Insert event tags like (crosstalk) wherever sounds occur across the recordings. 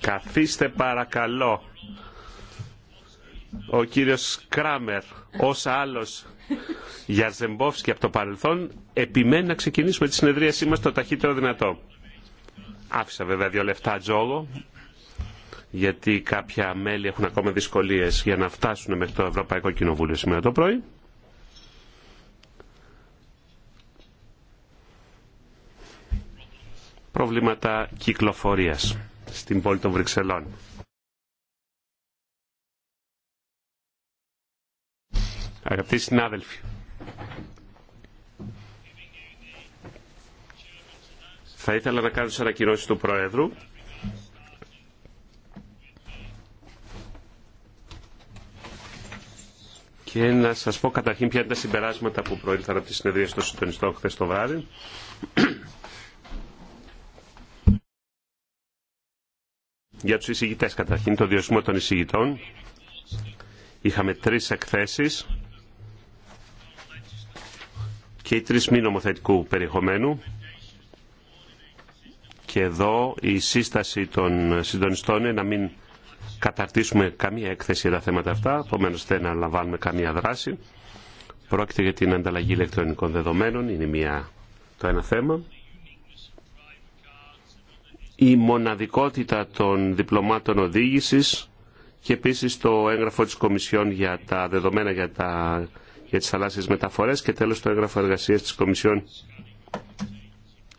Καθίστε παρακαλώ. Ο κύριος Κράμερ, ως άλλος για Ζεμπόφσκι από το παρελθόν, επιμένει να ξεκινήσουμε τη συνεδρίασή μας το ταχύτερο δυνατό. Άφησα βέβαια δύο λεφτά τζόγο, γιατί κάποια μέλη έχουν ακόμα δυσκολίες για να φτάσουν μέχρι το Ευρωπαϊκό Κοινοβούλιο σήμερα το πρωί. προβλήματα κυκλοφορίας στην πόλη των Βρυξελών. Αγαπητοί συνάδελφοι, θα ήθελα να κάνω τι ανακοινώσει του Προέδρου. Και να σας πω καταρχήν ποια είναι τα συμπεράσματα που προήλθαν από τη συνεδρία στο συντονιστό χθε το βράδυ. για τους εισηγητές καταρχήν, το διορισμό των εισηγητών. Είχαμε τρεις εκθέσεις και οι τρεις μη νομοθετικού περιεχομένου. Και εδώ η σύσταση των συντονιστών είναι να μην καταρτήσουμε καμία έκθεση για τα θέματα αυτά, επομένως δεν λαμβάνουμε καμία δράση. Πρόκειται για την ανταλλαγή ηλεκτρονικών δεδομένων, είναι μια, το ένα θέμα η μοναδικότητα των διπλωμάτων οδήγησης και επίσης το έγγραφο της Κομισιόν για τα δεδομένα για, τα, για τις θαλάσσιες μεταφορές και τέλος το έγγραφο εργασίας της Κομισιόν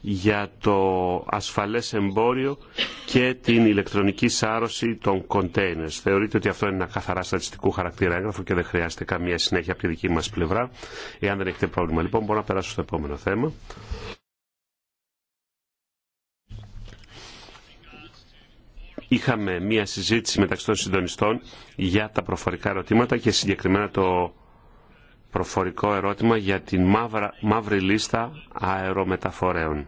για το ασφαλές εμπόριο και την ηλεκτρονική σάρωση των κοντέινερς. Θεωρείται ότι αυτό είναι ένα καθαρά στατιστικού χαρακτήρα έγγραφο και δεν χρειάζεται καμία συνέχεια από τη δική μας πλευρά. Εάν δεν έχετε πρόβλημα λοιπόν μπορώ να περάσω στο επόμενο θέμα. είχαμε μία συζήτηση μεταξύ των συντονιστών για τα προφορικά ερωτήματα και συγκεκριμένα το προφορικό ερώτημα για την μαύρη λίστα αερομεταφορέων.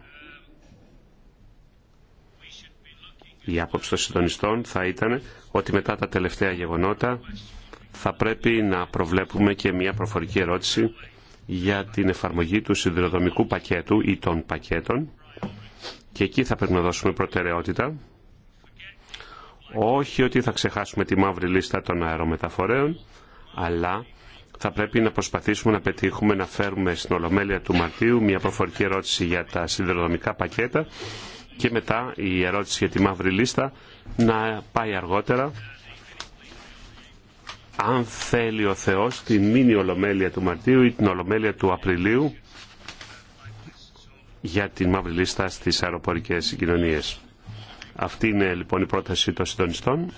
Η άποψη των συντονιστών θα ήταν ότι μετά τα τελευταία γεγονότα θα πρέπει να προβλέπουμε και μία προφορική ερώτηση για την εφαρμογή του συνδυοδομικού πακέτου ή των πακέτων και εκεί θα πρέπει να δώσουμε προτεραιότητα όχι ότι θα ξεχάσουμε τη μαύρη λίστα των αερομεταφορέων, αλλά θα πρέπει να προσπαθήσουμε να πετύχουμε να φέρουμε στην Ολομέλεια του Μαρτίου μια προφορική ερώτηση για τα συνδρομικά πακέτα και μετά η ερώτηση για τη μαύρη λίστα να πάει αργότερα αν θέλει ο Θεός την μήνυ Ολομέλεια του Μαρτίου ή την Ολομέλεια του Απριλίου για την μαύρη λίστα στις αεροπορικές συγκοινωνίες. Αυτή είναι λοιπόν η πρόταση των συντονιστών.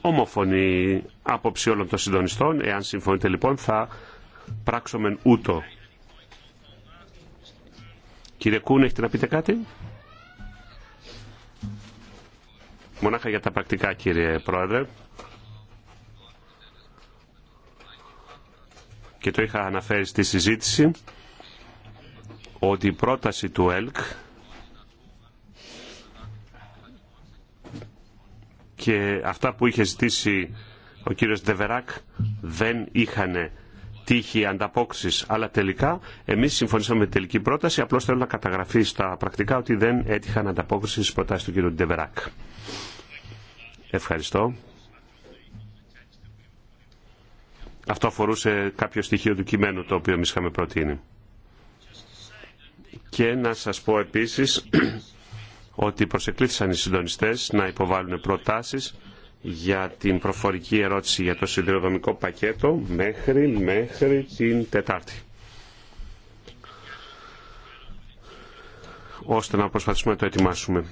Ομόφωνη άποψη όλων των συντονιστών. Εάν συμφωνείτε λοιπόν θα πράξουμε ούτω. Κύριε Κούν, έχετε να πείτε κάτι. Μονάχα για τα πρακτικά, κύριε Πρόεδρε. Και το είχα αναφέρει στη συζήτηση ότι η πρόταση του ΕΛΚ και αυτά που είχε ζητήσει ο κύριος Ντεβεράκ δεν είχαν τύχη ανταπόκριση, αλλά τελικά εμεί συμφωνήσαμε με την τελική πρόταση. Απλώ θέλω να καταγραφεί στα πρακτικά ότι δεν έτυχαν ανταπόκριση στι προτάσει του κύριου Ντεβεράκ. Ευχαριστώ. Αυτό αφορούσε κάποιο στοιχείο του κειμένου το οποίο εμεί είχαμε προτείνει. Και να σας πω επίσης ότι προσεκλήθησαν οι συντονιστές να υποβάλουν προτάσεις για την προφορική ερώτηση για το συνδυοδομικό πακέτο μέχρι, μέχρι την Τετάρτη. Ώστε να προσπαθήσουμε να το ετοιμάσουμε.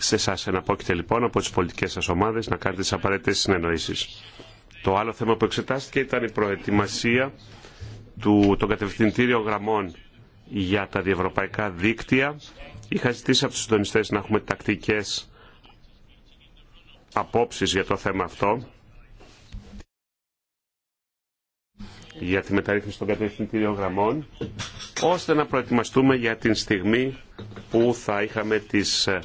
Σε εσά εναπόκειται λοιπόν από τις πολιτικές σα ομάδε να κάνετε τι απαραίτητε συνεννοήσεις. Το άλλο θέμα που εξετάστηκε ήταν η προετοιμασία του, των κατευθυντήριων γραμμών για τα διευρωπαϊκά δίκτυα. Είχα ζητήσει από τους να έχουμε τακτικές απόψεις για το θέμα αυτό. για τη μεταρρύθμιση των κατευθυντήριων γραμμών, ώστε να προετοιμαστούμε για την στιγμή που θα είχαμε τις ε,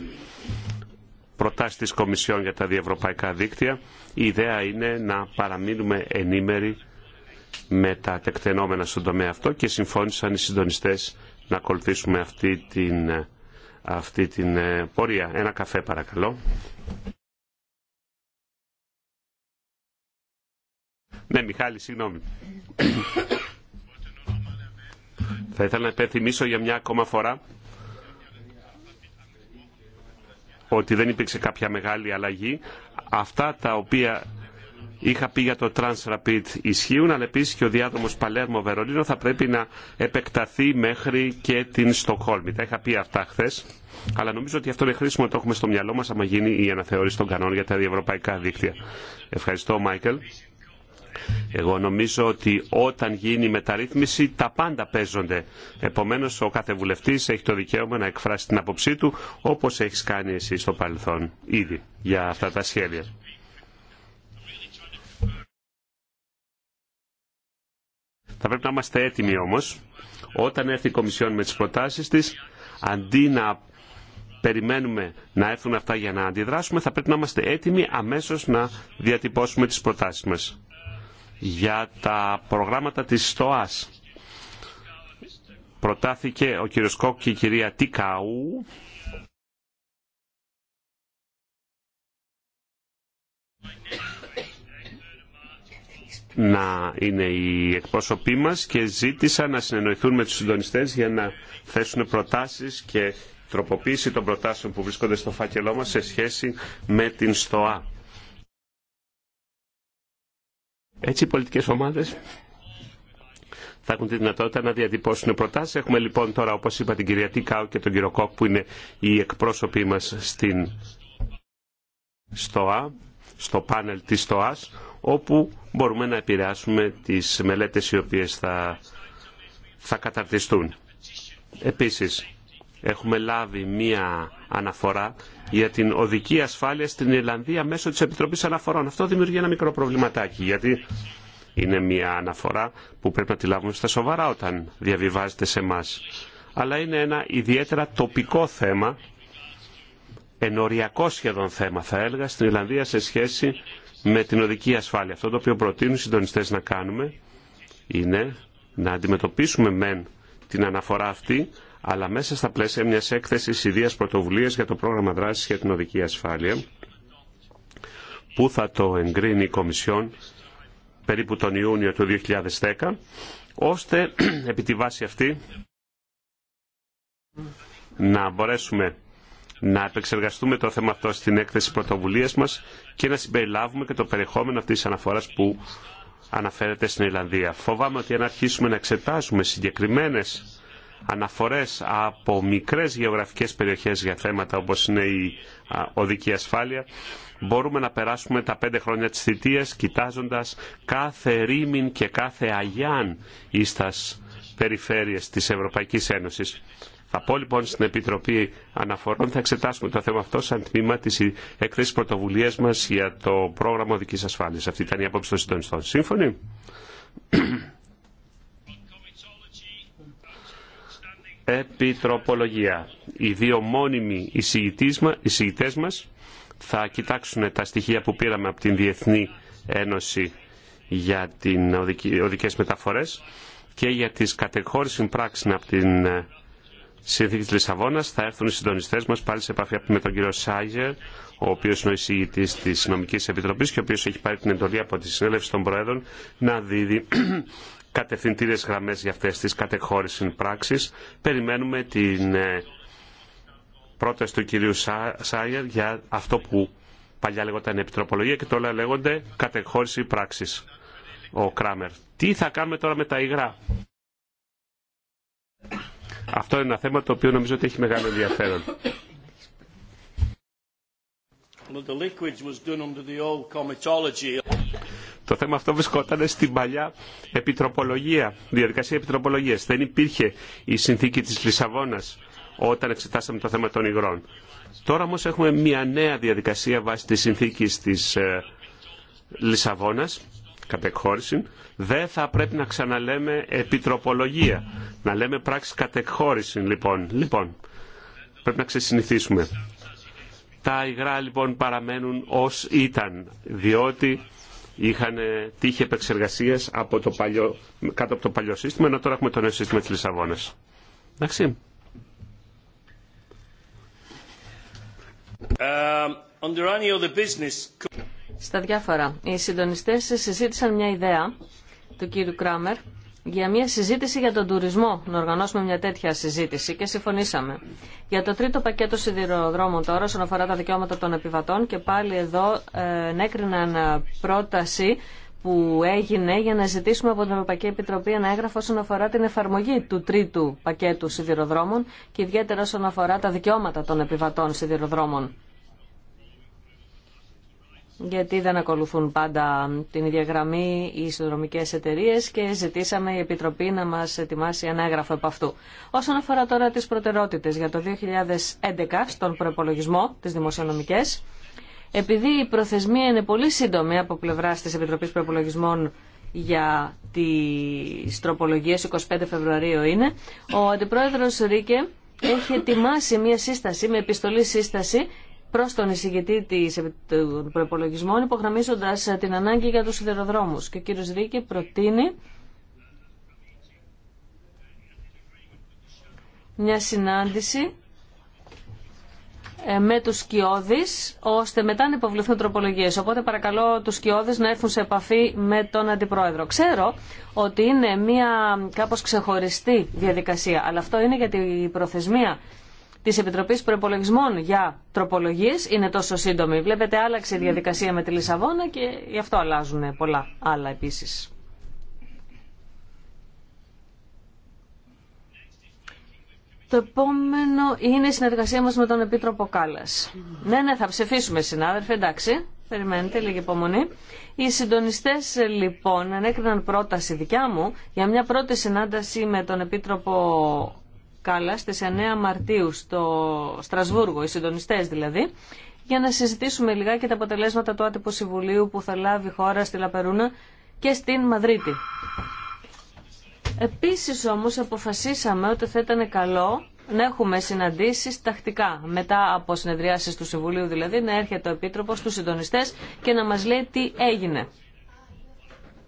προτάσεις της Κομισιόν για τα διευρωπαϊκά δίκτυα. Η ιδέα είναι να παραμείνουμε ενήμεροι με τα τεκτενόμενα στον τομέα αυτό και συμφώνησαν οι συντονιστές να ακολουθήσουμε αυτή την, ε, αυτή την ε, πορεία. Ένα καφέ παρακαλώ. Ναι, Μιχάλη, συγγνώμη. Θα ήθελα να υπενθυμίσω για μια ακόμα φορά ότι δεν υπήρξε κάποια μεγάλη αλλαγή. Αυτά τα οποία είχα πει για το Transrapid ισχύουν, αλλά επίση και ο διάδρομο Παλέρμο-Βερολίνο θα πρέπει να επεκταθεί μέχρι και την Στοκχόλμη. Τα είχα πει αυτά χθε, αλλά νομίζω ότι αυτό είναι χρήσιμο να το έχουμε στο μυαλό μα άμα γίνει η αναθεώρηση των κανόνων για τα διευρωπαϊκά δίκτυα. Ευχαριστώ, Μάικελ. Εγώ νομίζω ότι όταν γίνει η μεταρρύθμιση τα πάντα παίζονται. Επομένω, ο κάθε βουλευτή έχει το δικαίωμα να εκφράσει την άποψή του όπω έχει κάνει εσύ στο παρελθόν ήδη για αυτά τα σχέδια. Θα πρέπει να είμαστε έτοιμοι όμως όταν έρθει η Κομισιόν με τις προτάσεις της, αντί να περιμένουμε να έρθουν αυτά για να αντιδράσουμε, θα πρέπει να είμαστε έτοιμοι αμέσως να διατυπώσουμε τις προτάσεις μας. Για τα προγράμματα της ΣΤΟΑΣ προτάθηκε ο κύριος Κόκ και η κυρία Τικαού να είναι οι εκπρόσωποι μας και ζήτησα να συνεννοηθούν με τους συντονιστές για να θέσουν προτάσεις και τροποποίηση των προτάσεων που βρίσκονται στο φάκελό μας σε σχέση με την ΣΤΟΑ. Έτσι οι πολιτικές ομάδες θα έχουν τη δυνατότητα να διατυπώσουν προτάσεις. Έχουμε λοιπόν τώρα, όπως είπα, την κυρία Τικάου και τον κύριο Κόκ που είναι οι εκπρόσωποι μας στην ΣΤΟΑ, στο πάνελ της ΣΤΟΑΣ όπου μπορούμε να επηρεάσουμε τις μελέτες οι οποίες θα, θα καταρτιστούν. Επίσης, έχουμε λάβει μία αναφορά για την οδική ασφάλεια στην Ιρλανδία μέσω της Επιτροπής Αναφορών. Αυτό δημιουργεί ένα μικρό προβληματάκι, γιατί είναι μία αναφορά που πρέπει να τη λάβουμε στα σοβαρά όταν διαβιβάζεται σε εμά. Αλλά είναι ένα ιδιαίτερα τοπικό θέμα, ενοριακό σχεδόν θέμα θα έλεγα, στην Ιρλανδία σε σχέση με την οδική ασφάλεια. Αυτό το οποίο προτείνουν οι συντονιστέ να κάνουμε είναι να αντιμετωπίσουμε μεν την αναφορά αυτή, αλλά μέσα στα πλαίσια μιας έκθεσης ιδίας πρωτοβουλία για το πρόγραμμα δράσης για την οδική ασφάλεια, που θα το εγκρίνει η Κομισιόν περίπου τον Ιούνιο του 2010, ώστε (clears throat) επί τη βάση αυτή να μπορέσουμε να επεξεργαστούμε το θέμα αυτό στην έκθεση πρωτοβουλία μα και να συμπεριλάβουμε και το περιεχόμενο αυτή τη αναφορά που αναφέρεται στην Ιρλανδία. Φοβάμαι ότι αν αρχίσουμε να εξετάζουμε συγκεκριμένε αναφορέ από μικρέ γεωγραφικέ περιοχέ για θέματα όπω είναι η οδική ασφάλεια, μπορούμε να περάσουμε τα πέντε χρόνια τη θητεία κοιτάζοντα κάθε ρήμην και κάθε αγιάν τα περιφέρειες της Ευρωπαϊκής Ένωσης. Από λοιπόν στην Επιτροπή Αναφορών θα εξετάσουμε το θέμα αυτό σαν τμήμα τη εκθέση πρωτοβουλία μα για το πρόγραμμα οδική ασφάλεια. Αυτή ήταν η απόψη των συντονιστών. Σύμφωνοι. Επιτροπολογία. Οι δύο μόνιμοι εισηγητέ μα θα κοιτάξουν τα στοιχεία που πήραμε από την Διεθνή Ένωση για τι οδικέ μεταφορέ και για τι κατεχώρηση πράξη από την ε, συνθήκη τη Λισαβόνα. Θα έρθουν οι συντονιστέ μα πάλι σε επαφή με τον κύριο Σάγερ, ο οποίο είναι ο εισηγητή τη Νομική Επιτροπή και ο οποίο έχει πάρει την εντολή από τη Συνέλευση των Προέδρων να δίδει (clears throat) κατευθυντήρε γραμμέ για αυτέ τι κατεχώρησει πράξει. Περιμένουμε την ε, πρόταση του κυρίου Σάγερ για αυτό που παλιά λέγονταν επιτροπολογία και τώρα λέγονται κατεχώρηση πράξη. Ο Κράμερ. Τι θα κάνουμε τώρα με τα υγρά. Αυτό είναι ένα θέμα το οποίο νομίζω ότι έχει μεγάλο ενδιαφέρον. Το θέμα αυτό βρισκόταν στην παλιά επιτροπολογία, διαδικασία επιτροπολογίας. Δεν υπήρχε η συνθήκη της Λισαβόνα όταν εξετάσαμε το θέμα των υγρών. Τώρα όμω έχουμε μια νέα διαδικασία βάσει της συνθήκης της ε, Λισαβόνας κατεχώρηση, δεν θα πρέπει να ξαναλέμε επιτροπολογία. Να λέμε πράξη κατεχώρηση λοιπόν. Λοιπόν, πρέπει να ξεσυνηθίσουμε. Τα υγρά λοιπόν παραμένουν ως ήταν, διότι είχαν τύχη επεξεργασία από το κάτω από το παλιό σύστημα, ενώ τώρα έχουμε το νέο σύστημα της Λισαβόνας. Εντάξει. Uh, στα διάφορα. Οι συντονιστέ συζήτησαν μια ιδέα του κύριου Κράμερ για μια συζήτηση για τον τουρισμό, να οργανώσουμε μια τέτοια συζήτηση και συμφωνήσαμε. Για το τρίτο πακέτο σιδηροδρόμων τώρα, όσον αφορά τα δικαιώματα των επιβατών και πάλι εδώ ε, ενέκριναν πρόταση που έγινε για να ζητήσουμε από την Ευρωπαϊκή Επιτροπή ένα έγγραφο όσον αφορά την εφαρμογή του τρίτου πακέτου σιδηροδρόμων και ιδιαίτερα όσον αφορά τα δικαιώματα των επιβατών σιδηροδρόμων γιατί δεν ακολουθούν πάντα την ίδια γραμμή οι ισοδρομικέ εταιρείε και ζητήσαμε η Επιτροπή να μας ετοιμάσει ένα έγγραφο από αυτού. Όσον αφορά τώρα τις προτεραιότητες για το 2011 στον προπολογισμό, τι δημοσιονομικές, επειδή η προθεσμία είναι πολύ σύντομη από πλευρά τη Επιτροπή Προπολογισμών για τι τροπολογίε 25 Φεβρουαρίου είναι, ο αντιπρόεδρο Ρίκε έχει ετοιμάσει μια σύσταση, με επιστολή σύσταση Προ τον εισηγητή της, των προπολογισμών υπογραμμίζοντα την ανάγκη για του σιδηροδρόμους. Και ο κύριο Ρίκη προτείνει μια συνάντηση ε, με τους σκιώδεις, ώστε μετά να υποβληθούν τροπολογίες. Οπότε παρακαλώ τους σκιώδεις να έρθουν σε επαφή με τον Αντιπρόεδρο. Ξέρω ότι είναι μια κάπως ξεχωριστή διαδικασία, αλλά αυτό είναι γιατί η προθεσμία Τη Επιτροπή Προπολογισμών για τροπολογίε. είναι τόσο σύντομη. Βλέπετε άλλαξε η διαδικασία με τη Λισαβόνα και γι' αυτό αλλάζουν πολλά άλλα επίση. Το επόμενο είναι η συνεργασία μας με τον Επίτροπο Κάλλας. Ναι, ναι, θα ψεφίσουμε, συνάδελφοι, εντάξει. Περιμένετε λίγη υπομονή. Οι συντονιστές λοιπόν ανέκριναν πρόταση δικιά μου για μια πρώτη συνάνταση με τον Επίτροπο Κάλλα στις 9 Μαρτίου στο Στρασβούργο, οι συντονιστές δηλαδή, για να συζητήσουμε λιγάκι τα αποτελέσματα του άτυπου συμβουλίου που θα λάβει η χώρα στη Λαπερούνα και στην Μαδρίτη. Επίσης όμως αποφασίσαμε ότι θα ήταν καλό να έχουμε συναντήσεις τακτικά. Μετά από συνεδριάσεις του Συμβουλίου δηλαδή να έρχεται ο Επίτροπος, στου συντονιστές και να μας λέει τι έγινε.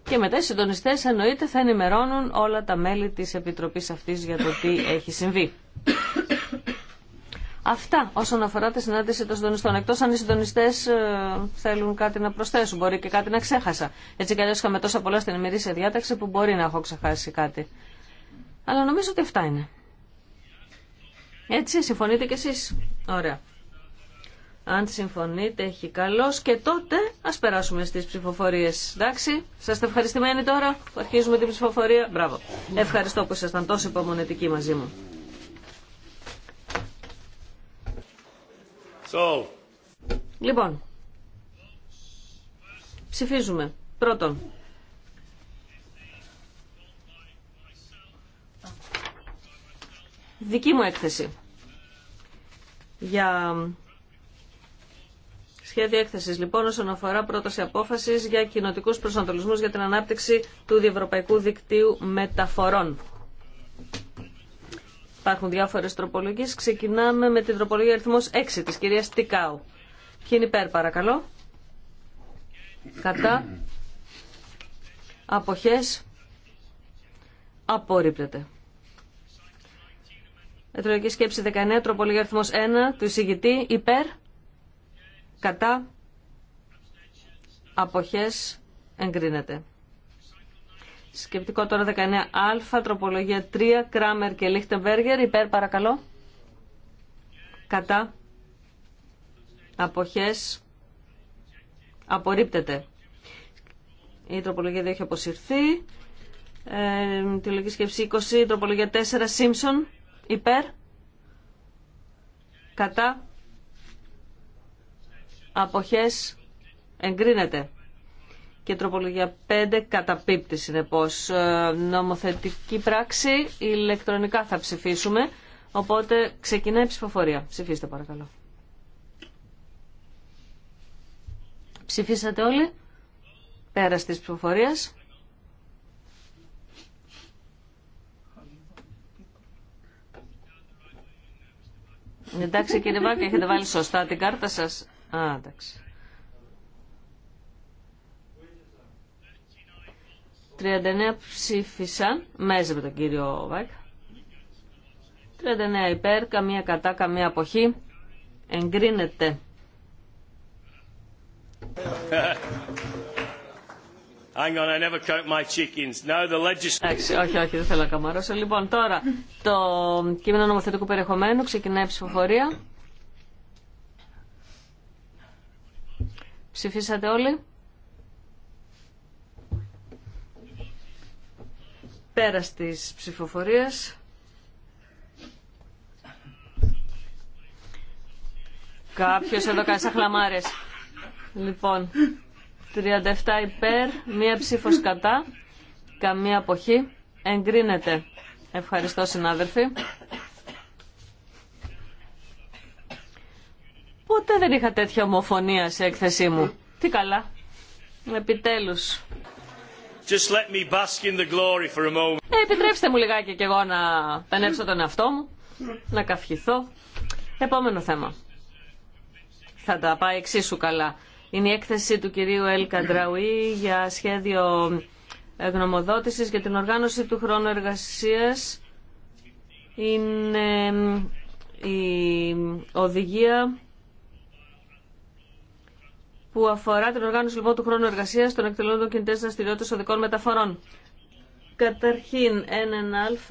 Και μετά οι συντονιστέ εννοείται θα ενημερώνουν όλα τα μέλη της Επιτροπής αυτής για το τι έχει συμβεί. Αυτά όσον αφορά τη συνάντηση των συντονιστών. Εκτό αν οι συντονιστέ ε, θέλουν κάτι να προσθέσουν, μπορεί και κάτι να ξέχασα. Έτσι κι αλλιώ είχαμε τόσα πολλά στην ημερήσια διάταξη που μπορεί να έχω ξεχάσει κάτι. Αλλά νομίζω ότι αυτά είναι. Έτσι, συμφωνείτε κι εσεί, Ωραία. Αν συμφωνείτε, έχει καλώς και τότε α περάσουμε στις ψηφοφορίε. Εντάξει, σας ευχαριστημένοι τώρα που αρχίζουμε την ψηφοφορία. Μπράβο. Ευχαριστώ που ήσασταν τόσο υπομονετικοί μαζί μου. So. Λοιπόν, ψηφίζουμε. Πρώτον, δική μου έκθεση για Σχέδιο έκθεση λοιπόν όσον αφορά πρόταση απόφαση για κοινοτικού προσανατολισμού για την ανάπτυξη του διευρωπαϊκού δικτύου μεταφορών. Υπάρχουν διάφορε τροπολογίε. Ξεκινάμε με την τροπολογία αριθμό 6 τη κυρία Τικάου. Ποιοι είναι υπέρ, παρακαλώ. Κατά. Αποχέ. Απορρίπτεται. Ετρολογική σκέψη 19, τροπολογία αριθμό 1 του εισηγητή υπέρ κατά αποχές εγκρίνεται. Σκεπτικό τώρα 19α, τροπολογία 3, Κράμερ και Λίχτεμπέργκερ, υπέρ παρακαλώ. Κατά αποχές απορρίπτεται. Η τροπολογία 2 έχει αποσυρθεί. Ε, τη λογική σκέψη 20, τροπολογία 4, Σίμψον, υπέρ. Κατά αποχές εγκρίνεται. Και τροπολογία 5 καταπίπτει συνεπώς ε, νομοθετική πράξη. Ηλεκτρονικά θα ψηφίσουμε. Οπότε ξεκινάει η ψηφοφορία. Ψηφίστε παρακαλώ. Ψηφίσατε όλοι. Πέρα της ψηφοφορίας. Εντάξει κύριε Βάκη, έχετε βάλει σωστά την κάρτα σας. 39 ψήφισαν, μέσα με τον κύριο Βάικ. 39 υπέρ, καμία κατά, καμία αποχή. Εγκρίνεται. Hang όχι, όχι, δεν θέλω να καμαρώσω. Λοιπόν, τώρα το κείμενο νομοθετικού περιεχομένου ξεκινάει η ψηφοφορία. Ψηφίσατε όλοι. Πέρα της ψηφοφορίας. Κάποιος εδώ κάνει σαν Λοιπόν, 37 υπέρ, μία ψήφος κατά, καμία αποχή. Εγκρίνεται. Ευχαριστώ συνάδελφοι. Ποτέ δεν είχα τέτοια ομοφωνία σε έκθεσή μου. Τι καλά. Επιτέλους. Just let me bask in the ε, επιτρέψτε μου λιγάκι και εγώ να πενέψω τον εαυτό μου, να καυχηθώ. Επόμενο θέμα. Θα τα πάει εξίσου καλά. Είναι η έκθεση του κυρίου Ελ Καντραουή για σχέδιο γνωμοδότησης για την οργάνωση του χρόνου εργασίας. Είναι η οδηγία που αφορά την οργάνωση λοιπόν του χρόνου εργασίας των εκτελών των κινητές δραστηριότητες οδικών μεταφορών. Καταρχήν,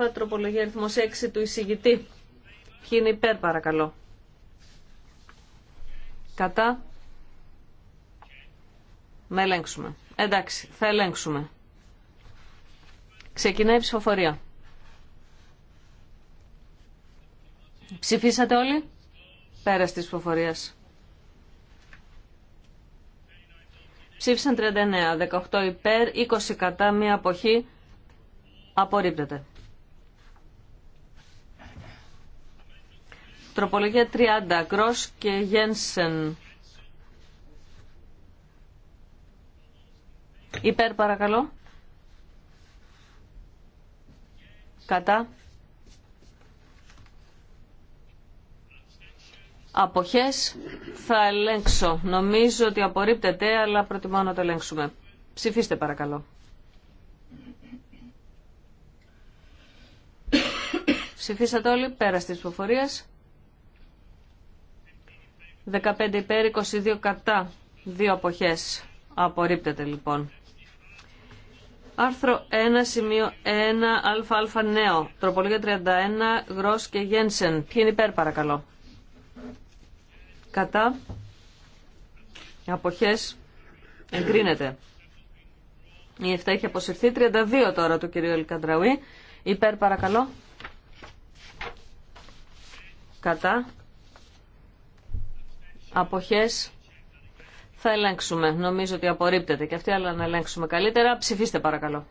1α, τροπολογία αριθμός 6 του εισηγητή. Ποιοι είναι υπέρ, παρακαλώ. Κατά. Με ελέγξουμε. Εντάξει, θα ελέγξουμε. Ξεκινάει η ψηφοφορία. Ψηφίσατε όλοι. Πέρα τη ψηφοφορία. Ψήφισαν 39, 18 υπέρ, 20 κατά, μία αποχή. Απορρίπτεται. Τροπολογία 30, Κρός και Γένσεν. Υπέρ παρακαλώ. Κατά. Αποχές θα ελέγξω. Νομίζω ότι απορρίπτεται, αλλά προτιμώ να το ελέγξουμε. Ψηφίστε παρακαλώ. Ψηφίσατε όλοι πέρα τη ψηφοφορίας. 15 υπέρ, 22 κατά. Δύο αποχές. Απορρίπτεται λοιπόν. Άρθρο 1, σημείο 1, αλφα, αλφα νέο. Τροπολογία 31, Γρός και Γένσεν. Ποιοι είναι υπέρ παρακαλώ κατά αποχές εγκρίνεται. Η 7 έχει αποσυρθεί. 32 τώρα του κυρίου Ελκαντραουή. Υπέρ παρακαλώ. Κατά. Αποχές. Θα ελέγξουμε. Νομίζω ότι απορρίπτεται και αυτή, αλλά να ελέγξουμε καλύτερα. Ψηφίστε παρακαλώ.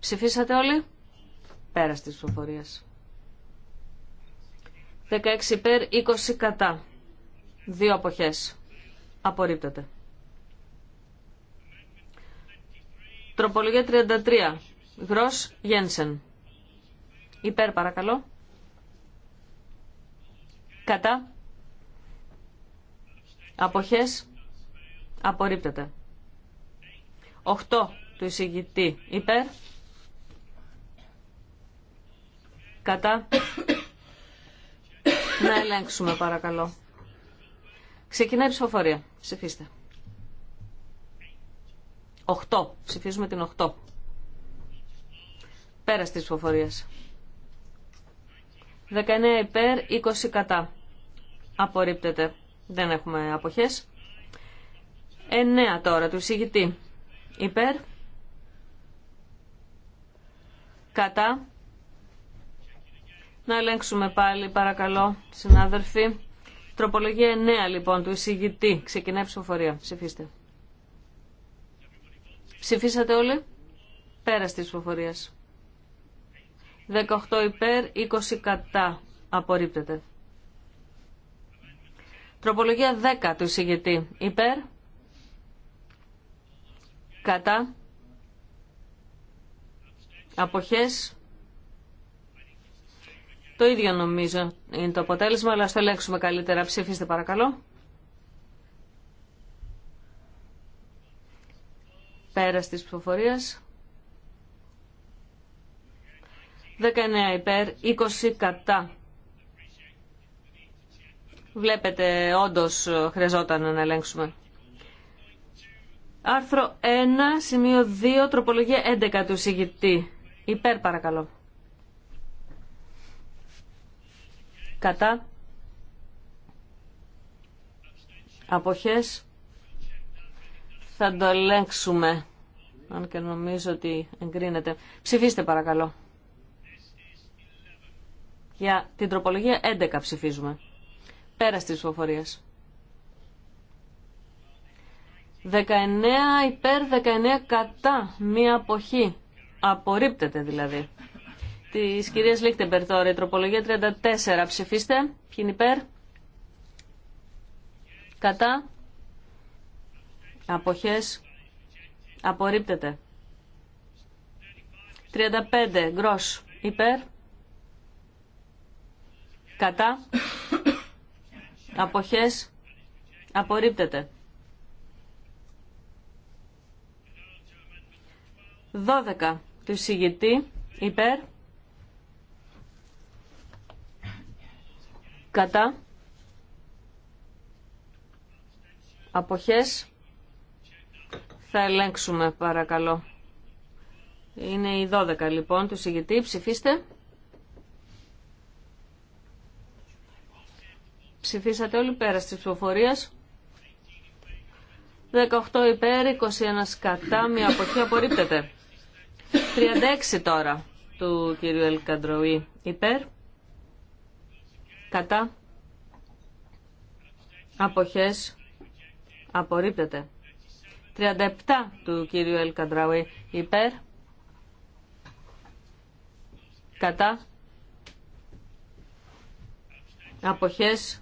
Ψηφίσατε όλοι. Πέρα τη ψηφοφορία. 16 υπέρ, 20 κατά. Δύο αποχές. Απορρίπτεται. Τροπολογία 33. Γρός Γένσεν. Υπέρ παρακαλώ. Κατά. Αποχές. Απορρίπτεται. 8 του εισηγητή. Υπέρ. Κατά. Να ελέγξουμε παρακαλώ. Ξεκινάει η ψηφοφορία. Ψηφίστε. 8. Ψηφίζουμε την 8. Πέρα τη ψηφοφορία. 19 υπέρ, 20 κατά. Απορρίπτεται. Δεν έχουμε αποχές. 9 τώρα του εισηγητή. Υπέρ. Κατά. Να ελέγξουμε πάλι παρακαλώ, συνάδελφοι. Τροπολογία 9 λοιπόν του εισηγητή. Ξεκινάει η ψηφοφορία. Ψηφίστε. Ψηφίσατε όλοι. Πέρα τη ψηφοφορία. 18 υπέρ, 20 κατά. Απορρίπτεται. Τροπολογία 10 του εισηγητή. Υπέρ. Κατά. Αποχές. Το ίδιο νομίζω είναι το αποτέλεσμα, αλλά ας το ελέγξουμε καλύτερα. Ψηφίστε παρακαλώ. Πέρας της ψηφοφορίας. 19 υπέρ, 20 κατά. Βλέπετε, όντως χρειαζόταν να ελέγξουμε. Άρθρο 1, σημείο 2, τροπολογία 11 του εισηγητή. Υπέρ παρακαλώ. κατά αποχές θα το ελέγξουμε αν και νομίζω ότι εγκρίνεται ψηφίστε παρακαλώ για την τροπολογία 11 ψηφίζουμε πέρα της ψηφοφορίας 19 υπέρ 19 κατά μία αποχή απορρίπτεται δηλαδή Τη κυρία Λίχτεμπερ τώρα, η τροπολογία 34. Ψηφίστε. Ποιοι είναι υπέρ. Κατά. Αποχέ. Απορρίπτεται. 35. Γκρό. Υπέρ. Κατά. Αποχέ. Απορρίπτεται. 12. Του συγητή. Υπέρ. κατά αποχές θα ελέγξουμε παρακαλώ. Είναι η 12 λοιπόν του συγγετή. Ψηφίστε. Ψηφίσατε όλοι πέρα στις ψηφοφορίες; 18 υπέρ, 21 κατά, μια αποχή απορρίπτεται. 36 τώρα του κυρίου Ελκαντροή υπέρ, κατά αποχές απορρίπτεται. 37 του κύριου Ελκαντράουι υπέρ κατά αποχές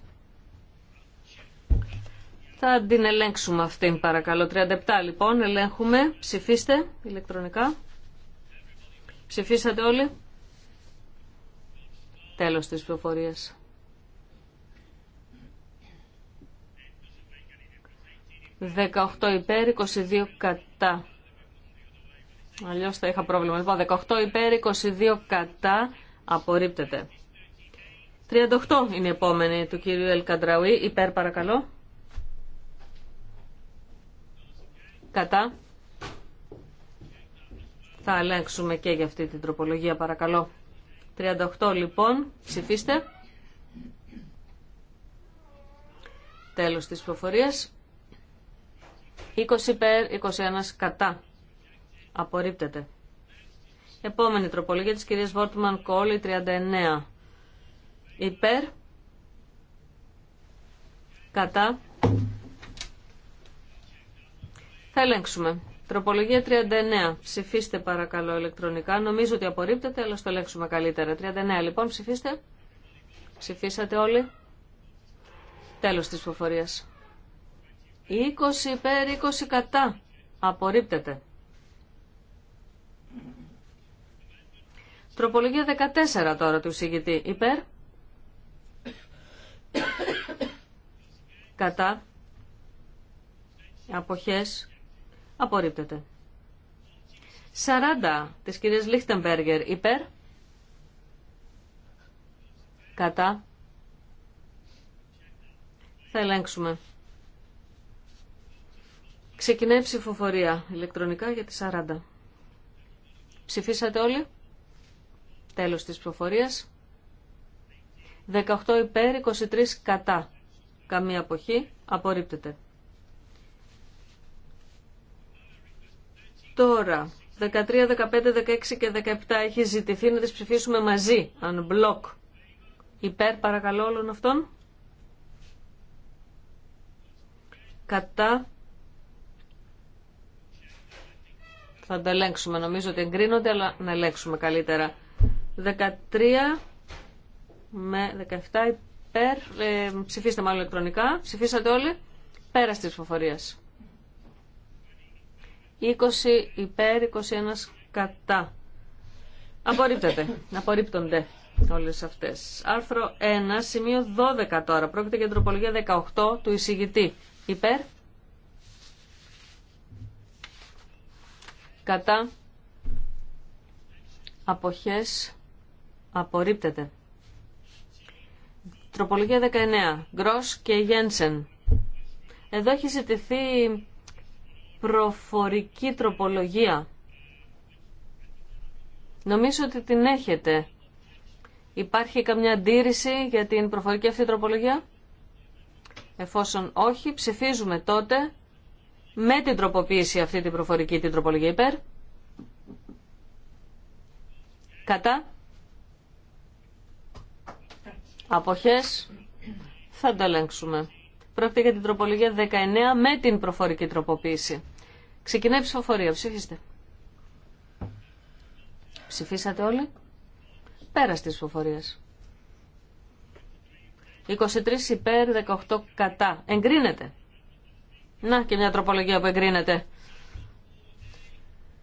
θα την ελέγξουμε αυτήν παρακαλώ 37 λοιπόν ελέγχουμε ψηφίστε ηλεκτρονικά ψηφίσατε όλοι τέλος της πληροφορίας 18 υπέρ, 22 κατά. Αλλιώς θα είχα πρόβλημα. Λοιπόν, 18 υπέρ, 22 κατά. Απορρίπτεται. 38 είναι η επόμενη του κυρίου Ελκαντραουή. Υπέρ, παρακαλώ. Κατά. Θα αλλάξουμε και για αυτή την τροπολογία, παρακαλώ. 38 λοιπόν, ψηφίστε. Τέλος της προφορίας. 20 υπέρ, 21 κατά. Απορρίπτεται. Επόμενη τροπολογία της κυρίας Βόρτμαν Κόλλη, 39. Υπέρ. Κατά. Θα ελέγξουμε. Τροπολογία 39. Ψηφίστε παρακαλώ ηλεκτρονικά. Νομίζω ότι απορρίπτεται, αλλά στο ελέγξουμε καλύτερα. 39 λοιπόν, ψηφίστε. Ψηφίσατε όλοι. Τέλος της ψηφοφορίας. 20 υπέρ 20 κατά. Απορρίπτεται. Τροπολογία 14 τώρα του συγκητή. Υπέρ. Κατά. Αποχές. Απορρίπτεται. 40 της κυρίας Λίχτεμπεργκερ. Υπέρ. Κατά. Θα ελέγξουμε. Ξεκινάει η ψηφοφορία ηλεκτρονικά για τις 40. Ψηφίσατε όλοι. Τέλος της ψηφοφορίας. 18 υπέρ, 23 κατά. Καμία αποχή. Απορρίπτεται. Τώρα, 13, 15, 16 και 17 έχει ζητηθεί να τις ψηφίσουμε μαζί, αν μπλοκ. Υπέρ παρακαλώ όλων αυτών. Κατά Θα τα ελέγξουμε. Νομίζω ότι εγκρίνονται, αλλά να ελέγξουμε καλύτερα. 13 με 17 υπέρ. Ε, ψηφίστε μάλλον ηλεκτρονικά. Ψηφίσατε όλοι. Πέρα τη ψηφοφορία. 20 υπέρ, 21 κατά. Απορρίπτεται. Απορρίπτονται όλες αυτές. Άρθρο 1, σημείο 12 τώρα. Πρόκειται για τροπολογία 18 του εισηγητή. Υπέρ. κατά αποχές απορρίπτεται. Τροπολογία 19. Γκρός και Γένσεν. Εδώ έχει ζητηθεί προφορική τροπολογία. Νομίζω ότι την έχετε. Υπάρχει καμιά αντίρρηση για την προφορική αυτή τροπολογία. Εφόσον όχι, ψηφίζουμε τότε με την τροποποίηση αυτή την προφορική την τροπολογία υπέρ. Κατά. Αποχές. Θα το ελέγξουμε. Πρόκειται για την τροπολογία 19 με την προφορική τροποποίηση. Ξεκινάει η ψηφοφορία. Ψηφίστε. Ψηφίσατε όλοι. Πέρα τη ψηφοφορία. 23 υπέρ, 18 κατά. Εγκρίνεται. Να και μια τροπολογία που εγκρίνεται.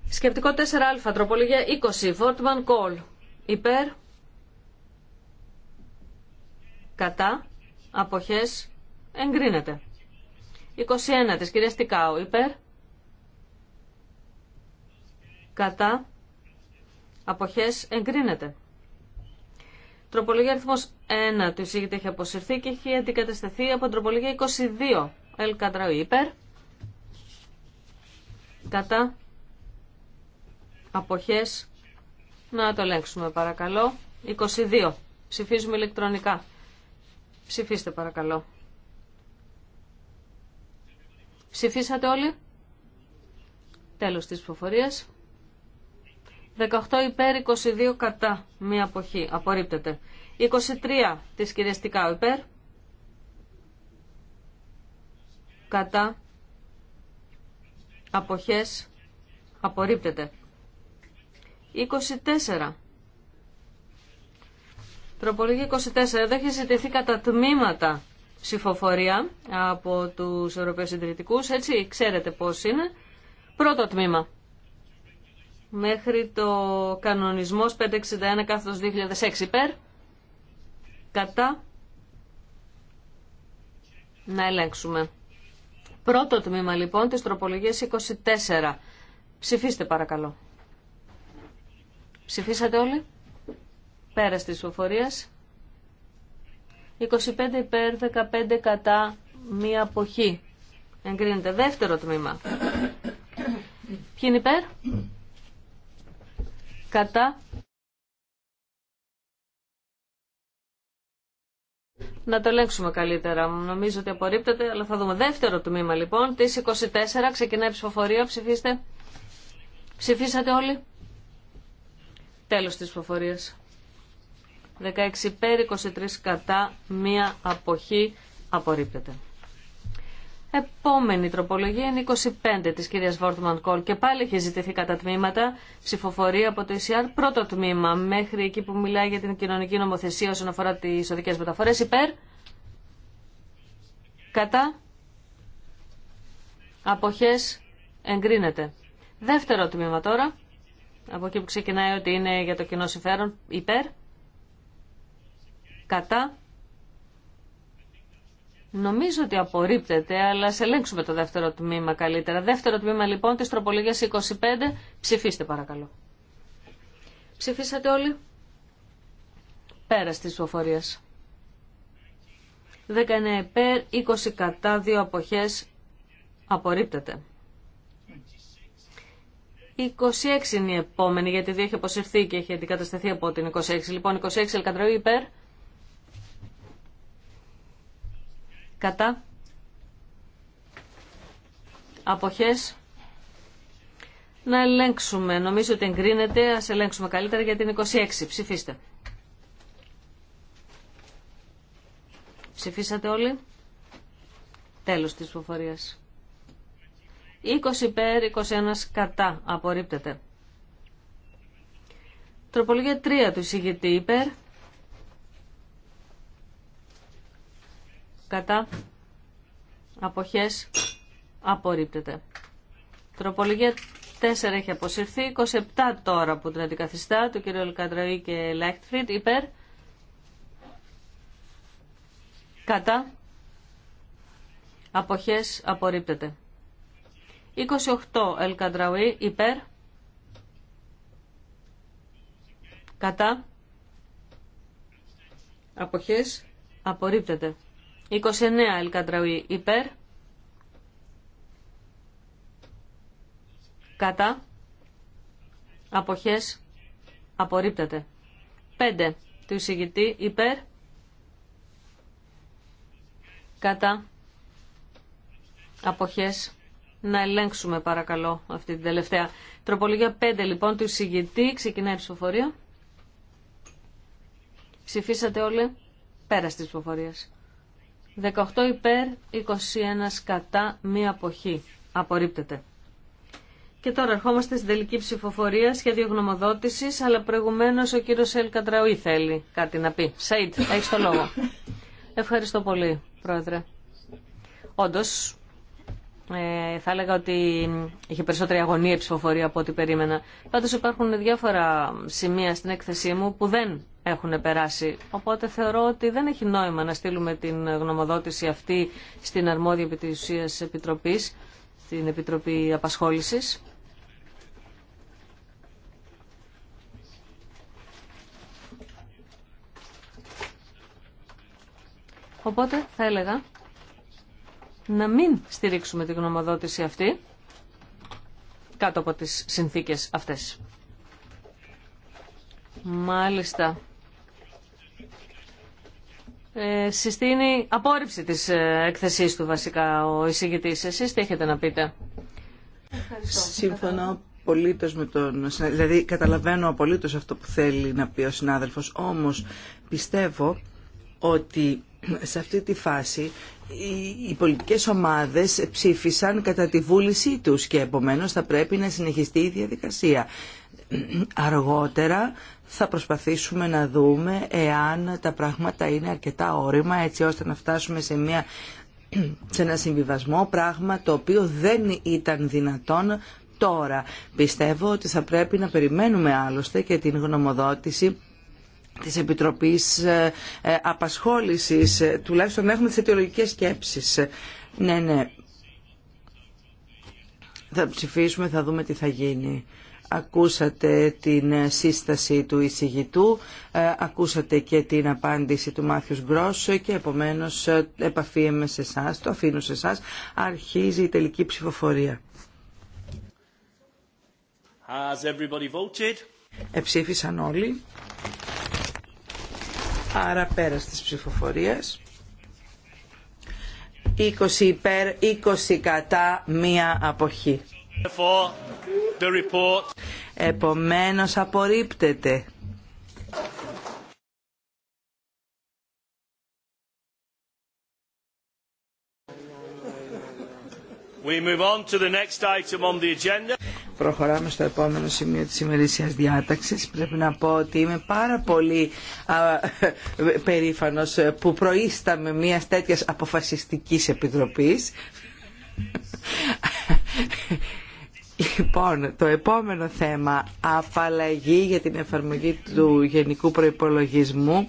Σκεπτικό 4α, τροπολογία 20, Βόρτμαν Κόλ. Υπέρ, κατά, αποχές, εγκρίνεται. 21 της κυρίας Τικάου, υπέρ, κατά, αποχές, εγκρίνεται. Τροπολογία αριθμός 1 του εισήγητη έχει αποσυρθεί και έχει αντικατασταθεί από τροπολογία 22 Ελκαντραουή υπέρ. Κατά. Αποχές. Να το λέξουμε παρακαλώ. 22. Ψηφίζουμε ηλεκτρονικά. Ψηφίστε παρακαλώ. Ψηφίσατε όλοι. Τέλος της ψηφοφορίας. 18 υπέρ, 22 κατά. Μία αποχή. Απορρίπτεται. 23 της κυριαστικά υπέρ. κατά αποχές απορρίπτεται. 24. Τροπολογία 24. Εδώ έχει ζητηθεί κατά τμήματα ψηφοφορία από τους Ευρωπαίους Συντηρητικούς. Έτσι, ξέρετε πώς είναι. Πρώτο τμήμα. Μέχρι το κανονισμός 561 κάθετος 2006 υπέρ. Κατά. Να ελέγξουμε. Πρώτο τμήμα λοιπόν της τροπολογίας 24. Ψηφίστε παρακαλώ. Ψηφίσατε όλοι. Πέρα της ψηφοφορίας. 25 υπέρ, 15 κατά, μία αποχή. Εγκρίνεται. Δεύτερο τμήμα. Ποιοι είναι υπέρ. Κατά. να το ελέγξουμε καλύτερα. Νομίζω ότι απορρίπτεται, αλλά θα δούμε. Δεύτερο τμήμα λοιπόν, τη 24, ξεκινάει η ψηφοφορία, ψηφίστε. Ψηφίσατε όλοι. Τέλος της ψηφοφορίας. 16 πέρι 23 κατά, μία αποχή απορρίπτεται. Επόμενη τροπολογία είναι 25 της κυρίας Βόρτμαν Κόλ και πάλι έχει ζητηθεί κατά τμήματα ψηφοφορία από το ECR. Πρώτο τμήμα μέχρι εκεί που μιλάει για την κοινωνική νομοθεσία όσον αφορά τις οδικές μεταφορές. Υπέρ. Κατά. Αποχές. Εγκρίνεται. Δεύτερο τμήμα τώρα. Από εκεί που ξεκινάει ότι είναι για το κοινό συμφέρον. Υπέρ. Κατά. Νομίζω ότι απορρίπτεται, αλλά σε ελέγξουμε το δεύτερο τμήμα καλύτερα. Δεύτερο τμήμα λοιπόν της τροπολογίας 25. Ψηφίστε παρακαλώ. Ψηφίσατε όλοι. Πέρα της ψηφοφορίας. 19 υπέρ, 20 κατά, 2 αποχές. Απορρίπτεται. 26 είναι η επόμενη, γιατί δεν έχει αποσυρθεί και έχει αντικατασταθεί από την 26. Λοιπόν, 26 ελκαντροή υπέρ. κατά αποχές να ελέγξουμε. Νομίζω ότι εγκρίνεται. Ας ελέγξουμε καλύτερα για την 26. Ψηφίστε. Ψηφίσατε όλοι. Τέλος της ψηφοφορίας. 20 υπέρ, 21 κατά. Απορρίπτεται. Τροπολογία 3 του εισηγητή υπέρ. κατά αποχές απορρίπτεται. Τροπολογία 4 έχει αποσυρθεί, 27 τώρα που την αντικαθιστά το κύριο Λικαντραή και Λέχτφριντ υπέρ κατά αποχές απορρίπτεται. 28 Ελκαντραουή υπέρ κατά αποχές απορρίπτεται. 29 Ελκαντραουή υπέρ. Κατά. Αποχές. Απορρίπτεται. 5 του εισηγητή υπέρ. Κατά. Αποχές. Να ελέγξουμε παρακαλώ αυτή την τελευταία. Τροπολογία 5 λοιπόν του εισηγητή. Ξεκινάει η ψηφοφορία. Ψηφίσατε όλοι πέρα της ψηφοφορίας. 18 υπέρ, 21 κατά, μία αποχή. Απορρίπτεται. Και τώρα ερχόμαστε στην τελική ψηφοφορία, σχέδιο γνωμοδότηση, αλλά προηγουμένω ο κύριο Ελκατραουή θέλει κάτι να πει. Σαΐτ, έχει το λόγο. Ευχαριστώ πολύ, Πρόεδρε. Όντω, ε, θα έλεγα ότι είχε περισσότερη αγωνία η ψηφοφορία από ό,τι περίμενα. Πάντω υπάρχουν διάφορα σημεία στην έκθεσή μου που δεν έχουν περάσει. Οπότε θεωρώ ότι δεν έχει νόημα να στείλουμε την γνωμοδότηση αυτή στην αρμόδια επί της επιτροπής, στην Επιτροπή Απασχόλησης. Οπότε θα έλεγα να μην στηρίξουμε την γνωμοδότηση αυτή κάτω από τις συνθήκες αυτές. Μάλιστα. Ε, συστήνει απόρριψη της ε, έκθεσής του βασικά ο εισηγητής. Εσείς τι έχετε να πείτε. Σύμφωνα απολύτως με τον. Δηλαδή, καταλαβαίνω απολύτως αυτό που θέλει να πει ο συνάδελφος. Όμως πιστεύω ότι σε αυτή τη φάση οι πολιτικές ομάδες ψήφισαν κατά τη βούλησή τους και επομένως θα πρέπει να συνεχιστεί η διαδικασία. Αργότερα θα προσπαθήσουμε να δούμε εάν τα πράγματα είναι αρκετά όρημα έτσι ώστε να φτάσουμε σε σε ένα συμβιβασμό, πράγμα το οποίο δεν ήταν δυνατόν τώρα. Πιστεύω ότι θα πρέπει να περιμένουμε άλλωστε και την γνωμοδότηση της Επιτροπής ε, ε, Απασχόλησης, ε, τουλάχιστον έχουμε τις αιτιολογικές σκέψεις. Ναι, ναι. Θα ψηφίσουμε, θα δούμε τι θα γίνει. Ακούσατε την σύσταση του εισηγητού, ακούσατε και την απάντηση του Μάθιους Γκρός και επομένως επαφίεμαι σε εσά, το αφήνω σε εσά. αρχίζει η τελική ψηφοφορία. Has everybody voted? Εψήφισαν όλοι. Άρα πέρα της ψηφοφορίας. 20 υπέρ, 20 κατά, μία αποχή. Επομένως απορρίπτεται. Προχωράμε στο επόμενο σημείο της ημερήσιας διάταξης. Πρέπει να πω ότι είμαι πάρα πολύ α, που προείσταμε μια τέτοια αποφασιστικής επιτροπής. Λοιπόν, το επόμενο θέμα, απαλλαγή για την εφαρμογή του Γενικού Προϋπολογισμού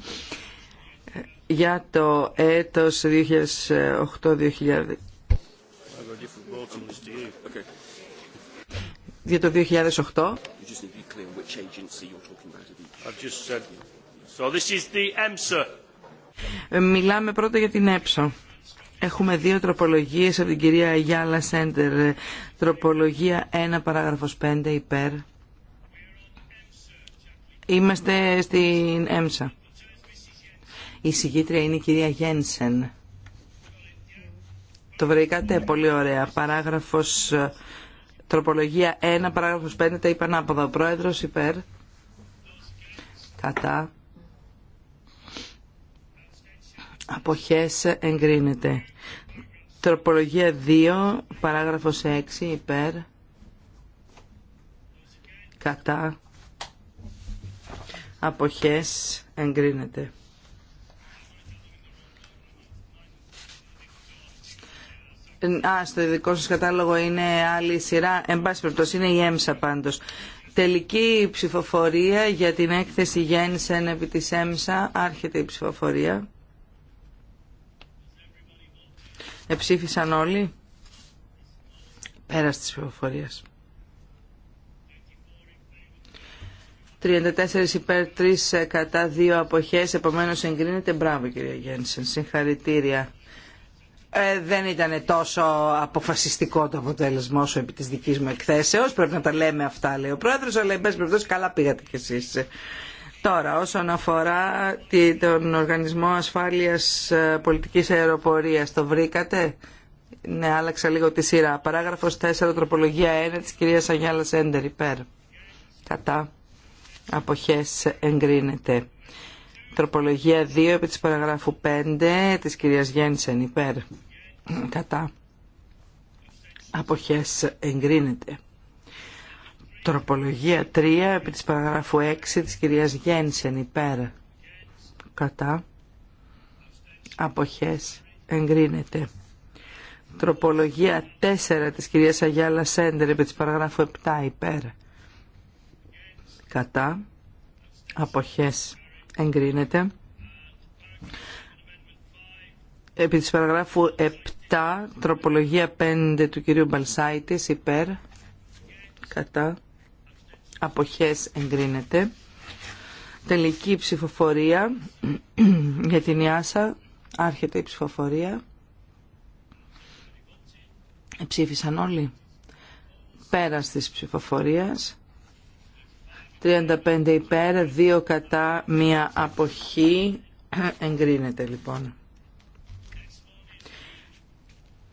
για το έτος 2008-2009 για το 2008. Ε, μιλάμε πρώτα για την ΕΠΣΟ. Έχουμε δύο τροπολογίες από την κυρία Γιάλα Σέντερ. Ε, τροπολογία 1 παράγραφος 5 υπέρ. Είμαστε στην ΕΜΣΑ. Η συγκήτρια είναι η κυρία Γένσεν. Το βρήκατε, πολύ ωραία. Παράγραφος, ε, τροπολογία 1, παράγραφος 5, τα είπα ανάποδα. Ο πρόεδρος υπέρ, κατά, αποχές εγκρίνεται. Τροπολογία 2, παράγραφος 6, υπέρ, κατά, αποχές εγκρίνεται. Α, στο δικό σας κατάλογο είναι άλλη σειρά. Εν πάση περιπτώσει είναι η ΕΜΣΑ πάντως. Τελική ψηφοφορία για την έκθεση Γέννησεν επί της ΕΜΣΑ. Άρχεται η ψηφοφορία. Εψήφισαν όλοι. Πέρας της ψηφοφορίας. 34 υπέρ 3 κατά 2 αποχές. Επομένως εγκρίνεται. Μπράβο κυρία Γέννησεν. Συγχαρητήρια. Ε, δεν ήταν τόσο αποφασιστικό το αποτέλεσμα όσο επί της δικής μου εκθέσεως. Πρέπει να τα λέμε αυτά, λέει ο πρόεδρος, αλλά εν πάση καλά πήγατε κι εσείς. Τώρα, όσον αφορά τον Οργανισμό Ασφάλειας ε, Πολιτικής Αεροπορίας, το βρήκατε. Ναι, άλλαξα λίγο τη σειρά. Παράγραφος 4, τροπολογία 1 της κυρίας Αγιάλα Σέντερ, υπέρ. Κατά. Αποχές εγκρίνεται. Τροπολογία 2 επί της παραγράφου 5 της κυρίας Γένσεν, υπέρ κατά αποχές εγκρίνεται. Τροπολογία 3 επί της παραγράφου 6 της κυρίας Γένσεν υπέρ κατά αποχές εγκρίνεται. Τροπολογία 4 της κυρίας Αγιάλα Σέντερ επί της παραγράφου 7 υπέρ κατά αποχές εγκρίνεται επί της παραγράφου 7, τροπολογία 5 του κυρίου Μπαλσάιτης, υπέρ, κατά, αποχές εγκρίνεται. Τελική ψηφοφορία για την Ιάσα, άρχεται η ψηφοφορία. Ψήφισαν όλοι. Πέρας της ψηφοφορίας. 35 υπέρ, 2 κατά, μία αποχή. Εγκρίνεται λοιπόν.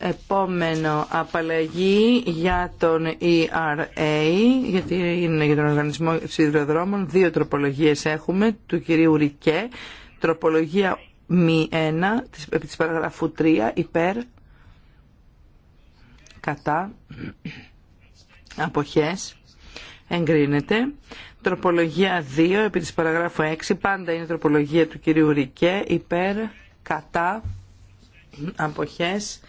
Επόμενο, απαλλαγή για τον ERA, γιατί είναι για τον Οργανισμό Σιδηροδρόμων. Δύο τροπολογίες έχουμε, του κυρίου Ρικέ. Τροπολογία μη 1, της, επί της παραγραφού 3, υπέρ, κατά, αποχές, εγκρίνεται. Τροπολογία 2, επί της παραγράφου 6, πάντα είναι τροπολογία του κυρίου Ρικέ, υπέρ, κατά, αποχές,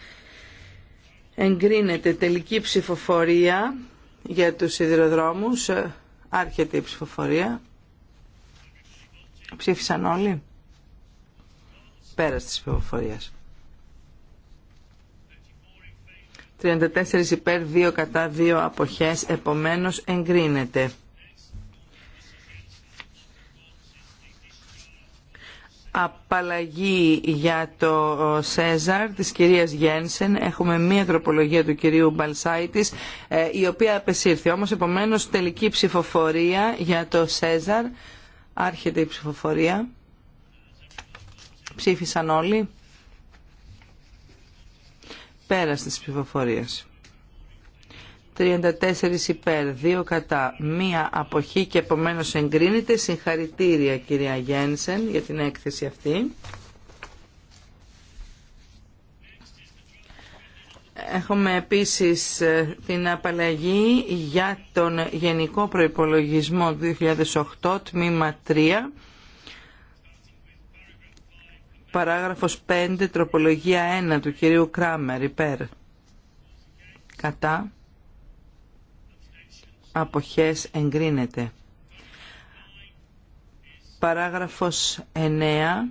Εγκρίνεται τελική ψηφοφορία για τους σιδηροδρόμους. Άρχεται η ψηφοφορία. Ψήφισαν όλοι. Πέρας της ψηφοφορίας. 34 υπέρ, 2 κατά, 2 αποχές, επομένως εγκρίνεται. απαλλαγή για το Σέζαρ της κυρίας Γένσεν. Έχουμε μία τροπολογία του κυρίου Μπαλσάιτης, ε, η οποία απεσήρθη. Όμως, επομένως, τελική ψηφοφορία για το Σέζαρ. Άρχεται η ψηφοφορία. Ψήφισαν όλοι. Πέρας της ψηφοφορίας. 34 υπέρ, 2 κατά, 1 αποχή και επομένως εγκρίνεται. Συγχαρητήρια κυρία Γένσεν για την έκθεση αυτή. Έχουμε επίσης ε, την απαλλαγή για τον Γενικό Προϋπολογισμό 2008, τμήμα 3, παράγραφος 5, τροπολογία 1 του κυρίου Κράμερ, υπέρ. Κατά αποχές εγκρίνεται. Παράγραφος 9.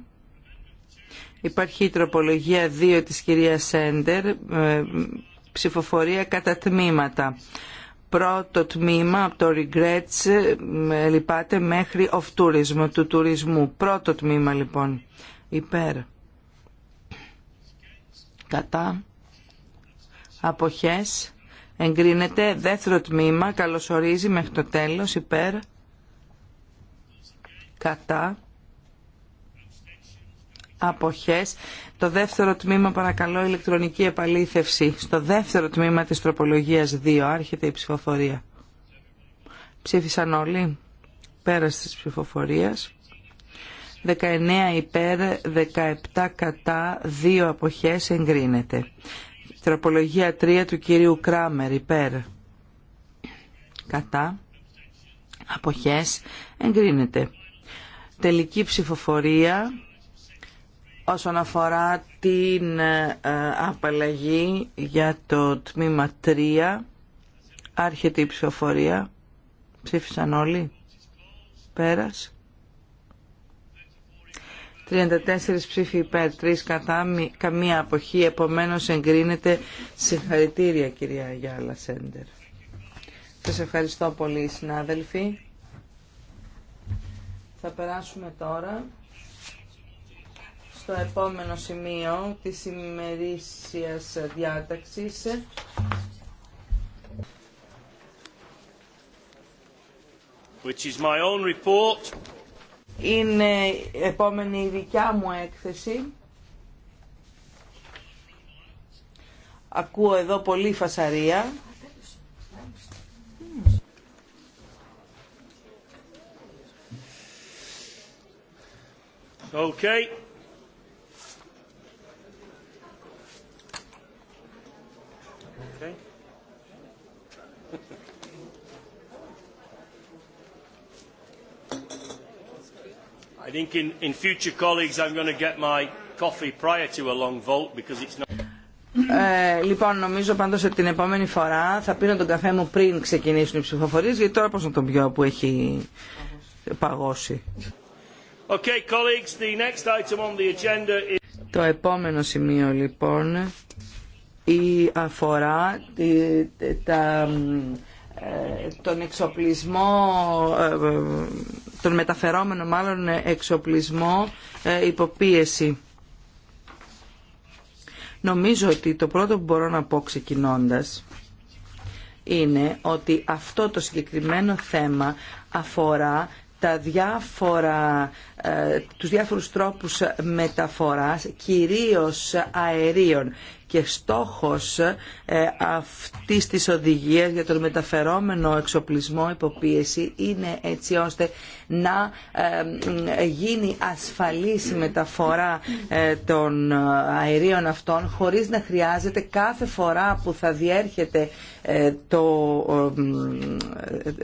Υπάρχει η τροπολογία 2 της κυρίας Σέντερ, ε, ψηφοφορία κατά τμήματα. Πρώτο τμήμα από το regrets ε, λυπάται μέχρι of tourism, του τουρισμού. Πρώτο τμήμα λοιπόν, υπέρ. Κατά. Αποχές εγκρίνεται. Δεύτερο τμήμα καλωσορίζει μέχρι το τέλος υπέρ κατά αποχές. Το δεύτερο τμήμα παρακαλώ ηλεκτρονική επαλήθευση. Στο δεύτερο τμήμα της τροπολογίας 2 άρχεται η ψηφοφορία. Ψήφισαν όλοι πέρας της ψηφοφορίας. 19 υπέρ, 17 κατά, 2 αποχές εγκρίνεται. Τροπολογία 3 του κυρίου Κράμερ υπέρ. Κατά. Αποχές. Εγκρίνεται. Τελική ψηφοφορία όσον αφορά την ε, απαλλαγή για το τμήμα 3. Άρχεται η ψηφοφορία. Ψήφισαν όλοι. Πέρας. 34 ψήφοι υπέρ, 3 κατά, καμία αποχή, επομένως εγκρίνεται. Συγχαρητήρια κυρία Γιάλα Σέντερ. Σας ευχαριστώ πολύ συνάδελφοι. Θα περάσουμε τώρα στο επόμενο σημείο της ημερήσιας διάταξης. Which is my own report είναι επόμενη η δικιά μου έκθεση. Ακούω εδώ πολύ φασαρία. Okay. I think in, in future colleagues I'm going to get my coffee prior to a long because it's not... Ε, λοιπόν, νομίζω πάντως ότι την επόμενη φορά θα πίνω τον καφέ μου πριν ξεκινήσουν οι ψηφοφορίε, γιατί τώρα πώ να τον πιω που έχει παγώσει. Okay, colleagues, the next item on the agenda is... Το επόμενο σημείο λοιπόν η αφορά τη, τα, ε, τον εξοπλισμό ε, τον μεταφερόμενο μάλλον εξοπλισμό ε, υποπίεση. Νομίζω ότι το πρώτο που μπορώ να πω ξεκινώντας είναι ότι αυτό το συγκεκριμένο θέμα αφορά τα διάφορα, ε, τους διάφορους τρόπους μεταφοράς, κυρίως αερίων και στόχος ε, αυτής της οδηγίας για τον μεταφερόμενο εξοπλισμό υποπίεση είναι έτσι ώστε να ε, γίνει ασφαλής η μεταφορά ε, των αερίων αυτών χωρίς να χρειάζεται κάθε φορά που θα διέρχεται το,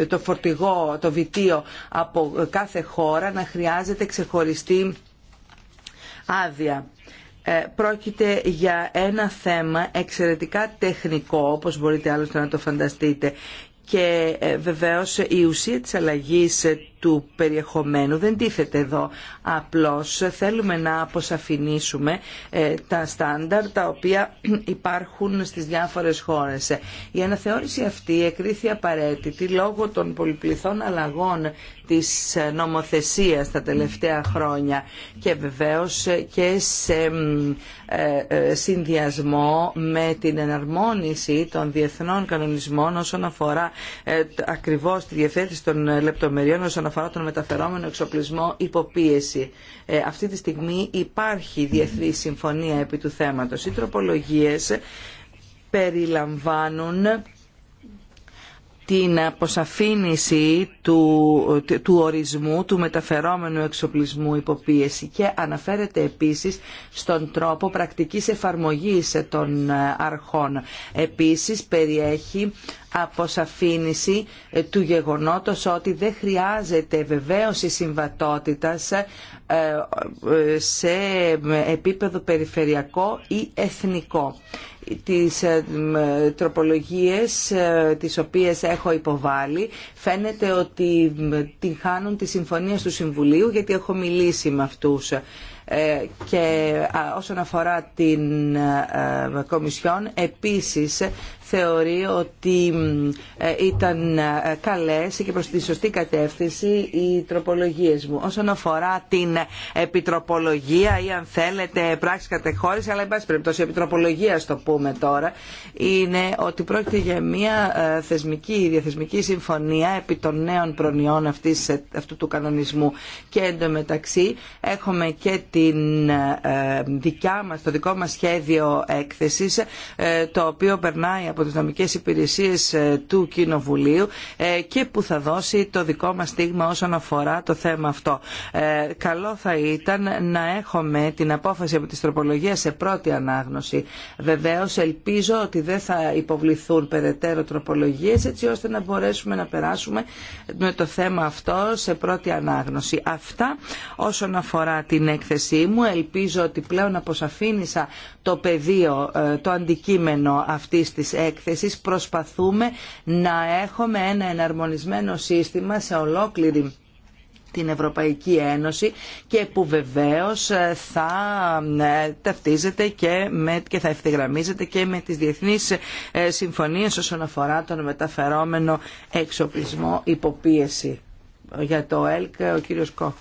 το φορτηγό, το βιτίο από κάθε χώρα να χρειάζεται ξεχωριστή άδεια. Ε, πρόκειται για ένα θέμα εξαιρετικά τεχνικό, όπως μπορείτε άλλωστε να το φανταστείτε. Και ε, βεβαίως η ουσία της αλλαγής του περιεχομένου δεν τίθεται εδώ. Απλώς θέλουμε να αποσαφηνίσουμε ε, τα στάνταρ τα οποία (clears throat) υπάρχουν στις διάφορες χώρες. Η αναθεώρηση αυτή εκρίθη απαραίτητη λόγω των πολυπληθών αλλαγών της ε, νομοθεσίας τα τελευταία χρόνια και βεβαίως ε, και σε συνδυασμό με την εναρμόνιση των διεθνών κανονισμών όσον αφορά ακριβώς τη διαθέτηση των λεπτομεριών αφορά τον μεταφερόμενο εξοπλισμό υποπίεση. Ε, αυτή τη στιγμή υπάρχει διεθνή συμφωνία επί του θέματος. Οι τροπολογίες περιλαμβάνουν την αποσαφήνιση του, του ορισμού του μεταφερόμενου εξοπλισμού υποπίεση και αναφέρεται επίσης στον τρόπο πρακτικής εφαρμογής των αρχών. Επίσης περιέχει αποσαφήνιση του γεγονότος ότι δεν χρειάζεται βεβαίωση συμβατότητας ε, ε, σε επίπεδο περιφερειακό ή εθνικό τις ε, τροπολογίες ε, τις οποίες έχω υποβάλει φαίνεται ότι την χάνουν τη συμφωνία του Συμβουλίου γιατί έχω μιλήσει με αυτούς ε, και όσον αφορά την Κομισιόν επίσης θεωρεί ότι ε, ήταν ε, καλές και προς τη σωστή κατεύθυνση οι τροπολογίες μου. Όσον αφορά την επιτροπολογία ή αν θέλετε πράξη κατεχώρηση, αλλά εν πάση περιπτώσει η επιτροπολογία στο πούμε τώρα, είναι ότι πρόκειται για μια ε, θεσμική, διαθεσμική συμφωνία επί των νέων προνοιών αυτής, αυτού του κανονισμού. Και εντωμεταξύ έχουμε και την μας, το δικό μας σχέδιο έκθεσης, το οποίο περνάει από τις νομικές υπηρεσίες ε, του Κοινοβουλίου ε, και που θα δώσει το δικό μας στίγμα όσον αφορά το θέμα αυτό. Ε, καλό θα ήταν να έχουμε την απόφαση από τις τροπολογίες σε πρώτη ανάγνωση. Βεβαίως ελπίζω ότι δεν θα υποβληθούν περαιτέρω τροπολογίες έτσι ώστε να μπορέσουμε να περάσουμε με το θέμα αυτό σε πρώτη ανάγνωση. Αυτά όσον αφορά την έκθεσή μου. Ελπίζω ότι πλέον αποσαφήνισα το πεδίο, το αντικείμενο αυτής της έκθεσης προσπαθούμε να έχουμε ένα εναρμονισμένο σύστημα σε ολόκληρη την Ευρωπαϊκή Ένωση και που βεβαίως ε, θα ε, ταυτίζεται και, με, και θα ευθυγραμμίζεται και με τις διεθνείς ε, συμφωνίες όσον αφορά τον μεταφερόμενο εξοπλισμό υποπίεση. Για το ΕΛΚ ο κύριος Κόφ.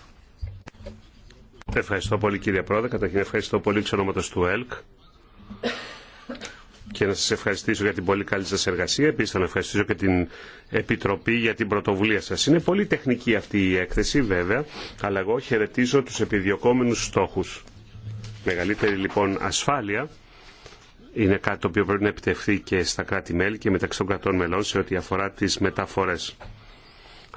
Ευχαριστώ πολύ κύριε Πρόεδρε. Καταρχήν ευχαριστώ πολύ εξ του ΕΛΚ και να σας ευχαριστήσω για την πολύ καλή σας εργασία. Επίσης θα να ευχαριστήσω και την Επιτροπή για την πρωτοβουλία σας. Είναι πολύ τεχνική αυτή η έκθεση βέβαια, αλλά εγώ χαιρετίζω τους επιδιωκόμενους στόχους. Μεγαλύτερη λοιπόν ασφάλεια είναι κάτι το οποίο πρέπει να επιτευχθεί και στα κράτη-μέλη και μεταξύ των κρατών μελών σε ό,τι αφορά τις μεταφορές.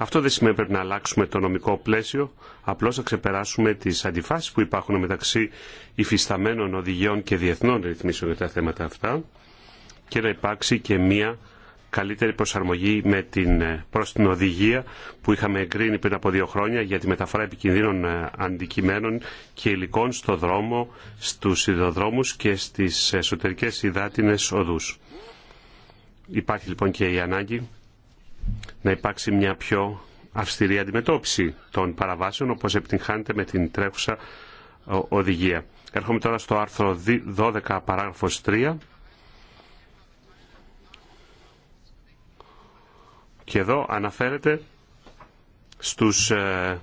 Αυτό δεν σημαίνει πρέπει να αλλάξουμε το νομικό πλαίσιο, απλώς να ξεπεράσουμε τις αντιφάσεις που υπάρχουν μεταξύ υφισταμένων οδηγιών και διεθνών ρυθμίσεων για τα θέματα αυτά και να υπάρξει και μία καλύτερη προσαρμογή με την, ε, προς την οδηγία που είχαμε εγκρίνει πριν από δύο χρόνια για τη μεταφορά επικινδύνων ε, αντικειμένων και υλικών στο δρόμο, στους σιδηροδρόμους και στις εσωτερικές υδάτινες οδούς. Υπάρχει λοιπόν και η ανάγκη να υπάρξει μια πιο αυστηρή αντιμετώπιση των παραβάσεων όπως επιτυγχάνεται με την τρέχουσα οδηγία. Έρχομαι τώρα στο άρθρο 12 παράγραφος 3 και εδώ αναφέρεται στους, ε,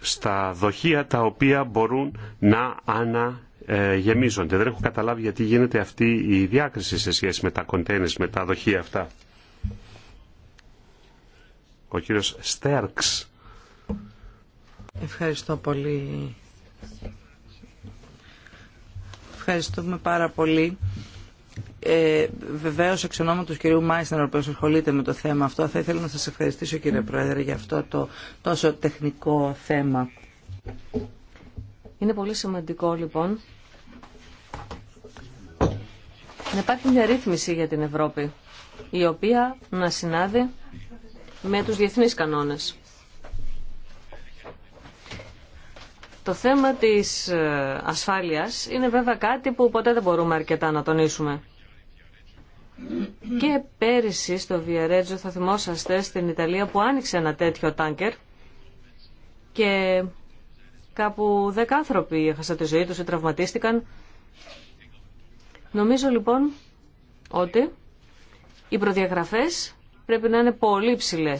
στα δοχεία τα οποία μπορούν να αναγεμίζονται. Δεν έχω καταλάβει γιατί γίνεται αυτή η διάκριση σε σχέση με τα κοντένες, με τα δοχεία αυτά. Ο κύριος Στέρξ. Ευχαριστώ πολύ. Ευχαριστούμε πάρα πολύ. Ε, βεβαίως εξ ονόματος κυρίου Μάισνερ, ο οποίος ασχολείται με το θέμα αυτό, θα ήθελα να σας ευχαριστήσω κύριε Πρόεδρε για αυτό το τόσο τεχνικό θέμα. Είναι πολύ σημαντικό λοιπόν να υπάρχει μια ρύθμιση για την Ευρώπη, η οποία να συνάδει με τους διεθνείς κανόνες. Το θέμα της ε, ασφάλειας είναι βέβαια κάτι που ποτέ δεν μπορούμε αρκετά να τονίσουμε. Και πέρυσι στο Βιαρέτζο θα θυμόσαστε στην Ιταλία που άνοιξε ένα τέτοιο τάνκερ και κάπου δέκα άνθρωποι έχασαν τη ζωή τους ή τραυματίστηκαν. Νομίζω λοιπόν ότι οι προδιαγραφές πρέπει να είναι πολύ ψηλέ.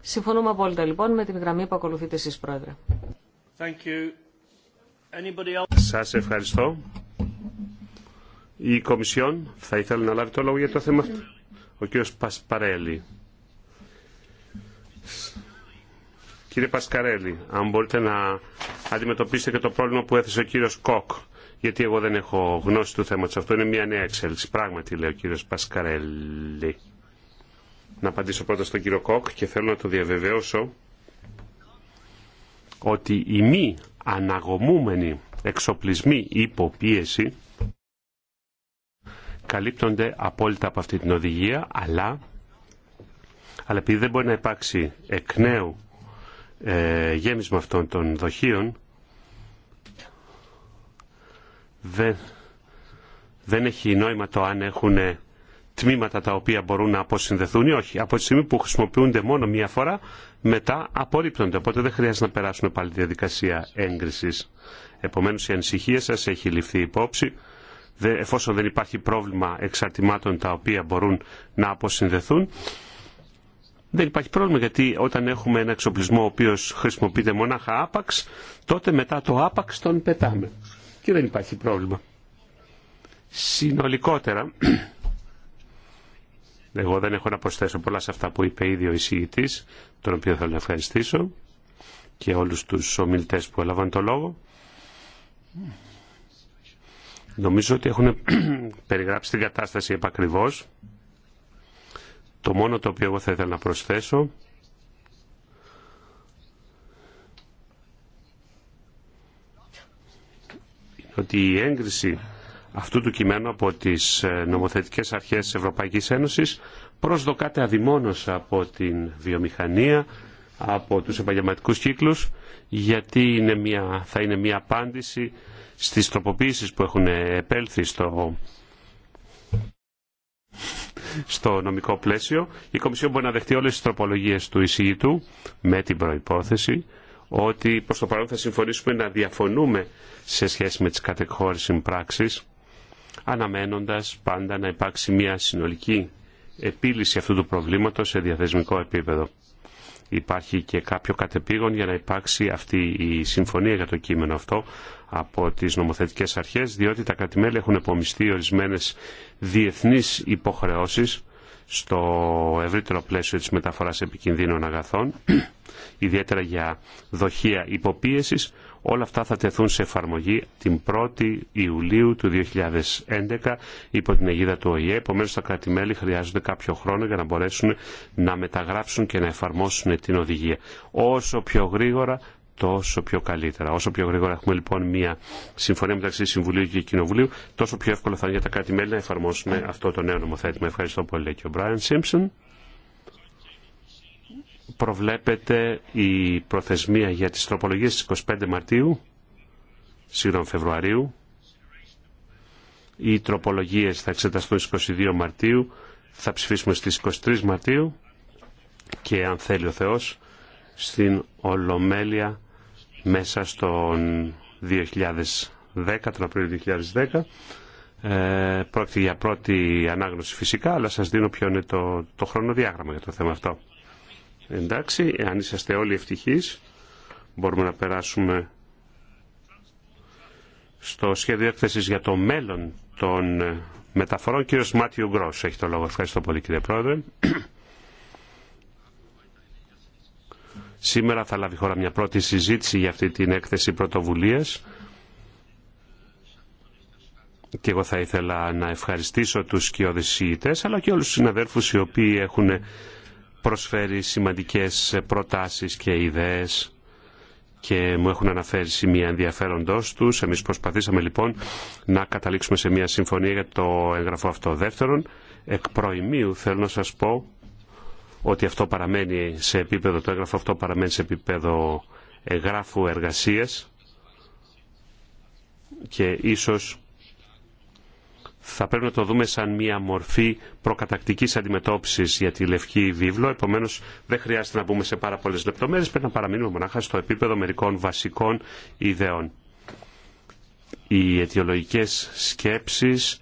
Συμφωνούμε απόλυτα λοιπόν με την γραμμή που ακολουθείτε εσείς Πρόεδρε. Σας ευχαριστώ. Η Κομισιόν θα ήθελε να λάβει το λόγο για το θέμα Ο κύριος Πασπαρέλη. Κύριε Πασκαρέλη, αν μπορείτε να αντιμετωπίσετε και το πρόβλημα που έθεσε ο κύριος Κοκ, γιατί εγώ δεν έχω γνώση του θέματος. Αυτό είναι μια νέα εξέλιξη. Πράγματι, λέει ο κύριος Πασκαρέλη να απαντήσω πρώτα στον κύριο Κόκ και θέλω να το διαβεβαίωσω ότι οι μη αναγωμούμενοι εξοπλισμοί υποπίεση καλύπτονται απόλυτα από αυτή την οδηγία, αλλά, αλλά επειδή δεν μπορεί να υπάρξει εκ νέου ε, γέμισμα αυτών των δοχείων, δεν, δεν έχει νόημα το αν έχουν τμήματα τα οποία μπορούν να αποσυνδεθούν ή όχι. Από τη στιγμή που χρησιμοποιούνται μόνο μία φορά, μετά απορρίπτονται. Οπότε δεν χρειάζεται να περάσουν πάλι τη διαδικασία έγκριση. Επομένω, η ανησυχία σα έχει ληφθεί υπόψη. Εφόσον δεν υπάρχει πρόβλημα εξαρτημάτων τα οποία μπορούν να περασουμε παλι τη διαδικασια εγκριση επομενω η ανησυχια σα εχει ληφθει υποψη εφοσον δεν υπάρχει πρόβλημα γιατί όταν έχουμε ένα εξοπλισμό ο οποίο χρησιμοποιείται μονάχα άπαξ, τότε μετά το άπαξ τον πετάμε. Και δεν υπάρχει πρόβλημα. Συνολικότερα, εγώ δεν έχω να προσθέσω πολλά σε αυτά που είπε ήδη ο εισηγητή, τον οποίο θέλω να ευχαριστήσω και όλους τους ομιλητές που έλαβαν το λόγο. Νομίζω ότι έχουν (clears throat) περιγράψει την κατάσταση επακριβώς. Το μόνο το οποίο εγώ θα ήθελα να προσθέσω είναι ότι η έγκριση αυτού του κειμένου από τις ε, νομοθετικές αρχές της Ευρωπαϊκής Ένωσης προσδοκάται αδειμόνως από την βιομηχανία, από τους επαγγελματικού κύκλους γιατί είναι μια, θα είναι μια απάντηση στις τροποποίησεις που έχουν επέλθει στο, στο νομικό πλαίσιο. Η Κομισιόν μπορεί να δεχτεί όλες τις τροπολογίες του εισηγητού με την προϋπόθεση ότι προς το παρόν θα συμφωνήσουμε να διαφωνούμε σε σχέση με τις κατεχώρησης πράξεις αναμένοντας πάντα να υπάρξει μια συνολική επίλυση αυτού του προβλήματος σε διαθεσμικό επίπεδο. Υπάρχει και κάποιο κατεπήγον για να υπάρξει αυτή η συμφωνία για το κείμενο αυτό από τις νομοθετικές αρχές, διότι τα κρατημέλη έχουν επομιστεί ορισμένες διεθνείς υποχρεώσεις στο ευρύτερο πλαίσιο της μεταφοράς επικινδύνων αγαθών, (clears throat) ιδιαίτερα για δοχεία υποπίεσης, Όλα αυτά θα τεθούν σε εφαρμογή την 1η Ιουλίου του 2011 υπό την αιγίδα του ΟΗΕ. Επομένω, τα κράτη-μέλη χρειάζονται κάποιο χρόνο για να μπορέσουν να μεταγράψουν και να εφαρμόσουν την οδηγία. Όσο πιο γρήγορα, τόσο πιο καλύτερα. Όσο πιο γρήγορα έχουμε λοιπόν μια συμφωνία μεταξύ Συμβουλίου και Κοινοβουλίου, τόσο πιο εύκολο θα είναι για τα κράτη-μέλη να εφαρμόσουν αυτό το νέο νομοθέτημα. Ευχαριστώ πολύ και ο Μπράιν προβλέπεται η προθεσμία για τις τροπολογίες 25 Μαρτίου, σύγχρον Φεβρουαρίου. Οι τροπολογίες θα εξεταστούν στις 22 Μαρτίου, θα ψηφίσουμε στις 23 Μαρτίου και αν θέλει ο Θεός στην Ολομέλεια μέσα στον 2010, τον Απρίλιο 2010. Ε, πρόκειται για πρώτη ανάγνωση φυσικά, αλλά σας δίνω ποιο είναι το, το χρονοδιάγραμμα για το θέμα αυτό. Εντάξει, εάν είσαστε όλοι ευτυχείς, μπορούμε να περάσουμε στο σχέδιο έκθεσης για το μέλλον των μεταφορών. Κύριος Μάτιου Γκρός έχει το λόγο. Ευχαριστώ πολύ κύριε Πρόεδρε. Σήμερα θα λάβει χώρα μια πρώτη συζήτηση για αυτή την έκθεση πρωτοβουλίας και εγώ θα ήθελα να ευχαριστήσω τους σκιώδησιητές αλλά και όλους τους συναδέρφους οι οποίοι έχουν προσφέρει σημαντικές προτάσεις και ιδέες και μου έχουν αναφέρει σημεία ενδιαφέροντό τους. Εμεί προσπαθήσαμε λοιπόν να καταλήξουμε σε μια συμφωνία για το έγγραφο αυτό. Δεύτερον, εκ προημίου θέλω να σας πω ότι αυτό παραμένει σε επίπεδο, το έγγραφο αυτό παραμένει σε επίπεδο εγγράφου εργασία και ίσως θα πρέπει να το δούμε σαν μια μορφή προκατακτικής αντιμετώπισης για τη Λευκή Βίβλο. Επομένως δεν χρειάζεται να μπούμε σε πάρα πολλές λεπτομέρειες, πρέπει να παραμείνουμε μονάχα στο επίπεδο μερικών βασικών ιδεών. Οι αιτιολογικές σκέψεις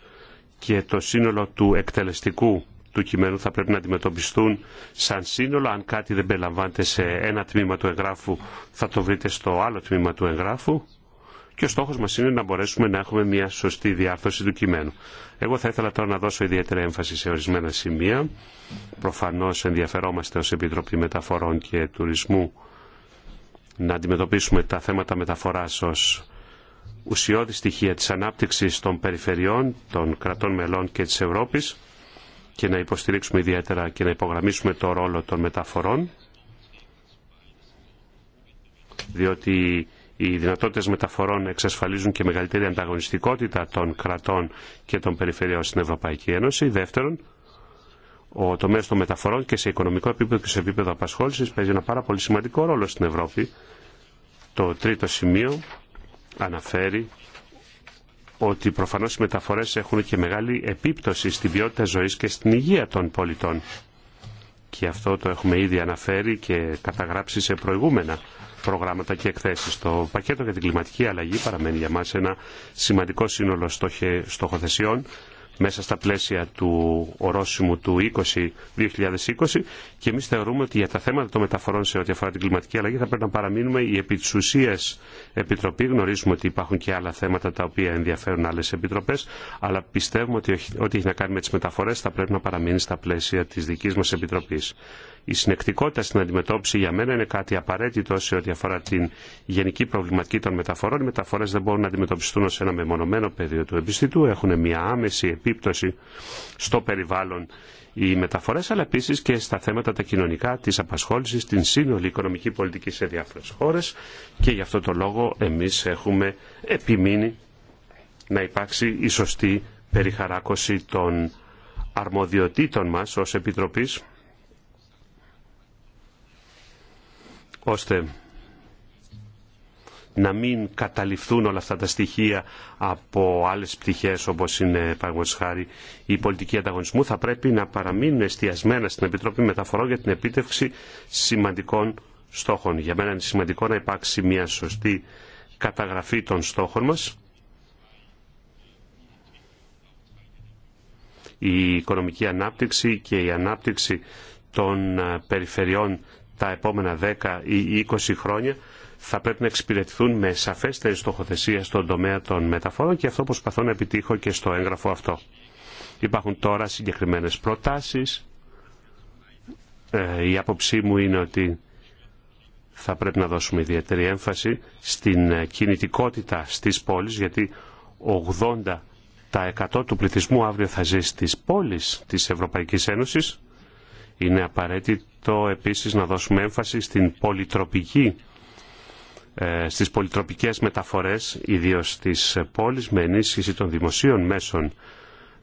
και το σύνολο του εκτελεστικού του κειμένου θα πρέπει να αντιμετωπιστούν σαν σύνολο. Αν κάτι δεν περιλαμβάνεται σε ένα τμήμα του εγγράφου θα το βρείτε στο άλλο τμήμα του εγγράφου και ο στόχος μας είναι να μπορέσουμε να έχουμε μια σωστή διάρθρωση του κειμένου. Εγώ θα ήθελα τώρα να δώσω ιδιαίτερη έμφαση σε ορισμένα σημεία. Προφανώς ενδιαφερόμαστε ως Επιτροπή Μεταφορών και Τουρισμού να αντιμετωπίσουμε τα θέματα μεταφοράς ως ουσιώδη στοιχεία της ανάπτυξης των περιφερειών, των κρατών μελών και τη Ευρώπη, και να υποστηρίξουμε ιδιαίτερα και να υπογραμμίσουμε το ρόλο των μεταφορών διότι οι δυνατότητες μεταφορών εξασφαλίζουν και μεγαλύτερη ανταγωνιστικότητα των κρατών και των περιφερειών στην Ευρωπαϊκή Ένωση. Δεύτερον, ο τομέα των μεταφορών και σε οικονομικό επίπεδο και σε επίπεδο απασχόληση παίζει ένα πάρα πολύ σημαντικό ρόλο στην Ευρώπη. Το τρίτο σημείο αναφέρει ότι προφανώς οι μεταφορές έχουν και μεγάλη επίπτωση στην ποιότητα ζωής και στην υγεία των πολιτών και αυτό το έχουμε ήδη αναφέρει και καταγράψει σε προηγούμενα προγράμματα και εκθέσεις. Το πακέτο για την κλιματική αλλαγή παραμένει για μας ένα σημαντικό σύνολο στοχοθεσιών μέσα στα πλαίσια του ορόσημου του 20, 2020 και εμείς θεωρούμε ότι για τα θέματα των μεταφορών σε ό,τι αφορά την κλιματική αλλαγή θα πρέπει να παραμείνουμε η επί της ουσίας επιτροπή. Γνωρίζουμε ότι υπάρχουν και άλλα θέματα τα οποία ενδιαφέρουν άλλες επιτροπές, αλλά πιστεύουμε ότι ό,τι έχει να κάνει με τις μεταφορές θα πρέπει να παραμείνει στα πλαίσια της δικής μας επιτροπής. Η συνεκτικότητα στην αντιμετώπιση για μένα είναι κάτι απαραίτητο σε ό,τι αφορά την γενική προβληματική των μεταφορών. Οι μεταφορέ δεν μπορούν να αντιμετωπιστούν ω ένα μεμονωμένο πεδίο του εμπιστητού. Έχουν μια άμεση επίπτωση στο περιβάλλον οι μεταφορέ, αλλά επίση και στα θέματα τα κοινωνικά, τη απασχόληση, την σύνολη οικονομική πολιτική σε διάφορε χώρε. Και γι' αυτό το λόγο εμεί έχουμε επιμείνει να υπάρξει η σωστή περιχαράκωση των αρμοδιοτήτων μας ως Επιτροπής ώστε να μην καταληφθούν όλα αυτά τα στοιχεία από άλλες πτυχές όπως είναι παραγωγής η πολιτική ανταγωνισμού θα πρέπει να παραμείνουν εστιασμένα στην Επιτροπή Μεταφορών για την επίτευξη σημαντικών στόχων. Για μένα είναι σημαντικό να υπάρξει μια σωστή καταγραφή των στόχων μας. Η οικονομική ανάπτυξη και η ανάπτυξη των ε, περιφερειών τα επόμενα 10 ή 20 χρόνια θα πρέπει να εξυπηρετηθούν με σαφέστερη στοχοθεσία στον τομέα των μεταφορών και αυτό προσπαθώ να επιτύχω και στο έγγραφο αυτό. Υπάρχουν τώρα συγκεκριμένες προτάσεις. Ε, η άποψή μου είναι ότι θα πρέπει να δώσουμε ιδιαίτερη έμφαση στην ε, κινητικότητα στις πόλεις γιατί 80% του πληθυσμού αύριο θα ζει στις πόλεις της Ευρωπαϊκής Ένωσης είναι απαραίτητο επίσης να δώσουμε έμφαση στην πολυτροπική ε, στις πολυτροπικές μεταφορές, ιδίως στις πόλεις, με ενίσχυση των δημοσίων μέσων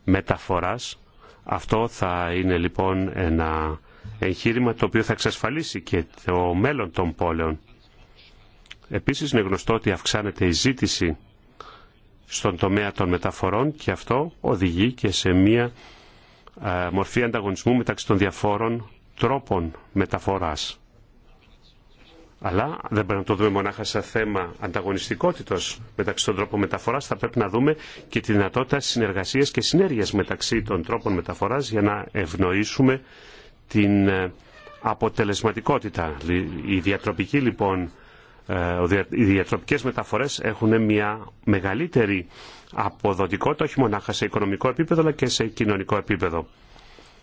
μεταφοράς. Αυτό θα είναι λοιπόν ένα εγχείρημα το οποίο θα εξασφαλίσει και το μέλλον των πόλεων. Επίσης είναι γνωστό ότι αυξάνεται η ζήτηση στον τομέα των μεταφορών και αυτό οδηγεί και σε μία ε, μορφή ανταγωνισμού μεταξύ των διαφόρων τρόπων μεταφοράς. Αλλά δεν πρέπει να το δούμε μονάχα σε θέμα ανταγωνιστικότητος μεταξύ των τρόπων μεταφοράς, θα πρέπει να δούμε και τη δυνατότητα συνεργασίας και συνέργειας μεταξύ των τρόπων μεταφοράς για να ευνοήσουμε την ε, αποτελεσματικότητα. Η διατροπική λοιπόν ε, οι διατροπικές μεταφορές έχουν μια μεγαλύτερη αποδοτικότητα όχι μονάχα σε οικονομικό επίπεδο αλλά και σε κοινωνικό επίπεδο.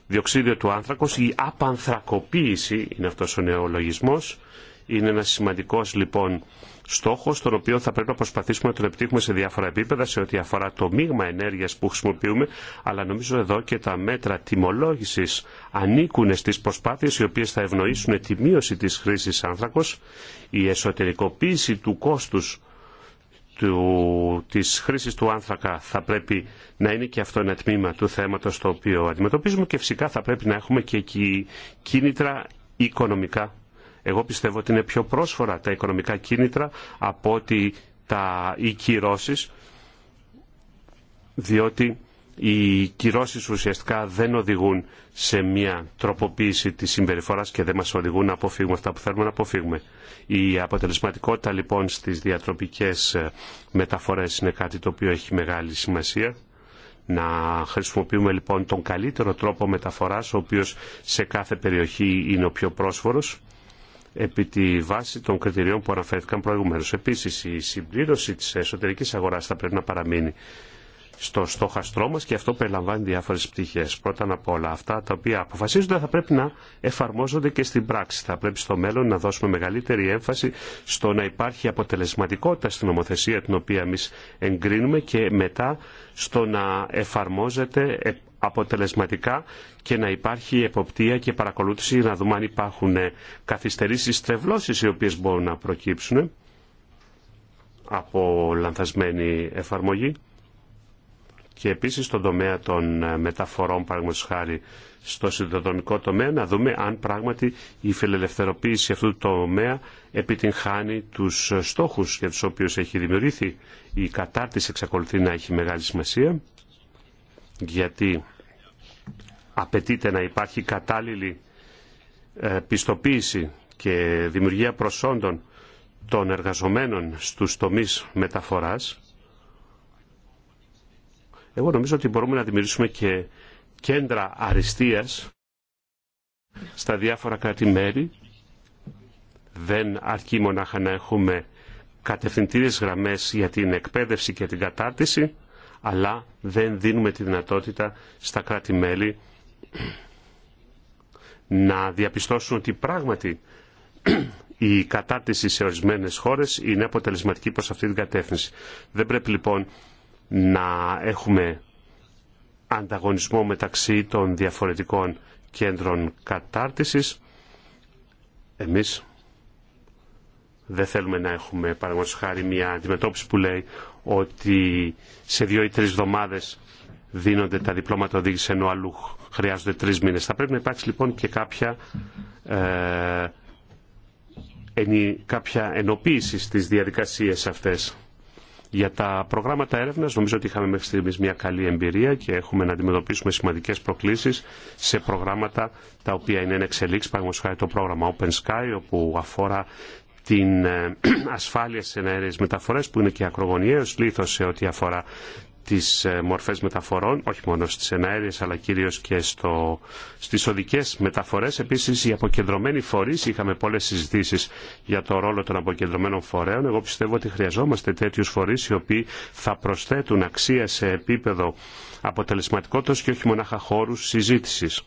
Διοξίδιο του άνθρακος, η απανθρακοποίηση είναι αυτός ο νεολογισμός, είναι ένας σημαντικός λοιπόν στόχος τον οποίο θα πρέπει να προσπαθήσουμε να τον επιτύχουμε σε διάφορα επίπεδα σε ό,τι αφορά το μείγμα ενέργειας που χρησιμοποιούμε αλλά νομίζω εδώ και τα μέτρα τιμολόγησης ανήκουν στις προσπάθειες οι οποίες θα ευνοήσουν τη μείωση της χρήσης άνθρακος η εσωτερικοποίηση του κόστους του, της χρήσης του άνθρακα θα πρέπει να είναι και αυτό ένα τμήμα του θέματος το οποίο αντιμετωπίζουμε και φυσικά θα πρέπει να έχουμε και εκεί κίνητρα οικονομικά. Εγώ πιστεύω ότι είναι πιο πρόσφορα τα οικονομικά κίνητρα από ότι τα οι κυρώσεις, διότι οι κυρώσεις ουσιαστικά δεν οδηγούν σε μια τροποποίηση της συμπεριφοράς και δεν μας οδηγούν να αποφύγουμε αυτά που θέλουμε να αποφύγουμε. Η αποτελεσματικότητα λοιπόν στις διατροπικές ε, μεταφορές είναι κάτι το οποίο έχει μεγάλη σημασία. Να χρησιμοποιούμε λοιπόν τον καλύτερο τρόπο μεταφοράς, ο οποίος σε κάθε περιοχή είναι ο πιο πρόσφορος επί τη βάση των κριτηριών που αναφέρθηκαν προηγουμένω. Επίση, η συμπλήρωση τη εσωτερική αγορά θα πρέπει να παραμείνει στο στόχαστρό μας και αυτό περιλαμβάνει διάφορες πτυχές. Πρώτα απ' όλα αυτά τα οποία αποφασίζονται θα πρέπει να εφαρμόζονται και στην πράξη. Θα πρέπει στο μέλλον να δώσουμε μεγαλύτερη έμφαση στο να υπάρχει αποτελεσματικότητα στην νομοθεσία την οποία εμείς εγκρίνουμε και μετά στο να εφαρμόζεται αποτελεσματικά και να υπάρχει εποπτεία και παρακολούθηση να δούμε αν υπάρχουν καθυστερήσεις, στρεβλώσεις οι οποίες μπορούν να προκύψουν από λανθασμένη εφαρμογή και επίσης στον τομέα των ε, μεταφορών, παραδείγματος χάρη στο συνδεδομικό τομέα, να δούμε αν πράγματι η φιλελευθερωποίηση αυτού του τομέα επιτυγχάνει τους ε, στόχους για τους οποίους έχει δημιουργηθεί. Η κατάρτιση εξακολουθεί να έχει μεγάλη σημασία, γιατί απαιτείται να υπάρχει κατάλληλη ε, πιστοποίηση και δημιουργία προσόντων των εργαζομένων στους τομείς μεταφοράς εγώ νομίζω ότι μπορούμε να δημιουργήσουμε και κέντρα αριστείας στα διάφορα κράτη-μέρη. Δεν αρκεί μονάχα να έχουμε κατευθυντήριες γραμμές για την εκπαίδευση και την κατάρτιση, αλλά δεν δίνουμε τη δυνατότητα στα κράτη-μέλη να διαπιστώσουν ότι πράγματι η κατάρτιση σε ορισμένες χώρες είναι αποτελεσματική προς αυτή την κατεύθυνση. Δεν πρέπει λοιπόν να έχουμε ανταγωνισμό μεταξύ των διαφορετικών κέντρων κατάρτισης. Εμείς δεν θέλουμε να έχουμε παραγωγή χάρη μια αντιμετώπιση που λέει ότι σε δύο ή τρεις εβδομάδες δίνονται τα διπλώματα οδήγηση ενώ αλλού χρειάζονται τρεις μήνες. Θα πρέπει να υπάρξει λοιπόν και κάποια, ε, κάποια ενοποίηση στις διαδικασίες αυτές. Για τα προγράμματα έρευνα, νομίζω ότι είχαμε μέχρι στιγμή μια καλή εμπειρία και έχουμε να αντιμετωπίσουμε σημαντικέ προκλήσει σε προγράμματα τα οποία είναι εν εξελίξη. Παραδείγματο χάρη το πρόγραμμα Open Sky, όπου αφορά την ε, (clears throat) ασφάλεια στι εναέρειε μεταφορέ, που είναι και ακρογωνιαίο λήθο σε ό,τι αφορά τις ε, μορφές μεταφορών, όχι μόνο στις εναέριες αλλά κυρίως και στο, στις οδικές μεταφορές. Επίσης οι αποκεντρωμένοι φορείς, είχαμε πολλές συζητήσεις για το ρόλο των αποκεντρωμένων φορέων. Εγώ πιστεύω ότι χρειαζόμαστε τέτοιους φορείς οι οποίοι θα προσθέτουν αξία σε επίπεδο αποτελεσματικότητας και όχι μονάχα χώρους συζήτησης.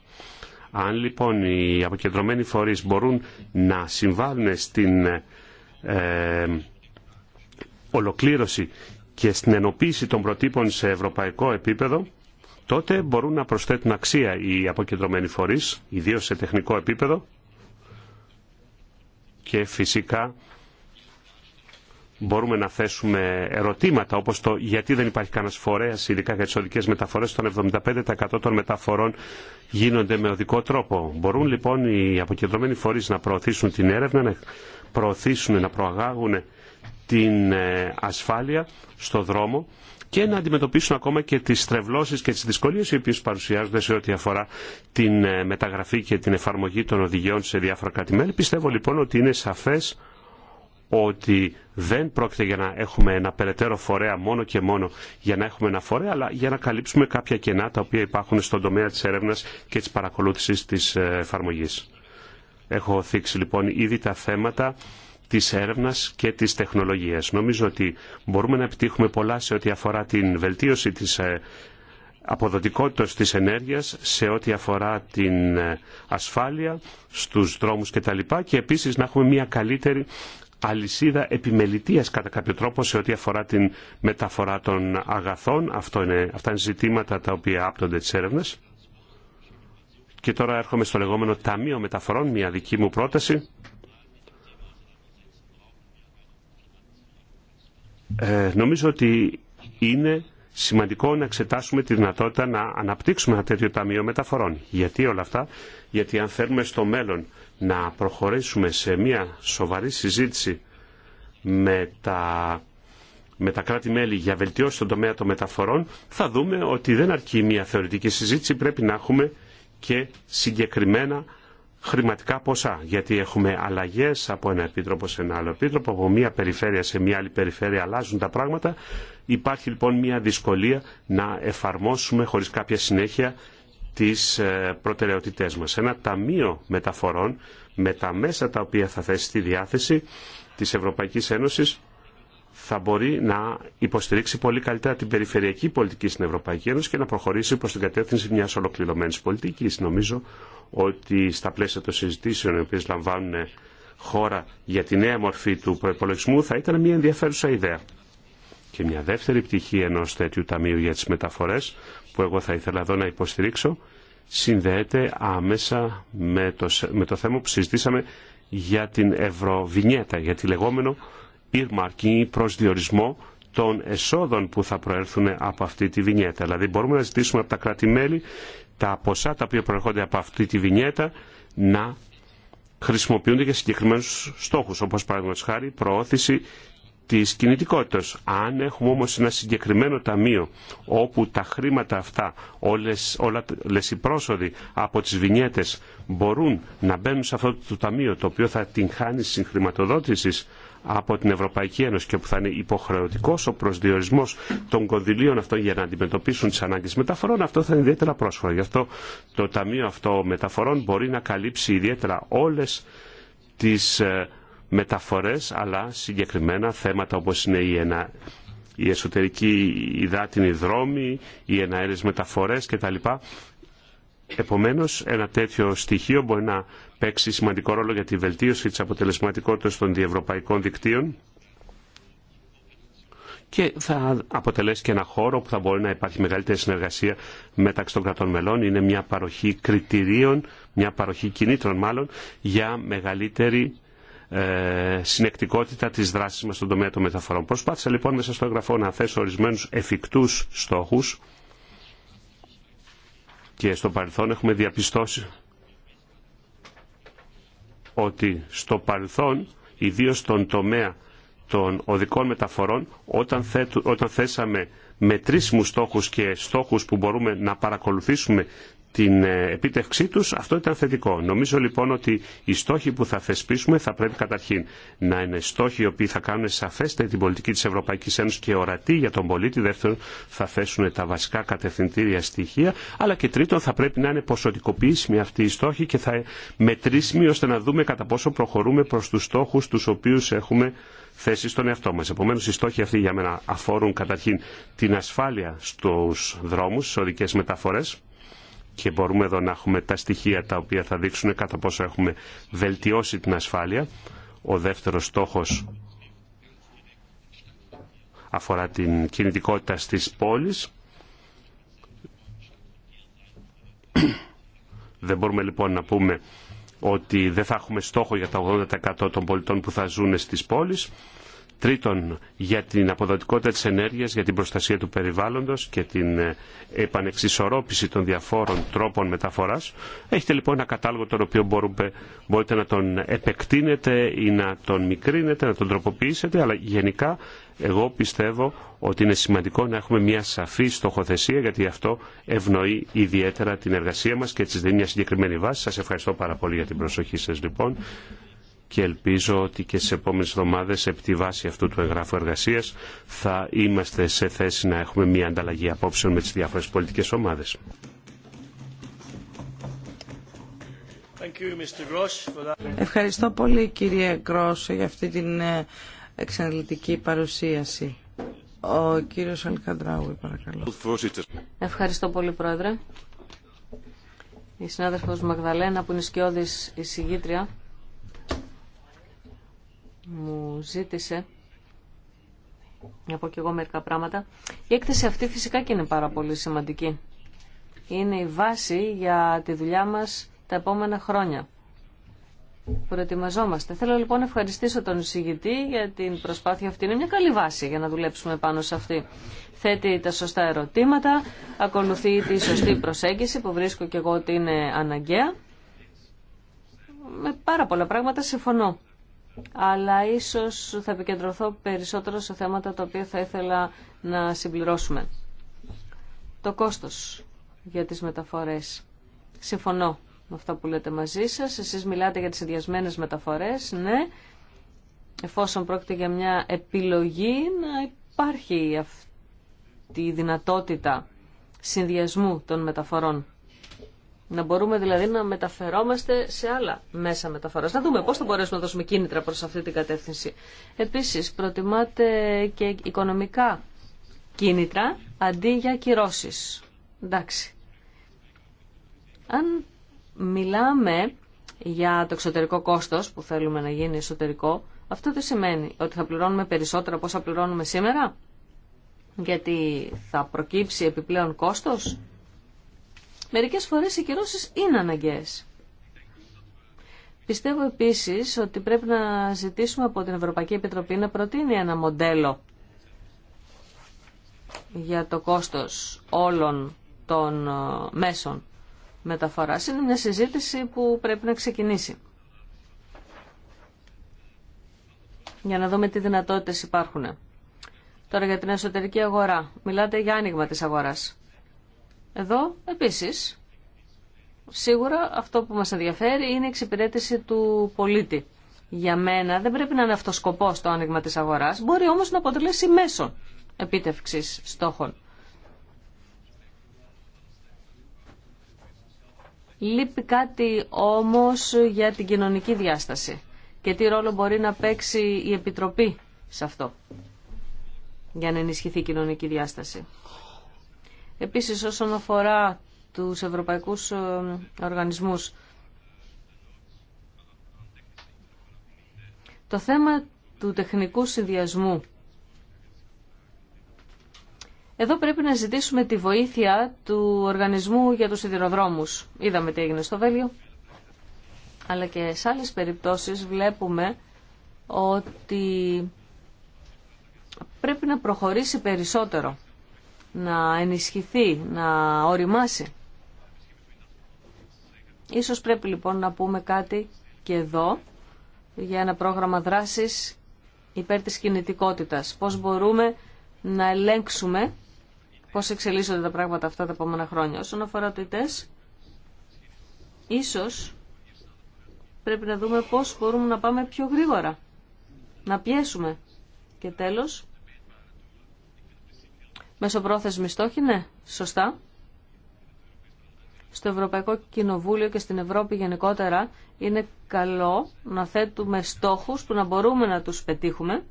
Αν λοιπόν οι αποκεντρωμένοι φορείς μπορούν να συμβάλλουν στην ε, ε, ολοκλήρωση και στην ενοποίηση των προτύπων σε ευρωπαϊκό επίπεδο, τότε μπορούν να προσθέτουν αξία οι αποκεντρωμένοι φορείς, ιδίως σε τεχνικό επίπεδο και φυσικά μπορούμε να θέσουμε ερωτήματα όπως το γιατί δεν υπάρχει κανένας φορέας ειδικά για τις οδικές μεταφορές των 75% των μεταφορών γίνονται με οδικό τρόπο. Μπορούν λοιπόν οι αποκεντρωμένοι φορείς να προωθήσουν την έρευνα, να προωθήσουν, να προαγάγουν την ε, ασφάλεια στο δρόμο και να αντιμετωπίσουν ακόμα και τις στρεβλώσεις και τις δυσκολίες οι οποίες παρουσιάζονται σε ό,τι αφορά την ε, μεταγραφή και την εφαρμογή των οδηγιών σε διάφορα Πιστεύω λοιπόν ότι είναι σαφές ότι δεν πρόκειται για να έχουμε ένα περαιτέρω φορέα μόνο και μόνο για να έχουμε ένα φορέα, αλλά για να καλύψουμε κάποια κενά τα οποία υπάρχουν στον τομέα της έρευνας και της παρακολούθησης της ε, εφαρμογής. Έχω θίξει λοιπόν ήδη τα θέματα της έρευνας και της τεχνολογίας. Νομίζω ότι μπορούμε να επιτύχουμε πολλά σε ό,τι αφορά την βελτίωση της ε, αποδοτικότητας της ενέργειας, σε ό,τι αφορά την ε, ασφάλεια στους δρόμους κτλ. Και επίσης να έχουμε μια καλύτερη αλυσίδα επιμελητίας κατά κάποιο τρόπο σε ό,τι αφορά την μεταφορά των αγαθών. Αυτό είναι, αυτά είναι ζητήματα τα οποία άπτονται της έρευνας. Και τώρα έρχομαι στο λεγόμενο Ταμείο Μεταφορών, μια δική μου πρόταση. Ε, νομίζω ότι είναι σημαντικό να εξετάσουμε τη δυνατότητα να αναπτύξουμε ένα τέτοιο ταμείο μεταφορών. Γιατί όλα αυτά, γιατί αν θέλουμε στο μέλλον να προχωρήσουμε σε μια σοβαρή συζήτηση με τα, με τα κράτη-μέλη για βελτιώσει στον τομέα των μεταφορών, θα δούμε ότι δεν αρκεί μια θεωρητική συζήτηση, πρέπει να έχουμε και συγκεκριμένα χρηματικά ποσά, γιατί έχουμε αλλαγές από ένα επίτροπο σε ένα άλλο επίτροπο, από μία περιφέρεια σε μία άλλη περιφέρεια αλλάζουν τα πράγματα. Υπάρχει λοιπόν μία δυσκολία να εφαρμόσουμε χωρίς κάποια συνέχεια τις ε, προτεραιότητές μας. Ένα ταμείο μεταφορών με τα μέσα τα οποία θα θέσει στη διάθεση της Ευρωπαϊκής Ένωσης θα μπορεί να υποστηρίξει πολύ καλύτερα την περιφερειακή πολιτική στην Ευρωπαϊκή Ένωση και να προχωρήσει προς την κατεύθυνση μιας ολοκληρωμένης πολιτικής. Νομίζω ότι στα πλαίσια των συζητήσεων οι οποίες λαμβάνουν χώρα για τη νέα μορφή του προπολογισμού θα ήταν μια ενδιαφέρουσα ιδέα. Και μια δεύτερη πτυχή ενός τέτοιου ταμείου για τις μεταφορές που εγώ θα ήθελα εδώ να υποστηρίξω συνδέεται άμεσα με το, με το θέμα που συζητήσαμε για την Ευρωβινιέτα, για τη λεγόμενο προς προσδιορισμό των εσόδων που θα προέρθουν από αυτή τη βινιέτα. Δηλαδή μπορούμε να ζητήσουμε από τα κράτη-μέλη τα ποσά τα οποία προερχόνται από αυτή τη βινιέτα να χρησιμοποιούνται για συγκεκριμένους στόχους, όπως παραδείγματος χάρη προώθηση της κινητικότητας. Αν έχουμε όμως ένα συγκεκριμένο ταμείο όπου τα χρήματα αυτά, όλες, όλες οι πρόσοδοι από τις βινιέτες μπορούν να μπαίνουν σε αυτό το ταμείο το οποίο θα την χάνει συγχρηματοδότησης από την Ευρωπαϊκή Ένωση και που θα είναι υποχρεωτικό ο προσδιορισμό των κονδυλίων αυτών για να αντιμετωπίσουν τι ανάγκε μεταφορών, αυτό θα είναι ιδιαίτερα πρόσφορο. Γι' αυτό το Ταμείο αυτό μεταφορών μπορεί να καλύψει ιδιαίτερα όλε τι ε, μεταφορέ, αλλά συγκεκριμένα θέματα όπω είναι η ένα η εσωτερική υδάτινη δρόμη, οι εναέρες μεταφορές κτλ. Επομένως, ένα τέτοιο στοιχείο μπορεί να παίξει σημαντικό ρόλο για τη βελτίωση της αποτελεσματικότητας των διευρωπαϊκών δικτύων και θα αποτελέσει και ένα χώρο που θα μπορεί να υπάρχει μεγαλύτερη συνεργασία μεταξύ των κρατών μελών. Είναι μια παροχή κριτηρίων, μια παροχή κινήτρων μάλλον, για μεγαλύτερη ε, συνεκτικότητα της δράσης μας στον τομέα των μεταφορών. Προσπάθησα λοιπόν μέσα στο εγγραφό να θέσω ορισμένους εφικτούς στόχους και στο παρελθόν έχουμε διαπιστώσει ότι στο παρελθόν, ιδίως στον τομέα των οδικών μεταφορών, όταν, θέτου, όταν θέσαμε μετρήσιμους στόχους και στόχους που μπορούμε να παρακολουθήσουμε την ε, επίτευξή τους, αυτό ήταν θετικό. Νομίζω λοιπόν ότι οι στόχοι που θα θεσπίσουμε θα πρέπει καταρχήν να είναι στόχοι οι οποίοι θα κάνουν σαφέστε την πολιτική της Ευρωπαϊκής Ένωσης και ορατή για τον πολίτη. Δεύτερον, θα θέσουν τα βασικά κατευθυντήρια στοιχεία. Αλλά και τρίτον, θα πρέπει να είναι ποσοτικοποιήσιμοι αυτοί οι στόχοι και θα μετρήσιμοι ώστε να δούμε κατά πόσο προχωρούμε προς τους στόχους τους οποίους έχουμε θέσει στον εαυτό μας. Επομένως, οι στόχοι αυτοί για μένα αφορούν καταρχήν την ασφάλεια στους δρόμους, στις οδικές μεταφορές και μπορούμε εδώ να έχουμε τα στοιχεία τα οποία θα δείξουν κατά πόσο έχουμε βελτιώσει την ασφάλεια. Ο δεύτερος στόχος αφορά την κινητικότητα στις πόλεις. Δεν μπορούμε λοιπόν να πούμε ότι δεν θα έχουμε στόχο για τα 80% των πολιτών που θα ζουν στις πόλεις. Τρίτον, για την αποδοτικότητα της ενέργειας, για την προστασία του περιβάλλοντος και την ε, επανεξισορρόπηση των διαφόρων τρόπων μεταφοράς. Έχετε λοιπόν ένα κατάλογο τον οποίο μπορούμε, μπορείτε να τον επεκτείνετε ή να τον μικρύνετε, να τον τροποποιήσετε, αλλά γενικά εγώ πιστεύω ότι είναι σημαντικό να έχουμε μια σαφή στοχοθεσία γιατί αυτό ευνοεί ιδιαίτερα την εργασία μας και της δίνει μια συγκεκριμένη βάση. Σας ευχαριστώ πάρα πολύ για την προσοχή σας λοιπόν και ελπίζω ότι και σε επόμενες εβδομάδες επί τη βάση αυτού του εγγράφου εργασίας θα είμαστε σε θέση να έχουμε μια ανταλλαγή απόψεων με τις διάφορες πολιτικές ομάδες. Ευχαριστώ πολύ κύριε Γκρός για αυτή την ε, εξαντλητική παρουσίαση. Ο κύριος Αλκαντράου, παρακαλώ. Ευχαριστώ πολύ πρόεδρε. Η συνάδελφος Μαγδαλένα που είναι σκιώδης εισηγήτρια μου ζήτησε να πω και εγώ μερικά πράγματα. Η έκθεση αυτή φυσικά και είναι πάρα πολύ σημαντική. Είναι η βάση για τη δουλειά μας τα επόμενα χρόνια. Προετοιμαζόμαστε. Θέλω λοιπόν να ευχαριστήσω τον εισηγητή για την προσπάθεια αυτή. Είναι μια καλή βάση για να δουλέψουμε πάνω σε αυτή. Θέτει τα σωστά ερωτήματα, ακολουθεί τη σωστή προσέγγιση που βρίσκω και εγώ ότι είναι αναγκαία. Με πάρα πολλά πράγματα συμφωνώ αλλά ίσως θα επικεντρωθώ περισσότερο σε θέματα τα οποία θα ήθελα να συμπληρώσουμε. Το κόστος για τις μεταφορές. Συμφωνώ με αυτά που λέτε μαζί σας. Εσείς μιλάτε για τις συνδυασμένε μεταφορές, ναι. Εφόσον πρόκειται για μια επιλογή να υπάρχει αυτή η δυνατότητα συνδυασμού των μεταφορών. Να μπορούμε δηλαδή να μεταφερόμαστε σε άλλα μέσα μεταφορά. Να δούμε πώ θα μπορέσουμε να δώσουμε κίνητρα προ αυτή την κατεύθυνση. Επίση, προτιμάτε και οικονομικά κίνητρα αντί για κυρώσει. Εντάξει. Αν μιλάμε για το εξωτερικό κόστος που θέλουμε να γίνει εσωτερικό, αυτό δεν σημαίνει, ότι θα πληρώνουμε περισσότερα από όσα πληρώνουμε σήμερα, γιατί θα προκύψει επιπλέον κόστος Μερικές φορές οι κυρώσεις είναι αναγκαίες. Πιστεύω επίσης ότι πρέπει να ζητήσουμε από την Ευρωπαϊκή Επιτροπή να προτείνει ένα μοντέλο για το κόστος όλων των ε, μέσων μεταφοράς. Είναι μια συζήτηση που πρέπει να ξεκινήσει. Για να δούμε τι δυνατότητες υπάρχουν. Τώρα για την εσωτερική αγορά. Μιλάτε για άνοιγμα της αγοράς. Εδώ επίσης σίγουρα αυτό που μας ενδιαφέρει είναι η εξυπηρέτηση του πολίτη. Για μένα δεν πρέπει να είναι αυτός σκοπό το άνοιγμα της αγοράς, μπορεί όμως να αποτελέσει μέσο επίτευξης στόχων. Λείπει κάτι όμως για την κοινωνική διάσταση και τι ρόλο μπορεί να παίξει η Επιτροπή σε αυτό για να ενισχυθεί η κοινωνική διάσταση. Επίσης όσον αφορά τους ευρωπαϊκούς ε, οργανισμούς. Το θέμα του τεχνικού συνδυασμού. Εδώ πρέπει να ζητήσουμε τη βοήθεια του οργανισμού για τους σιδηροδρόμους. Είδαμε τι έγινε στο Βέλιο. Αλλά και σε άλλες περιπτώσεις βλέπουμε ότι πρέπει να προχωρήσει περισσότερο να ενισχυθεί, να οριμάσει. Ίσως πρέπει λοιπόν να πούμε κάτι και εδώ για ένα πρόγραμμα δράσης υπέρ της κινητικότητας. Πώς μπορούμε να ελέγξουμε πώς εξελίσσονται τα πράγματα αυτά τα επόμενα χρόνια. Όσον αφορά το ΙΤΕΣ, ίσως πρέπει να δούμε πώς μπορούμε να πάμε πιο γρήγορα, να πιέσουμε. Και τέλος, Μεσοπρόθεσμοι στόχοι, ναι, σωστά. Στο Ευρωπαϊκό Κοινοβούλιο και στην Ευρώπη γενικότερα είναι καλό να θέτουμε στόχους που να μπορούμε να τους πετύχουμε.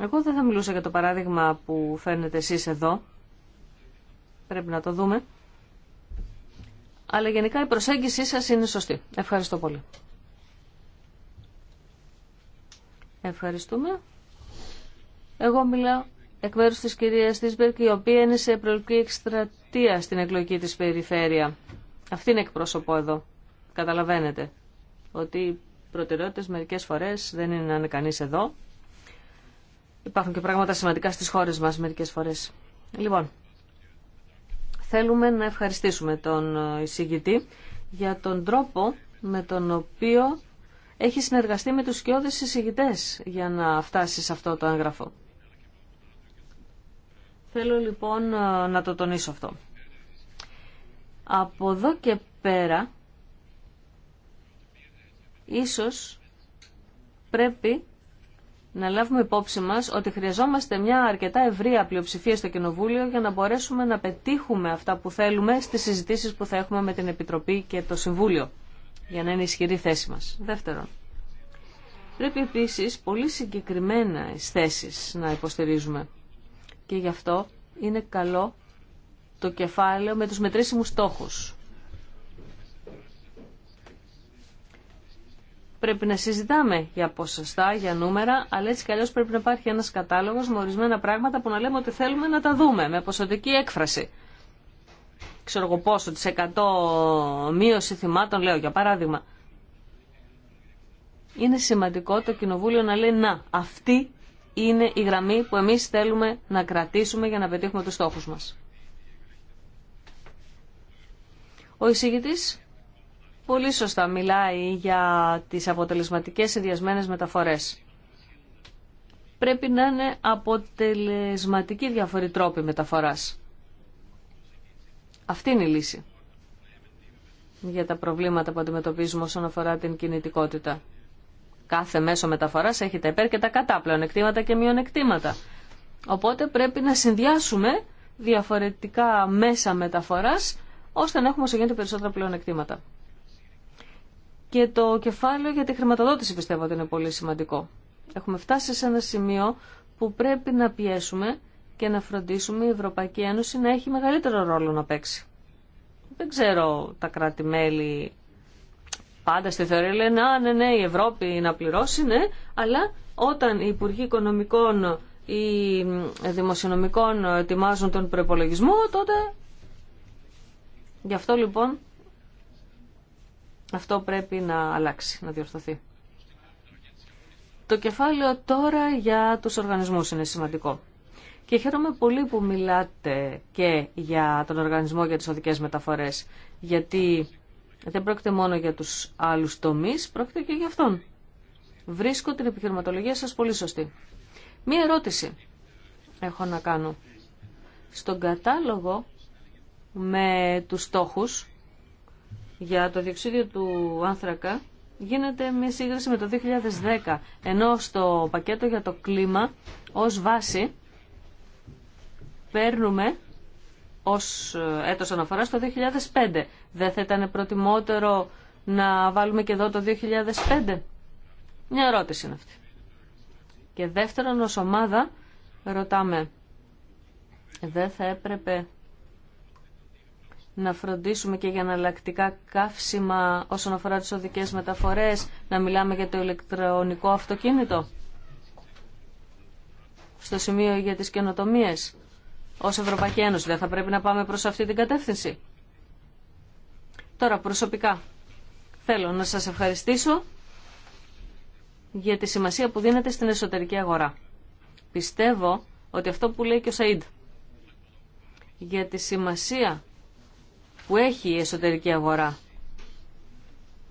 Εγώ δεν θα μιλούσα για το παράδειγμα που φαίνεται εσείς εδώ. Πρέπει να το δούμε. Αλλά γενικά η προσέγγιση σας είναι σωστή. Ευχαριστώ πολύ. Ευχαριστούμε. Εγώ μιλάω εκ μέρους της κυρίας Στισμπερκ η οποία είναι σε προεκλογική εκστρατεία στην εκλογική της περιφέρεια. Αυτή είναι εκπρόσωπο εδώ. Καταλαβαίνετε ότι οι προτεραιότητες μερικές φορές δεν είναι να είναι κανείς εδώ. Υπάρχουν και πράγματα σημαντικά στις χώρες μας μερικές φορές. Λοιπόν, θέλουμε να ευχαριστήσουμε τον εισηγητή για τον τρόπο με τον οποίο έχει συνεργαστεί με τους σκιώδες εισηγητές για να φτάσει σε αυτό το έγγραφο. Θέλω λοιπόν ε, να το τονίσω αυτό. Από εδώ και πέρα, ίσως πρέπει να λάβουμε υπόψη μας ότι χρειαζόμαστε μια αρκετά ευρία πλειοψηφία στο Κοινοβούλιο για να μπορέσουμε να πετύχουμε αυτά που θέλουμε στις συζητήσεις που θα έχουμε με την Επιτροπή και το Συμβούλιο για να είναι ισχυρή η θέση μας. Δεύτερον, πρέπει επίσης πολύ συγκεκριμένα θέσεις να υποστηρίζουμε. Και γι' αυτό είναι καλό το κεφάλαιο με τους μετρήσιμους στόχους. Πρέπει να συζητάμε για ποσοστά, για νούμερα, αλλά έτσι κι πρέπει να υπάρχει ένας κατάλογος με ορισμένα πράγματα που να λέμε ότι θέλουμε να τα δούμε με ποσοτική έκφραση. Ξέρω εγώ πόσο, τις 100 μείωση θυμάτων λέω για παράδειγμα. Είναι σημαντικό το κοινοβούλιο να λέει να, αυτή είναι η γραμμή που εμείς θέλουμε να κρατήσουμε για να πετύχουμε τους στόχους μας. Ο εισηγητής πολύ σωστά μιλάει για τις αποτελεσματικές συνδυασμένε μεταφορές. Πρέπει να είναι αποτελεσματική διαφορή τρόπη μεταφοράς. Αυτή είναι η λύση για τα προβλήματα που αντιμετωπίζουμε όσον αφορά την κινητικότητα κάθε μέσο μεταφοράς έχει τα υπέρ και τα κατά πλεονεκτήματα και μειονεκτήματα. Οπότε πρέπει να συνδυάσουμε διαφορετικά μέσα μεταφοράς ώστε να έχουμε όσο γίνεται περισσότερα πλεονεκτήματα. Και το κεφάλαιο για τη χρηματοδότηση πιστεύω ότι είναι πολύ σημαντικό. Έχουμε φτάσει σε ένα σημείο που πρέπει να πιέσουμε και να φροντίσουμε η Ευρωπαϊκή Ένωση να έχει μεγαλύτερο ρόλο να παίξει. Δεν ξέρω τα κράτη-μέλη πάντα στη θεωρία λένε «Α, ναι, ναι, η Ευρώπη να πληρώσει, ναι», αλλά όταν οι Υπουργοί Οικονομικών ή Δημοσιονομικών ετοιμάζουν τον προπολογισμό, τότε γι' αυτό λοιπόν αυτό πρέπει να αλλάξει, να διορθωθεί. Το κεφάλαιο τώρα για τους οργανισμούς είναι σημαντικό. Και χαίρομαι πολύ που μιλάτε και για τον οργανισμό για τις οδικές μεταφορές, γιατί δεν πρόκειται μόνο για τους άλλους τομείς, πρόκειται και για αυτόν. Βρίσκω την επιχειρηματολογία σας πολύ σωστή. Μία ερώτηση έχω να κάνω. Στον κατάλογο με τους στόχους για το διοξίδιο του άνθρακα γίνεται μια σύγκριση με το 2010, ενώ στο πακέτο για το κλίμα ως βάση παίρνουμε ως ε, έτος αναφοράς το 2005. Δεν θα ήταν προτιμότερο να βάλουμε και εδώ το 2005. Μια ερώτηση είναι αυτή. Και δεύτερον ως ομάδα ρωτάμε δεν θα έπρεπε να φροντίσουμε και για αναλλακτικά καύσιμα όσον αφορά τις οδικές μεταφορές, να μιλάμε για το ηλεκτρονικό αυτοκίνητο. Στο σημείο για τις καινοτομίες ως Ευρωπαϊκή Ένωση. Δεν θα πρέπει να πάμε προς αυτή την κατεύθυνση. Τώρα προσωπικά θέλω να σας ευχαριστήσω για τη σημασία που δίνετε στην εσωτερική αγορά. Πιστεύω ότι αυτό που λέει και ο Σαΐντ για τη σημασία που έχει η εσωτερική αγορά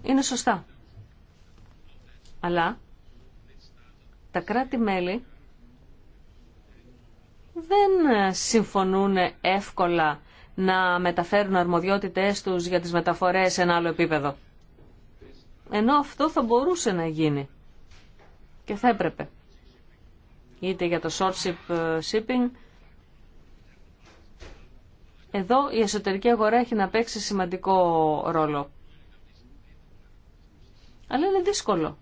είναι σωστά. Αλλά τα κράτη-μέλη δεν συμφωνούν εύκολα να μεταφέρουν αρμοδιότητες τους για τις μεταφορές σε ένα άλλο επίπεδο. Ενώ αυτό θα μπορούσε να γίνει και θα έπρεπε. Είτε για το short ship ε, shipping. Εδώ η εσωτερική αγορά έχει να παίξει σημαντικό ρόλο. Αλλά είναι δύσκολο.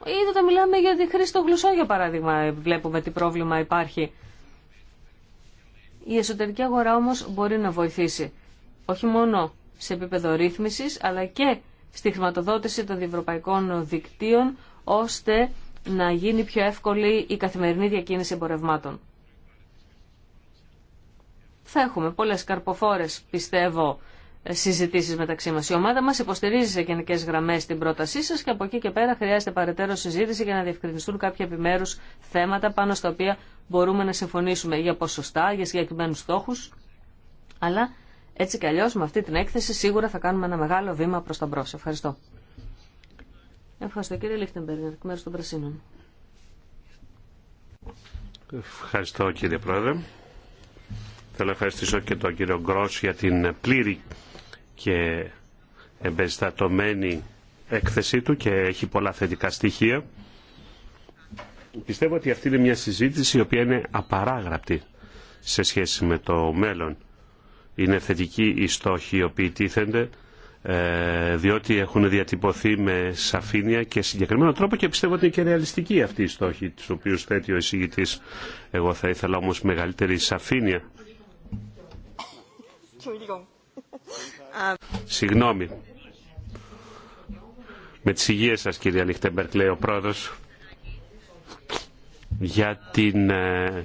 Είτε όταν μιλάμε για τη χρήση των γλωσσών, για παράδειγμα, βλέπουμε τι πρόβλημα υπάρχει η εσωτερική αγορά όμως μπορεί να βοηθήσει όχι μόνο σε επίπεδο ρύθμισης αλλά και στη χρηματοδότηση των διευρωπαϊκών δικτύων ώστε να γίνει πιο εύκολη η καθημερινή διακίνηση εμπορευμάτων. Θα έχουμε πολλές καρποφόρες, πιστεύω, συζητήσεις μεταξύ μας. Η ομάδα μας υποστηρίζει σε γενικέ γραμμές την πρότασή σας και από εκεί και πέρα χρειάζεται παρετέρω συζήτηση για να διευκρινιστούν κάποια επιμέρους θέματα πάνω στα οποία μπορούμε να συμφωνήσουμε για ποσοστά, για συγκεκριμένους στόχους, αλλά έτσι κι αλλιώς με αυτή την έκθεση σίγουρα θα κάνουμε ένα μεγάλο βήμα προς τα μπρος. Ευχαριστώ. Ευχαριστώ κύριε Λίχτεμπεργκ, εκ μέρους των Πρασίνων. Ευχαριστώ κύριε Πρόεδρε. Θέλω να ευχαριστήσω και τον κύριο Γκρός για την πλήρη και εμπεριστατωμένη έκθεσή του και έχει πολλά θετικά στοιχεία. Πιστεύω ότι αυτή είναι μια συζήτηση η οποία είναι απαράγραπτη σε σχέση με το μέλλον. Είναι θετική οι στόχοι οι οποίοι τίθενται ε, διότι έχουν διατυπωθεί με σαφήνεια και συγκεκριμένο τρόπο και πιστεύω ότι είναι και ρεαλιστική αυτή η στόχη του οποίου θέτει ο εισηγητής. Εγώ θα ήθελα όμως μεγαλύτερη σαφήνεια. Συγγνώμη. Με τις υγείες σας κυρία Λιχτεμπερκ λέει ο πρόεδρος για την ε,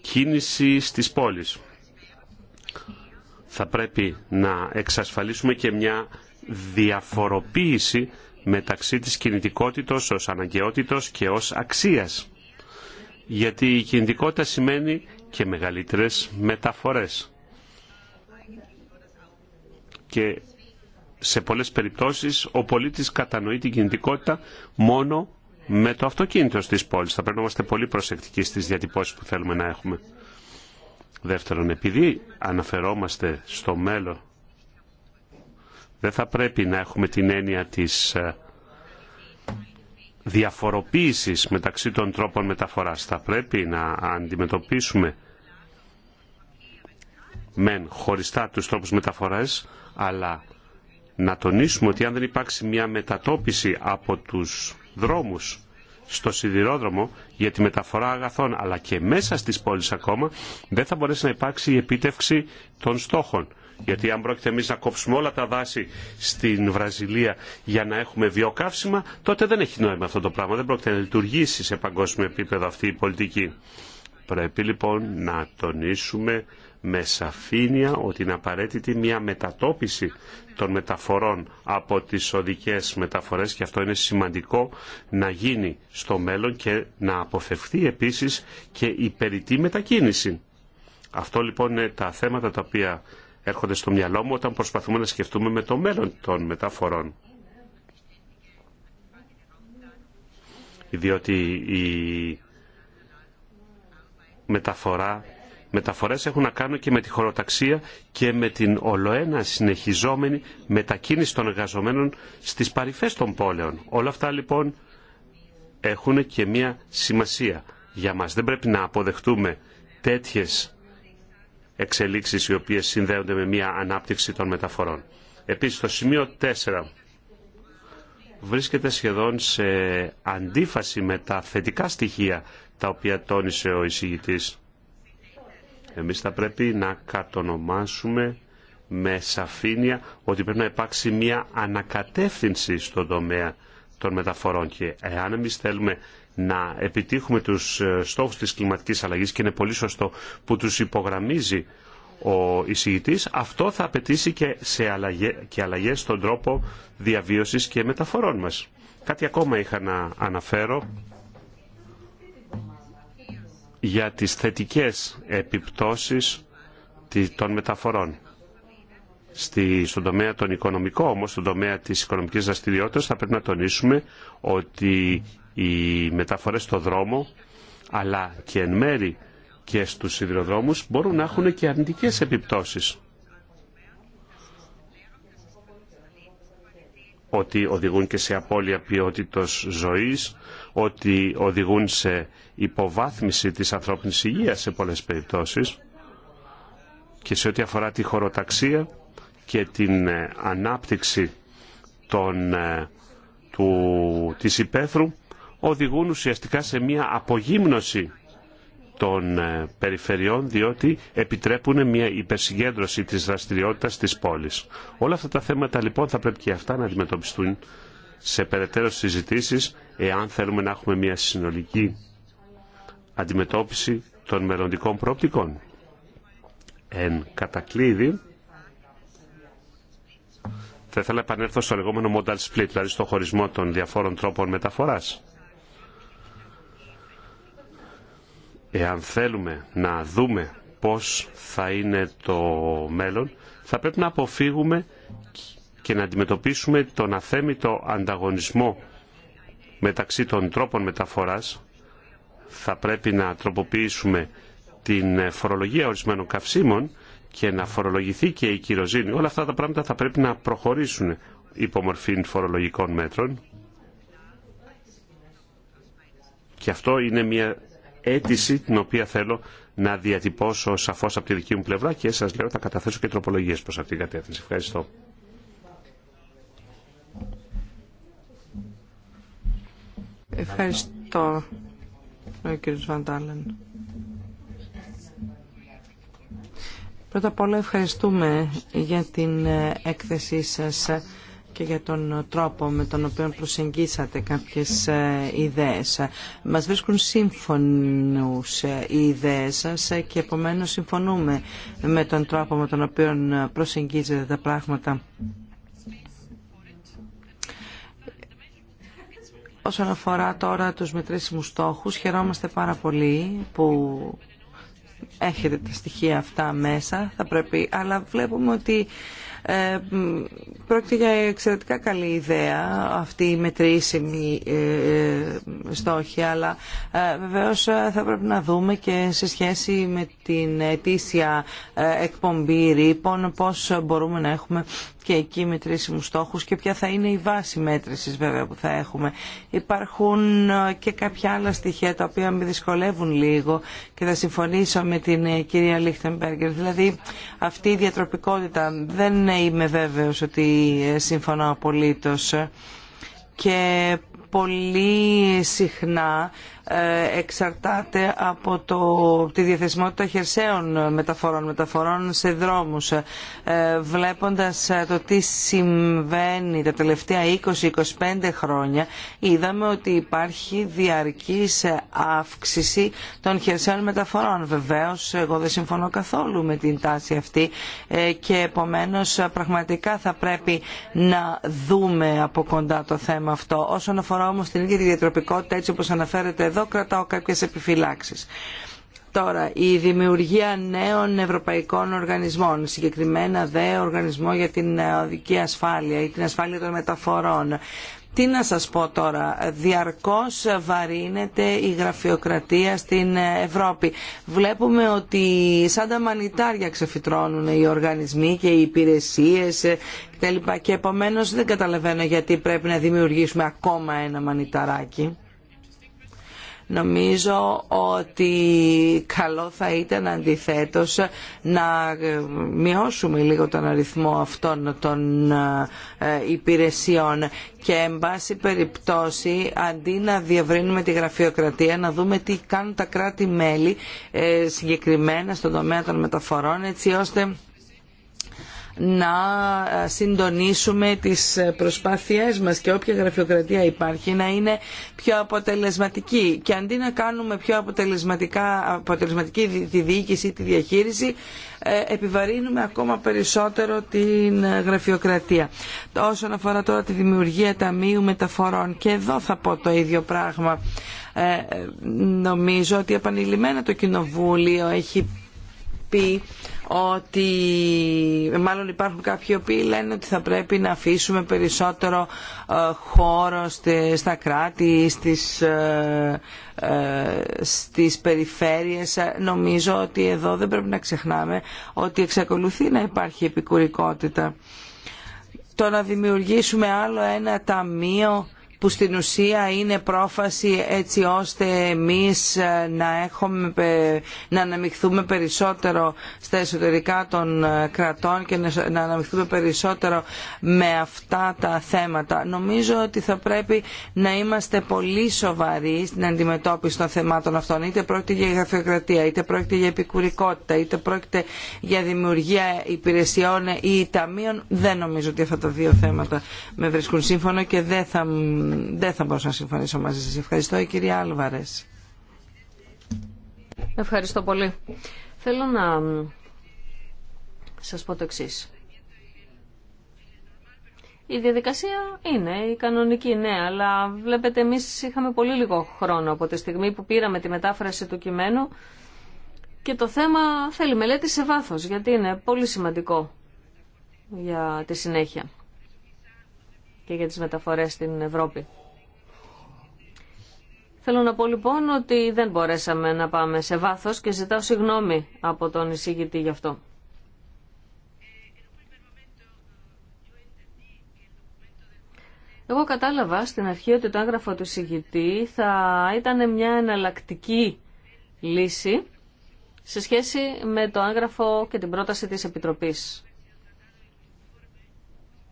κίνηση στις πόλεις. Θα πρέπει να εξασφαλίσουμε και μια διαφοροποίηση μεταξύ της κινητικότητος ως αναγκαιότητος και ως αξίας. Γιατί η κινητικότητα σημαίνει και μεγαλύτερες μεταφορές και σε πολλές περιπτώσεις ο πολίτης κατανοεί την κινητικότητα μόνο με το αυτοκίνητο στις πόλεις. Θα πρέπει να είμαστε πολύ προσεκτικοί στις διατυπώσεις που θέλουμε να έχουμε. Δεύτερον, επειδή αναφερόμαστε στο μέλλον, δεν θα πρέπει να έχουμε την έννοια της ε, διαφοροποίησης μεταξύ των τρόπων μεταφοράς. Θα πρέπει να αντιμετωπίσουμε μεν χωριστά τους τρόπους μεταφοράς, αλλά να τονίσουμε ότι αν δεν υπάρξει μια μετατόπιση από τους δρόμους στο σιδηρόδρομο για τη μεταφορά αγαθών αλλά και μέσα στις πόλεις ακόμα δεν θα μπορέσει να υπάρξει η επίτευξη των στόχων. Γιατί αν πρόκειται εμεί να κόψουμε όλα τα δάση στην Βραζιλία για να έχουμε βιοκαύσιμα, τότε δεν έχει νόημα αυτό το πράγμα. Δεν πρόκειται να λειτουργήσει σε παγκόσμιο επίπεδο αυτή η πολιτική. Πρέπει λοιπόν να τονίσουμε με σαφήνεια ότι είναι απαραίτητη μια μετατόπιση των μεταφορών από τις οδικές μεταφορές και αυτό είναι σημαντικό να γίνει στο μέλλον και να αποφευχθεί επίσης και η περιττή μετακίνηση. Αυτό λοιπόν είναι τα θέματα τα οποία έρχονται στο μυαλό μου όταν προσπαθούμε να σκεφτούμε με το μέλλον των μεταφορών. Διότι η μεταφορά μεταφορές έχουν να κάνουν και με τη χωροταξία και με την ολοένα συνεχιζόμενη μετακίνηση των εργαζομένων στις παρυφές των πόλεων. Όλα αυτά λοιπόν έχουν και μία σημασία για μας. Δεν πρέπει να αποδεχτούμε τέτοιες εξελίξεις οι οποίες συνδέονται με μία ανάπτυξη των μεταφορών. Επίσης, το σημείο 4 βρίσκεται σχεδόν σε αντίφαση με τα θετικά στοιχεία τα οποία τόνισε ο εισηγητής. Εμείς θα πρέπει να κατονομάσουμε με σαφήνεια ότι πρέπει να υπάρξει μια ανακατεύθυνση στον τομέα των μεταφορών και εάν εμείς θέλουμε να επιτύχουμε τους ε, στόχους της κλιματικής αλλαγής και είναι πολύ σωστό που τους υπογραμμίζει ο εισηγητής, αυτό θα απαιτήσει και, σε αλλαγέ, αλλαγές στον τρόπο διαβίωσης και μεταφορών μας. Κάτι ακόμα είχα να αναφέρω για τις θετικές επιπτώσεις των μεταφορών. Στη, στον τομέα των οικονομικών, όμως, στον τομέα της οικονομικής δραστηριότητας θα πρέπει να τονίσουμε ότι οι μεταφορές στο δρόμο αλλά και εν μέρη και στους σιδηροδρόμους μπορούν να έχουν και αρνητικές επιπτώσεις. Ότι οδηγούν και σε απώλεια ποιότητος ζωής, ότι οδηγούν σε υποβάθμιση της ανθρώπινης υγείας σε πολλές περιπτώσεις και σε ό,τι αφορά τη χωροταξία και την ε, ανάπτυξη των, ε, του, της υπαίθρου οδηγούν ουσιαστικά σε μια απογύμνωση των ε, περιφερειών διότι επιτρέπουν μια υπερσυγκέντρωση της δραστηριότητας της πόλης. Όλα αυτά τα θέματα λοιπόν θα πρέπει και αυτά να αντιμετωπιστούν σε περαιτέρω συζητήσεις εάν θέλουμε να έχουμε μια συνολική αντιμετώπιση των μελλοντικών προοπτικών. Εν κατακλείδη, θα ήθελα να επανέλθω στο λεγόμενο modal split, δηλαδή στο χωρισμό των διαφόρων τρόπων μεταφοράς. Εάν θέλουμε να δούμε πώς θα είναι το μέλλον, θα πρέπει να αποφύγουμε και να αντιμετωπίσουμε τον αθέμητο ανταγωνισμό μεταξύ των τρόπων μεταφοράς. Θα πρέπει να τροποποιήσουμε την φορολογία ορισμένων καυσίμων και να φορολογηθεί και η κυροζήνη. Όλα αυτά τα πράγματα θα πρέπει να προχωρήσουν υπό μορφή φορολογικών μέτρων. Και αυτό είναι μια αίτηση την οποία θέλω να διατυπώσω σαφώς από τη δική μου πλευρά και σας λέω θα καταθέσω και τροπολογίες προς αυτήν την κατεύθυνση. Ευχαριστώ. Ευχαριστώ, κύριε Βαντάλεν. Πρώτα απ' όλα ευχαριστούμε για την ε, έκθεσή σας και για τον τρόπο με τον οποίο προσεγγίσατε κάποιες ε, ιδέες. Μας βρίσκουν σύμφωνους ε, οι ιδέες σας και επομένως συμφωνούμε με τον τρόπο με τον οποίο προσεγγίζετε τα πράγματα. Όσον αφορά τώρα τους μετρήσιμους στόχους, χαιρόμαστε πάρα πολύ που έχετε τα στοιχεία αυτά μέσα, θα πρέπει, αλλά βλέπουμε ότι ε, πρόκειται για εξαιρετικά καλή ιδέα αυτή η μετρήσιμη ε, ε στόχη, αλλά ε, βεβαίως ε, θα πρέπει να δούμε και σε σχέση με την ετήσια εκπομπή ρήπων πώς μπορούμε να έχουμε και εκεί μετρήσιμους στόχους και ποια θα είναι η βάση μέτρησης βέβαια που θα έχουμε. Υπάρχουν ε, και κάποια άλλα στοιχεία τα οποία με δυσκολεύουν λίγο και θα συμφωνήσω με την ε, κυρία Λίχτεμπεργκερ. Δηλαδή αυτή η διατροπικότητα δεν είμαι βέβαιος ότι ε, συμφωνώ απολύτως και πολύ συχνά εξαρτάται από το, τη διαθεσιμότητα χερσαίων μεταφορών, μεταφορών σε δρόμους. Ε, βλέποντας ε, το τι συμβαίνει τα τελευταία 20-25 χρόνια, είδαμε ότι υπάρχει διαρκής ε, αύξηση των χερσαίων μεταφορών. Βεβαίως, εγώ δεν συμφωνώ καθόλου με την τάση αυτή και επομένως πραγματικά θα πρέπει να δούμε από κοντά το θέμα αυτό. Όσον αφορά όμως την ίδια διατροπικότητα, έτσι όπως αναφέρεται εδώ, εδώ κρατάω κάποιες επιφυλάξεις. Τώρα, η δημιουργία νέων ευρωπαϊκών οργανισμών, συγκεκριμένα δε οργανισμό για την οδική ασφάλεια ή την ασφάλεια των μεταφορών. Τι να σας πω τώρα, διαρκώς βαρύνεται η γραφειοκρατία στην Ευρώπη. Βλέπουμε ότι σαν τα μανιτάρια ξεφυτρώνουν οι οργανισμοί και οι υπηρεσίες κτλ. Και επομένως δεν καταλαβαίνω γιατί πρέπει να δημιουργήσουμε ακόμα ένα μανιταράκι. Νομίζω ότι καλό θα ήταν αντιθέτως να ε, μειώσουμε λίγο τον αριθμό αυτών των ε, υπηρεσιών και εν πάση περιπτώσει αντί να διαβρύνουμε τη γραφειοκρατία να δούμε τι κάνουν τα κράτη-μέλη ε, συγκεκριμένα στον τομέα των μεταφορών έτσι ώστε να συντονίσουμε τις προσπάθειές μας και όποια γραφειοκρατία υπάρχει να είναι πιο αποτελεσματική και αντί να κάνουμε πιο αποτελεσματικά, αποτελεσματική τη διοίκηση ή τη διαχείριση ε, επιβαρύνουμε ακόμα περισσότερο την γραφειοκρατία. Όσον αφορά τώρα τη δημιουργία ταμείου μεταφορών και εδώ θα πω το ίδιο πράγμα. Ε, ε, νομίζω ότι επανειλημμένα το Κοινοβούλιο έχει πει ότι μάλλον υπάρχουν κάποιοι οποίοι λένε ότι θα πρέπει να αφήσουμε περισσότερο ε, χώρο στα κράτη, στις, ε, ε, στις περιφέρειες. Νομίζω ότι εδώ δεν πρέπει να ξεχνάμε ότι εξακολουθεί να υπάρχει επικουρικότητα. Το να δημιουργήσουμε άλλο ένα ταμείο που στην ουσία είναι πρόφαση έτσι ώστε εμείς ε, να, έχουμε, ε, να αναμειχθούμε περισσότερο στα εσωτερικά των ε, κρατών και να αναμειχθούμε περισσότερο με αυτά τα θέματα. Νομίζω ότι θα πρέπει να είμαστε πολύ σοβαροί στην αντιμετώπιση των θεμάτων αυτών. Είτε πρόκειται για γραφειοκρατία, είτε πρόκειται για επικουρικότητα, είτε πρόκειται για δημιουργία υπηρεσιών ή ταμείων. Δεν νομίζω ότι αυτά τα δύο θέματα με βρίσκουν σύμφωνο και δεν θα δεν θα μπορούσα να συμφωνήσω μαζί σας. Ευχαριστώ, η κυρία Άλβαρες. Ευχαριστώ πολύ. Θέλω να σας πω το εξή. Η διαδικασία είναι η κανονική, ναι, αλλά βλέπετε εμείς είχαμε πολύ λίγο χρόνο από τη στιγμή που πήραμε τη μετάφραση του κειμένου και το θέμα θέλει μελέτη σε βάθος, γιατί είναι πολύ σημαντικό για τη συνέχεια και για τις μεταφορές στην Ευρώπη. Θέλω να πω λοιπόν ότι δεν μπορέσαμε να πάμε σε βάθος και ζητάω συγγνώμη από τον εισηγητή γι' αυτό. Εγώ κατάλαβα στην αρχή ότι το άγγραφο του εισηγητή θα ήταν μια εναλλακτική λύση σε σχέση με το έγγραφο και την πρόταση της Επιτροπής.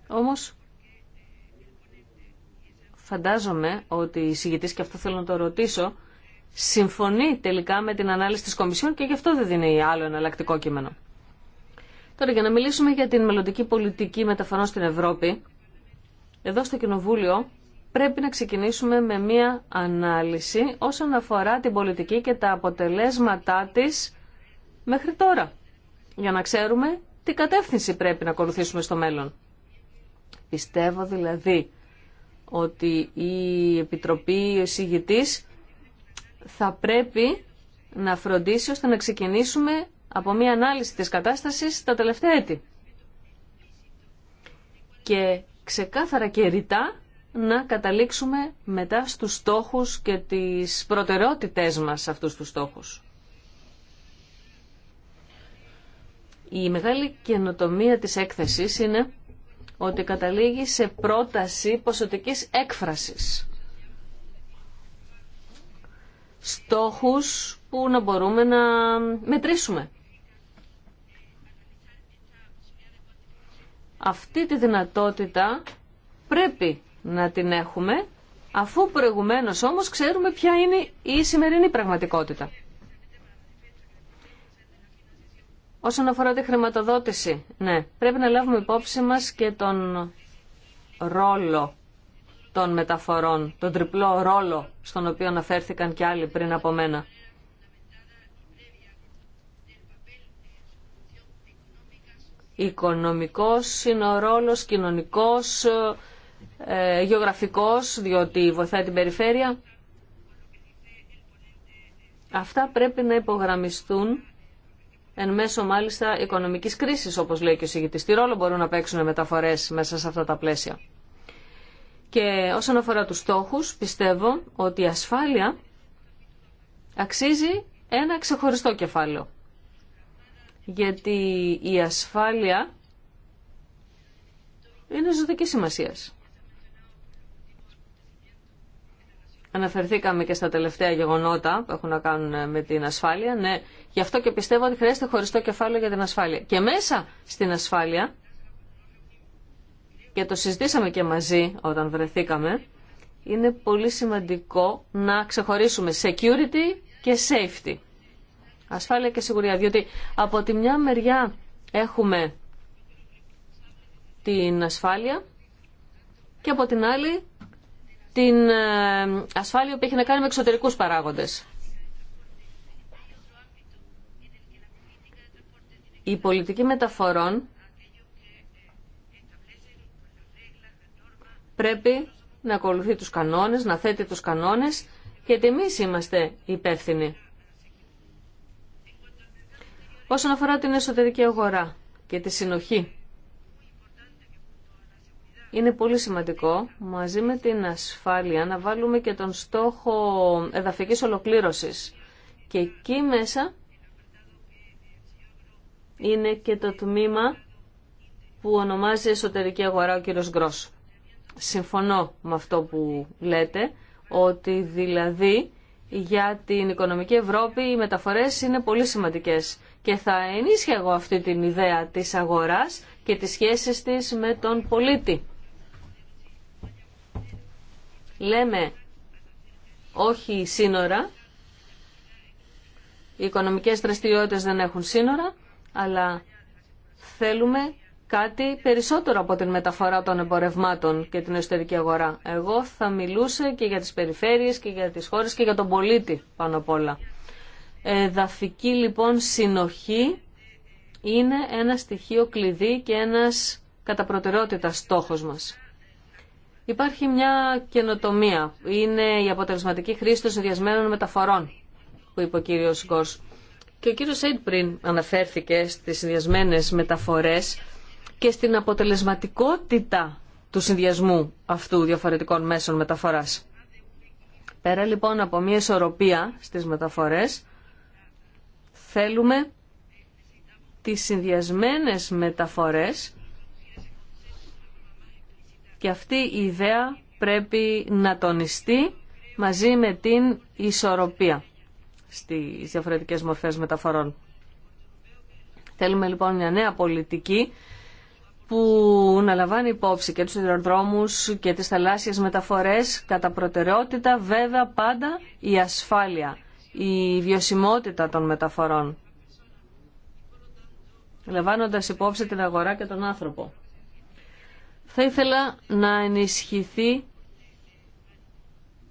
Όμως φαντάζομαι ότι η συγκεκριτή και αυτό θέλω να το ρωτήσω, συμφωνεί τελικά με την ανάλυση της Κομισιόν και γι' αυτό δεν δίνει άλλο εναλλακτικό κείμενο. Τώρα για να μιλήσουμε για την μελλοντική πολιτική μεταφορών στην Ευρώπη, εδώ στο Κοινοβούλιο πρέπει να ξεκινήσουμε με μία ανάλυση όσον αφορά την πολιτική και τα αποτελέσματά της μέχρι τώρα, για να ξέρουμε τι κατεύθυνση πρέπει να ακολουθήσουμε στο μέλλον. Πιστεύω δηλαδή ότι η Επιτροπή, ο εισηγητής, θα πρέπει να φροντίσει ώστε να ξεκινήσουμε από μια ανάλυση της κατάστασης τα τελευταία έτη. Και ξεκάθαρα και ρητά να καταλήξουμε μετά στους στόχους και τις προτεραιότητές μας σε αυτούς τους στόχους. Η μεγάλη καινοτομία της έκθεσης είναι ότι καταλήγει σε πρόταση ποσοτικής έκφρασης. Στόχους που να μπορούμε να μετρήσουμε. Αυτή τη δυνατότητα πρέπει να την έχουμε, αφού προηγουμένως όμως ξέρουμε ποια είναι η σημερινή πραγματικότητα. Όσον αφορά τη χρηματοδότηση, ναι, πρέπει να λάβουμε υπόψη μας και τον ρόλο των μεταφορών, τον τριπλό ρόλο στον οποίο αναφέρθηκαν και άλλοι πριν από μένα. Οικονομικός είναι ο ρόλος, κοινωνικός, ε, γεωγραφικός, διότι βοηθάει την περιφέρεια. Αυτά πρέπει να υπογραμμιστούν εν μέσω μάλιστα οικονομικής κρίσης, όπως λέει και ο συγητής. Τι ρόλο μπορούν να παίξουν μεταφορές μέσα σε αυτά τα πλαίσια. Και όσον αφορά τους στόχους, πιστεύω ότι η ασφάλεια αξίζει ένα ξεχωριστό κεφάλαιο. Γιατί η ασφάλεια είναι ζωτική σημασίας. Αναφερθήκαμε και στα τελευταία γεγονότα που έχουν να κάνουν με την ασφάλεια. Ναι, γι' αυτό και πιστεύω ότι χρειάζεται χωριστό κεφάλαιο για την ασφάλεια. Και μέσα στην ασφάλεια, και το συζητήσαμε και μαζί όταν βρεθήκαμε, είναι πολύ σημαντικό να ξεχωρίσουμε security και safety. Ασφάλεια και σιγουριά. Διότι από τη μια μεριά έχουμε την ασφάλεια και από την άλλη την ε, ασφάλεια που έχει να κάνει με εξωτερικούς παράγοντες. Η πολιτική μεταφορών πρέπει να ακολουθεί τους κανόνες, να θέτει τους κανόνες, γιατί εμείς είμαστε υπεύθυνοι. Όσον αφορά την εσωτερική αγορά και τη συνοχή είναι πολύ σημαντικό μαζί με την ασφάλεια να βάλουμε και τον στόχο εδαφικής ολοκλήρωσης. Και εκεί μέσα είναι και το τμήμα που ονομάζει εσωτερική αγορά ο κύριος Γκρός. Συμφωνώ με αυτό που λέτε, ότι δηλαδή για την οικονομική Ευρώπη οι μεταφορές είναι πολύ σημαντικές και θα ενίσχυα εγώ αυτή την ιδέα της αγοράς και τις σχέσεις της με τον πολίτη λέμε όχι σύνορα, οι οικονομικές δραστηριότητες δεν έχουν σύνορα, αλλά θέλουμε κάτι περισσότερο από την μεταφορά των εμπορευμάτων και την εσωτερική αγορά. Εγώ θα μιλούσα και για τις περιφέρειες και για τις χώρες και για τον πολίτη πάνω απ' όλα. Εδαφική λοιπόν συνοχή είναι ένα στοιχείο κλειδί και ένας κατά προτεραιότητα στόχος μας. Υπάρχει μια καινοτομία. Είναι η αποτελεσματική χρήση των συνδυασμένων μεταφορών που είπε ο κύριο Γκορ. Και ο κύριο Σέιντ πριν αναφέρθηκε στι συνδυασμένε μεταφορέ και στην αποτελεσματικότητα του συνδυασμού αυτού διαφορετικών μέσων μεταφοράς. Πέρα λοιπόν από μια ισορροπία στις μεταφορέ θέλουμε τι συνδυασμένε μεταφορές και αυτή η ιδέα πρέπει να τονιστεί μαζί με την ισορροπία στις διαφορετικές μορφές μεταφορών. Θέλουμε λοιπόν μια νέα πολιτική που να λαμβάνει υπόψη και τους υδροδρόμους και τις θαλάσσιες μεταφορές κατά προτεραιότητα βέβαια πάντα η ασφάλεια, η βιωσιμότητα των μεταφορών λαμβάνοντας υπόψη την αγορά και τον άνθρωπο. Θα ήθελα να ενισχυθεί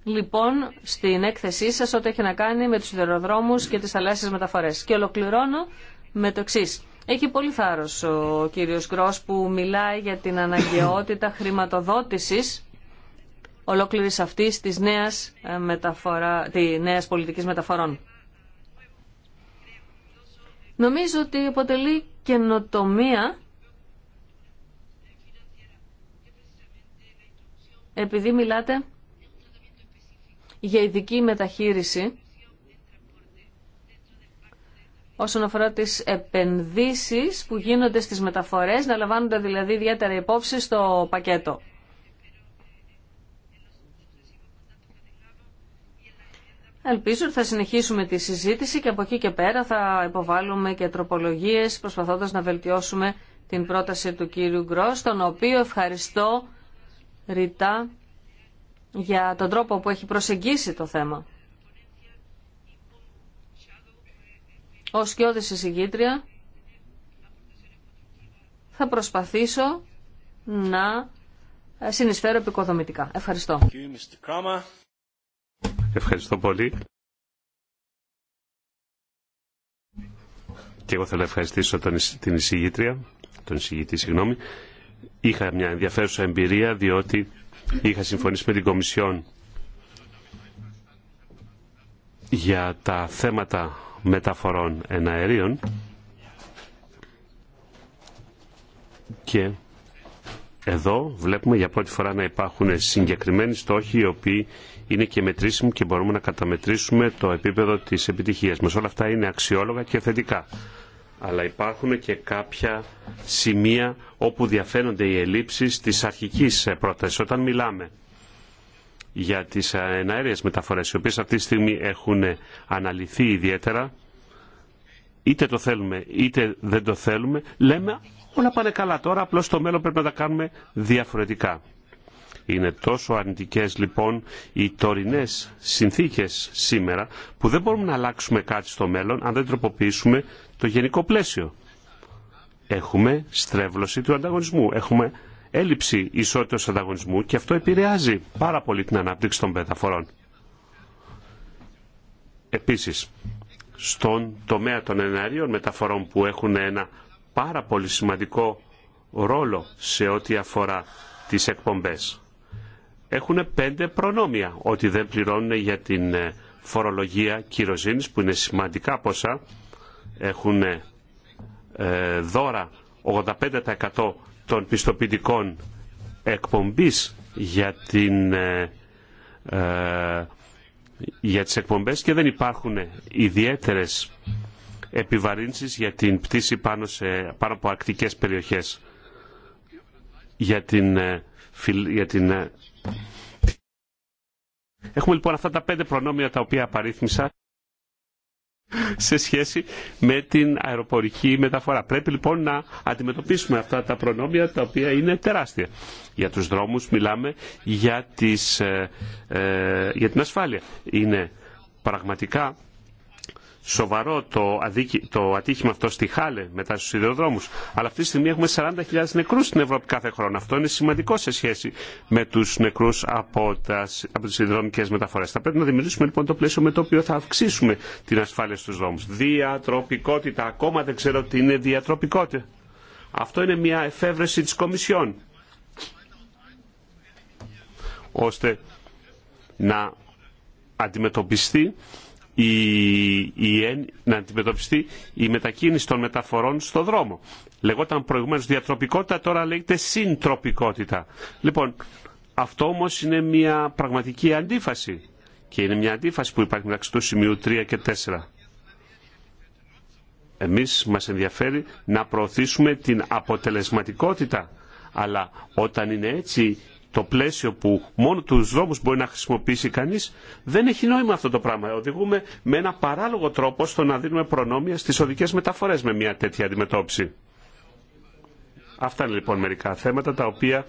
λοιπόν στην έκθεσή σας ό,τι έχει να κάνει με τους σιδηροδρόμους και τις θαλάσσιες μεταφορές. Και ολοκληρώνω με το εξή. Έχει πολύ θάρρος ο κύριος Γκρός που μιλάει για την αναγκαιότητα χρηματοδότησης ολόκληρης αυτής της νέας, ε, μεταφορά, της νέας πολιτικής μεταφορών. Νομίζω ότι αποτελεί καινοτομία επειδή μιλάτε για ειδική μεταχείριση όσον αφορά τις επενδύσεις που γίνονται στις μεταφορές, να λαμβάνονται δηλαδή ιδιαίτερα υπόψη στο πακέτο. Ελπίζω ότι θα συνεχίσουμε τη συζήτηση και από εκεί και πέρα θα υποβάλουμε και τροπολογίες προσπαθώντας να βελτιώσουμε την πρόταση του κύριου Γκρός, τον οποίο ευχαριστώ ρητά για τον τρόπο που έχει προσεγγίσει το θέμα. Ως στη εισηγήτρια θα προσπαθήσω να συνεισφέρω επικοδομητικά. Ευχαριστώ. Ευχαριστώ πολύ. Και εγώ θέλω να ευχαριστήσω την εισηγήτρια, τον εισηγητή, συγγνώμη, είχα μια ενδιαφέρουσα εμπειρία διότι είχα συμφωνήσει με την Κομισιόν για τα θέματα μεταφορών εναερίων και εδώ βλέπουμε για πρώτη φορά να υπάρχουν συγκεκριμένοι στόχοι οι οποίοι είναι και μετρήσιμοι και μπορούμε να καταμετρήσουμε το επίπεδο της επιτυχίας μας. Όλα αυτά είναι αξιόλογα και θετικά αλλά υπάρχουν και κάποια σημεία όπου διαφαίνονται οι ελλείψεις της αρχικής ε, πρότασης. Όταν μιλάμε για τις ε, εναέριες μεταφορές, οι οποίες αυτή τη στιγμή έχουν ε, αναλυθεί ιδιαίτερα, είτε το θέλουμε είτε δεν το θέλουμε, λέμε όλα πάνε καλά τώρα, απλώς στο μέλλον πρέπει να τα κάνουμε διαφορετικά. Είναι τόσο αρνητικές λοιπόν οι τωρινές συνθήκες σήμερα που δεν μπορούμε να αλλάξουμε κάτι στο μέλλον αν δεν τροποποιήσουμε το γενικό πλαίσιο. Έχουμε στρέβλωση του ανταγωνισμού, έχουμε έλλειψη ισότητας ανταγωνισμού και αυτό επηρεάζει πάρα πολύ την ανάπτυξη των μεταφορών. Επίσης, στον τομέα των εναρίων μεταφορών που έχουν ένα πάρα πολύ σημαντικό ρόλο σε ό,τι αφορά τις εκπομπές έχουν πέντε προνόμια ότι δεν πληρώνουν για την ε, φορολογία κυροζήνης που είναι σημαντικά ποσά έχουν ε, δώρα 85% των πιστοποιητικών εκπομπής για, την, ε, για τις εκπομπές και δεν υπάρχουν ιδιαίτερες επιβαρύνσεις για την πτήση πάνω, σε, πάνω από ακτικές περιοχές για την, για την Έχουμε λοιπόν αυτά τα πέντε προνόμια τα οποία απαρίθμησα σε σχέση με την αεροπορική μεταφορά. Πρέπει λοιπόν να αντιμετωπίσουμε αυτά τα προνόμια τα οποία είναι τεράστια. Για τους δρόμους μιλάμε για, τις, ε, ε για την ασφάλεια. Είναι πραγματικά σοβαρό το, το ατύχημα αυτό στη Χάλε μετά στους σιδηροδρόμους. Αλλά αυτή τη στιγμή έχουμε 40.000 νεκρούς στην Ευρώπη κάθε χρόνο. Αυτό είναι σημαντικό σε σχέση με τους νεκρούς από, τα, από τις σιδηροδρομικές μεταφορές. Θα πρέπει να δημιουργήσουμε λοιπόν το πλαίσιο με το οποίο θα αυξήσουμε την ασφάλεια στους δρόμους. Διατροπικότητα. Ακόμα δεν ξέρω τι είναι διατροπικότητα. Αυτό είναι μια εφεύρεση της Κομισιόν. Ώστε να αντιμετωπιστεί η, η, να αντιμετωπιστεί η μετακίνηση των μεταφορών στο δρόμο. Λεγόταν προηγουμένω διατροπικότητα, τώρα λέγεται συντροπικότητα. Λοιπόν, αυτό όμως είναι μια πραγματική αντίφαση και είναι μια αντίφαση που υπάρχει μεταξύ του σημείου 3 και 4. Εμείς μας ενδιαφέρει να προωθήσουμε την αποτελεσματικότητα αλλά όταν είναι έτσι το πλαίσιο που μόνο του δρόμου μπορεί να χρησιμοποιήσει κανείς, δεν έχει νόημα αυτό το πράγμα. Οδηγούμε με ένα παράλογο τρόπο στο να δίνουμε προνόμια στις οδικές μεταφορές με μια τέτοια αντιμετώπιση. Αυτά είναι λοιπόν μερικά θέματα τα οποία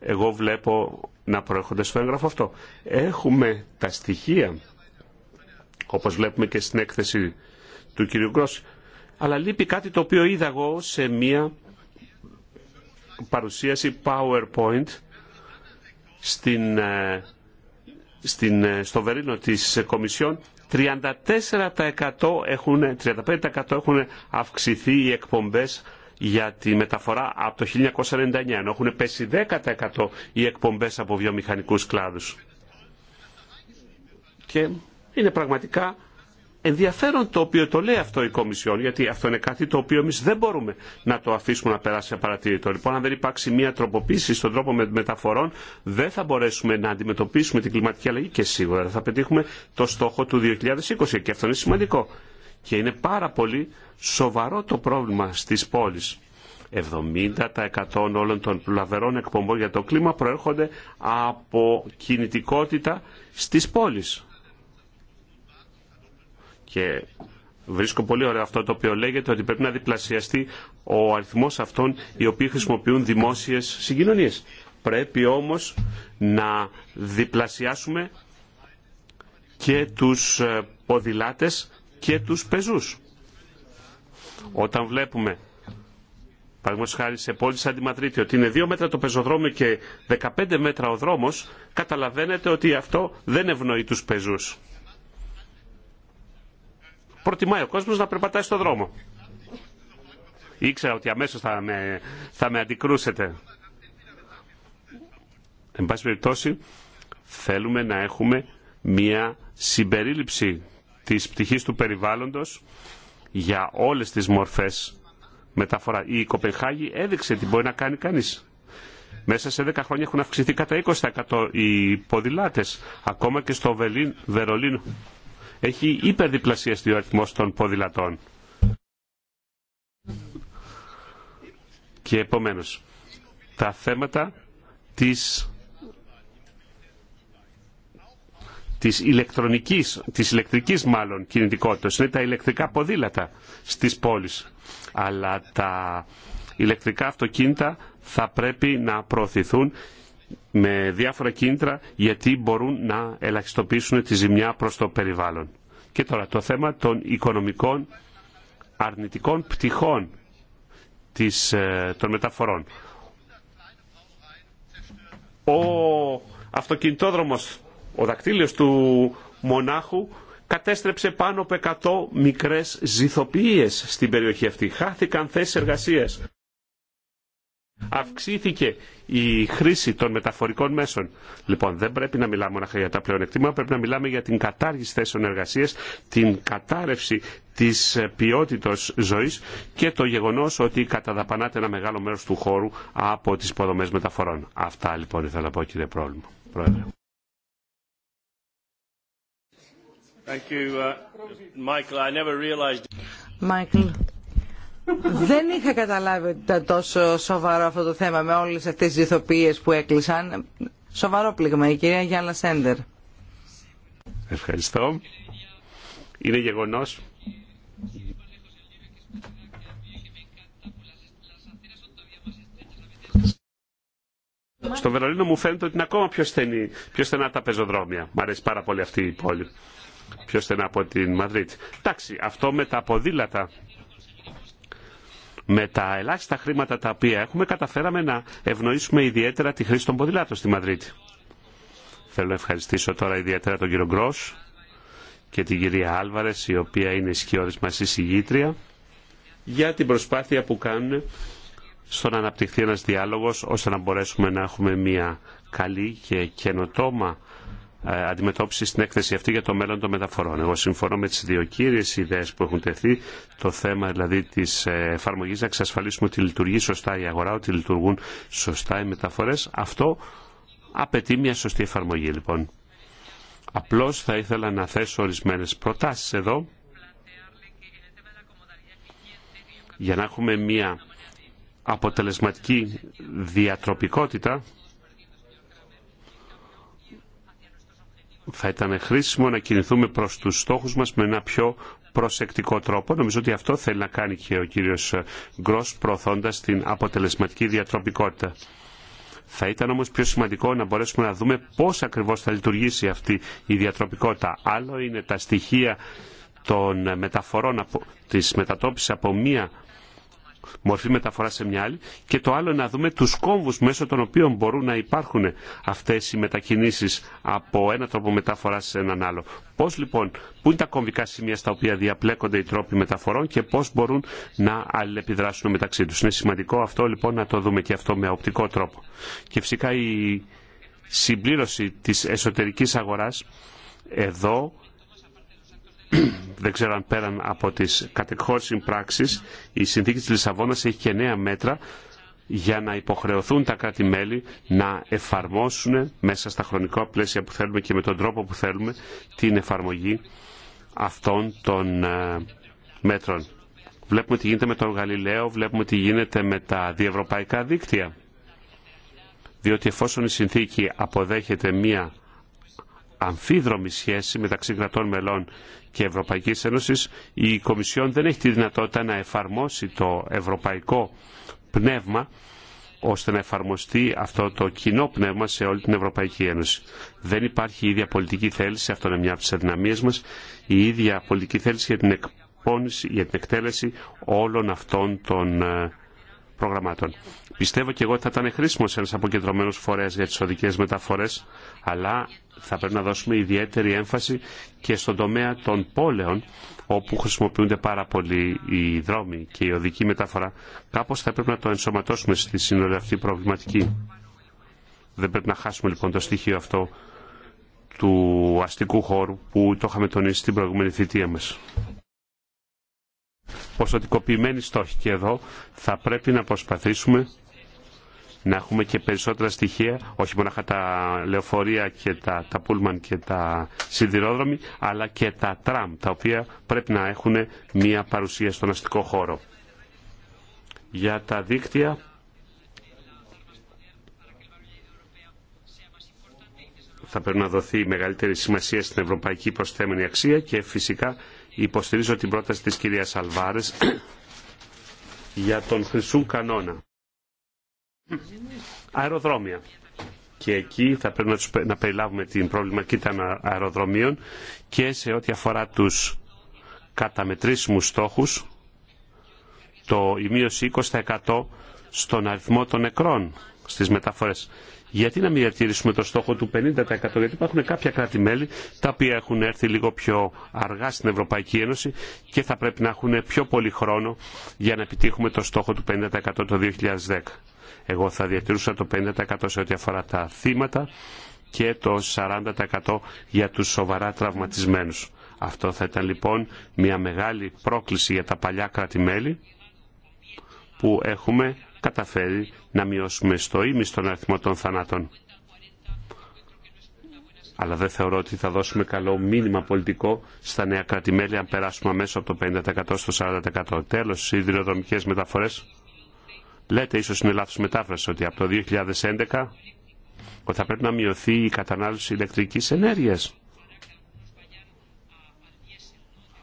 εγώ βλέπω να προέρχονται στο έγγραφο αυτό. Έχουμε τα στοιχεία, όπως βλέπουμε και στην έκθεση του κυρίου Γκρός, αλλά λείπει κάτι το οποίο είδα εγώ σε μία παρουσίαση PowerPoint ε, ε, στο βερίνο της ε, Κομισιόν 34% έχουν, 35% έχουν αυξηθεί οι εκπομπές για τη μεταφορά από το 1999, ενώ έχουν πέσει 10% οι εκπομπές από βιομηχανικούς κλάδους. Και είναι πραγματικά ενδιαφέρον το οποίο το λέει αυτό η Κομισιόν, γιατί αυτό είναι κάτι το οποίο εμεί δεν μπορούμε να το αφήσουμε να περάσει απαρατήρητο. Λοιπόν, αν δεν υπάρξει μια τροποποίηση στον τρόπο μεταφορών, δεν θα μπορέσουμε να αντιμετωπίσουμε την κλιματική αλλαγή και σίγουρα θα πετύχουμε το στόχο του 2020 και αυτό είναι σημαντικό. Και είναι πάρα πολύ σοβαρό το πρόβλημα στις πόλεις. 70% όλων των λαβερών εκπομπών για το κλίμα προέρχονται από κινητικότητα στις πόλεις. Και βρίσκω πολύ ωραίο αυτό το οποίο λέγεται ότι πρέπει να διπλασιαστεί ο αριθμός αυτών οι οποίοι χρησιμοποιούν δημόσιες συγκοινωνίες. Πρέπει όμως να διπλασιάσουμε και τους ε, ποδηλάτες και τους πεζούς. Όταν βλέπουμε, Παραδείγματο χάρη σε πόλη σαν τη Ματρίτη, ότι είναι δύο μέτρα το πεζοδρόμιο και 15 μέτρα ο δρόμος, καταλαβαίνετε ότι αυτό δεν ευνοεί τους πεζούς προτιμάει ο κόσμος να περπατάει στον δρόμο. Ήξερα ότι αμέσως θα με, θα με αντικρούσετε. Εν πάση περιπτώσει, θέλουμε να έχουμε μια συμπερίληψη της πτυχής του περιβάλλοντος για όλες τις μορφές μεταφορά. Η Κοπενχάγη έδειξε τι μπορεί να κάνει κανείς. Μέσα σε 10 χρόνια έχουν αυξηθεί κατά 20% οι ποδηλάτες, ακόμα και στο Βερολίνο έχει υπερδιπλασιαστεί ο αριθμός των ποδηλατών. Και επομένως, τα θέματα της της ηλεκτρονικής, της ηλεκτρικής μάλλον κινητικότητας, είναι τα ηλεκτρικά ποδήλατα στις πόλεις. Αλλά τα ηλεκτρικά αυτοκίνητα θα πρέπει να προωθηθούν με διάφορα κίνητρα γιατί μπορούν να ελαχιστοποιήσουν τη ζημιά προς το περιβάλλον. Και τώρα το θέμα των οικονομικών αρνητικών πτυχών της, ε, των μεταφορών. Ο αυτοκινητόδρομος, ο δακτύλιος του Μονάχου κατέστρεψε πάνω από 100 μικρές ζηθοποιίες στην περιοχή αυτή. Χάθηκαν θέσεις εργασίας. Αυξήθηκε η χρήση των μεταφορικών μέσων. Λοιπόν, δεν πρέπει να μιλάμε μόνο για τα πλεονεκτήματα, πρέπει να μιλάμε για την κατάργηση θέσεων εργασία, την κατάρρευση τη ποιότητα ζωή και το γεγονό ότι καταδαπανάται ένα μεγάλο μέρο του χώρου από τι υποδομέ μεταφορών. Αυτά λοιπόν ήθελα να πω, κύριε Πρόβλημα. Πρόεδρε. Thank you, uh, Michael. I never realized... Michael. Δεν είχα καταλάβει ότι ήταν τόσο σοβαρό αυτό το θέμα με όλε αυτέ τις ηθοποιίες που έκλεισαν. Σοβαρό πλήγμα η κυρία Γιάννα Σέντερ. Ευχαριστώ. Είναι γεγονό. Στο Βερολίνο μου φαίνεται ότι είναι ακόμα πιο, στενή, πιο στενά τα πεζοδρόμια. Μ' αρέσει πάρα πολύ αυτή η πόλη. Πιο στενά από την Μαδρίτη. Εντάξει, αυτό με τα ποδήλατα με τα ελάχιστα χρήματα τα οποία έχουμε καταφέραμε να ευνοήσουμε ιδιαίτερα τη χρήση των ποδηλάτων στη Μαδρίτη. Θέλω να ευχαριστήσω τώρα ιδιαίτερα τον κύριο Γκρός και την κυρία Άλβαρες η οποία είναι σκιώδης μας εισηγήτρια για την προσπάθεια που κάνουν στο να αναπτυχθεί ένας διάλογος ώστε να μπορέσουμε να έχουμε μια καλή και καινοτόμα ε, αντιμετώπιση στην έκθεση αυτή για το μέλλον των μεταφορών. Εγώ συμφωνώ με τις δύο κύριες ιδέες που έχουν τεθεί, το θέμα δηλαδή της ε, εφαρμογής να εξασφαλίσουμε ότι λειτουργεί σωστά η αγορά, ότι λειτουργούν σωστά οι μεταφορές. Αυτό απαιτεί μια σωστή εφαρμογή λοιπόν. Απλώς θα ήθελα να θέσω ορισμένες προτάσεις εδώ για να έχουμε μια αποτελεσματική διατροπικότητα θα ήταν χρήσιμο να κινηθούμε προς τους στόχους μας με ένα πιο προσεκτικό τρόπο. Νομίζω ότι αυτό θέλει να κάνει και ο κύριος Γκρός προωθώντας την αποτελεσματική διατροπικότητα. Θα ήταν όμως πιο σημαντικό να μπορέσουμε να δούμε πώς ακριβώς θα λειτουργήσει αυτή η διατροπικότητα. Άλλο είναι τα στοιχεία των μεταφορών, της μετατόπισης από μία μορφή μεταφορά σε μια άλλη και το άλλο να δούμε τους κόμβους μέσω των οποίων μπορούν να υπάρχουν αυτές οι μετακινήσεις από ένα τρόπο μεταφοράς σε έναν άλλο. Πώς λοιπόν, πού είναι τα κομβικά σημεία στα οποία διαπλέκονται οι τρόποι μεταφορών και πώς μπορούν να αλληλεπιδράσουν μεταξύ τους. Είναι σημαντικό αυτό λοιπόν να το δούμε και αυτό με οπτικό τρόπο. Και φυσικά η συμπλήρωση της εσωτερικής αγοράς εδώ δεν ξέρω αν πέραν από τις κατεχώρησιν πράξεις, η συνθήκη της Λισαβόνας έχει και νέα μέτρα για να υποχρεωθούν τα κράτη-μέλη να εφαρμόσουν μέσα στα χρονικά πλαίσια που θέλουμε και με τον τρόπο που θέλουμε την εφαρμογή αυτών των ε, μέτρων. Βλέπουμε τι γίνεται με τον Γαλιλαίο, βλέπουμε τι γίνεται με τα διευρωπαϊκά δίκτυα. Διότι εφόσον η συνθήκη αποδέχεται μία αμφίδρομη σχέση μεταξύ κρατών μελών και Ευρωπαϊκής Ένωσης, η Κομισιόν δεν έχει τη δυνατότητα να εφαρμόσει το ευρωπαϊκό πνεύμα ώστε να εφαρμοστεί αυτό το κοινό πνεύμα σε όλη την Ευρωπαϊκή Ένωση. Δεν υπάρχει η ίδια πολιτική θέληση, αυτό είναι μια από τις αδυναμίες μας, η ίδια πολιτική θέληση για την εκπόνηση, για την εκτέλεση όλων αυτών των ε, Πιστεύω και εγώ ότι θα ήταν χρήσιμο ένα αποκεντρωμένο φορέα για τι οδικέ μεταφορέ, αλλά θα πρέπει να δώσουμε ιδιαίτερη έμφαση και στον τομέα των πόλεων, όπου χρησιμοποιούνται πάρα πολύ οι δρόμοι και η οδική μεταφορά. Κάπω θα πρέπει να το ενσωματώσουμε στη σύνολη αυτή προβληματική. Δεν πρέπει να χάσουμε λοιπόν το στοιχείο αυτό του αστικού χώρου που το είχαμε τονίσει στην προηγούμενη θητεία μας ποσοτικοποιημένοι στόχοι και εδώ θα πρέπει να προσπαθήσουμε να έχουμε και περισσότερα στοιχεία, όχι μόνο τα λεωφορεία και τα, τα πούλμαν και τα σιδηρόδρομοι, αλλά και τα τραμ, τα οποία πρέπει να έχουν μία παρουσία στον αστικό χώρο. Για τα δίκτυα, θα πρέπει να δοθεί μεγαλύτερη σημασία στην ευρωπαϊκή προσθέμενη αξία και φυσικά υποστηρίζω την πρόταση της κυρίας Αλβάρες για τον χρυσού κανόνα. Αεροδρόμια. Και εκεί θα πρέπει να, τους, περιλάβουμε την πρόβλημα των αεροδρομίων και σε ό,τι αφορά τους καταμετρήσιμους στόχους, το η μείωση 20% στον αριθμό των νεκρών στις μεταφορές γιατί να μην διατηρήσουμε το στόχο του 50% γιατί υπάρχουν κάποια κράτη-μέλη τα οποία έχουν έρθει λίγο πιο αργά στην Ευρωπαϊκή Ένωση και θα πρέπει να έχουν πιο πολύ χρόνο για να επιτύχουμε το στόχο του 50% το 2010. Εγώ θα διατηρούσα το 50% σε ό,τι αφορά τα θύματα και το 40% για τους σοβαρά τραυματισμένους. Αυτό θα ήταν λοιπόν μια μεγάλη πρόκληση για τα παλιά κράτη-μέλη που έχουμε καταφέρει να μειώσουμε στο ίμι τον αριθμό των θανάτων. Αλλά δεν θεωρώ ότι θα δώσουμε καλό μήνυμα πολιτικό στα νέα κρατημέλη αν περάσουμε αμέσως από το 50% στο 40%. Τέλος, οι ιδρυοδρομικές μεταφορές. Λέτε, ίσως είναι λάθος μετάφραση, ότι από το 2011 ότι θα πρέπει να μειωθεί η κατανάλωση ηλεκτρικής ενέργειας.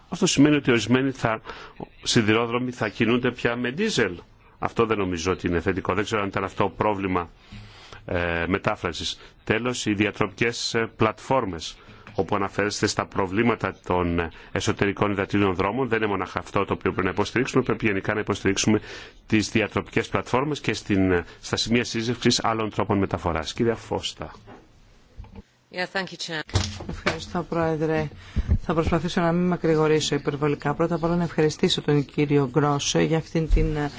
Αυτό σημαίνει ότι ορισμένοι θα, σιδηρόδρομοι θα κινούνται πια με δίζελ. Αυτό δεν νομίζω ότι είναι θετικό. Δεν ξέρω αν ήταν αυτό πρόβλημα ε, μετάφρασης. Τέλος, οι διατροπικές ε, πλατφόρμες όπου αναφέρεστε στα προβλήματα των ε, εσωτερικών υδατήριων δρόμων. Δεν είναι μόνο αυτό το οποίο πρέπει να υποστηρίξουμε, πρέπει γενικά να υποστηρίξουμε τι διατροπικέ πλατφόρμε και στην, ε, στα σημεία σύζευξη άλλων τρόπων μεταφορά. Κύριε Φώστα. Ευχαριστώ, Πρόεδρε. Θα προσπαθήσω να μην μακρηγορήσω υπερβολικά. Πρώτα απ' όλα να ευχαριστήσω τον κύριο Γκρόσο για αυτήν την ε,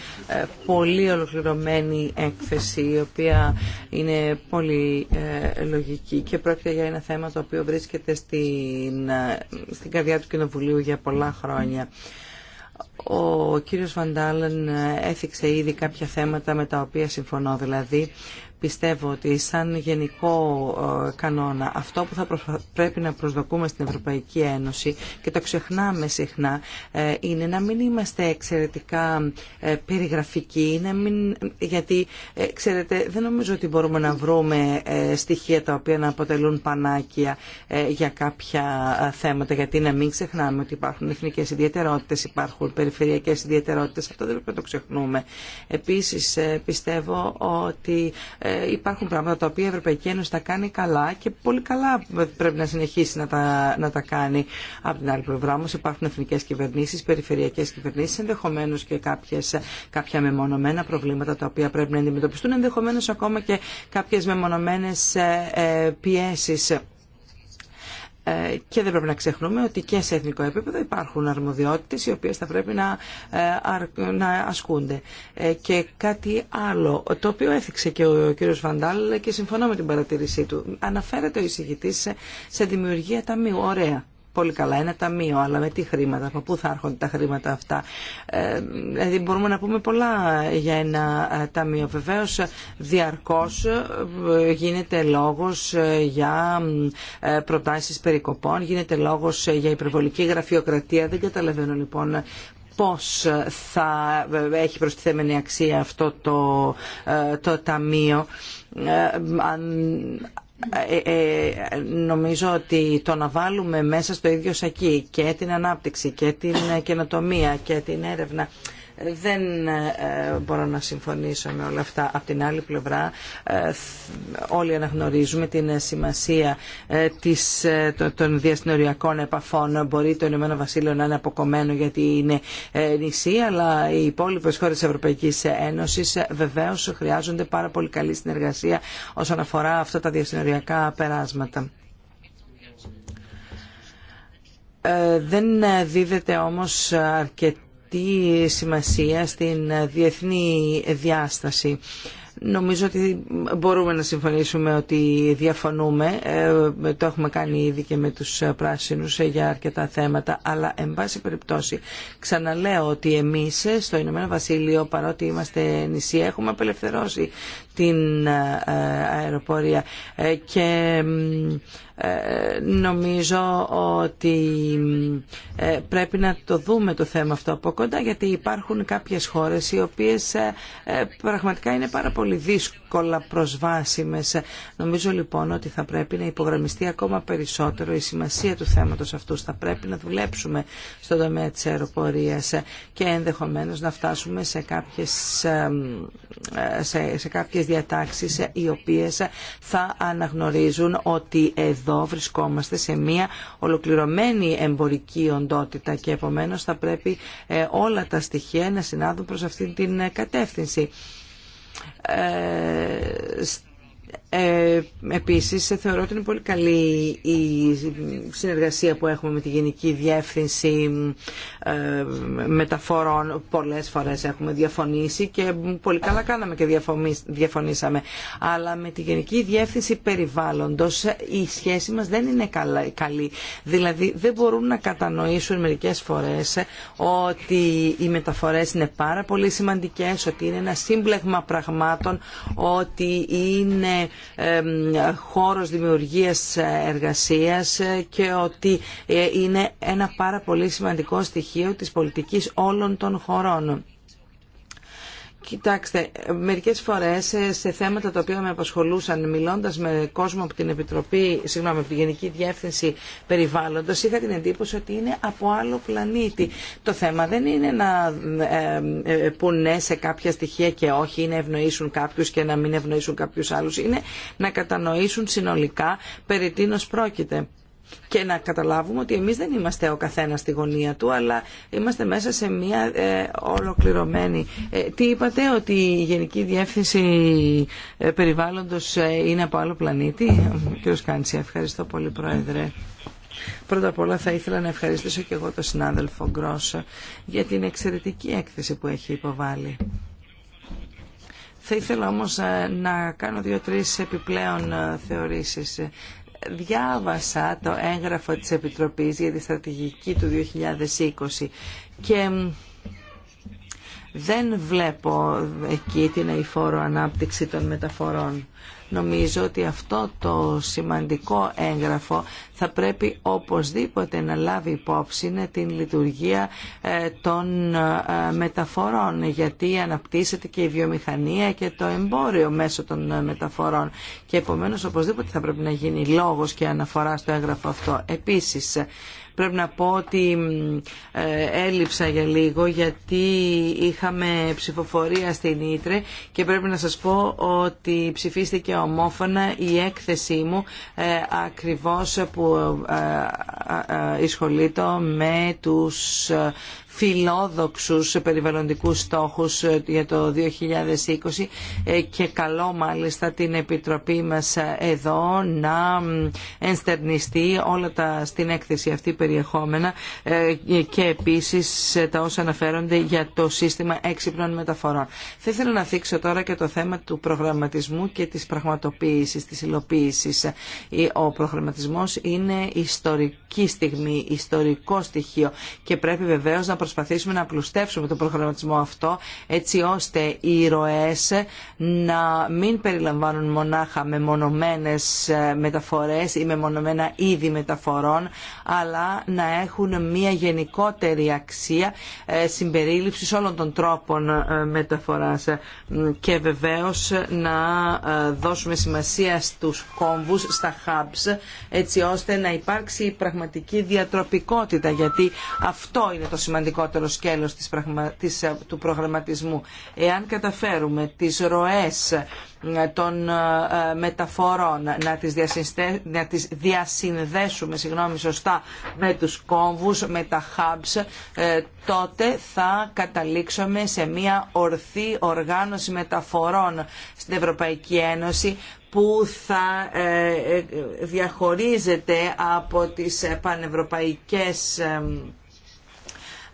πολύ ολοκληρωμένη έκθεση, η οποία είναι πολύ ε, λογική και πρόκειται για ένα θέμα το οποίο βρίσκεται στην, ε, στην καρδιά του Κοινοβουλίου για πολλά χρόνια. Ο κύριος Βαντάλεν έθιξε ήδη κάποια θέματα με τα οποία συμφωνώ, δηλαδή Πιστεύω ότι σαν γενικό ε, κανόνα αυτό που θα πρέπει να προσδοκούμε στην Ευρωπαϊκή Ένωση και το ξεχνάμε συχνά ε, είναι να μην είμαστε εξαιρετικά ε, περιγραφικοί μην... γιατί ξέρετε δεν νομίζω ότι μπορούμε να βρούμε στοιχεία τα οποία να αποτελούν πανάκια για κάποια θέματα γιατί να μην ξεχνάμε ότι υπάρχουν εθνικές ιδιαιτερότητες, υπάρχουν περιφερειακές ιδιαιτερότητες, αυτό δεν πρέπει να το ξεχνούμε. Επίσης πιστεύω ότι υπάρχουν πράγματα τα οποία η Ευρωπαϊκή Ένωση τα κάνει καλά και πολύ καλά πρέπει να συνεχίσει να τα, να τα κάνει. Από την άλλη πλευρά όμω υπάρχουν εθνικέ κυβερνήσει, περιφερειακέ κυβερνήσει, ενδεχομένω και κάποιες, κάποια μεμονωμένα προβλήματα τα οποία πρέπει να αντιμετωπιστούν, ενδεχομένω ακόμα και κάποιε μεμονωμένε ε, ε, πιέσει ε, και δεν πρέπει να ξεχνούμε ότι και σε εθνικό επίπεδο υπάρχουν αρμοδιότητες οι οποίες θα πρέπει να, ε, να ασκούνται. Ε, και κάτι άλλο, το οποίο έθιξε και ο κύριος Βαντάλ και συμφωνώ με την παρατήρησή του. Αναφέρεται ο εισηγητής σε δημιουργία ταμείου. Ωραία πολύ καλά ένα ταμείο, αλλά με τι χρήματα, από πού θα έρχονται τα χρήματα αυτά. Ε, δηλαδή μπορούμε να πούμε πολλά για ένα ε, ταμείο. Βεβαίω, διαρκώς ε, γίνεται λόγος για προτάσεις περικοπών, γίνεται λόγος για υπερβολική γραφειοκρατία. Δεν καταλαβαίνω λοιπόν πώς θα έχει προστιθέμενη αξία αυτό το, το ταμείο αν ε, ε, νομίζω ότι το να βάλουμε μέσα στο ίδιο σακί και την ανάπτυξη και την καινοτομία και την έρευνα δεν ε, μπορώ να συμφωνήσω με όλα αυτά. Απ' την άλλη πλευρά ε, όλοι αναγνωρίζουμε την σημασία ε, της, των διασυνοριακών επαφών. Μπορεί το Ηνωμένο Βασίλειο να είναι αποκομμένο γιατί είναι νησί, αλλά οι υπόλοιπε χώρε τη Ευρωπαϊκής Ένωση βεβαίω χρειάζονται πάρα πολύ καλή συνεργασία όσον αφορά αυτά τα διασυνοριακά περάσματα. Δεν δίδεται όμως αρκετή τι σημασία στην διεθνή διάσταση. Νομίζω ότι μπορούμε να συμφωνήσουμε ότι διαφωνούμε. Ε, το έχουμε κάνει ήδη και με τους πράσινους για αρκετά θέματα. Αλλά, εν πάση περιπτώσει, ξαναλέω ότι εμείς στο Ηνωμένο Βασίλειο, παρότι είμαστε νησί, έχουμε απελευθερώσει την ε, αεροπορία. Ε, και ε, νομίζω ότι ε, πρέπει να το δούμε το θέμα αυτό από κοντά γιατί υπάρχουν κάποιες χώρες οι οποίες ε, πραγματικά είναι πάρα πολύ δύσκολα προσβάσιμες. Νομίζω λοιπόν ότι θα πρέπει να υπογραμμιστεί ακόμα περισσότερο η σημασία του θέματος αυτού. Θα πρέπει να δουλέψουμε στον τομέα της αεροπορίας και ενδεχομένως να φτάσουμε σε κάποιες, σε, σε κάποιες διατάξεις οι οποίες θα αναγνωρίζουν ότι εδώ εδώ βρισκόμαστε σε μια ολοκληρωμένη εμπορική οντότητα και επομένως θα πρέπει ε, όλα τα στοιχεία να συνάδουν προς αυτή την κατεύθυνση. Ε, ε, επίσης, θεωρώ ότι είναι πολύ καλή η συνεργασία που έχουμε με τη Γενική Διεύθυνση ε, Μεταφορών. Πολλές φορές έχουμε διαφωνήσει και πολύ καλά κάναμε και διαφωνήσαμε. Αλλά με τη Γενική Διεύθυνση Περιβάλλοντος η σχέση μας δεν είναι καλή. Δηλαδή δεν μπορούν να κατανοήσουν μερικές φορές ότι οι μεταφορές είναι πάρα πολύ σημαντικές, ότι είναι ένα σύμπλεγμα πραγμάτων, ότι είναι χώρος δημιουργίας εργασίας και ότι ε, είναι ένα πάρα πολύ σημαντικό στοιχείο της πολιτικής όλων των χωρών. Κοιτάξτε, μερικές φορές ε, σε θέματα τα οποία με απασχολούσαν, μιλώντας με κόσμο από την Επιτροπή, συγγνώμη, από την Γενική Διεύθυνση Περιβάλλοντος, είχα την εντύπωση ότι είναι από άλλο πλανήτη. Το θέμα δεν είναι να ε, ε, ε ναι σε κάποια στοιχεία και όχι, να ευνοήσουν κάποιους και να μην ευνοήσουν κάποιους άλλους. Είναι να κατανοήσουν συνολικά περί τίνος πρόκειται και να καταλάβουμε ότι εμείς δεν είμαστε ο καθένας στη γωνία του, αλλά είμαστε μέσα σε μια ε, ολοκληρωμένη. Ε, τι είπατε, ότι η Γενική Διεύθυνση ε, Περιβάλλοντος είναι από άλλο πλανήτη. Κύριο Κάντσια, ευχαριστώ πολύ Πρόεδρε. Πρώτα απ' όλα θα ήθελα να ευχαριστήσω και εγώ τον συνάδελφο Γκρός για την εξαιρετική έκθεση που έχει υποβάλει. Θα ήθελα όμως να κάνω δύο-τρεις επιπλέον θεωρήσεις διάβασα το έγγραφο της Επιτροπής για τη στρατηγική του 2020 και δεν βλέπω εκεί την αηφόρο ανάπτυξη των μεταφορών. Νομίζω ότι αυτό το σημαντικό έγγραφο θα πρέπει οπωσδήποτε να λάβει υπόψη την λειτουργία ε, των ε, μεταφορών γιατί αναπτύσσεται και η βιομηχανία και το εμπόριο μέσω των ε, μεταφορών και επομένως οπωσδήποτε θα πρέπει να γίνει λόγος και αναφορά στο έγγραφο αυτό. Επίσης Πρέπει να πω ότι έλειψα για λίγο γιατί είχαμε ψηφοφορία στην Ήτρε και πρέπει να σας πω ότι ψηφίστηκε ομόφωνα η έκθεσή μου ακριβώς που εισχολείται με τους φιλόδοξους περιβαλλοντικούς στόχους ε, για το 2020 ε, και καλό μάλιστα την Επιτροπή μας εδώ να ενστερνιστεί όλα τα στην έκθεση αυτή περιεχόμενα ε, και επίσης τα όσα αναφέρονται για το σύστημα έξυπνων μεταφορών. Θα ήθελα να θίξω τώρα και το θέμα του προγραμματισμού και της πραγματοποίησης, της υλοποίησης. Ο προγραμματισμός είναι ιστορική στιγμή, ιστορικό στοιχείο και πρέπει βεβαίως να προσπαθήσουμε να απλουστεύσουμε τον προγραμματισμό αυτό έτσι ώστε οι ροές να μην περιλαμβάνουν μονάχα με μεμονωμένες ε, μεταφορές ή με μονομένα είδη μεταφορών αλλά να έχουν μια γενικότερη αξία ε, συμπερίληψης όλων των τρόπων ε, μεταφοράς και βεβαίως να δώσουμε σημασία στους κόμβους, στα hubs έτσι ώστε να υπάρξει πραγματική διατροπικότητα γιατί αυτό είναι το σημαντικό σημαντικότερο σκέλος της, πραγμα... της... Ε, του προγραμματισμού. Εάν καταφέρουμε τις ροές ε, των ε, μεταφορών να τις, διασυνδέσουμε συγγνώμη, σωστά με τους κόμβους, με τα hubs, τότε θα καταλήξουμε σε μια ορθή οργάνωση μεταφορών στην Ευρωπαϊκή Ένωση που θα διαχωρίζεται από τις πανευρωπαϊκές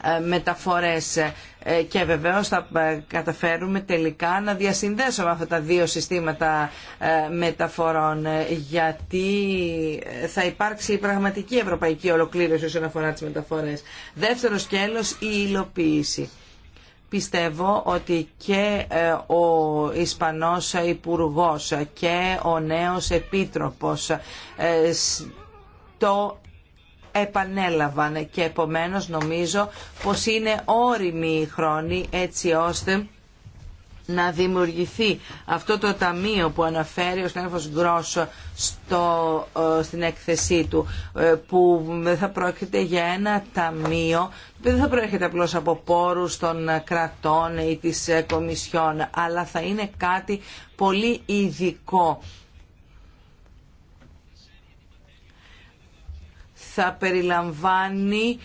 ε, μεταφορές ε, και βεβαίως θα ε, καταφέρουμε τελικά να διασυνδέσουμε αυτά τα δύο συστήματα μεταφορών γιατί θα υπάρξει η πραγματική ευρωπαϊκή ολοκλήρωση όσον αφορά τις μεταφορές. Δεύτερο σκέλος, η υλοποίηση. Πιστεύω ότι και ο Ισπανός Υπουργός και ο νέος Επίτροπος το επανέλαβαν και επομένως νομίζω πως είναι όριμη η χρόνη έτσι ώστε να δημιουργηθεί αυτό το ταμείο που αναφέρει ο Στέφος Γκρόσο στο, ε, στην έκθεσή του ε, που θα πρόκειται για ένα ταμείο που δεν θα προέρχεται απλώς από πόρους των κρατών ή της ε, Κομισιόν αλλά θα είναι κάτι πολύ ειδικό θα περιλαμβάνει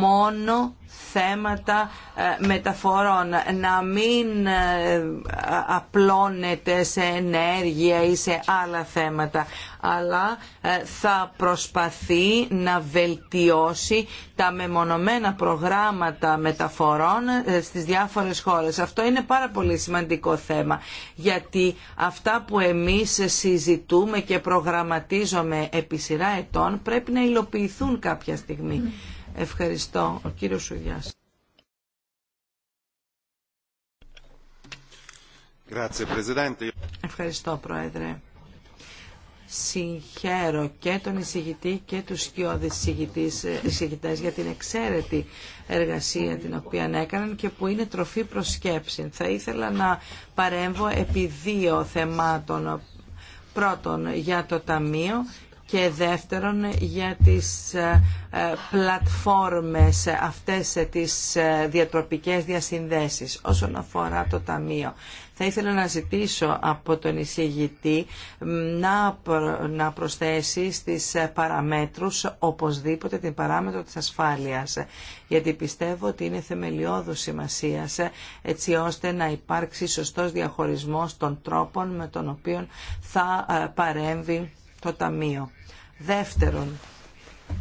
μόνο θέματα ε, μεταφορών, να μην ε, απλώνεται σε ενέργεια ή σε άλλα θέματα αλλά ε, θα προσπαθεί να βελτιώσει τα μεμονωμένα προγράμματα μεταφορών ε, στις διάφορες χώρες. Αυτό είναι πάρα πολύ σημαντικό θέμα, γιατί αυτά που εμείς συζητούμε και προγραμματίζουμε επί σειρά ετών πρέπει να υλοποιηθούν κάποια στιγμή. Ευχαριστώ. Ο κύριος Σουγιάς. Ευχαριστώ, Πρόεδρε συγχαίρω και τον εισηγητή και τους σκιώδης εισηγητές για την εξαίρετη εργασία την οποία έκαναν και που είναι τροφή προσκέψη. Θα ήθελα να παρέμβω επί δύο θεμάτων. Πρώτον, για το Ταμείο και δεύτερον για τις ε, ε, πλατφόρμες αυτές ε, τις διατροπικές διασυνδέσεις όσον αφορά το Ταμείο. Θα ήθελα να ζητήσω από τον εισηγητή να, να προσθέσει στις παραμέτρους οπωσδήποτε την παράμετρο της ασφάλειας. Γιατί πιστεύω ότι είναι θεμελιώδου σημασία έτσι ώστε να υπάρξει σωστός διαχωρισμός των τρόπων με τον οποίο θα ε, παρέμβει το Ταμείο. Δεύτερον,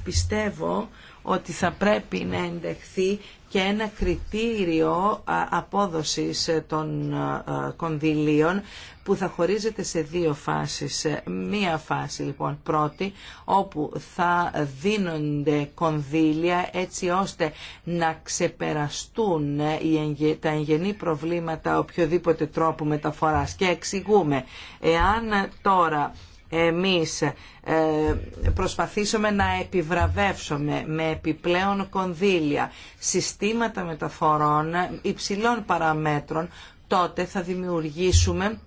πιστεύω ότι θα πρέπει να εντεχθεί και ένα κριτήριο απόδοσης ε, των ε, ε, κονδυλίων που θα χωρίζεται σε δύο φάσεις. Μία φάση λοιπόν πρώτη όπου θα δίνονται κονδύλια έτσι ώστε να ξεπεραστούν τα εγγενή προβλήματα οποιοδήποτε τρόπου μεταφοράς και εξηγούμε εάν τώρα εμείς ε, προσπαθήσουμε να επιβραβεύσουμε με επιπλέον κονδύλια συστήματα μεταφορών υψηλών παραμέτρων, τότε θα δημιουργήσουμε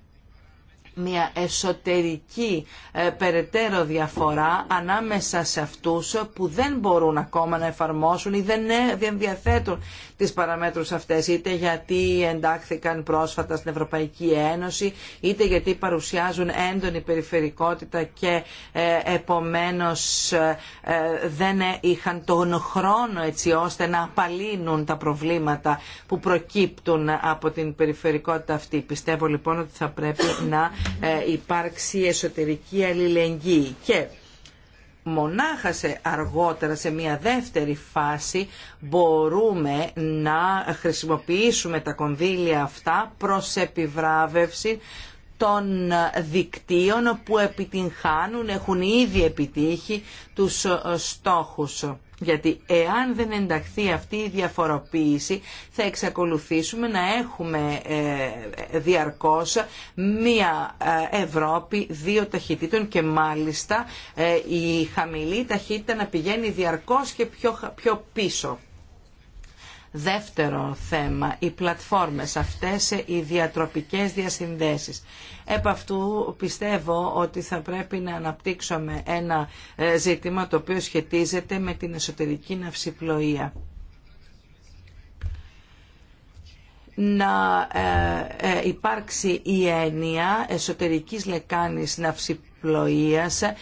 μια εσωτερική ε, περαιτέρω διαφορά ανάμεσα σε αυτούς που δεν μπορούν ακόμα να εφαρμόσουν ή δεν, ε, δεν διαθέτουν τις παραμέτρους αυτές είτε γιατί εντάχθηκαν πρόσφατα στην Ευρωπαϊκή Ένωση είτε γιατί παρουσιάζουν έντονη περιφερικότητα και ε, επομένως ε, ε, δεν είχαν τον χρόνο έτσι ώστε να απαλύνουν τα προβλήματα που προκύπτουν από την περιφερικότητα αυτή. Πιστεύω λοιπόν ότι θα πρέπει να ε, υπάρξει εσωτερική αλληλεγγύη και μονάχα σε αργότερα σε μια δεύτερη φάση μπορούμε να χρησιμοποιήσουμε τα κονδύλια αυτά προς επιβράβευση των δικτύων που επιτυγχάνουν, έχουν ήδη επιτύχει τους στόχους. Γιατί εάν δεν ενταχθεί αυτή η διαφοροποίηση θα εξακολουθήσουμε να έχουμε ε, διαρκώς μία ε, Ευρώπη δύο ταχυτήτων και μάλιστα ε, η χαμηλή ταχύτητα να πηγαίνει διαρκώς και πιο πίσω. Δεύτερο θέμα, οι πλατφόρμες, αυτές οι διατροπικές διασυνδέσεις. Επ' αυτού πιστεύω ότι θα πρέπει να αναπτύξουμε ένα ε, ζήτημα το οποίο σχετίζεται με την εσωτερική ναυσιπλοεία. να ε, ε, υπάρξει η έννοια εσωτερικής λεκάνης Πλοίας, ε,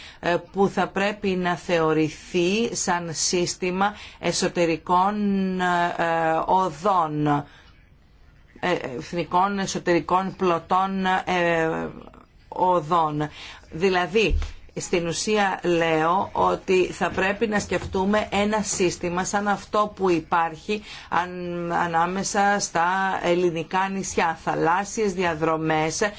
που θα πρέπει να θεωρηθεί σαν σύστημα εσωτερικών ε, ε, οδών, εθνικών εσωτερικών πλωτών οδών. Δηλαδή, στην ουσία λέω ότι θα πρέπει να σκεφτούμε ένα σύστημα σαν αυτό που υπάρχει ανάμεσα στα ελληνικά νησιά, θαλάσσιες διαδρομές ε,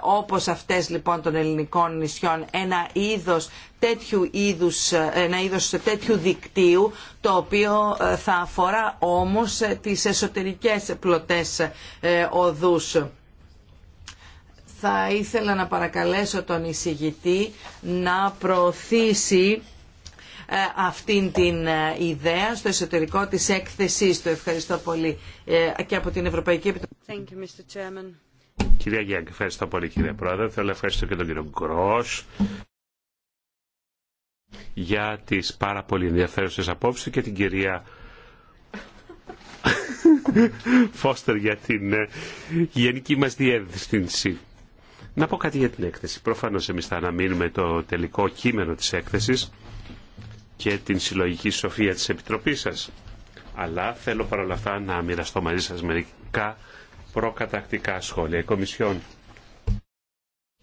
όπως αυτές λοιπόν των ελληνικών νησιών, ένα είδος τέτοιου είδους, ε, ένα είδος τέτοιου δικτύου το οποίο ε, θα αφορά όμως τις εσωτερικές πλωτές οδούς θα ήθελα να παρακαλέσω τον εισηγητή να προωθήσει ε, αυτήν την ε, ιδέα στο εσωτερικό της έκθεσης του. Ευχαριστώ πολύ ε, και από την Ευρωπαϊκή Επιτροπή. Κυρία Γιάνγκ, ευχαριστώ πολύ κύριε Πρόεδρε. Θέλω να ευχαριστώ και τον κύριο Γκρός για τις πάρα πολύ ενδιαφέρουσες απόψεις και την κυρία (laughs) Φώστερ για την γενική μας διεύθυνση να πω κάτι για την έκθεση. Προφανώ εμεί θα αναμείνουμε το τελικό κείμενο της έκθεσης και την συλλογική σοφία της Επιτροπής σα, Αλλά θέλω παρόλα αυτά να μοιραστώ μαζί σα μερικά προκατακτικά σχόλια. Η Κομισιόν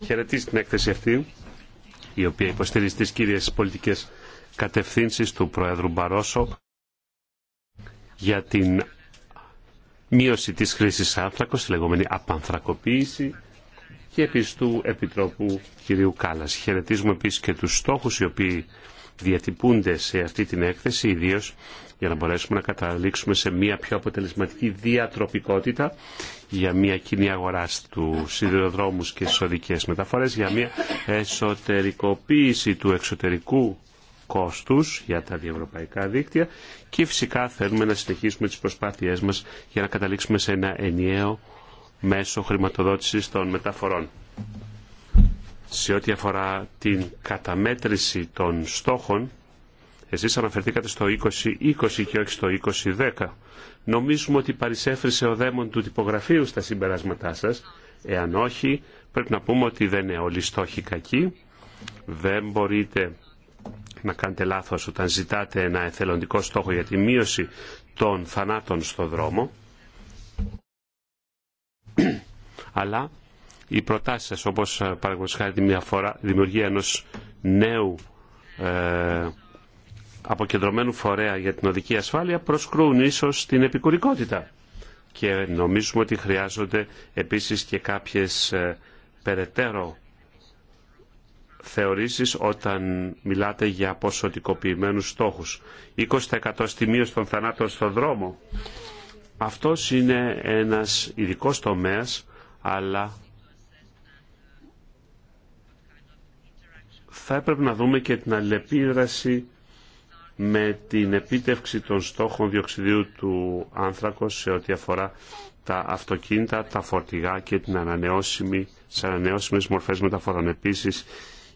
χαιρετίζει την έκθεση αυτή, η οποία υποστηρίζει τι κύριε πολιτικέ κατευθύνσεις του Προέδρου Μπαρόσο για την μείωση της χρήσης άνθρακος, τη λεγόμενη απανθρακοποίηση, και επίσης του Επιτρόπου κυρίου Κάλλας. Χαιρετίζουμε επίσης και τους στόχους οι οποίοι διατυπούνται σε αυτή την έκθεση, ιδίω για να μπορέσουμε να καταλήξουμε σε μια πιο αποτελεσματική διατροπικότητα για μια κοινή αγορά του σιδηροδρόμους και στις οδικές μεταφορές, για μια εσωτερικοποίηση του εξωτερικού κόστους για τα διευρωπαϊκά δίκτυα και φυσικά θέλουμε να συνεχίσουμε τις προσπάθειές μας για να καταλήξουμε σε ένα ενιαίο μέσω χρηματοδότησης των μεταφορών. Σε ό,τι αφορά την καταμέτρηση των στόχων, εσείς αναφερθήκατε στο 2020 και όχι στο 2010. Νομίζουμε ότι παρισέφρισε ο δαίμον του τυπογραφείου στα συμπεράσματά σας. Εάν όχι, πρέπει να πούμε ότι δεν είναι όλοι στόχοι κακοί. Δεν μπορείτε να κάνετε λάθος όταν ζητάτε ένα εθελοντικό στόχο για τη μείωση των θανάτων στο δρόμο. (clears throat) Αλλά οι προτάσεις σας, όπως ε, τη μια φορά, δημιουργία ενός νέου ε, αποκεντρωμένου φορέα για την οδική ασφάλεια, προσκρούν ίσω την επικουρικότητα. Και νομίζουμε ότι χρειάζονται επίσης και κάποιες ε, περαιτέρω θεωρήσεις όταν μιλάτε για ποσοτικοποιημένους στόχους. 20% στη μείωση των θανάτων στον δρόμο αυτός είναι ένας ειδικό τομέας, αλλά θα έπρεπε να δούμε και την αλληλεπίδραση με την επίτευξη των στόχων διοξιδίου του άνθρακος σε ό,τι αφορά τα αυτοκίνητα, τα φορτηγά και την ανανεώσιμη, τις ανανεώσιμες μορφές μεταφορών. Επίσης,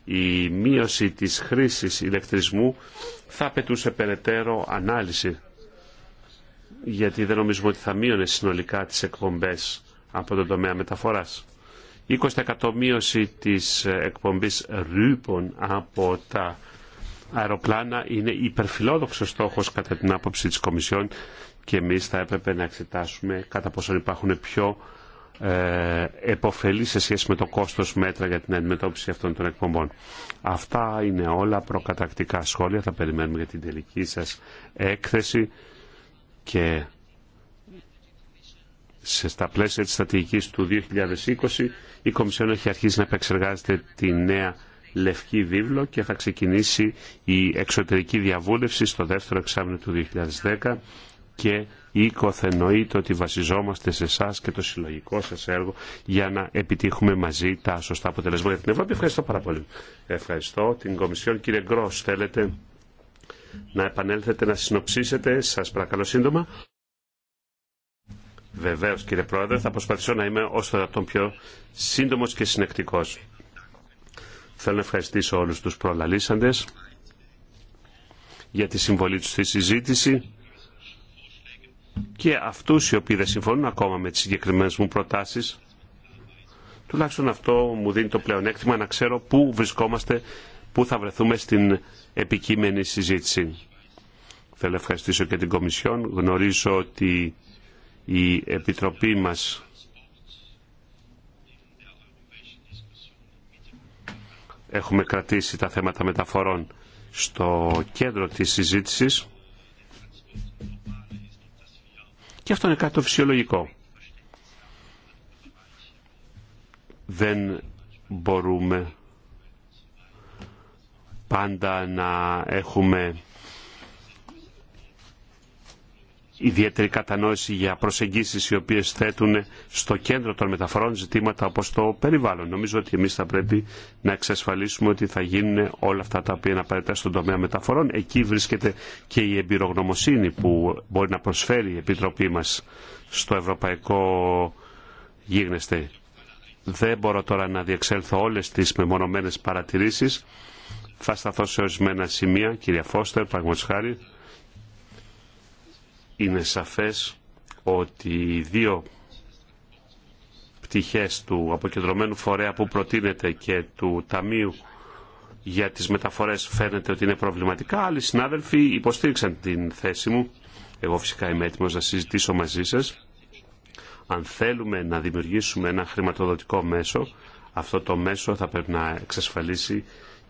η μείωση της χρήσης ηλεκτρισμού θα απαιτούσε περαιτέρω ανάλυση γιατί δεν νομίζουμε ότι θα μείωνε συνολικά τις εκπομπές από τον τομέα μεταφοράς. 20% μείωση της εκπομπής ρήπων από τα αεροπλάνα είναι υπερφιλόδοξος στόχος κατά την άποψη της Κομισιόν και εμείς θα έπρεπε να εξετάσουμε κατά πόσο υπάρχουν πιο ε, σε σχέση με το κόστος μέτρα για την αντιμετώπιση αυτών των εκπομπών. Αυτά είναι όλα προκατακτικά σχόλια. Θα περιμένουμε για την τελική σας έκθεση και σε στα πλαίσια της στρατηγικής του 2020 η Κομισιόν έχει αρχίσει να επεξεργάζεται τη νέα λευκή βίβλο και θα ξεκινήσει η εξωτερική διαβούλευση στο δεύτερο εξάμεινο του 2010 και η εννοείται ότι βασιζόμαστε σε εσά και το συλλογικό σας έργο για να επιτύχουμε μαζί τα σωστά αποτελέσματα για την Ευρώπη. Ευχαριστώ πάρα πολύ. Ευχαριστώ την Κομισιόν. Κύριε Γκρός, θέλετε να επανέλθετε να συνοψίσετε. Σας παρακαλώ σύντομα. Βεβαίως κύριε Πρόεδρε, θα προσπαθήσω να είμαι όσο το τον πιο σύντομος και συνεκτικός. Θέλω να ευχαριστήσω όλους τους προλαλήσαντες για τη συμβολή τους στη συζήτηση και αυτούς οι οποίοι δεν συμφωνούν ακόμα με τις συγκεκριμένε μου προτάσεις τουλάχιστον αυτό μου δίνει το πλεονέκτημα να ξέρω πού βρισκόμαστε που θα βρεθούμε στην επικείμενη συζήτηση. Θέλω να ευχαριστήσω και την Κομισιόν. Γνωρίζω ότι η Επιτροπή μας έχουμε κρατήσει τα θέματα μεταφορών στο κέντρο της συζήτησης και αυτό είναι κάτι το φυσιολογικό. Δεν μπορούμε πάντα να έχουμε ιδιαίτερη κατανόηση για προσεγγίσεις οι οποίες θέτουν στο κέντρο των μεταφορών ζητήματα όπως το περιβάλλον. Νομίζω ότι εμείς θα πρέπει να εξασφαλίσουμε ότι θα γίνουν όλα αυτά τα οποία είναι απαραίτητα στον τομέα μεταφορών. Εκεί βρίσκεται και η εμπειρογνωμοσύνη που μπορεί να προσφέρει η Επιτροπή μας στο Ευρωπαϊκό Γίγνεσθε. Δεν μπορώ τώρα να διεξέλθω όλες τις μεμονωμένες παρατηρήσεις θα σταθώ σε ορισμένα σημεία, κυρία Φώστερ, πραγματικά είναι σαφές ότι οι δύο πτυχές του αποκεντρωμένου φορέα που προτείνεται και του Ταμείου για τις μεταφορές φαίνεται ότι είναι προβληματικά. Άλλοι συνάδελφοι υποστήριξαν την θέση μου. Εγώ φυσικά είμαι έτοιμος να συζητήσω μαζί σας. Αν θέλουμε να δημιουργήσουμε ένα χρηματοδοτικό μέσο, αυτό το μέσο θα πρέπει να εξασφαλίσει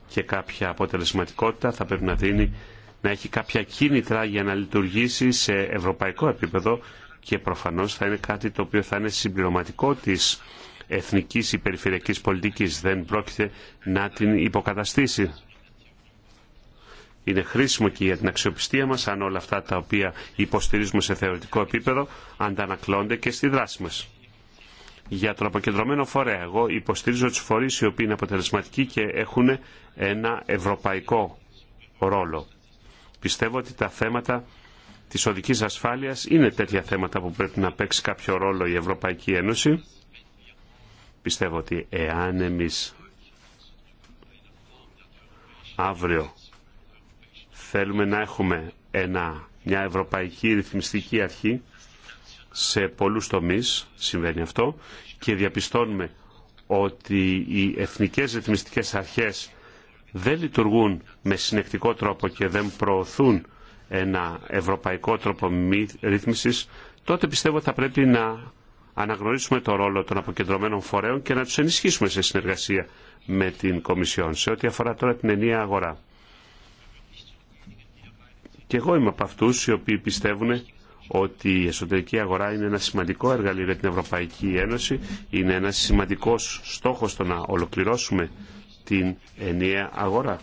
και κάποια αποτελεσματικότητα, θα πρέπει να δίνει να έχει κάποια κίνητρα για να λειτουργήσει σε ευρωπαϊκό επίπεδο και προφανώς θα είναι κάτι το οποίο θα είναι συμπληρωματικό της εθνικής ή περιφερειακής πολιτικής. Δεν πρόκειται να την υποκαταστήσει. Είναι χρήσιμο και για την αξιοπιστία μας αν όλα αυτά τα οποία υποστηρίζουμε σε θεωρητικό επίπεδο αντανακλώνται και στη δράση μας για τον αποκεντρωμένο φορέα. Εγώ υποστηρίζω τους φορείς οι οποίοι είναι αποτελεσματικοί και έχουν ένα ευρωπαϊκό ρόλο. Πιστεύω ότι τα θέματα της οδικής ασφάλειας είναι τέτοια θέματα που πρέπει να παίξει κάποιο ρόλο η Ευρωπαϊκή Ένωση. Πιστεύω ότι εάν εμείς αύριο θέλουμε να έχουμε ένα, μια ευρωπαϊκή ρυθμιστική αρχή, σε πολλούς τομείς συμβαίνει αυτό και διαπιστώνουμε ότι οι εθνικές ρυθμιστικές αρχές δεν λειτουργούν με συνεκτικό τρόπο και δεν προωθούν ένα ευρωπαϊκό τρόπο ρύθμισης, τότε πιστεύω θα πρέπει να αναγνωρίσουμε το ρόλο των αποκεντρωμένων φορέων και να τους ενισχύσουμε σε συνεργασία με την Κομισιόν σε ό,τι αφορά τώρα την ενιαία αγορά. Και εγώ είμαι από αυτούς οι οποίοι πιστεύουν ότι η εσωτερική αγορά είναι ένα σημαντικό εργαλείο για την Ευρωπαϊκή Ένωση, είναι ένα σημαντικό στόχος το να ολοκληρώσουμε την ενιαία αγορά.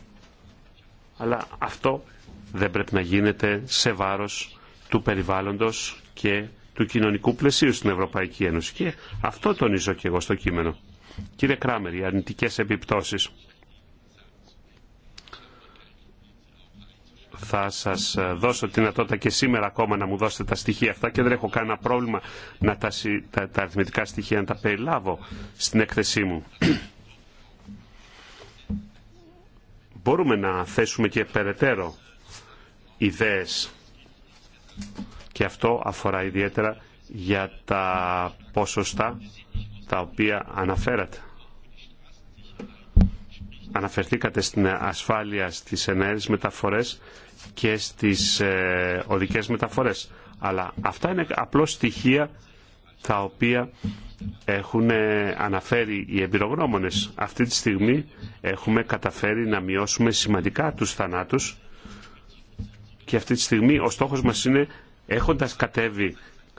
Αλλά αυτό δεν πρέπει να γίνεται σε βάρος του περιβάλλοντος και του κοινωνικού πλαισίου στην Ευρωπαϊκή Ένωση. Και αυτό τονίζω και εγώ στο κείμενο. Κύριε Κράμερ, οι αρνητικές επιπτώσεις. θα σας ε, δώσω τη δυνατότητα και σήμερα ακόμα να μου δώσετε τα στοιχεία αυτά και δεν έχω κανένα πρόβλημα να τα, τα, τα αριθμητικά στοιχεία να τα περιλάβω στην έκθεσή μου. Μπορούμε να θέσουμε και περαιτέρω ιδέες και αυτό αφορά ιδιαίτερα για τα ποσοστά τα οποία αναφέρατε. Αναφερθήκατε στην ασφάλεια στις ενέργειες μεταφορές και στις ε, οδικές μεταφορές. Αλλά αυτά είναι απλώς στοιχεία τα οποία έχουν ε, αναφέρει οι εμπειρογνώμονες. Αυτή τη στιγμή έχουμε καταφέρει να μειώσουμε σημαντικά τους θανάτους και αυτή τη στιγμή ο στόχος μας είναι έχοντας κατέβει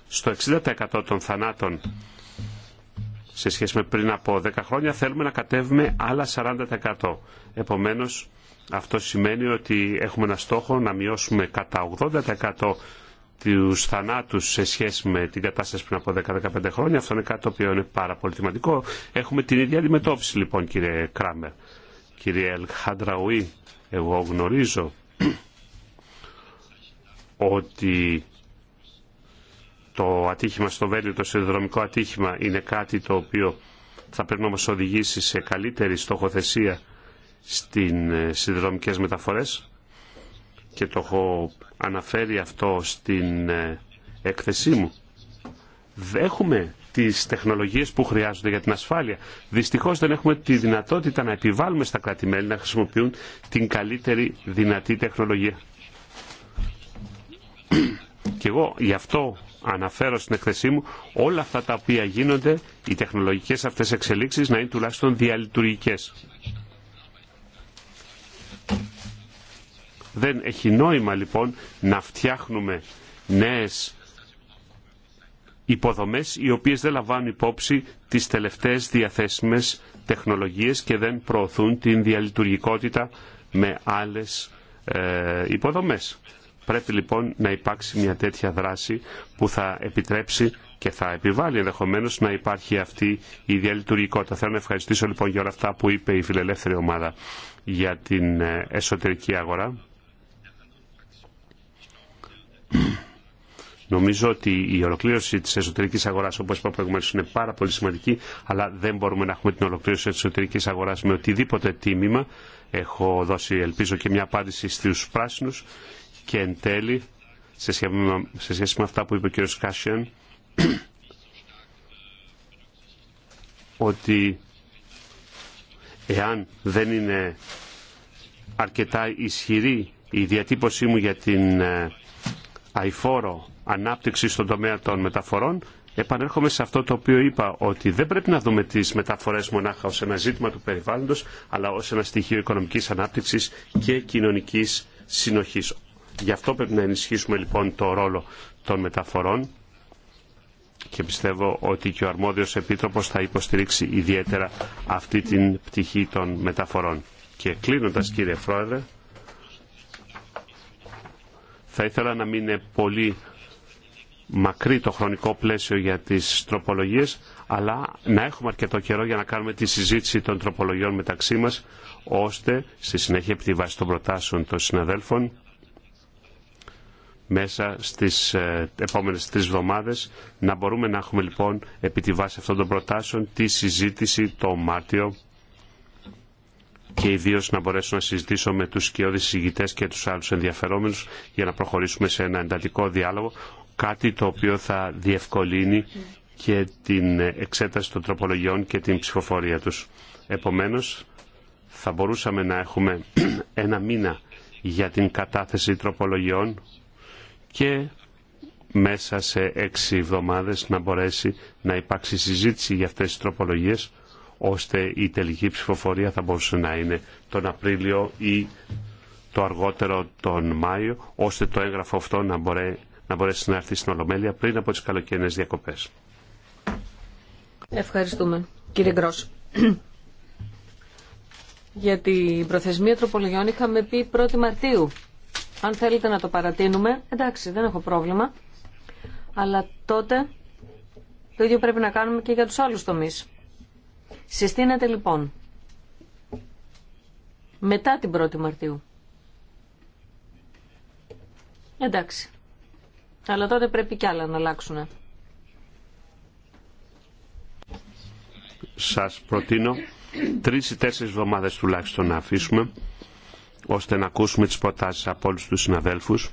στο 60% των θανάτων σε σχέση με πριν από 10 χρόνια θέλουμε να κατέβουμε άλλα 40%. Επομένως αυτό σημαίνει ότι έχουμε ένα στόχο να μειώσουμε κατά 80% τους θανάτους σε σχέση με την κατάσταση πριν από 10-15 χρόνια. Αυτό είναι κάτι το οποίο είναι πάρα πολύ θυματικό. Έχουμε την ίδια αντιμετώπιση λοιπόν κύριε Κράμερ. Κύριε Ελχαντραουή, εγώ γνωρίζω ότι το ατύχημα στο Βέλιο, το σιδηροδρομικό ατύχημα είναι κάτι το οποίο θα πρέπει να μας οδηγήσει σε καλύτερη στοχοθεσία Στι ε, συνδρομικέ μεταφορές και το έχω αναφέρει αυτό στην ε, έκθεσή μου. Έχουμε τις τεχνολογίες που χρειάζονται για την ασφάλεια. Δυστυχώς δεν έχουμε τη δυνατότητα να επιβάλλουμε στα κράτη-μέλη να χρησιμοποιούν την καλύτερη δυνατή τεχνολογία. Και εγώ γι' αυτό αναφέρω στην εκθεσή μου όλα αυτά τα οποία γίνονται, οι τεχνολογικές αυτές εξελίξεις να είναι τουλάχιστον διαλειτουργικές. Δεν έχει νόημα λοιπόν να φτιάχνουμε νέες υποδομές οι οποίες δεν λαμβάνουν υπόψη τις τελευταίες διαθέσιμες τεχνολογίες και δεν προωθούν την διαλειτουργικότητα με άλλες ε, υποδομές. Πρέπει λοιπόν να υπάρξει μια τέτοια δράση που θα επιτρέψει και θα επιβάλλει ενδεχομένω να υπάρχει αυτή η διαλειτουργικότητα. Θέλω να ευχαριστήσω λοιπόν για όλα αυτά που είπε η φιλελεύθερη ομάδα για την ε, εσωτερική αγορά. Νομίζω ότι η ολοκλήρωση τη εσωτερική αγορά, όπω είπα προηγουμένω, είναι πάρα πολύ σημαντική, αλλά δεν μπορούμε να έχουμε την ολοκλήρωση τη εσωτερική αγορά με οτιδήποτε τίμημα. Έχω δώσει, ελπίζω, και μια απάντηση στου πράσινου και εν τέλει, σε σχέση με αυτά που είπε ο κ. Κάσιαν, (clears throat) ότι εάν δεν είναι αρκετά ισχυρή η διατύπωσή μου για την ε, αηφόρο ανάπτυξη στον τομέα των μεταφορών, επανέρχομαι σε αυτό το οποίο είπα, ότι δεν πρέπει να δούμε τις μεταφορές μονάχα ως ένα ζήτημα του περιβάλλοντος, αλλά ως ένα στοιχείο οικονομικής ανάπτυξης και κοινωνικής συνοχής. Γι' αυτό πρέπει να ενισχύσουμε λοιπόν το ρόλο των μεταφορών και πιστεύω ότι και ο αρμόδιος επίτροπος θα υποστηρίξει ιδιαίτερα αυτή την πτυχή των μεταφορών. Και κλείνοντας κύριε Πρόεδρε, θα ήθελα να μην είναι πολύ μακρύ το χρονικό πλαίσιο για τις τροπολογίες, αλλά να έχουμε αρκετό καιρό για να κάνουμε τη συζήτηση των τροπολογιών μεταξύ μας, ώστε στη συνέχεια επί τη βάση των προτάσεων των συναδέλφων, μέσα στις ε, επόμενες τρεις εβδομάδες, να μπορούμε να έχουμε λοιπόν επί τη βάση αυτών των προτάσεων τη συζήτηση το Μάρτιο και ιδίω να μπορέσω να συζητήσω με τους σκιώδεις συγητέ και τους άλλους ενδιαφερόμενους για να προχωρήσουμε σε ένα εντατικό διάλογο κάτι το οποίο θα διευκολύνει και την εξέταση των τροπολογιών και την ψηφοφορία τους. Επομένως, θα μπορούσαμε να έχουμε (clears throat) ένα μήνα για την κατάθεση τροπολογιών και μέσα σε έξι εβδομάδες να μπορέσει να υπάρξει συζήτηση για αυτές τις τροπολογίες ώστε η τελική ψηφοφορία θα μπορούσε να είναι τον Απρίλιο ή το αργότερο τον Μάιο ώστε το έγγραφο αυτό να μπορεί να μπορέσει να έρθει στην Ολομέλεια πριν από τις καλοκαιρινές διακοπές. Ευχαριστούμε. Κύριε Γκρός. Για την προθεσμία τροπολογιών είχαμε πει 1η Μαρτίου. Αν θέλετε να το παρατείνουμε, εντάξει, δεν έχω πρόβλημα. Αλλά τότε το ίδιο πρέπει να κάνουμε και για τους άλλους τομείς. Συστήνεται λοιπόν μετά την 1η Μαρτίου. Εντάξει. Αλλά τότε πρέπει κι άλλα να αλλάξουν. Σας προτείνω τρεις ή τέσσερις εβδομάδες τουλάχιστον να αφήσουμε ώστε να ακούσουμε τις προτάσεις από όλους τους συναδέλφους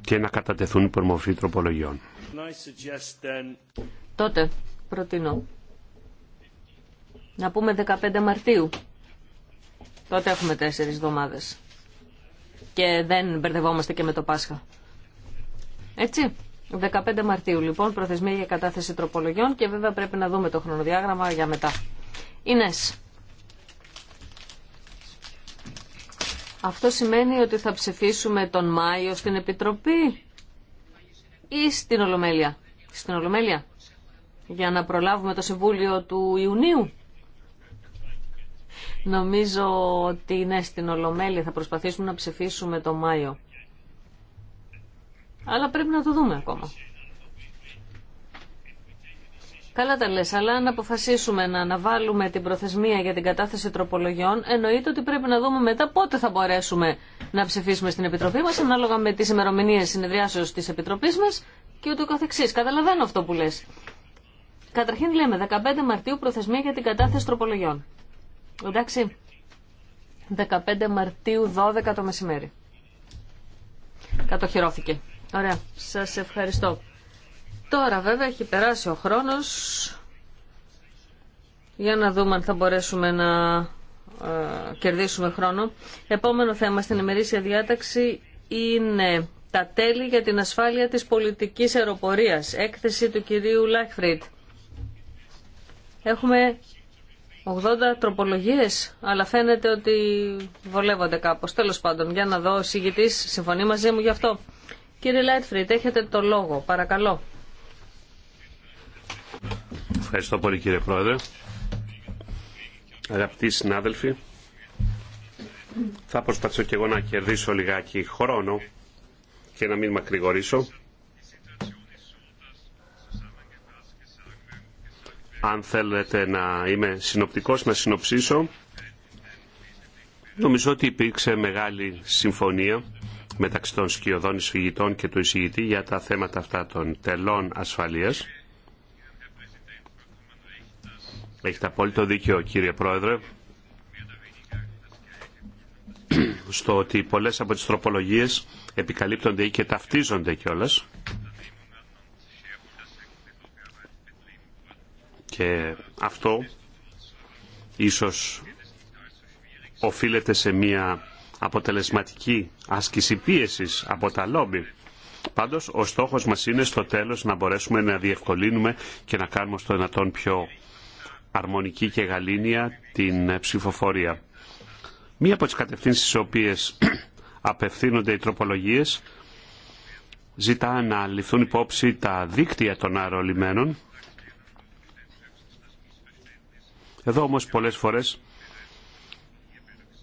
και να κατατεθούν υπομορφή τροπολογιών. Τότε προτείνω να πούμε 15 Μαρτίου. Τότε έχουμε τέσσερις εβδομάδες. Και δεν μπερδευόμαστε και με το Πάσχα. Έτσι. 15 Μαρτίου λοιπόν προθεσμία για κατάθεση τροπολογιών και βέβαια πρέπει να δούμε το χρονοδιάγραμμα για μετά. Ινές. Αυτό σημαίνει ότι θα ψηφίσουμε τον Μάιο στην Επιτροπή ή στην Ολομέλεια. Στην Ολομέλεια. Για να προλάβουμε το Συμβούλιο του Ιουνίου. Νομίζω ότι είναι στην Ολομέλεια. Θα προσπαθήσουμε να ψηφίσουμε τον Μάιο. Αλλά πρέπει να το δούμε ακόμα. Καλά τα λες, αλλά αν αποφασίσουμε να αναβάλουμε την προθεσμία για την κατάθεση τροπολογιών, εννοείται ότι πρέπει να δούμε μετά πότε θα μπορέσουμε να ψηφίσουμε στην Επιτροπή μας, ανάλογα με τις ημερομηνίες συνεδριάσεως της Επιτροπής μας και ούτω καθεξής. Καταλαβαίνω αυτό που λες. Καταρχήν λέμε 15 Μαρτίου προθεσμία για την κατάθεση τροπολογιών. Εντάξει. 15 Μαρτίου 12 το μεσημέρι. Κατοχυρώθηκε. Ωραία, σας ευχαριστώ. Τώρα βέβαια έχει περάσει ο χρόνος. Για να δούμε αν θα μπορέσουμε να ε, κερδίσουμε χρόνο. Επόμενο θέμα στην ημερήσια διάταξη είναι τα τέλη για την ασφάλεια της πολιτικής αεροπορίας. Έκθεση του κυρίου Λάχφριντ. Έχουμε 80 τροπολογίες, αλλά φαίνεται ότι βολεύονται κάπως. Τέλος πάντων, για να δω, ο συμφωνεί μαζί μου γι' αυτό. Κύριε Λάιτφρυντ, έχετε το λόγο. Παρακαλώ. Ευχαριστώ πολύ κύριε Πρόεδρε. Αγαπητοί συνάδελφοι, θα προσπαθήσω και εγώ να κερδίσω λιγάκι χρόνο και να μην μακρηγορήσω. Αν θέλετε να είμαι συνοπτικός, να συνοψίσω. Νομίζω ότι υπήρξε μεγάλη συμφωνία μεταξύ των σκιωδών εισηγητών και του εισηγητή για τα θέματα αυτά των τελών ασφαλείας. Έχετε απόλυτο δίκιο κύριε Πρόεδρε στο ότι πολλές από τις τροπολογίες επικαλύπτονται ή και ταυτίζονται κιόλας και αυτό ίσως οφείλεται σε μια αποτελεσματική άσκηση πίεσης από τα λόμπι. Πάντως, ο στόχος μας είναι στο τέλος να μπορέσουμε να διευκολύνουμε και να κάνουμε στο δυνατόν πιο αρμονική και γαλήνια την ε, ψηφοφορία. Μία από τις κατευθύνσεις στις οποίες (clears throat) απευθύνονται οι τροπολογίες ζητά να ληφθούν υπόψη τα δίκτυα των αερολιμένων. Εδώ όμως πολλές φορές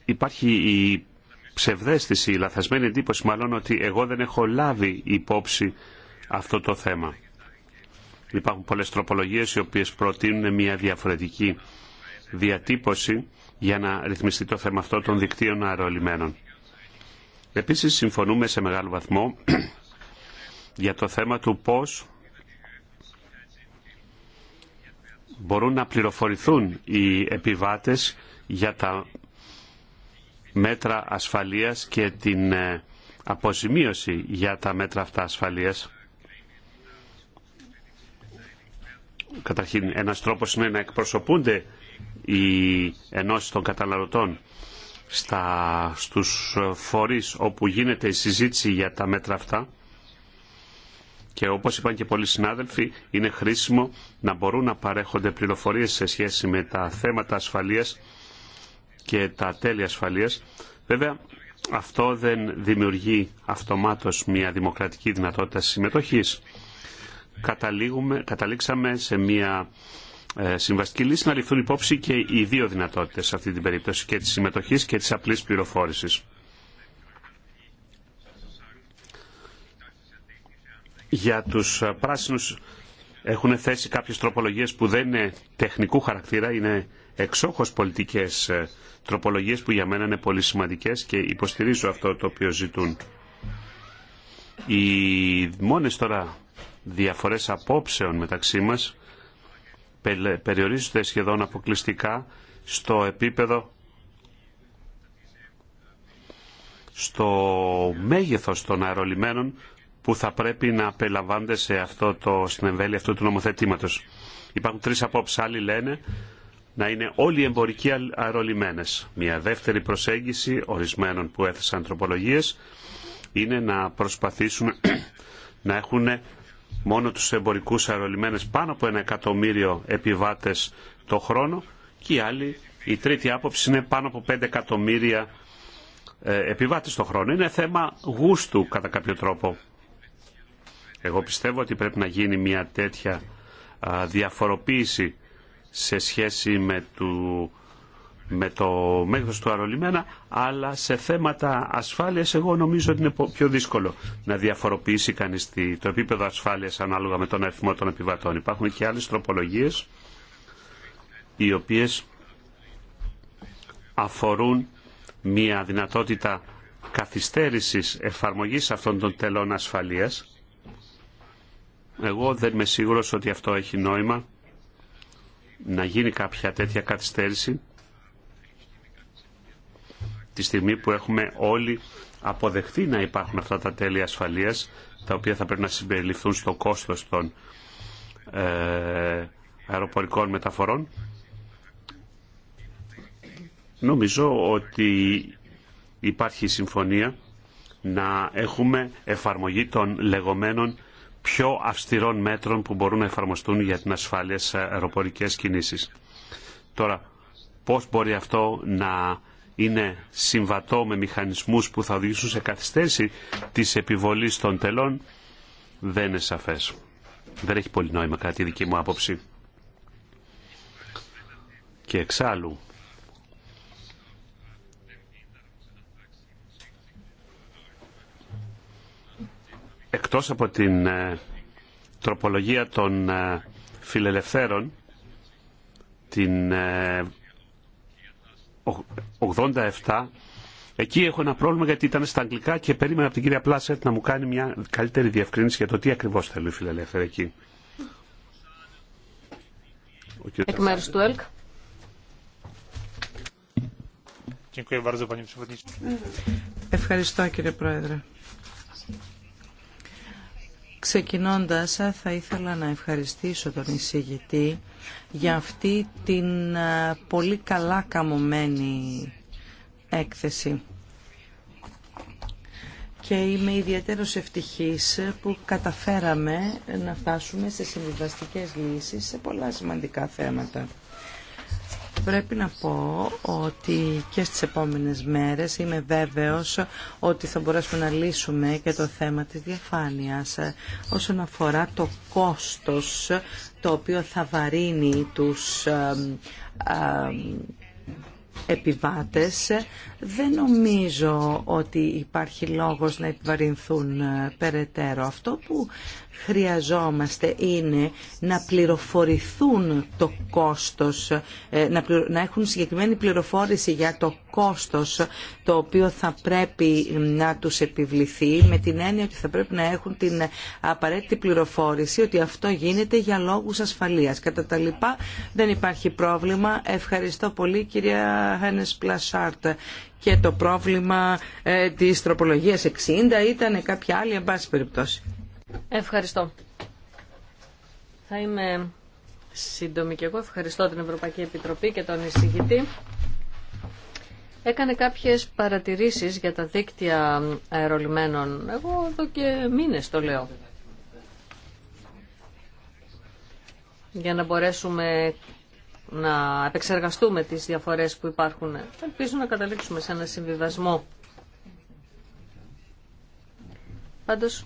υπάρχει η ψευδέστηση, η λαθασμένη εντύπωση μάλλον ότι εγώ δεν έχω λάβει υπόψη αυτό το θέμα. Υπάρχουν πολλές τροπολογίες οι οποίες προτείνουν μια διαφορετική διατύπωση για να ρυθμιστεί το θέμα αυτό των δικτύων αερολιμένων. Επίσης συμφωνούμε σε μεγάλο βαθμό (clears throat) για το θέμα του πώς μπορούν να πληροφορηθούν οι επιβάτες για τα μέτρα ασφαλείας και την ε, αποζημίωση για τα μέτρα αυτά ασφαλείας. Καταρχήν, ένας τρόπος είναι να εκπροσωπούνται οι ενώσεις των καταναλωτών στα, στους φορείς όπου γίνεται η συζήτηση για τα μέτρα αυτά και όπως είπαν και πολλοί συνάδελφοι είναι χρήσιμο να μπορούν να παρέχονται πληροφορίες σε σχέση με τα θέματα ασφαλείας και τα τέλη ασφαλείας. Βέβαια, αυτό δεν δημιουργεί αυτομάτως μια δημοκρατική δυνατότητα συμμετοχής. Καταλήγουμε, καταλήξαμε σε μια ε, συμβαστική λύση να ληφθούν υπόψη και οι δύο δυνατότητες σε αυτή την περίπτωση και της συμμετοχής και της απλής πληροφόρησης. Για τους ε, πράσινους έχουν θέσει κάποιες τροπολογίες που δεν είναι τεχνικού χαρακτήρα, είναι εξόχως πολιτικές ε, τροπολογίες που για μένα είναι πολύ σημαντικές και υποστηρίζω αυτό το οποίο ζητούν. Οι μόνες τώρα διαφορές απόψεων μεταξύ μας περιορίζονται σχεδόν αποκλειστικά στο επίπεδο στο μέγεθος των αερολιμένων που θα πρέπει να απελαμβάνονται σε αυτό το, στην αυτού του νομοθετήματος. Υπάρχουν τρεις απόψεις. Άλλοι λένε να είναι όλοι οι εμπορικοί αερολιμένε. Μια δεύτερη προσέγγιση ορισμένων που έθεσαν τροπολογίες είναι να προσπαθήσουν (clears throat) να έχουν μόνο τους εμπορικούς αερολιμένες πάνω από ένα εκατομμύριο επιβάτες το χρόνο και η άλλη, η τρίτη άποψη είναι πάνω από 5 εκατομμύρια ε, επιβάτες το χρόνο. Είναι θέμα γούστου κατά κάποιο τρόπο. Εγώ πιστεύω ότι πρέπει να γίνει μια τέτοια διαφοροποίηση σε σχέση με, με το μέγεθος του αρολιμένα, αλλά σε θέματα ασφάλειας εγώ νομίζω ότι είναι πιο δύσκολο να διαφοροποιήσει κανείς το επίπεδο ασφάλειας ανάλογα με τον αριθμό των επιβατών. Υπάρχουν και άλλες τροπολογίες οι οποίες αφορούν μια δυνατότητα καθυστέρησης εφαρμογής αυτών των τελών ασφαλείας. Εγώ δεν είμαι σίγουρο ότι αυτό έχει νόημα να γίνει κάποια τέτοια καθυστέρηση τη στιγμή που έχουμε όλοι αποδεχτεί να υπάρχουν αυτά τα τέλη ασφαλείας τα οποία θα πρέπει να συμπεριληφθούν στο κόστος των ε, αεροπορικών μεταφορών. Νομίζω ότι υπάρχει συμφωνία να έχουμε εφαρμογή των λεγόμενων πιο αυστηρών μέτρων που μπορούν να εφαρμοστούν για την ασφάλεια σε αεροπορικές κινήσεις. Τώρα, πώς μπορεί αυτό να είναι συμβατό με μηχανισμούς που θα οδηγήσουν σε καθυστέρηση της επιβολής των τελών, δεν είναι σαφές. Δεν έχει πολύ νόημα κατά τη δική μου άποψη. Και εξάλλου, εκτός από την ε, τροπολογία των ε, φιλελευθέρων την 87 ε, εκεί έχω ένα πρόβλημα γιατί ήταν στα αγγλικά και περίμενα από την κυρία Πλάσερτ να μου κάνει μια καλύτερη διευκρίνηση για το τι ακριβώς θέλει η φιλελεύθερη εκεί. Εκ μέρους του ΕΛΚ. Ευχαριστώ κύριε Πρόεδρε. Ξεκινώντας, θα ήθελα να ευχαριστήσω τον εισηγητή για αυτή την πολύ καλά καμωμένη έκθεση. Και είμαι ιδιαίτερο ευτυχής που καταφέραμε να φτάσουμε σε συμβιβαστικές λύσεις σε πολλά σημαντικά θέματα πρέπει να πω ότι και στις επόμενες μέρες είμαι βέβαιος ότι θα μπορέσουμε να λύσουμε και το θέμα της διαφάνειας ε, όσον αφορά το κόστος το οποίο θα βαρύνει τους επιβάτες δεν νομίζω ότι υπάρχει λόγος να επιβαρυνθούν ε, περαιτέρω. Αυτό που χρειαζόμαστε είναι να πληροφορηθούν το κόστος, ε, να έχουν συγκεκριμένη πληροφόρηση για το κόστος το οποίο θα πρέπει να τους επιβληθεί με την έννοια ότι θα πρέπει να έχουν την απαραίτητη πληροφόρηση ότι αυτό γίνεται για λόγους ασφαλείας. Κατά τα λοιπά δεν υπάρχει πρόβλημα. Ευχαριστώ πολύ κυρία Χένες Πλασάρτ και το πρόβλημα ε, της τροπολογίας 60 ήταν κάποια άλλη εν περιπτώσει. Ευχαριστώ. Θα είμαι σύντομη και εγώ. Ευχαριστώ την Ευρωπαϊκή Επιτροπή και τον εισηγητή. Έκανε κάποιες παρατηρήσεις για τα δίκτυα αερολιμένων. Εγώ εδώ και μήνες το λέω. Για να μπορέσουμε να επεξεργαστούμε τις διαφορές που υπάρχουν. Ελπίζω να καταλήξουμε σε ένα συμβιβασμό. Πάντως,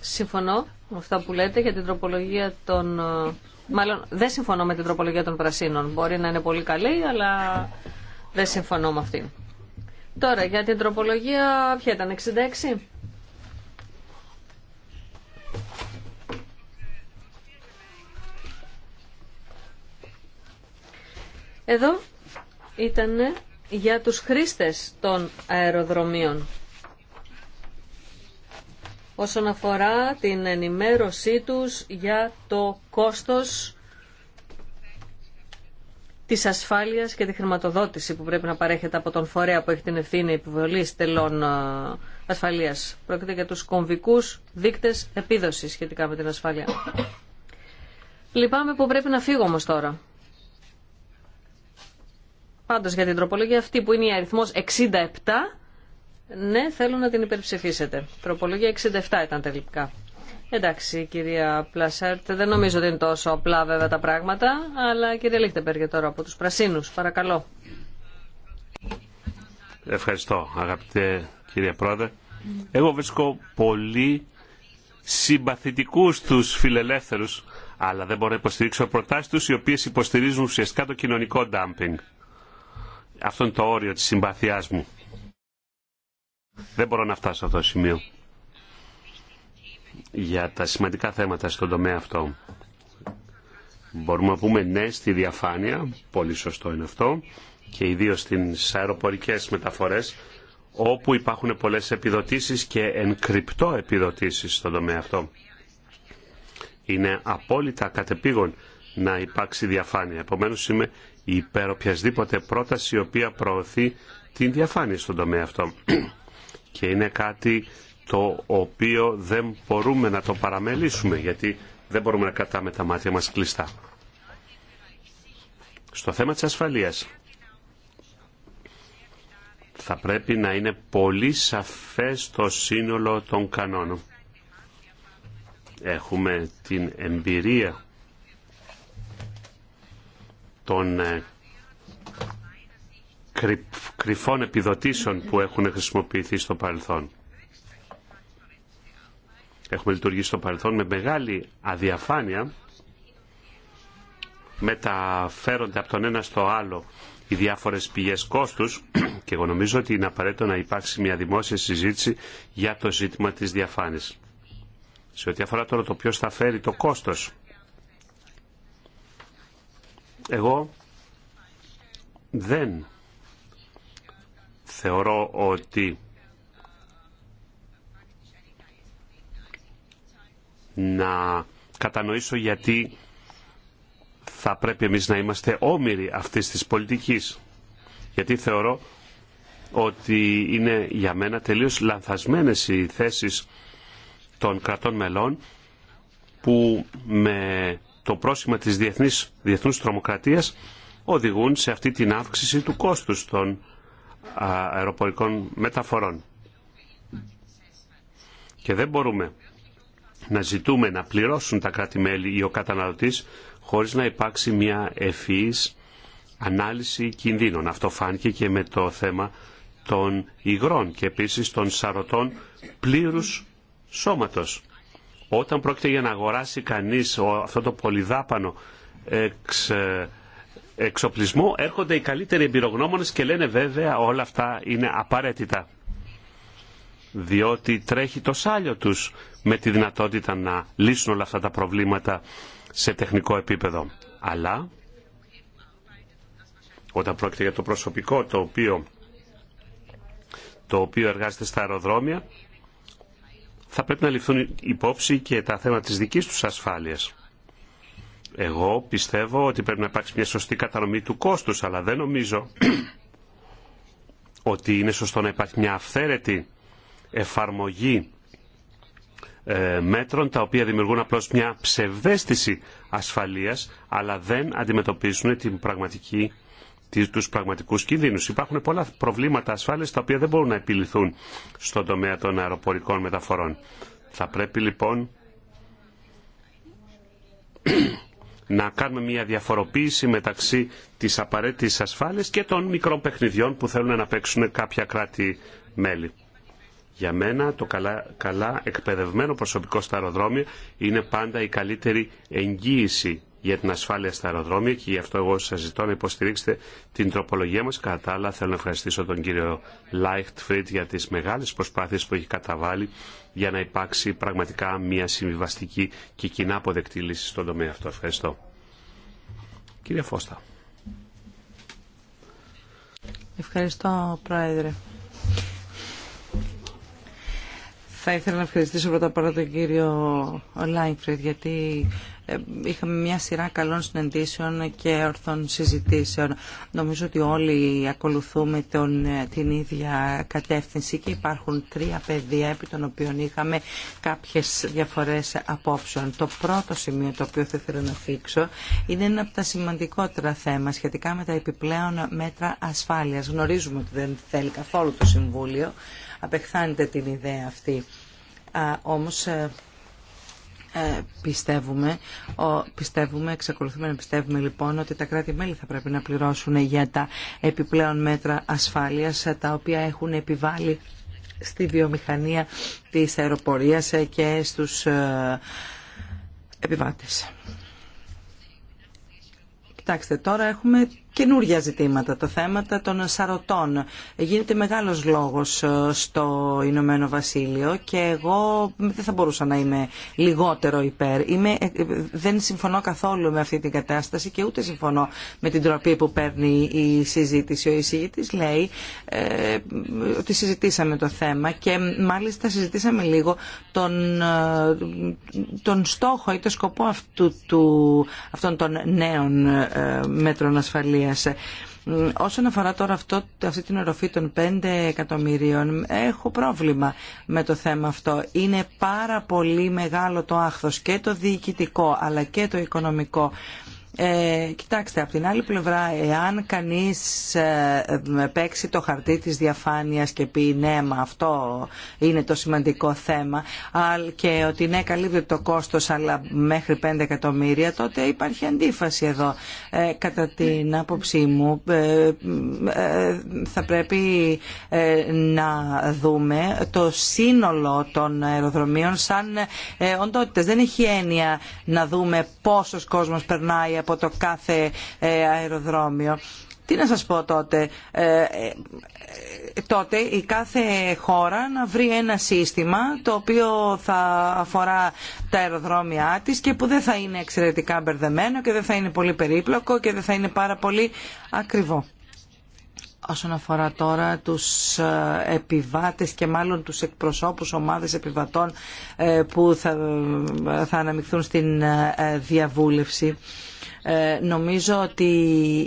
Συμφωνώ με αυτά που λέτε για την τροπολογία των... Ε, μάλλον δεν συμφωνώ με την τροπολογία των πρασίνων. Μπορεί να είναι πολύ καλή, αλλά δεν συμφωνώ με αυτήν. Τώρα, για την τροπολογία, ποια ήταν, 66? Εδώ ήταν για τους χρήστες των αεροδρομίων όσον αφορά την ενημέρωσή τους για το κόστος της ασφάλειας και τη χρηματοδότηση που πρέπει να παρέχεται από τον φορέα που έχει την ευθύνη επιβολή τελών ασφαλείας. Πρόκειται για τους κομβικούς δείκτες επίδοσης σχετικά με την ασφάλεια. Λυπάμαι που πρέπει να φύγω όμως τώρα. Πάντως για την τροπολογία αυτή που είναι η αριθμός 67 ναι, θέλω να την υπερψηφίσετε. Τροπολογία 67 ήταν τελικά. Εντάξει, κυρία Πλασέρτ, δεν νομίζω ότι είναι τόσο απλά βέβαια τα πράγματα, αλλά κύριε Λίχτεμπεργκε τώρα από τους Πρασίνους, παρακαλώ. Ευχαριστώ, αγαπητέ κυρία Πρόεδρε. Εγώ βρίσκω πολύ συμπαθητικούς τους φιλελεύθερους, αλλά δεν μπορώ να υποστηρίξω προτάσεις τους, οι οποίες υποστηρίζουν ουσιαστικά το κοινωνικό ντάμπινγκ. Αυτό είναι το όριο της συμπαθίας μου. Δεν μπορώ να φτάσω σε αυτό το σημείο για τα σημαντικά θέματα στον τομέα αυτό. Μπορούμε να πούμε ναι στη διαφάνεια, πολύ σωστό είναι αυτό, και ιδίως στις αεροπορικές μεταφορές, όπου υπάρχουν πολλές επιδοτήσεις και ενκρυπτό επιδοτήσεις στον τομέα αυτό. Είναι απόλυτα κατεπήγον να υπάρξει διαφάνεια. Επομένως είμαι υπέρ οποιασδήποτε πρόταση η οποία προωθεί την διαφάνεια στον τομέα αυτό και είναι κάτι το οποίο δεν μπορούμε να το παραμελήσουμε γιατί δεν μπορούμε να κρατάμε τα μάτια μας κλειστά. Στο θέμα της ασφαλείας θα πρέπει να είναι πολύ σαφές το σύνολο των κανόνων. Έχουμε την εμπειρία των ε, κρυφών επιδοτήσεων που έχουν χρησιμοποιηθεί στο παρελθόν. Έχουμε λειτουργήσει στο παρελθόν με μεγάλη αδιαφάνεια, μεταφέρονται από τον ένα στο άλλο οι διάφορες πηγές κόστους (clears throat) και εγώ νομίζω ότι είναι απαραίτητο να υπάρξει μια δημόσια συζήτηση για το ζήτημα της διαφάνειας. Σε ό,τι αφορά τώρα το ποιος θα φέρει το κόστος. Εγώ δεν θεωρώ ότι να κατανοήσω γιατί θα πρέπει εμείς να είμαστε όμοιροι αυτής της πολιτικής. Γιατί θεωρώ ότι είναι για μένα τελείως λανθασμένες οι θέσεις των κρατών μελών που με το πρόσημα της διεθνής, διεθνούς τρομοκρατίας οδηγούν σε αυτή την αύξηση του κόστους των αεροπορικών μεταφορών. Και δεν μπορούμε να ζητούμε να πληρώσουν τα κράτη-μέλη ή ο καταναλωτής χωρίς να υπάρξει μια ευφυής ανάλυση κινδύνων. Αυτό φάνηκε και με το θέμα των υγρών και επίσης των σαρωτών πλήρους σώματος. Όταν πρόκειται για να αγοράσει κανείς αυτό το πολυδάπανο εξ, ε, εξοπλισμό έρχονται οι καλύτεροι εμπειρογνώμονες και λένε βέβαια όλα αυτά είναι απαραίτητα διότι τρέχει το σάλιο τους με τη δυνατότητα να λύσουν όλα αυτά τα προβλήματα σε τεχνικό επίπεδο. Αλλά όταν πρόκειται για το προσωπικό το οποίο, το οποίο εργάζεται στα αεροδρόμια θα πρέπει να ληφθούν υπόψη και τα θέματα της δικής τους ασφάλειας. Εγώ πιστεύω ότι πρέπει να υπάρξει μια σωστή κατανομή του κόστους, αλλά δεν νομίζω (clears throat) ότι είναι σωστό να υπάρχει μια αυθαίρετη εφαρμογή ε, μέτρων τα οποία δημιουργούν απλώς μια ψευδέστηση ασφαλείας αλλά δεν αντιμετωπίζουν την πραγματική, τους πραγματικούς κινδύνους. Υπάρχουν πολλά προβλήματα ασφάλειας τα οποία δεν μπορούν να επιληθούν στον τομέα των αεροπορικών μεταφορών. Θα πρέπει λοιπόν να κάνουμε μια διαφοροποίηση μεταξύ της απαραίτητης ασφάλειας και των μικρών παιχνιδιών που θέλουν να παίξουν κάποια κράτη-μέλη. Για μένα το καλά, καλά εκπαιδευμένο προσωπικό στα αεροδρόμια είναι πάντα η καλύτερη εγγύηση για την ασφάλεια στα αεροδρόμια και γι' αυτό εγώ σας ζητώ να υποστηρίξετε την τροπολογία μας. Κατά άλλα θέλω να ευχαριστήσω τον κύριο Φρίντ για τις μεγάλες προσπάθειες που έχει καταβάλει για να υπάρξει πραγματικά μια συμβιβαστική και κοινά αποδεκτή λύση στον τομέα αυτό. Ευχαριστώ. Κύριε Φώστα. Ευχαριστώ, Πρόεδρε. Θα ήθελα να ευχαριστήσω πρώτα απ' όλα τον κύριο Λάιγκφρετ γιατί ε, είχαμε μια σειρά καλών συναντήσεων και ορθών συζητήσεων. Νομίζω ότι όλοι ακολουθούμε τον, ε, την ίδια κατεύθυνση και υπάρχουν τρία πεδία επί των οποίων είχαμε κάποιες διαφορές απόψεων. Το πρώτο σημείο το οποίο θα ήθελα να θίξω είναι ένα από τα σημαντικότερα θέματα σχετικά με τα επιπλέον μέτρα ασφάλειας. Γνωρίζουμε ότι δεν θέλει καθόλου το Συμβούλιο, απεχθάνεται την ιδέα αυτή. Α, ε, ε, πιστεύουμε, ο, πιστεύουμε, εξακολουθούμε να πιστεύουμε λοιπόν ότι τα κράτη-μέλη θα πρέπει να πληρώσουν για τα επιπλέον μέτρα ασφάλειας ε, τα οποία έχουν επιβάλει στη βιομηχανία της αεροπορίας ε, και στους ε, επιβάτες. Κοιτάξτε, τώρα έχουμε καινούργια ζητήματα, τα θέματα των σαρωτών. Γίνεται μεγάλος λόγος ε, στο Ηνωμένο Βασίλειο και εγώ δεν θα μπορούσα να είμαι λιγότερο υπέρ. Είμαι, ε, ε, δεν συμφωνώ καθόλου με αυτή την κατάσταση και ούτε συμφωνώ με την τροπή που παίρνει η συζήτηση. Ο εισηγητής λέει ότι συζητήσαμε το θέμα και μάλιστα συζητήσαμε λίγο τον, τον στόχο ή τον σκοπό αυτών των νέων μέτρων ασφαλείας Όσον αφορά τώρα αυτό, αυτή την οροφή των 5 εκατομμυρίων, έχω πρόβλημα με το θέμα αυτό. Είναι πάρα πολύ μεγάλο το άχθος και το διοικητικό αλλά και το οικονομικό. Ε, κοιτάξτε, από την άλλη πλευρά, εάν κανείς ε, ε, παίξει το χαρτί της διαφάνειας και πει ναι, μα αυτό είναι το σημαντικό θέμα και ότι ναι, καλύπτει το κόστος αλλά μέχρι 5 εκατομμύρια, τότε υπάρχει αντίφαση εδώ. Ε, κατά την άποψή μου, θα πρέπει να δούμε το σύνολο των αεροδρομίων σαν οντότητες. Δεν έχει έννοια να δούμε πόσος κόσμος περνάει από το κάθε ε, αεροδρόμιο. Τι να σας πω τότε, ε, ε, τότε η κάθε χώρα να βρει ένα σύστημα το οποίο θα αφορά τα αεροδρόμια της και που δεν θα είναι εξαιρετικά μπερδεμένο και δεν θα είναι πολύ περίπλοκο και δεν θα είναι πάρα πολύ ακριβό. Όσον αφορά τώρα τους επιβάτες και μάλλον τους εκπροσώπους ομάδες επιβατών που θα, θα αναμειχθούν στην διαβούλευση. Ε, νομίζω ότι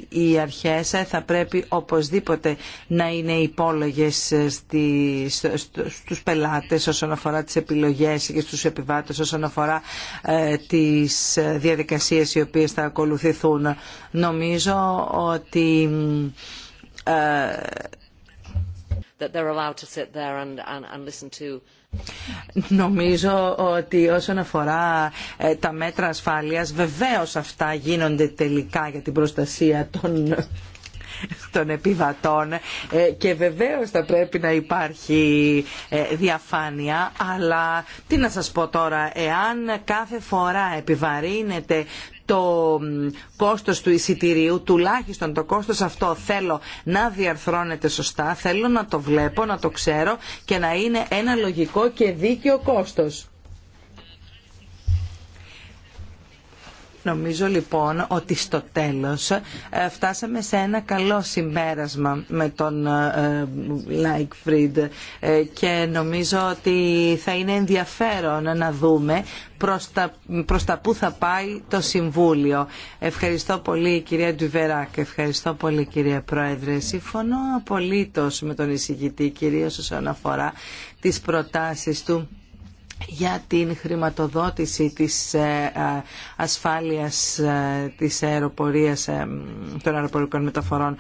οι αρχές θα πρέπει οπωσδήποτε να είναι υπόλογες ε, στους πελάτες όσον αφορά τις επιλογές και στους επιβάτες όσον αφορά ε, τις διαδικασίες οι οποίες θα ακολουθηθούν. Νομίζω ότι that they're listen Νομίζω ότι όσον αφορά ε, τα μέτρα ασφάλειας, βεβαίως αυτά γίνονται τελικά για την προστασία των των επιβατών ε, και βεβαίως θα πρέπει να υπάρχει ε, διαφάνεια αλλά τι να σας πω τώρα εάν κάθε φορά επιβαρύνεται το κόστος του εισιτηρίου, τουλάχιστον το κόστος αυτό θέλω να διαρθρώνεται σωστά, θέλω να το βλέπω, να το ξέρω και να είναι ένα λογικό και δίκαιο κόστος. Νομίζω λοιπόν ότι στο τέλος ε, φτάσαμε σε ένα καλό συμπέρασμα με τον ε, ε, Λάικφριντ και νομίζω ότι θα είναι ενδιαφέρον να δούμε προς τα, που θα πάει το Συμβούλιο. Ευχαριστώ πολύ κυρία Ντουβεράκ, ευχαριστώ πολύ κυρία Πρόεδρε. Συμφωνώ απολύτως με τον εισηγητή κυρίως όσον αφορά τις προτάσεις του για την χρηματοδότηση της ε, ε, ασφάλειας ε, της αεροπορίας των αεροπορικών μεταφορών.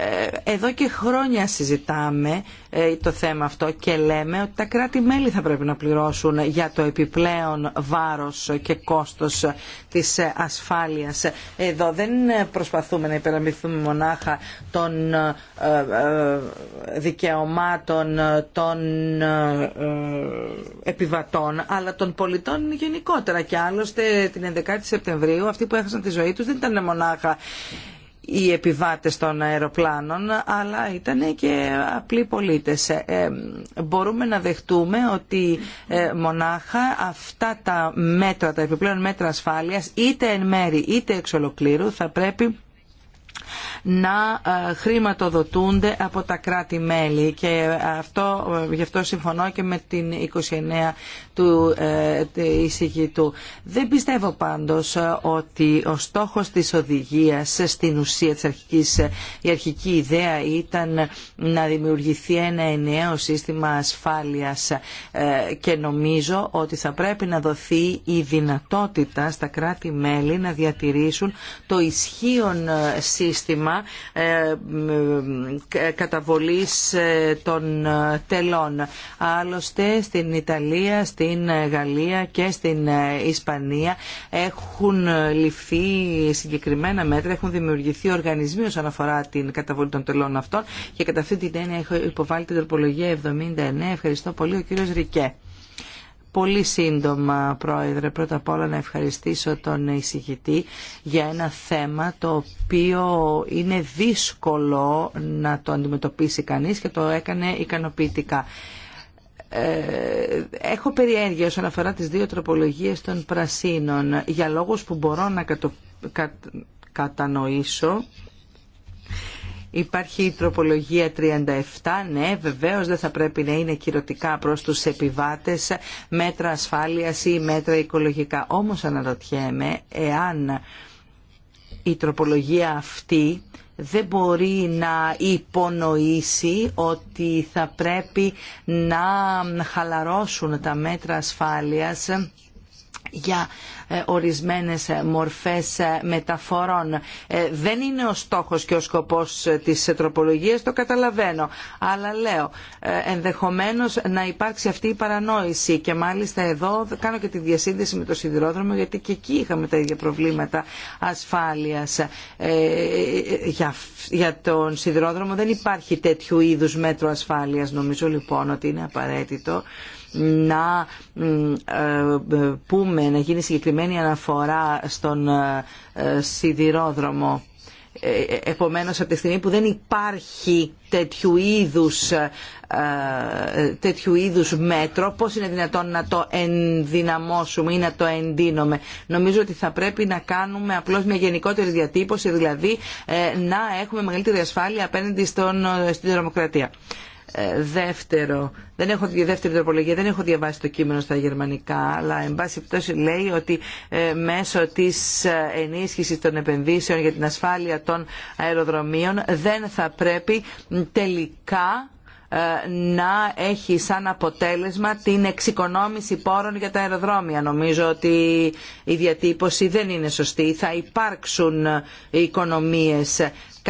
Ε, εδώ και χρόνια συζητάμε ε, το θέμα αυτό και λέμε ότι τα κράτη-μέλη θα πρέπει να πληρώσουν για το επιπλέον βάρος και κόστος της ασφάλειας. Εδώ δεν προσπαθούμε να υπεραμυθούμε μονάχα των ε, δικαιωμάτων των επιβατών αλλά των πολιτών γενικότερα και άλλωστε την 11η Σεπτεμβρίου αυτοί που έχασαν τη ζωή τους δεν ήταν μονάχα οι επιβάτες των αεροπλάνων αλλά ήταν και απλοί πολίτες. Ε, ε, μπορούμε να δεχτούμε ότι ε, μονάχα αυτά τα μέτρα, τα επιπλέον μέτρα ασφάλειας είτε εν μέρη είτε εξ ολοκλήρου θα πρέπει να ε, χρηματοδοτούνται από τα κράτη-μέλη και ε, αυτό, ε, γι' αυτό συμφωνώ και με την 29 του εισηγητού. Δεν πιστεύω πάντως ότι ο στόχος της οδηγίας στην ουσία της αρχικής, η αρχική ιδέα ήταν να δημιουργηθεί ένα ενιαίο σύστημα ασφάλειας και νομίζω ότι θα πρέπει να δοθεί η δυνατότητα στα κράτη-μέλη να διατηρήσουν το ισχύον σύστημα ε, καταβολής ε, των ε, τελών. Άλλωστε στην Ιταλία, στην Γαλλία και στην Ισπανία έχουν ληφθεί συγκεκριμένα μέτρα, έχουν δημιουργηθεί οργανισμοί όσον αφορά την καταβολή των τελών αυτών και κατά αυτή την έννοια έχω υποβάλει την τροπολογία 79. Ευχαριστώ πολύ ο κύριος Ρικέ. Πολύ σύντομα, Πρόεδρε, πρώτα απ' όλα να ευχαριστήσω τον εισηγητή για ένα θέμα το οποίο είναι δύσκολο να το αντιμετωπίσει κανείς και το έκανε ικανοποιητικά. Ε, έχω περιέργεια όσον αφορά τις δύο τροπολογίες των πρασίνων για λόγους που μπορώ να κατανοήσω Υπάρχει η τροπολογία 37, ναι βεβαίως δεν θα πρέπει να είναι κυρωτικά προς τους επιβάτες μέτρα ασφάλειας ή μέτρα οικολογικά. Όμως αναρωτιέμαι εάν η τροπολογία αυτή δεν μπορεί να υπονοήσει ότι θα πρέπει να χαλαρώσουν τα μέτρα ασφάλειας για ε, ορισμένες ε, μορφές ε, μεταφορών. Δεν είναι ο στόχος και ο σκοπός της τροπολογίας, το καταλαβαίνω. Αλλά λέω, ενδεχομένως να υπάρξει αυτή η παρανόηση και μάλιστα εδώ κάνω και τη διασύνδεση με το σιδηρόδρομο γιατί και εκεί είχαμε τα ίδια προβλήματα ασφάλειας. Για τον σιδηρόδρομο δεν υπάρχει τέτοιου είδους μέτρο ασφάλειας. Νομίζω λοιπόν ότι είναι απαραίτητο να ε, ε, πούμε, να γίνει συγκεκριμένη αναφορά στον ε, σιδηρόδρομο. Επομένως, από τη στιγμή που δεν υπάρχει τέτοιου είδους, τέτοιου είδους μέτρο, πώς είναι δυνατόν να το ενδυναμώσουμε ή να το εντείνουμε. Νομίζω ότι θα πρέπει να κάνουμε απλώς μια γενικότερη διατύπωση, δηλαδή να έχουμε μεγαλύτερη ασφάλεια απέναντι στην δημοκρατία. Ε, δεύτερο, δεν έχω δεύτερη τροπολογία, δεν έχω διαβάσει το κείμενο στα γερμανικά, αλλά εν πάση πτώση λέει ότι ε, μέσω της ε, ενίσχυσης των επενδύσεων για την ασφάλεια των αεροδρομίων δεν θα πρέπει τελικά να έχει σαν αποτέλεσμα την εξοικονόμηση πόρων για τα αεροδρόμια. Νομίζω ότι η διατύπωση δεν είναι σωστή. Θα υπάρξουν οικονομίες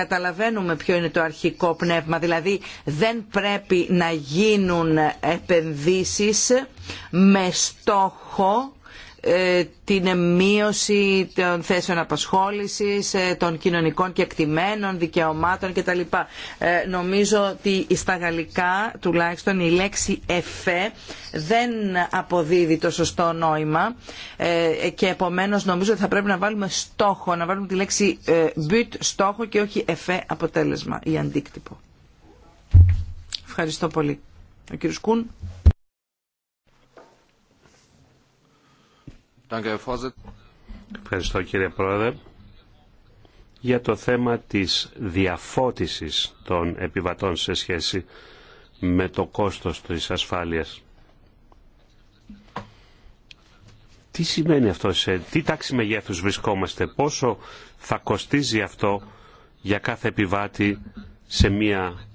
καταλαβαίνουμε ποιο είναι το αρχικό πνεύμα. Δηλαδή δεν πρέπει να γίνουν επενδύσεις με στόχο ε, την μείωση των θέσεων απασχόλησης, ε, των κοινωνικών και εκτιμένων δικαιωμάτων κτλ. Ε, νομίζω ότι στα γαλλικά τουλάχιστον η λέξη εφέ δεν αποδίδει το σωστό νόημα και επομένως νομίζω ότι θα πρέπει να βάλουμε στόχο, να βάλουμε τη λέξη but στόχο και όχι εφέ αποτέλεσμα ή αντίκτυπο. Ευχαριστώ πολύ. Ο κύριος Ευχαριστώ κύριε Πρόεδρε. Για το θέμα της διαφώτισης των επιβατών σε σχέση με το κόστος της ασφάλειας. Τι σημαίνει αυτό, σε τι τάξη μεγέθους βρισκόμαστε, πόσο θα κοστίζει αυτό για κάθε επιβάτη σε μία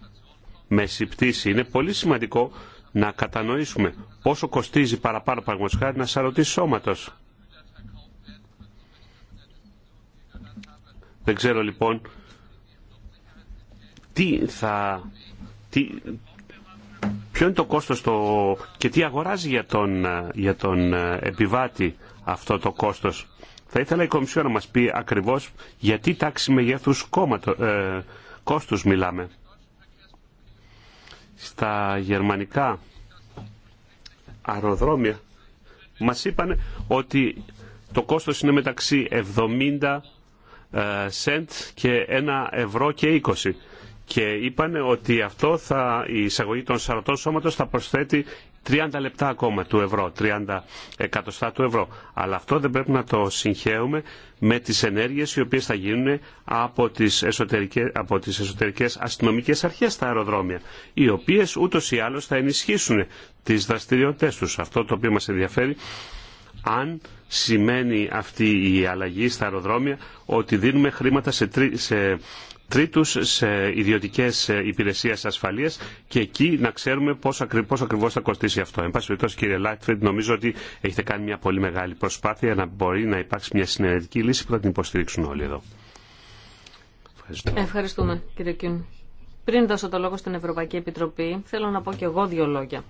μέση πτήση. Είναι πολύ σημαντικό να κατανοήσουμε πόσο κοστίζει παραπάνω πραγματικά ένα σαρωτή σώματος. Δεν ξέρω λοιπόν τι θα, ποιο είναι το κόστος το, και τι αγοράζει για τον, για τον ε, επιβάτη αυτό το κόστος. Θα ήθελα η Κομισιό να μας πει ακριβώς γιατί τάξη μεγέθους κόμματο, ε, κόστους μιλάμε. Στα γερμανικά αεροδρόμια μας είπαν ότι το κόστος είναι μεταξύ 70 σεντ και ένα ευρώ και 20 και είπαν ότι αυτό θα, η εισαγωγή των σαρωτών σώματος θα προσθέτει 30 λεπτά ακόμα του ευρώ, 30 εκατοστά του ευρώ. Αλλά αυτό δεν πρέπει να το συγχαίουμε με τις ενέργειες οι οποίες θα γίνουν από τις εσωτερικές, από τις εσωτερικές αστυνομικές αρχές στα αεροδρόμια, οι οποίες ούτως ή άλλως θα ενισχύσουν τις δραστηριότητες τους. Αυτό το οποίο μας ενδιαφέρει αν σημαίνει αυτή η αλλαγή στα αεροδρόμια ότι δίνουμε χρήματα σε, τρί, σε τρίτους, σε ιδιωτικές υπηρεσίες ασφαλείας και εκεί να ξέρουμε πόσο, ακριβώ πόσο ακριβώς θα κοστίσει αυτό. Εν πάση περιπτώσει κύριε Λάκτφριντ νομίζω ότι έχετε κάνει μια πολύ μεγάλη προσπάθεια να μπορεί να υπάρξει μια συνεργατική λύση που θα την υποστηρίξουν όλοι εδώ. Ευχαριστούμε κύριε Κιούν. Πριν δώσω το λόγο στην Ευρωπαϊκή Επιτροπή, θέλω να πω και εγώ δύο λόγια.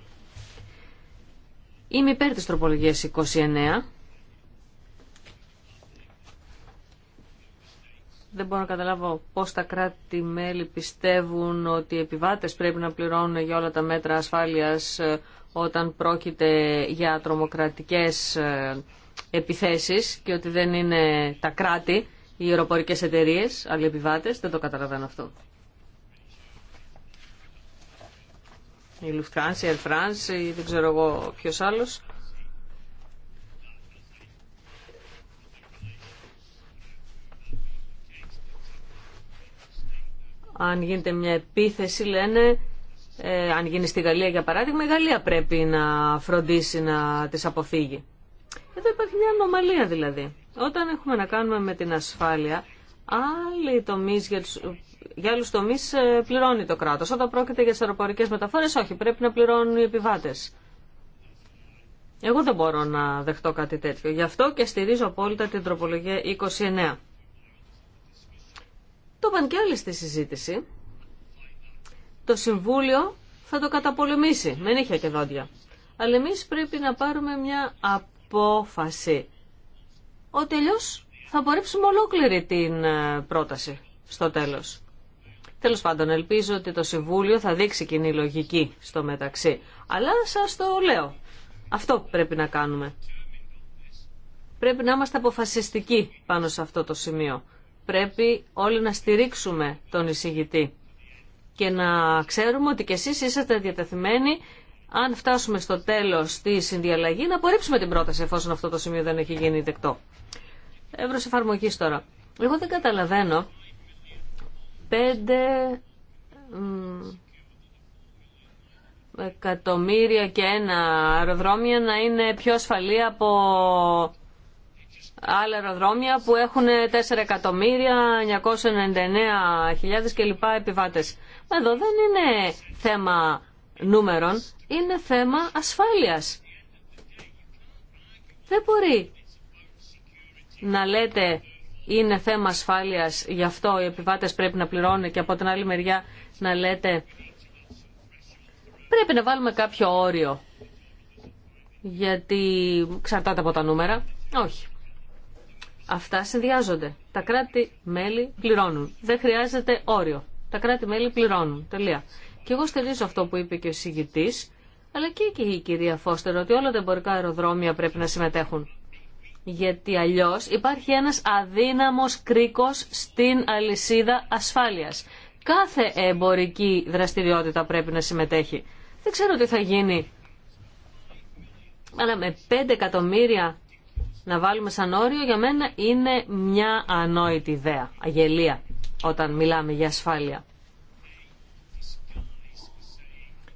Είμαι υπέρ της τροπολογίας 29. Δεν μπορώ να καταλάβω πώς τα κράτη-μέλη πιστεύουν ότι οι επιβάτες πρέπει να πληρώνουν για όλα τα μέτρα ασφάλειας ε, όταν πρόκειται για τρομοκρατικές ε, επιθέσεις και ότι δεν είναι τα κράτη, οι αεροπορικές εταιρείες, οι επιβάτες. Δεν το καταλαβαίνω αυτό. η Lufthansa, η Air ή δεν ξέρω εγώ ποιος άλλος. Αν γίνεται μια επίθεση λένε, ε, αν γίνει στη Γαλλία για παράδειγμα, η Γαλλία πρέπει να φροντίσει να τις αποφύγει. Εδώ υπάρχει μια ανομαλία δηλαδή. Όταν έχουμε να κάνουμε με την ασφάλεια, άλλοι τομεί για τους για άλλου τομεί ε, πληρώνει το κράτο. Όταν πρόκειται για τι αεροπορικέ μεταφορέ, όχι, πρέπει να πληρώνουν οι επιβάτε. Εγώ δεν μπορώ να δεχτώ κάτι τέτοιο. Γι' αυτό και στηρίζω απόλυτα την τροπολογία 29. Το είπαν και άλλοι στη συζήτηση. Το Συμβούλιο θα το καταπολεμήσει με νύχια και δόντια. Αλλά εμείς πρέπει να πάρουμε μια απόφαση. Ότι αλλιώ θα απορρίψουμε ολόκληρη την ε, πρόταση στο τέλος. Τέλο πάντων, ελπίζω ότι το Συμβούλιο θα δείξει κοινή λογική στο μεταξύ. Αλλά σας το λέω. Αυτό πρέπει να κάνουμε. Πρέπει να είμαστε αποφασιστικοί πάνω σε αυτό το σημείο. Πρέπει όλοι να στηρίξουμε τον εισηγητή και να ξέρουμε ότι κι εσείς είσαστε διατεθειμένοι αν φτάσουμε στο τέλος τη συνδιαλλαγή να απορρίψουμε την πρόταση εφόσον αυτό το σημείο δεν έχει γίνει δεκτό. Εύρος εφαρμογή τώρα. Εγώ δεν καταλαβαίνω εκατομμύρια και ένα αεροδρόμια να είναι πιο ασφαλή από άλλα αεροδρόμια που έχουν 4 εκατομμύρια 999.000 κλπ. επιβάτες. Εδώ δεν είναι θέμα νούμερων, είναι θέμα ασφάλειας. Δεν μπορεί να λέτε είναι θέμα ασφάλειας, γι' αυτό οι επιβάτες πρέπει να πληρώνουν και από την άλλη μεριά να λέτε πρέπει να βάλουμε κάποιο όριο γιατί ξαρτάται από τα νούμερα. Όχι. Αυτά συνδυάζονται. Τα κράτη-μέλη πληρώνουν. Δεν χρειάζεται όριο. Τα κράτη-μέλη πληρώνουν. Τελεία. Και εγώ στηρίζω αυτό που είπε και ο συγητής, αλλά και, και η κυρία Φώστερ, ότι όλα τα εμπορικά αεροδρόμια πρέπει να συμμετέχουν γιατί αλλιώς υπάρχει ένας αδύναμος κρίκος στην αλυσίδα ασφάλειας. Κάθε εμπορική δραστηριότητα πρέπει να συμμετέχει. Δεν ξέρω τι θα γίνει. Αλλά με 5 εκατομμύρια να βάλουμε σαν όριο για μένα είναι μια ανόητη ιδέα, αγελία, όταν μιλάμε για ασφάλεια.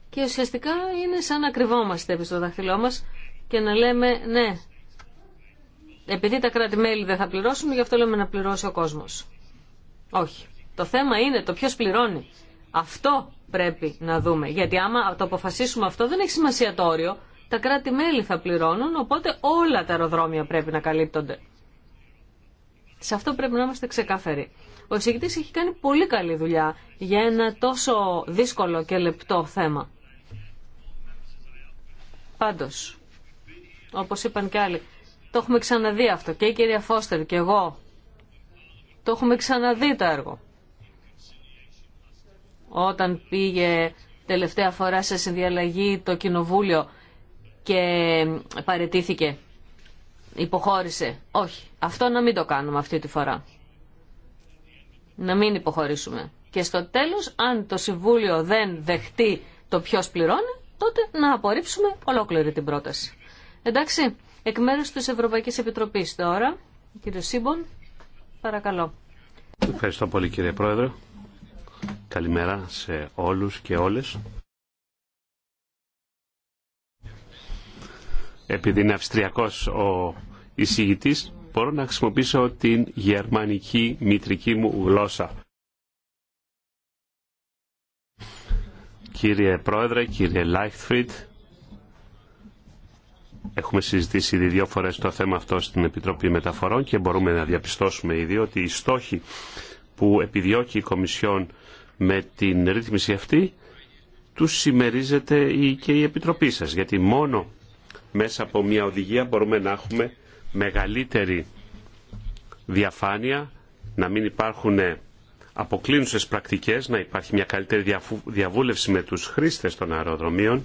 Και ουσιαστικά είναι σαν να κρυβόμαστε επί στο δάχτυλό μας και να λέμε ναι, επειδή τα κράτη-μέλη δεν θα πληρώσουν, γι' αυτό λέμε να πληρώσει ο κόσμος. Όχι. Το θέμα είναι το ποιο πληρώνει. Αυτό πρέπει να δούμε. Γιατί άμα το αποφασίσουμε αυτό δεν έχει σημασία το όριο. Τα κράτη-μέλη θα πληρώνουν, οπότε όλα τα αεροδρόμια πρέπει να καλύπτονται. Σε αυτό πρέπει να είμαστε ξεκάθαροι. Ο εισηγητή έχει κάνει πολύ καλή δουλειά για ένα τόσο δύσκολο και λεπτό θέμα. Πάντως, όπως είπαν και άλλοι, το έχουμε ξαναδεί αυτό και η κυρία Φώστερ και εγώ. Το έχουμε ξαναδεί το έργο. Όταν πήγε τελευταία φορά σε συνδιαλλαγή το κοινοβούλιο και παρετήθηκε, υποχώρησε. Όχι, αυτό να μην το κάνουμε αυτή τη φορά. Να μην υποχωρήσουμε. Και στο τέλος, αν το Συμβούλιο δεν δεχτεί το ποιος πληρώνει, τότε να απορρίψουμε ολόκληρη την πρόταση. Εντάξει, Εκ μέρους τη Ευρωπαϊκή Επιτροπή τώρα, κύριο Σίμπον, παρακαλώ. Ευχαριστώ πολύ κύριε Πρόεδρε. Καλημέρα σε όλους και όλες. Επειδή είναι αυστριακός ο εισηγητής, μπορώ να χρησιμοποιήσω την γερμανική μητρική μου γλώσσα. Κύριε Πρόεδρε, κύριε Λάιχτφριντ, Έχουμε συζητήσει ήδη δύο φορέ το θέμα αυτό στην Επιτροπή Μεταφορών και μπορούμε να διαπιστώσουμε ήδη ότι οι στόχοι που επιδιώκει η Κομισιόν με την ρύθμιση αυτή του συμμερίζεται και η Επιτροπή σας, γιατί μόνο μέσα από μια οδηγία μπορούμε να έχουμε μεγαλύτερη διαφάνεια, να μην υπάρχουν αποκλίνουσες πρακτικές, να υπάρχει μια καλύτερη διαβούλευση με τους χρήστες των αεροδρομίων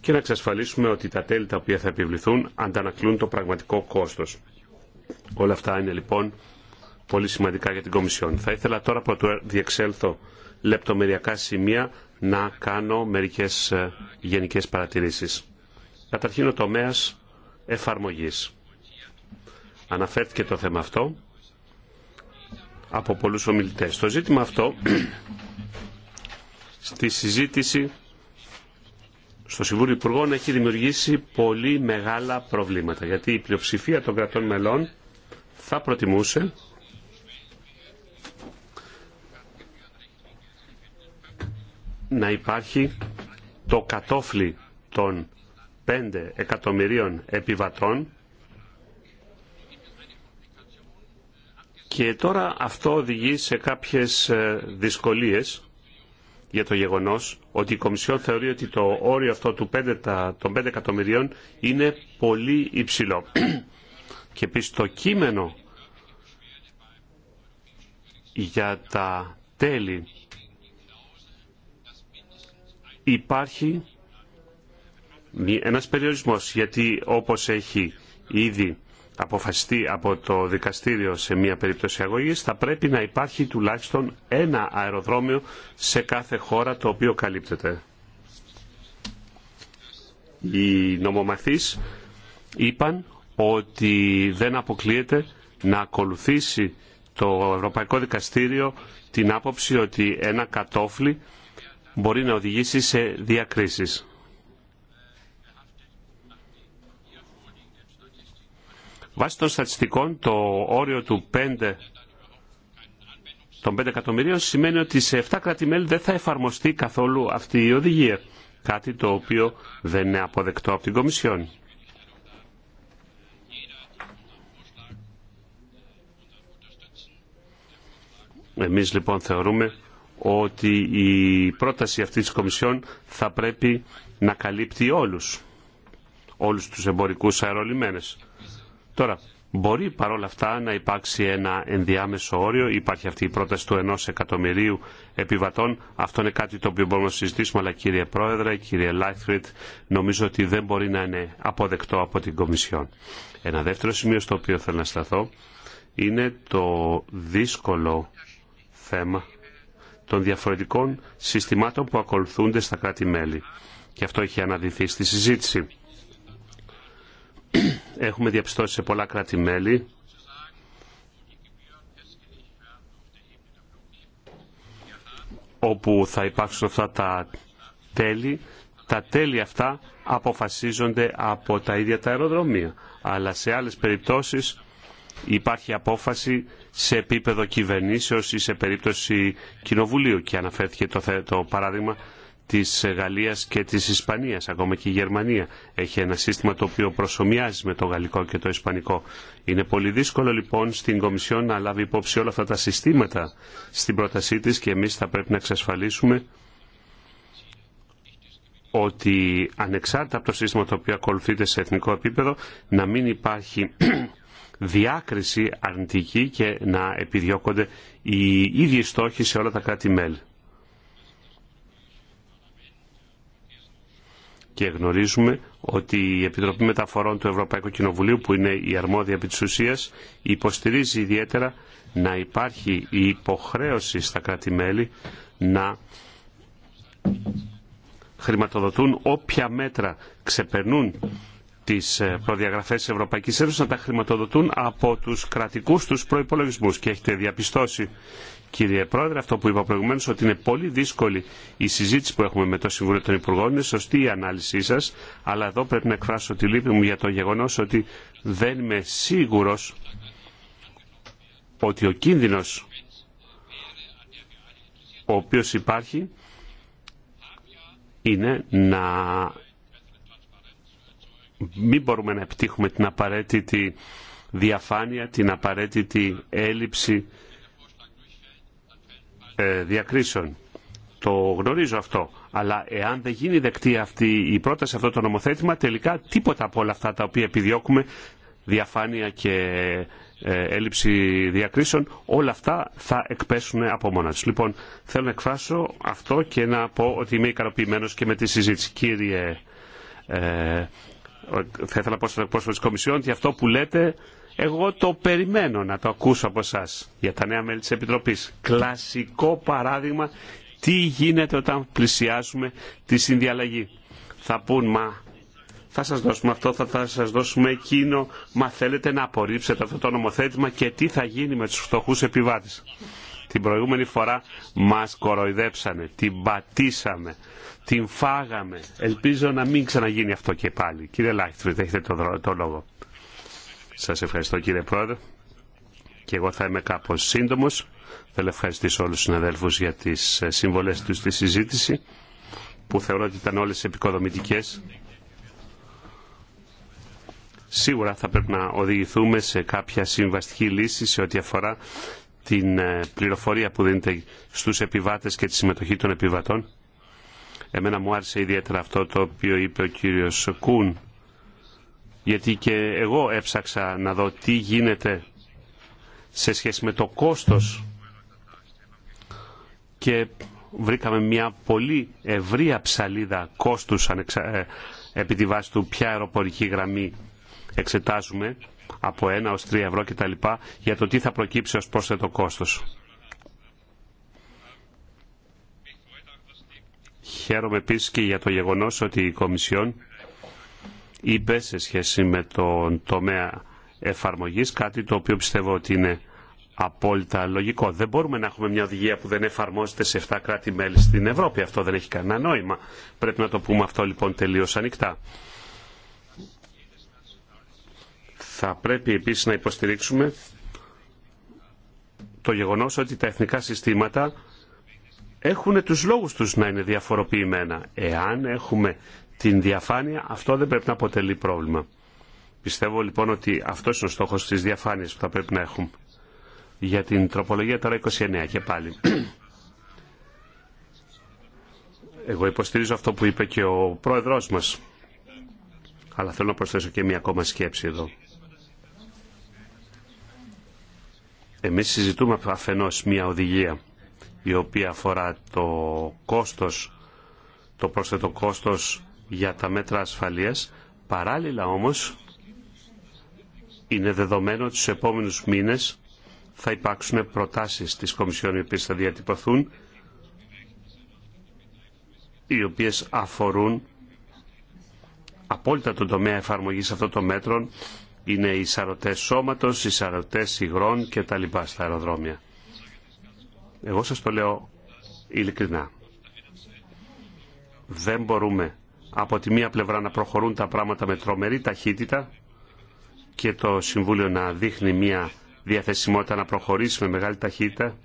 και να εξασφαλίσουμε ότι τα τέλη τα οποία θα επιβληθούν αντανακλούν το πραγματικό κόστος. Όλα αυτά είναι λοιπόν πολύ σημαντικά για την Κομισιόν. Θα ήθελα τώρα πρωτού διεξέλθω λεπτομεριακά σημεία να κάνω μερικές ε, γενικές παρατηρήσεις. Καταρχήν ο τομέας εφαρμογής. Αναφέρθηκε το θέμα αυτό από πολλούς ομιλητές. Το ζήτημα αυτό (clears throat) στη συζήτηση στο Συμβούλιο Υπουργών έχει δημιουργήσει πολύ μεγάλα προβλήματα γιατί η πλειοψηφία των κρατών μελών θα προτιμούσε να υπάρχει το κατόφλι των 5 εκατομμυρίων επιβατών και τώρα αυτό οδηγεί σε κάποιες ε, δυσκολίες για το γεγονός ότι η Κομισιόν θεωρεί ότι το όριο αυτό του 5, των 5 εκατομμυρίων είναι πολύ υψηλό. (clears throat) και επίση το κείμενο για τα τέλη υπάρχει ένας περιορισμός γιατί όπως έχει ήδη αποφασιστεί από το δικαστήριο σε μια περίπτωση αγωγής, θα πρέπει να υπάρχει τουλάχιστον ένα αεροδρόμιο σε κάθε χώρα το οποίο καλύπτεται. Οι νομομαθείς είπαν ότι δεν αποκλείεται να ακολουθήσει το Ευρωπαϊκό Δικαστήριο την άποψη ότι ένα κατόφλι μπορεί να οδηγήσει σε διακρίσεις. Βάσει των στατιστικών, το όριο του 5, των 5 εκατομμυρίων σημαίνει ότι σε 7 κράτη-μέλη δεν θα εφαρμοστεί καθόλου αυτή η οδηγία. Κάτι το οποίο δεν είναι αποδεκτό από την Κομισιόν. Εμείς λοιπόν θεωρούμε ότι η πρόταση αυτής της Κομισιόν θα πρέπει να καλύπτει όλους, όλους τους εμπορικούς αερολιμένες. Τώρα, μπορεί παρόλα αυτά να υπάρξει ένα ενδιάμεσο όριο. Υπάρχει αυτή η πρόταση του ενός εκατομμυρίου επιβατών. Αυτό είναι κάτι το οποίο μπορούμε να συζητήσουμε, αλλά κύριε Πρόεδρε, κύριε Λάιθριτ, νομίζω ότι δεν μπορεί να είναι αποδεκτό από την Κομισιόν. Ένα δεύτερο σημείο στο οποίο θέλω να σταθώ είναι το δύσκολο θέμα των διαφορετικών συστημάτων που ακολουθούνται στα κράτη-μέλη. Και αυτό έχει αναδυθεί στη συζήτηση έχουμε διαπιστώσει σε πολλά κράτη-μέλη όπου θα υπάρξουν αυτά τα τέλη, τα τέλη αυτά αποφασίζονται από τα ίδια τα αεροδρομία. Αλλά σε άλλες περιπτώσεις υπάρχει απόφαση σε επίπεδο κυβερνήσεως ή σε περίπτωση κοινοβουλίου και αναφέρθηκε το, το παράδειγμα της Γαλλίας και της Ισπανίας, ακόμα και η Γερμανία έχει ένα σύστημα το οποίο προσωμιάζει με το γαλλικό και το ισπανικό. Είναι πολύ δύσκολο λοιπόν στην Κομισιόν να λάβει υπόψη όλα αυτά τα συστήματα στην πρότασή της και εμείς θα πρέπει να εξασφαλίσουμε ότι ανεξάρτητα από το σύστημα το οποίο ακολουθείται σε εθνικό επίπεδο να μην υπάρχει (clears throat) διάκριση αρνητική και να επιδιώκονται οι ίδιοι στόχοι σε όλα τα κράτη-μέλη. και γνωρίζουμε ότι η Επιτροπή Μεταφορών του Ευρωπαϊκού Κοινοβουλίου που είναι η αρμόδια επί της ουσίας υποστηρίζει ιδιαίτερα να υπάρχει η υποχρέωση στα κράτη-μέλη να χρηματοδοτούν όποια μέτρα ξεπερνούν τις ε, προδιαγραφές της Ευρωπαϊκής Ένωσης να τα χρηματοδοτούν από τους κρατικούς τους προϋπολογισμούς. Και έχετε διαπιστώσει Κύριε Πρόεδρε, αυτό που είπα προηγουμένω ότι είναι πολύ δύσκολη η συζήτηση που έχουμε με το Συμβούλιο των Υπουργών. Είναι σωστή η ανάλυση σα, αλλά εδώ πρέπει να εκφράσω τη λύπη μου για το γεγονό ότι δεν είμαι σίγουρο ότι ο κίνδυνο ο οποίο υπάρχει είναι να μην μπορούμε να επιτύχουμε την απαραίτητη διαφάνεια, την απαραίτητη έλλειψη ε, διακρίσεων. Το γνωρίζω αυτό. Αλλά εάν δεν γίνει δεκτή αυτή η πρόταση, αυτό το νομοθέτημα, τελικά τίποτα από όλα αυτά τα οποία επιδιώκουμε, διαφάνεια και ε, έλλειψη διακρίσεων, όλα αυτά θα εκπέσουν από μόνα του. Λοιπόν, θέλω να εκφράσω αυτό και να πω ότι είμαι ικανοποιημένο και με τη συζήτηση. Κύριε, ε, θα ήθελα να πω στον εκπρόσωπο τη Κομισιόν ότι αυτό που λέτε εγώ το περιμένω να το ακούσω από εσά για τα νέα μέλη της Επιτροπής. Κλασικό παράδειγμα τι γίνεται όταν πλησιάζουμε τη συνδιαλλαγή. Θα πούν μα θα σας δώσουμε αυτό, θα, θα σας δώσουμε εκείνο, μα θέλετε να απορρίψετε αυτό το νομοθέτημα και τι θα γίνει με τους φτωχούς επιβάτες. Την προηγούμενη φορά μας κοροϊδέψανε, την πατήσαμε, την φάγαμε. Ελπίζω να μην ξαναγίνει αυτό και πάλι. Κύριε Λάχτρου, έχετε το, το λόγο. Σας ευχαριστώ κύριε Πρόεδρε και εγώ θα είμαι κάπως σύντομος. Θέλω ευχαριστήσω όλους τους συναδέλφους για τις ε, συμβολές τους στη συζήτηση που θεωρώ ότι ήταν όλες επικοδομητικές. Σίγουρα θα πρέπει να οδηγηθούμε σε κάποια συμβαστική λύση σε ό,τι αφορά την ε, πληροφορία που δίνεται στους επιβάτες και τη συμμετοχή των επιβατών. Εμένα μου άρεσε ιδιαίτερα αυτό το οποίο είπε ο κύριος Κούν γιατί και εγώ έψαξα να δω τι γίνεται σε σχέση με το κόστος και βρήκαμε μια πολύ ευρία ψαλίδα κόστους ε, επί τη βάση του ποια αεροπορική γραμμή εξετάζουμε από 1 ως 3 ευρώ κτλ. για το τι θα προκύψει ως πρόσθετο κόστος. Χαίρομαι επίσης και για το γεγονός ότι η Κομισιόν είπε σε σχέση με τον τομέα εφαρμογής, κάτι το οποίο πιστεύω ότι είναι απόλυτα λογικό. Δεν μπορούμε να έχουμε μια οδηγία που δεν εφαρμόζεται σε 7 κράτη-μέλη στην Ευρώπη. Αυτό δεν έχει κανένα νόημα. Πρέπει να το πούμε αυτό λοιπόν τελείως ανοιχτά. Θα πρέπει επίσης να υποστηρίξουμε το γεγονός ότι τα εθνικά συστήματα έχουν τους λόγους τους να είναι διαφοροποιημένα. Εάν έχουμε την διαφάνεια, αυτό δεν πρέπει να αποτελεί πρόβλημα. Πιστεύω λοιπόν ότι αυτό είναι ο στόχο τη διαφάνεια που θα πρέπει να έχουμε. Για την τροπολογία τώρα 29 και πάλι. Εγώ υποστηρίζω αυτό που είπε και ο πρόεδρός μας. Αλλά θέλω να προσθέσω και μία ακόμα σκέψη εδώ. Εμείς συζητούμε αφενός μία οδηγία η οποία αφορά το κόστος, το πρόσθετο κόστος για τα μέτρα ασφαλείας. Παράλληλα όμως, είναι δεδομένο ότι στους επόμενους μήνες θα υπάρξουν προτάσεις της Κομισιόν οι οποίες θα διατυπωθούν οι οποίες αφορούν απόλυτα τον τομέα εφαρμογής αυτών των μέτρων είναι οι σαρωτές σώματος, οι σαρωτές υγρών και τα λοιπά στα αεροδρόμια. Εγώ σας το λέω ειλικρινά. Δεν μπορούμε από τη μία πλευρά να προχωρούν τα πράγματα με τρομερή ταχύτητα και το Συμβούλιο να δείχνει μία διαθεσιμότητα να προχωρήσει με μεγάλη ταχύτητα,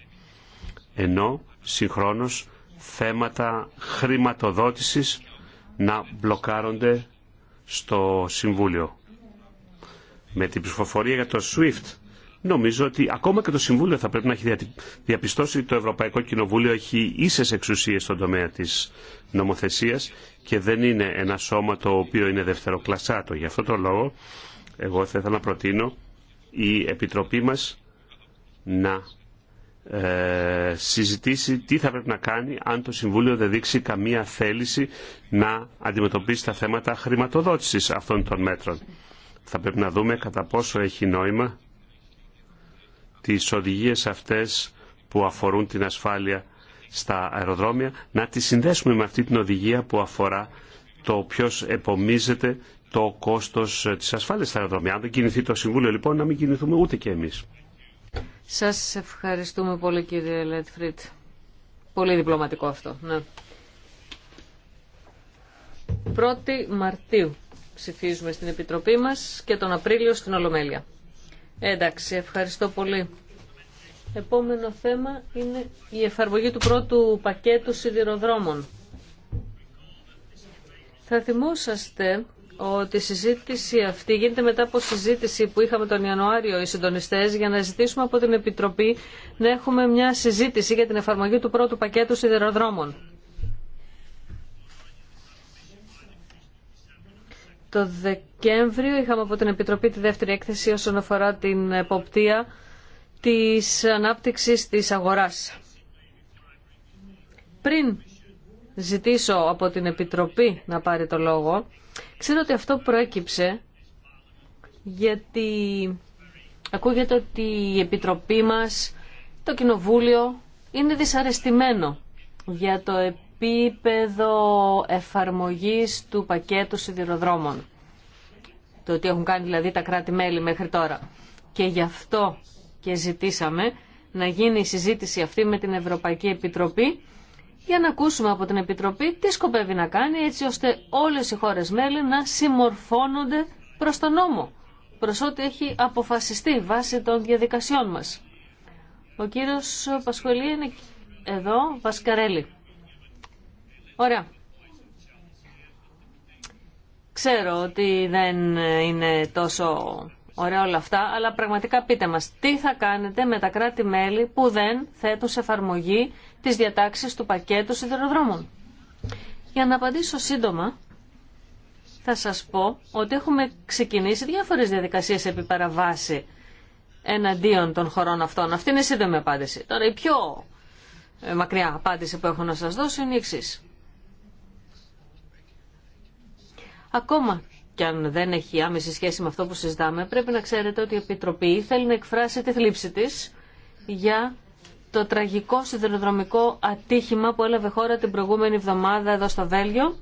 ενώ συγχρόνως θέματα χρηματοδότησης να μπλοκάρονται στο Συμβούλιο. Με την ψηφοφορία για το SWIFT Νομίζω ότι ακόμα και το Συμβούλιο θα πρέπει να έχει διαπιστώσει ότι το Ευρωπαϊκό Κοινοβούλιο έχει ίσες εξουσίες στον τομέα της νομοθεσίας και δεν είναι ένα σώμα το οποίο είναι δευτεροκλασσάτο. Γι' αυτό το λόγο εγώ θα ήθελα να προτείνω η Επιτροπή μας να ε, συζητήσει τι θα πρέπει να κάνει αν το Συμβούλιο δεν δείξει καμία θέληση να αντιμετωπίσει τα θέματα χρηματοδότησης αυτών των μέτρων. Θα πρέπει να δούμε κατά πόσο έχει νόημα τις οδηγίες αυτές που αφορούν την ασφάλεια στα αεροδρόμια, να τις συνδέσουμε με αυτή την οδηγία που αφορά το ποιο επομίζεται το κόστος της ασφάλειας στα αεροδρόμια. Αν δεν κινηθεί το Συμβούλιο λοιπόν να μην κινηθούμε ούτε και εμείς. Σας ευχαριστούμε πολύ κύριε Λέτφριτ. Πολύ διπλωματικό αυτό. Ναι. 1η Μαρτίου ψηφίζουμε στην Επιτροπή μας και τον Απρίλιο στην Ολομέλεια. Εντάξει, ευχαριστώ πολύ. Επόμενο θέμα είναι η εφαρμογή του πρώτου πακέτου σιδηροδρόμων. Θα θυμόσαστε ότι η συζήτηση αυτή γίνεται μετά από συζήτηση που είχαμε τον Ιανουάριο οι συντονιστέ για να ζητήσουμε από την Επιτροπή να έχουμε μια συζήτηση για την εφαρμογή του πρώτου πακέτου σιδηροδρόμων. Το Δεκέμβριο είχαμε από την Επιτροπή τη δεύτερη έκθεση όσον αφορά την εποπτεία της ανάπτυξης της αγοράς. Πριν ζητήσω από την Επιτροπή να πάρει το λόγο, ξέρω ότι αυτό προέκυψε γιατί ακούγεται ότι η Επιτροπή μας, το Κοινοβούλιο, είναι δυσαρεστημένο για το επίπεδο εφαρμογής του πακέτου σιδηροδρόμων. Το ότι έχουν κάνει δηλαδή τα κράτη-μέλη μέχρι τώρα. Και γι' αυτό και ζητήσαμε να γίνει η συζήτηση αυτή με την Ευρωπαϊκή Επιτροπή για να ακούσουμε από την Επιτροπή τι σκοπεύει να κάνει έτσι ώστε όλες οι χώρες μέλη να συμμορφώνονται προς τον νόμο, προς ό,τι έχει αποφασιστεί βάσει των διαδικασιών μας. Ο κύριος Πασχολή είναι εδώ, Βασκαρέλη. Ωραία. Ξέρω ότι δεν είναι τόσο ωραία όλα αυτά, αλλά πραγματικά πείτε μας τι θα κάνετε με τα κράτη-μέλη που δεν θέτουν σε εφαρμογή τις διατάξεις του πακέτου σιδηροδρόμων. Για να απαντήσω σύντομα, θα σας πω ότι έχουμε ξεκινήσει διάφορες διαδικασίες επί παραβάση εναντίον των χωρών αυτών. Αυτή είναι η σύντομη απάντηση. Τώρα η πιο ε, μακριά απάντηση που έχω να σας δώσω είναι η εξής. Ακόμα και αν δεν έχει άμεση σχέση με αυτό που συζητάμε, πρέπει να ξέρετε ότι η Επιτροπή θέλει να εκφράσει τη θλίψη της για το τραγικό σιδηροδρομικό ατύχημα που έλαβε χώρα την προηγούμενη εβδομάδα εδώ στο Βέλγιο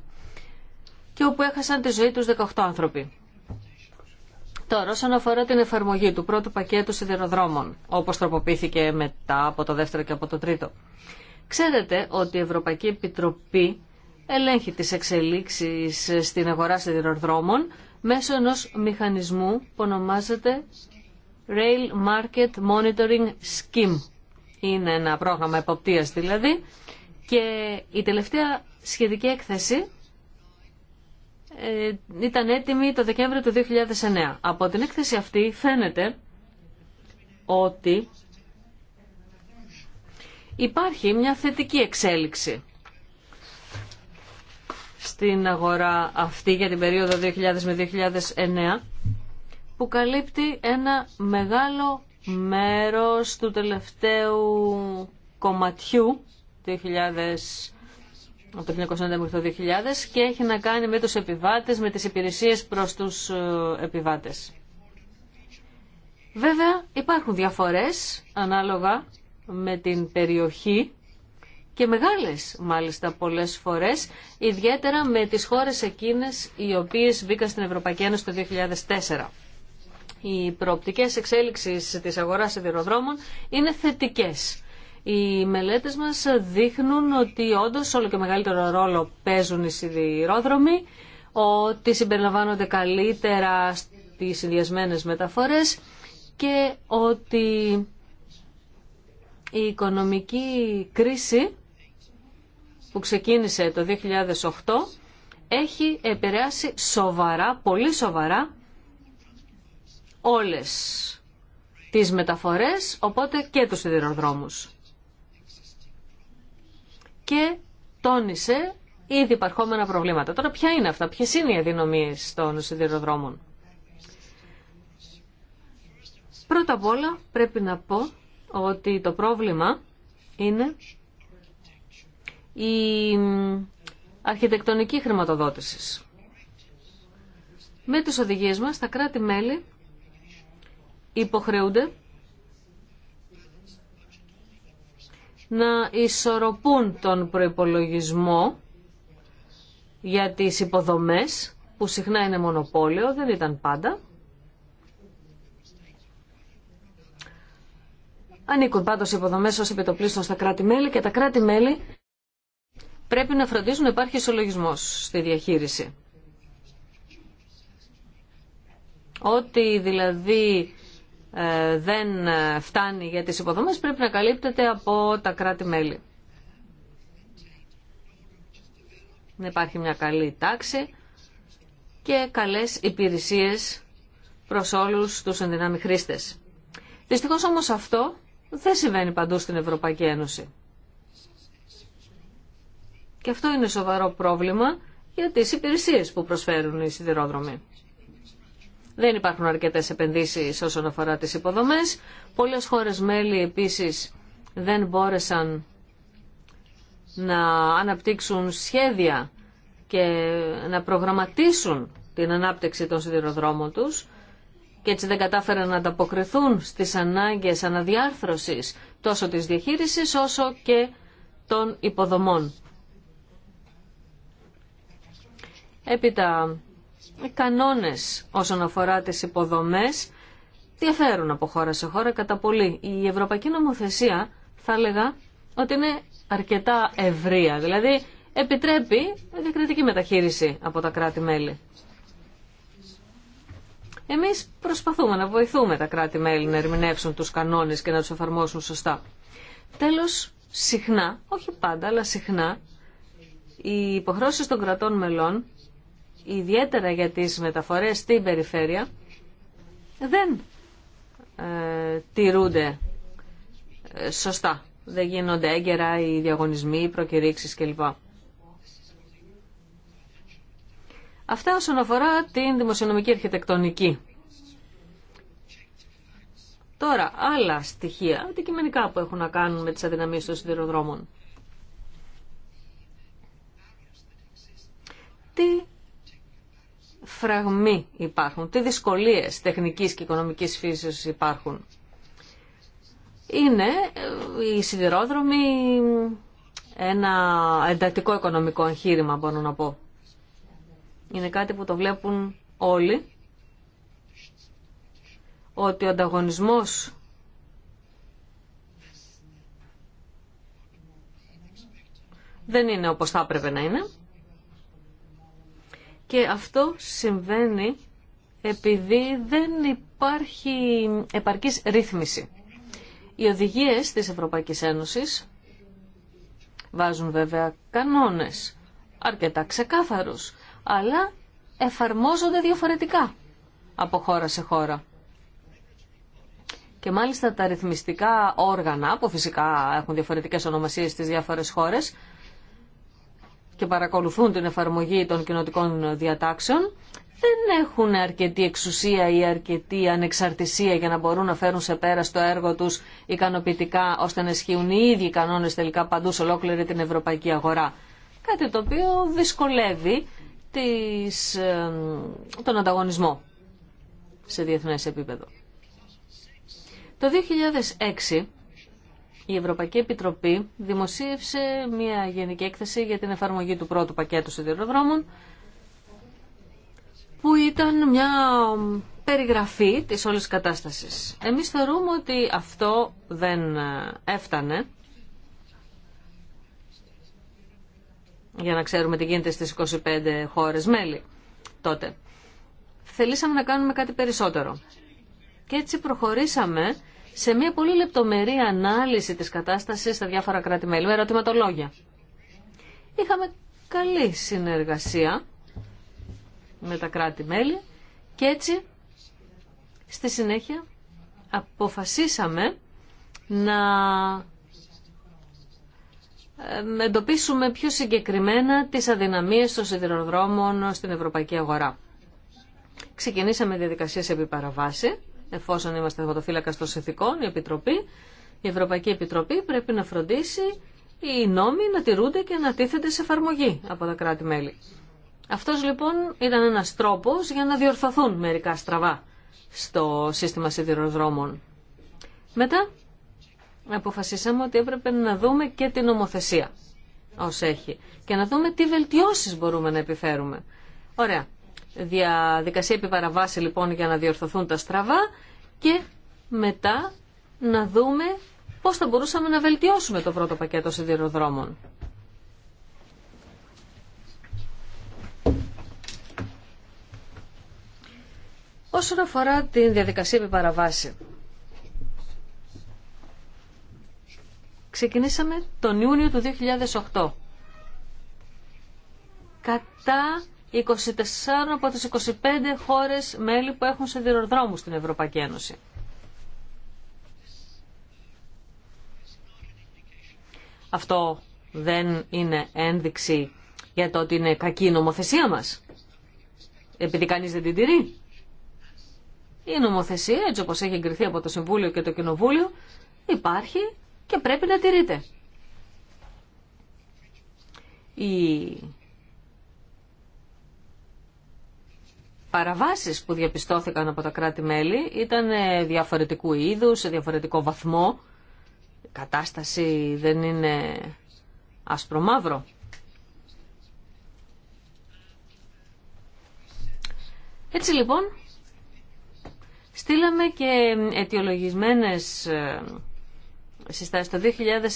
και όπου έχασαν τη ζωή τους 18 άνθρωποι. Τώρα, όσον αφορά την εφαρμογή του πρώτου πακέτου σιδηροδρόμων, όπως τροποποιήθηκε μετά από το δεύτερο και από το τρίτο, ξέρετε ότι η Ευρωπαϊκή Επιτροπή ελέγχει τις εξελίξεις στην αγορά σιδηροδρόμων μέσω ενός μηχανισμού που ονομάζεται Rail Market Monitoring Scheme. Είναι ένα πρόγραμμα εποπτείας δηλαδή και η τελευταία σχετική έκθεση ε, ήταν έτοιμη το Δεκέμβριο του 2009. Από την έκθεση αυτή φαίνεται ότι υπάρχει μια θετική εξέλιξη στην αγορά αυτή για την περίοδο 2000 με 2009 που καλύπτει ένα μεγάλο μέρος του τελευταίου κομματιού 2000 από το 1990 μέχρι το 2000 και έχει να κάνει με τους επιβάτες, με τις υπηρεσίες προς τους ε, επιβάτες. Βέβαια υπάρχουν διαφορές ανάλογα με την περιοχή και μεγάλες μάλιστα πολλές φορές, ιδιαίτερα με τις χώρες εκείνες οι οποίες μπήκαν στην Ευρωπαϊκή Ένωση το 2004. Οι προοπτικές εξέλιξεις της αγοράς σιδηροδρόμων είναι θετικές. Οι μελέτες μας δείχνουν ότι όντως όλο και μεγαλύτερο ρόλο παίζουν οι σιδηρόδρομοι, ότι συμπεριλαμβάνονται καλύτερα στις συνδυασμένε μεταφορές και ότι η οικονομική κρίση που ξεκίνησε το 2008 έχει επηρεάσει σοβαρά, πολύ σοβαρά όλες τις μεταφορές, οπότε και τους σιδηροδρόμους. Και τόνισε ήδη υπαρχόμενα προβλήματα. Τώρα ποια είναι αυτά, ποιες είναι οι αδυναμίες των σιδηροδρόμων. Πρώτα απ' όλα πρέπει να πω ότι το πρόβλημα είναι η αρχιτεκτονική χρηματοδότησης. Με τις οδηγίες μας, τα κράτη-μέλη υποχρεούνται να ισορροπούν τον προϋπολογισμό για τις υποδομές, που συχνά είναι μονοπόλιο, δεν ήταν πάντα. Ανήκουν πάντως οι υποδομές ως επιτοπλίστων στα κράτη-μέλη και τα κράτη-μέλη πρέπει να φροντίζουν να υπάρχει ισολογισμός στη διαχείριση. Ό,τι δηλαδή ε, δεν ε, φτάνει για τις υποδομές πρέπει να καλύπτεται από τα κράτη-μέλη. Να υπάρχει μια καλή τάξη και καλές υπηρεσίες προς όλους τους ενδυνάμει χρήστες. Δυστυχώς όμως αυτό δεν συμβαίνει παντού στην Ευρωπαϊκή Ένωση. Και αυτό είναι σοβαρό πρόβλημα για τις υπηρεσίες που προσφέρουν οι σιδηρόδρομοι. Δεν υπάρχουν αρκετές επενδύσεις όσον αφορά τις υποδομές. Πολλές χώρες μέλη επίσης δεν μπόρεσαν να αναπτύξουν σχέδια και να προγραμματίσουν την ανάπτυξη των σιδηροδρόμων τους και έτσι δεν κατάφεραν να ανταποκριθούν στις ανάγκες αναδιάρθρωσης τόσο της διαχείρισης όσο και των υποδομών. Έπειτα, οι κανόνες όσον αφορά τις υποδομές διαφέρουν από χώρα σε χώρα κατά πολύ. Η Ευρωπαϊκή Νομοθεσία θα έλεγα ότι είναι αρκετά ευρεία, δηλαδή επιτρέπει διακριτική μεταχείριση από τα κράτη-μέλη. Εμείς προσπαθούμε να βοηθούμε τα κράτη-μέλη να ερμηνεύσουν τους κανόνες και να τους εφαρμόσουν σωστά. Τέλος, συχνά, όχι πάντα, αλλά συχνά, οι υποχρώσεις των κρατών μελών ιδιαίτερα για τις μεταφορές στην περιφέρεια δεν ε, τηρούνται ε, σωστά. Δεν γίνονται έγκαιρα οι διαγωνισμοί, οι προκηρύξεις κλπ. Αυτά όσον αφορά την δημοσιονομική αρχιτεκτονική. Τώρα, άλλα στοιχεία αντικειμενικά που έχουν να κάνουν με τις αδυναμίες των σιδηροδρόμων. Τι φραγμοί υπάρχουν, τι δυσκολίες τεχνικής και οικονομικής φύσης υπάρχουν. Είναι ε, οι σιδηρόδρομοι ένα εντατικό οικονομικό εγχείρημα μπορώ να πω. Είναι κάτι που το βλέπουν όλοι, ότι ο ανταγωνισμός δεν είναι όπως θα έπρεπε να είναι. Και αυτό συμβαίνει επειδή δεν υπάρχει επαρκής ρύθμιση. Οι οδηγίες της Ευρωπαϊκής Ένωσης βάζουν βέβαια κανόνες αρκετά ξεκάθαρους, αλλά εφαρμόζονται διαφορετικά από χώρα σε χώρα. Και μάλιστα τα ρυθμιστικά όργανα, που φυσικά έχουν διαφορετικές ονομασίες στις διάφορες χώρες, και παρακολουθούν την εφαρμογή των κοινοτικών διατάξεων δεν έχουν αρκετή εξουσία ή αρκετή ανεξαρτησία για να μπορούν να φέρουν σε πέρα στο έργο τους ικανοποιητικά ώστε να ισχύουν οι ίδιοι κανόνες τελικά παντού σε ολόκληρη την ευρωπαϊκή αγορά. Κάτι το οποίο δυσκολεύει τις, τον ανταγωνισμό σε διεθνές επίπεδο. Το 2006 η Ευρωπαϊκή Επιτροπή δημοσίευσε μια γενική έκθεση για την εφαρμογή του πρώτου πακέτου σιδηροδρόμων που ήταν μια περιγραφή της όλης κατάστασης. Εμείς θεωρούμε ότι αυτό δεν ε, έφτανε για να ξέρουμε τι γίνεται στις 25 χώρες μέλη τότε. Θελήσαμε να κάνουμε κάτι περισσότερο. Και έτσι προχωρήσαμε σε μια πολύ λεπτομερή ανάλυση της κατάστασης στα διάφορα κράτη-μέλη με ερωτηματολόγια. Είχαμε καλή συνεργασία με τα κράτη-μέλη και έτσι στη συνέχεια αποφασίσαμε να ε, εντοπίσουμε πιο συγκεκριμένα τις αδυναμίες των σιδηροδρόμων στην ευρωπαϊκή αγορά. Ξεκινήσαμε διαδικασίες επί παραβάση εφόσον είμαστε θεματοφύλακα των συνθηκών, η Επιτροπή, η Ευρωπαϊκή Επιτροπή πρέπει να φροντίσει οι νόμοι να τηρούνται και να τίθεται σε εφαρμογή από τα κράτη-μέλη. Αυτός λοιπόν ήταν ένας τρόπος για να διορθωθούν μερικά στραβά στο σύστημα σιδηροδρόμων. Μετά αποφασίσαμε ότι έπρεπε να δούμε και την νομοθεσία ως έχει και να δούμε τι βελτιώσεις μπορούμε να επιφέρουμε. Ωραία διαδικασία επιπαραβάση λοιπόν για να διορθωθούν τα στραβά και μετά να δούμε πώς θα μπορούσαμε να βελτιώσουμε το πρώτο πακέτο σιδηροδρόμων. Όσον αφορά την διαδικασία επιπαραβάση, ξεκινήσαμε τον Ιούνιο του 2008 κατά 24 από τις 25 χώρες μέλη που έχουν σιδηροδρόμους στην Ευρωπαϊκή Ένωση. Αυτό δεν είναι ένδειξη για το ότι είναι κακή η νομοθεσία μας. Επειδή κανείς δεν την τηρεί. Η νομοθεσία, έτσι όπως έχει εγκριθεί από το Συμβούλιο και το Κοινοβούλιο, υπάρχει και πρέπει να τηρείται. Η παραβάσεις που διαπιστώθηκαν από τα κράτη-μέλη ήταν ε, διαφορετικού είδους, σε διαφορετικό βαθμό. Η κατάσταση δεν είναι άσπρο-μαύρο. Έτσι λοιπόν, στείλαμε και αιτιολογισμένες ε, συστάσεις το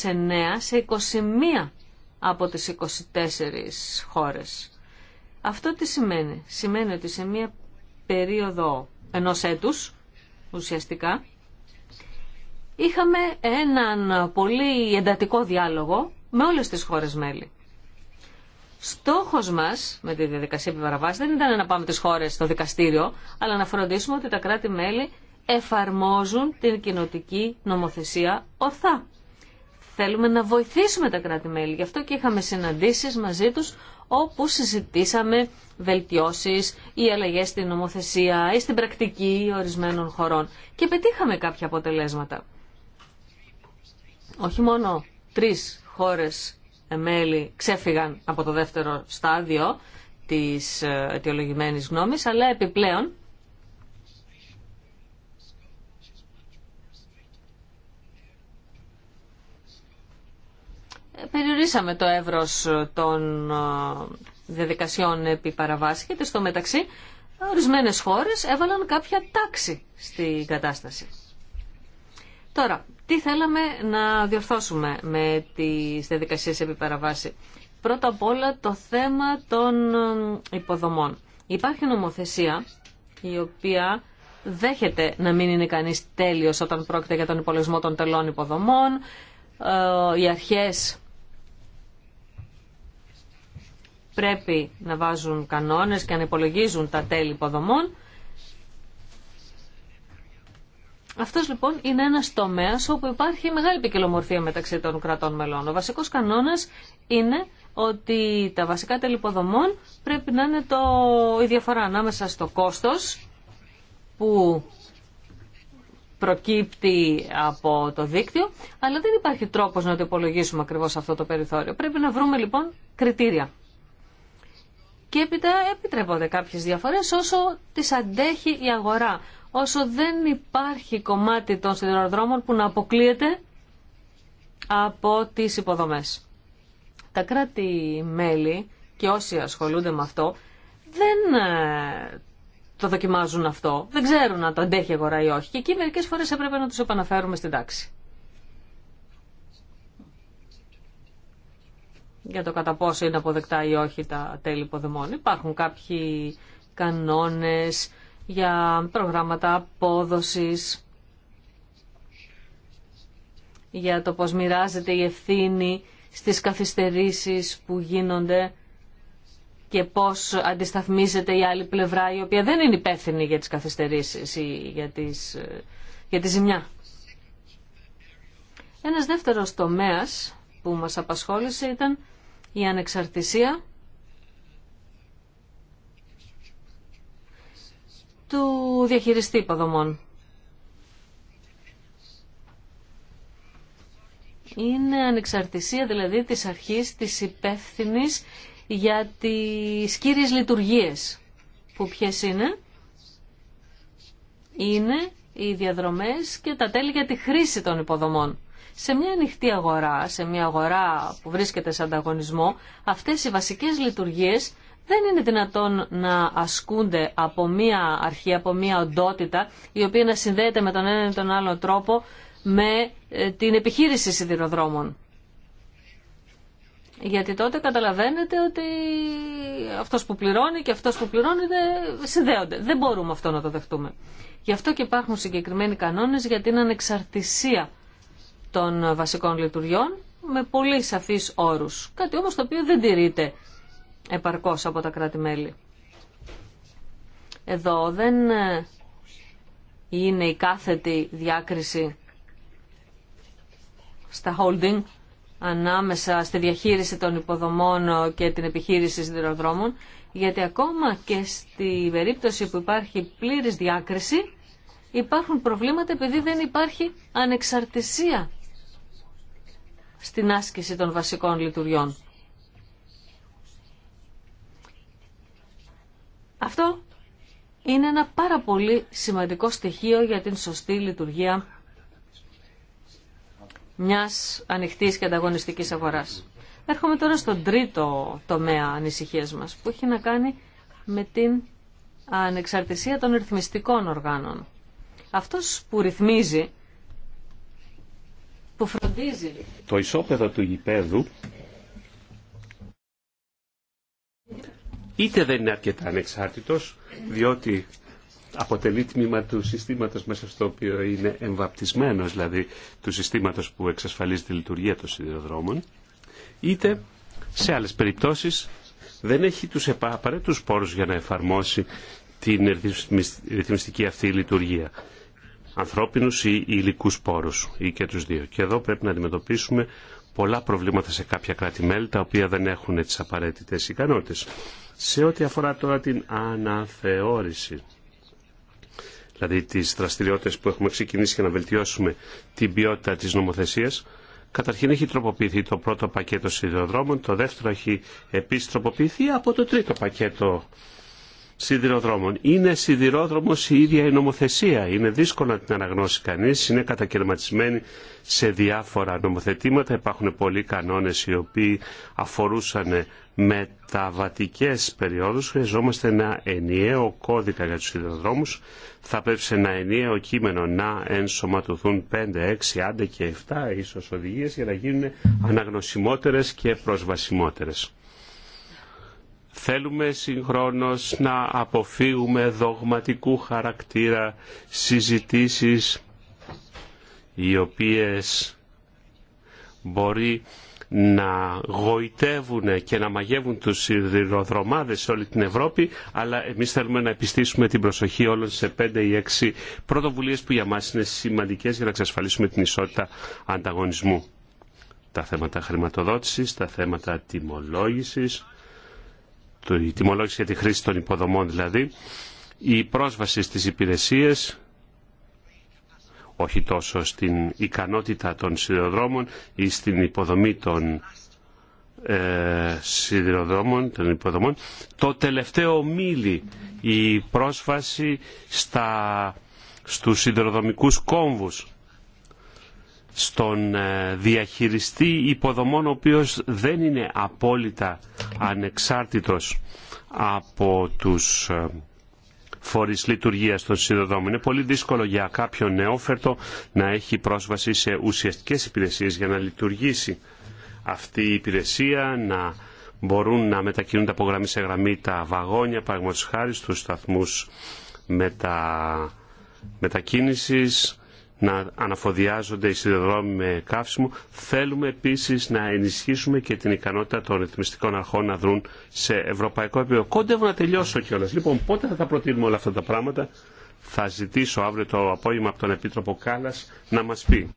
2009 σε 21 από τις 24 χώρες. Αυτό τι σημαίνει. Σημαίνει ότι σε μία περίοδο ενός έτους, ουσιαστικά, είχαμε έναν πολύ εντατικό διάλογο με όλες τις χώρες μέλη. Στόχος μας με τη διαδικασία επιβαραβάσης δεν ήταν να πάμε τις χώρες στο δικαστήριο, αλλά να φροντίσουμε ότι τα κράτη-μέλη εφαρμόζουν την κοινοτική νομοθεσία ορθά. Θέλουμε να βοηθήσουμε τα κράτη-μέλη. Γι' αυτό και είχαμε συναντήσεις μαζί τους όπου συζητήσαμε βελτιώσεις ή αλλαγές στην νομοθεσία ή στην πρακτική ορισμένων χωρών. Και πετύχαμε κάποια αποτελέσματα. Όχι μόνο τρεις χώρες ε, μέλη ξέφυγαν από το δεύτερο στάδιο της ε, αιτιολογημένης γνώμης, αλλά επιπλέον περιορίσαμε το εύρος των ε, διαδικασιών επί παραβάση και στο μεταξύ ορισμένες χώρες έβαλαν κάποια τάξη στη κατάσταση. Τώρα, τι θέλαμε να διορθώσουμε με τις διαδικασίες επί παραβάση. Πρώτα απ' όλα το θέμα των ε, υποδομών. Υπάρχει νομοθεσία η οποία δέχεται να μην είναι κανείς τέλειος όταν πρόκειται για τον υπολογισμό των τελών υποδομών. Ε, οι αρχές πρέπει να βάζουν κανόνες και να υπολογίζουν τα τέλη υποδομών. Αυτός λοιπόν είναι ένας τομέας όπου υπάρχει μεγάλη ποικιλομορφία μεταξύ των κρατών μελών. Ο βασικός κανόνας είναι ότι τα βασικά τέλη υποδομών πρέπει να είναι το... η διαφορά ανάμεσα στο κόστος που προκύπτει από το δίκτυο, αλλά δεν υπάρχει τρόπος να το υπολογίσουμε ακριβώς αυτό το περιθώριο. Πρέπει να βρούμε λοιπόν κριτήρια και έπειτα επιτρέπονται κάποιες διαφορές όσο τις αντέχει η αγορά. Όσο δεν υπάρχει κομμάτι των σιδηροδρόμων που να αποκλείεται από τις υποδομές. Τα κράτη-μέλη και όσοι ασχολούνται με αυτό δεν ε, το δοκιμάζουν αυτό. Δεν ξέρουν αν το αντέχει η αγορά ή όχι. Και εκεί μερικές φορές έπρεπε να τους επαναφέρουμε στην τάξη. για το κατά πόσο είναι αποδεκτά ή όχι τα τέλη υποδομών. Υπάρχουν κάποιοι κανόνες για προγράμματα απόδοσης, για το πώς μοιράζεται η ευθύνη στις καθυστερήσεις που γίνονται και πώς αντισταθμίζεται η άλλη πλευρά η οποία δεν είναι υπεύθυνη για τις καθυστερήσεις ή για, τις, για τη ζημιά. Ένας δεύτερος τομέας που μας απασχόλησε ήταν η ανεξαρτησία του διαχειριστή υποδομών. Είναι ανεξαρτησία δηλαδή της αρχής της υπεύθυνη για τις κύριες λειτουργίες. Που ποιες είναι? Είναι οι διαδρομές και τα τέλη για τη χρήση των υποδομών. Σε μια ανοιχτή αγορά, σε μια αγορά που βρίσκεται σε ανταγωνισμό, αυτές οι βασικές λειτουργίες δεν είναι δυνατόν να ασκούνται από μία αρχή, από μία οντότητα, η οποία να συνδέεται με τον έναν ή τον άλλο τρόπο με ε, την επιχείρηση σιδηροδρόμων. Γιατί τότε καταλαβαίνετε ότι αυτός που πληρώνει και αυτός που πληρώνει συνδέονται. Δεν μπορούμε αυτό να το δεχτούμε. Γι' αυτό και υπάρχουν συγκεκριμένοι κανόνες για την ανεξαρτησία των βασικών λειτουργιών με πολύ σαφείς όρους. Κάτι όμως το οποίο δεν τηρείται επαρκώς από τα κράτη-μέλη. Εδώ δεν ε, είναι η κάθετη διάκριση στα holding ανάμεσα στη διαχείριση των υποδομών και την επιχείρηση σιδηροδρόμων, γιατί ακόμα και στη περίπτωση που υπάρχει πλήρης διάκριση υπάρχουν προβλήματα επειδή δεν υπάρχει ανεξαρτησία στην άσκηση των βασικών λειτουργιών. Αυτό είναι ένα πάρα πολύ σημαντικό στοιχείο για την σωστή λειτουργία μιας ανοιχτής και ανταγωνιστικής αγοράς. Έρχομαι τώρα στον τρίτο τομέα ανησυχίας μας, που έχει να κάνει με την ανεξαρτησία των ρυθμιστικών οργάνων. Αυτός που ρυθμίζει το ισόπεδο του γηπέδου είτε δεν είναι αρκετά ανεξάρτητος, διότι αποτελεί τμήμα του συστήματος μέσα στο οποίο είναι εμβαπτισμένος, δηλαδή του συστήματος που εξασφαλίζει τη λειτουργία των σιδηροδρόμων, είτε σε άλλες περιπτώσεις δεν έχει τους απαραίτητους πόρους για να εφαρμόσει την ρυθμιστική αυτή λειτουργία ανθρώπινου ή υλικού πόρου ή και του δύο. Και εδώ πρέπει να αντιμετωπίσουμε πολλά προβλήματα σε κάποια κράτη-μέλη τα οποία δεν έχουν τι απαραίτητε ικανότητε. Σε ό,τι αφορά τώρα την αναθεώρηση, δηλαδή τι δραστηριότητε που έχουμε ξεκινήσει για να βελτιώσουμε την ποιότητα τη νομοθεσία, Καταρχήν έχει τροποποιηθεί το πρώτο πακέτο σιδηροδρόμων, το δεύτερο έχει επίση τροποποιηθεί από το τρίτο πακέτο σιδηροδρόμων. Είναι σιδηρόδρομο η ίδια η νομοθεσία. Είναι δύσκολο να την αναγνώσει κανεί, Είναι κατακαιρματισμένη σε διάφορα νομοθετήματα. Υπάρχουν πολλοί κανόνε οι οποίοι αφορούσαν μεταβατικέ περιόδου. Χρειαζόμαστε ένα ενιαίο κώδικα για του σιδηροδρόμου. Θα πρέπει σε ένα ενιαίο κείμενο να ενσωματωθούν 5, 6, άντε και 7 ίσω οδηγίε για να γίνουν αναγνωσιμότερε και προσβασιμότερε. Θέλουμε συγχρόνως να αποφύγουμε δογματικού χαρακτήρα συζητήσεις οι οποίες μπορεί να γοητεύουν και να μαγεύουν τους σιδηροδρομάδες σε όλη την Ευρώπη, αλλά εμείς θέλουμε να επιστήσουμε την προσοχή όλων σε πέντε ή έξι πρωτοβουλίες που για μας είναι σημαντικές για να εξασφαλίσουμε την ισότητα ανταγωνισμού. Τα θέματα χρηματοδότησης, τα θέματα τιμολόγησης, η τιμολόγηση για τη χρήση των υποδομών δηλαδή, η πρόσβαση στις υπηρεσίες, όχι τόσο στην ικανότητα των σιδηροδρόμων ή στην υποδομή των ε, σιδηροδρόμων, των υποδομών, το τελευταίο μηλι η πρόσβαση στα, στους σιδηροδρομικούς κόμβους στον ε, διαχειριστή υποδομών ο οποίος δεν είναι απόλυτα ανεξάρτητος από τους ε, φορείς λειτουργίας των συνδεδόμων. Είναι πολύ δύσκολο για κάποιον νεόφερτο να έχει πρόσβαση σε ουσιαστικές υπηρεσίες για να λειτουργήσει αυτή η υπηρεσία, να μπορούν να μετακινούνται από γραμμή σε γραμμή τα βαγόνια, παραγματικά χάρη στους σταθμούς μετα... μετακίνησης, να αναφοδιάζονται οι σιδηροδρόμοι με καύσιμο. Θέλουμε επίσης να ενισχύσουμε και την ικανότητα των ρυθμιστικών αρχών να δρουν σε ευρωπαϊκό επίπεδο. Κόντευω να τελειώσω κιόλα. Λοιπόν, πότε θα τα προτείνουμε όλα αυτά τα πράγματα. Θα ζητήσω αύριο το απόγευμα από τον Επίτροπο Κάλλα να μα πει.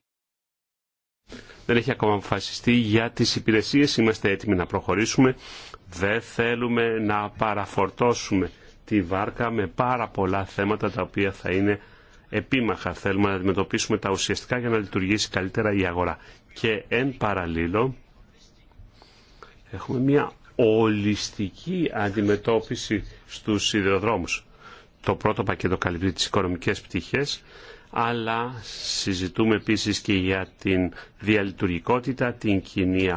Δεν έχει ακόμα αποφασιστεί για τις υπηρεσίες. Είμαστε έτοιμοι να προχωρήσουμε. Δεν θέλουμε να παραφορτώσουμε τη βάρκα με πάρα πολλά θέματα τα οποία θα είναι επίμαχα θέλουμε να αντιμετωπίσουμε τα ουσιαστικά για να λειτουργήσει καλύτερα η αγορά. Και εν παραλίλω έχουμε μια ολιστική αντιμετώπιση στους σιδηροδρόμους. Το πρώτο πακέτο καλύπτει τις οικονομικές πτυχές, αλλά συζητούμε επίσης και για την διαλειτουργικότητα, την κοινή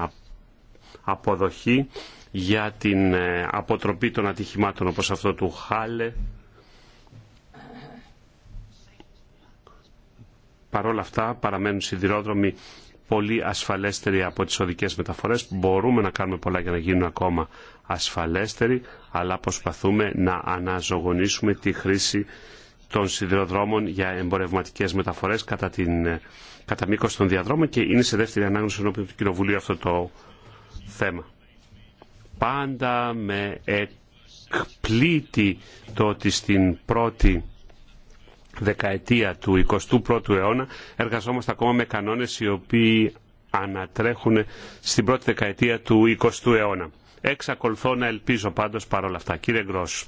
αποδοχή, για την ε, αποτροπή των ατυχημάτων όπως αυτό του Χάλε, παρόλα αυτά παραμένουν σιδηρόδρομοι πολύ ασφαλέστεροι από τις οδικές μεταφορές. Μπορούμε να κάνουμε πολλά για να γίνουν ακόμα ασφαλέστεροι, αλλά προσπαθούμε να αναζωογονήσουμε τη χρήση των σιδηροδρόμων για εμπορευματικές μεταφορές κατά, την, κατά μήκος των διαδρόμων και είναι σε δεύτερη ανάγνωση ενώπιον του Κοινοβουλίου αυτό το θέμα. Πάντα με εκπλήτη το ότι στην πρώτη δεκαετία του 21ου αιώνα εργαζόμαστε ακόμα με κανόνες οι οποίοι ανατρέχουν στην πρώτη δεκαετία του 20ου αιώνα. Εξακολουθώ να ελπίζω πάντως παρόλα αυτά. Κύριε Γκρός,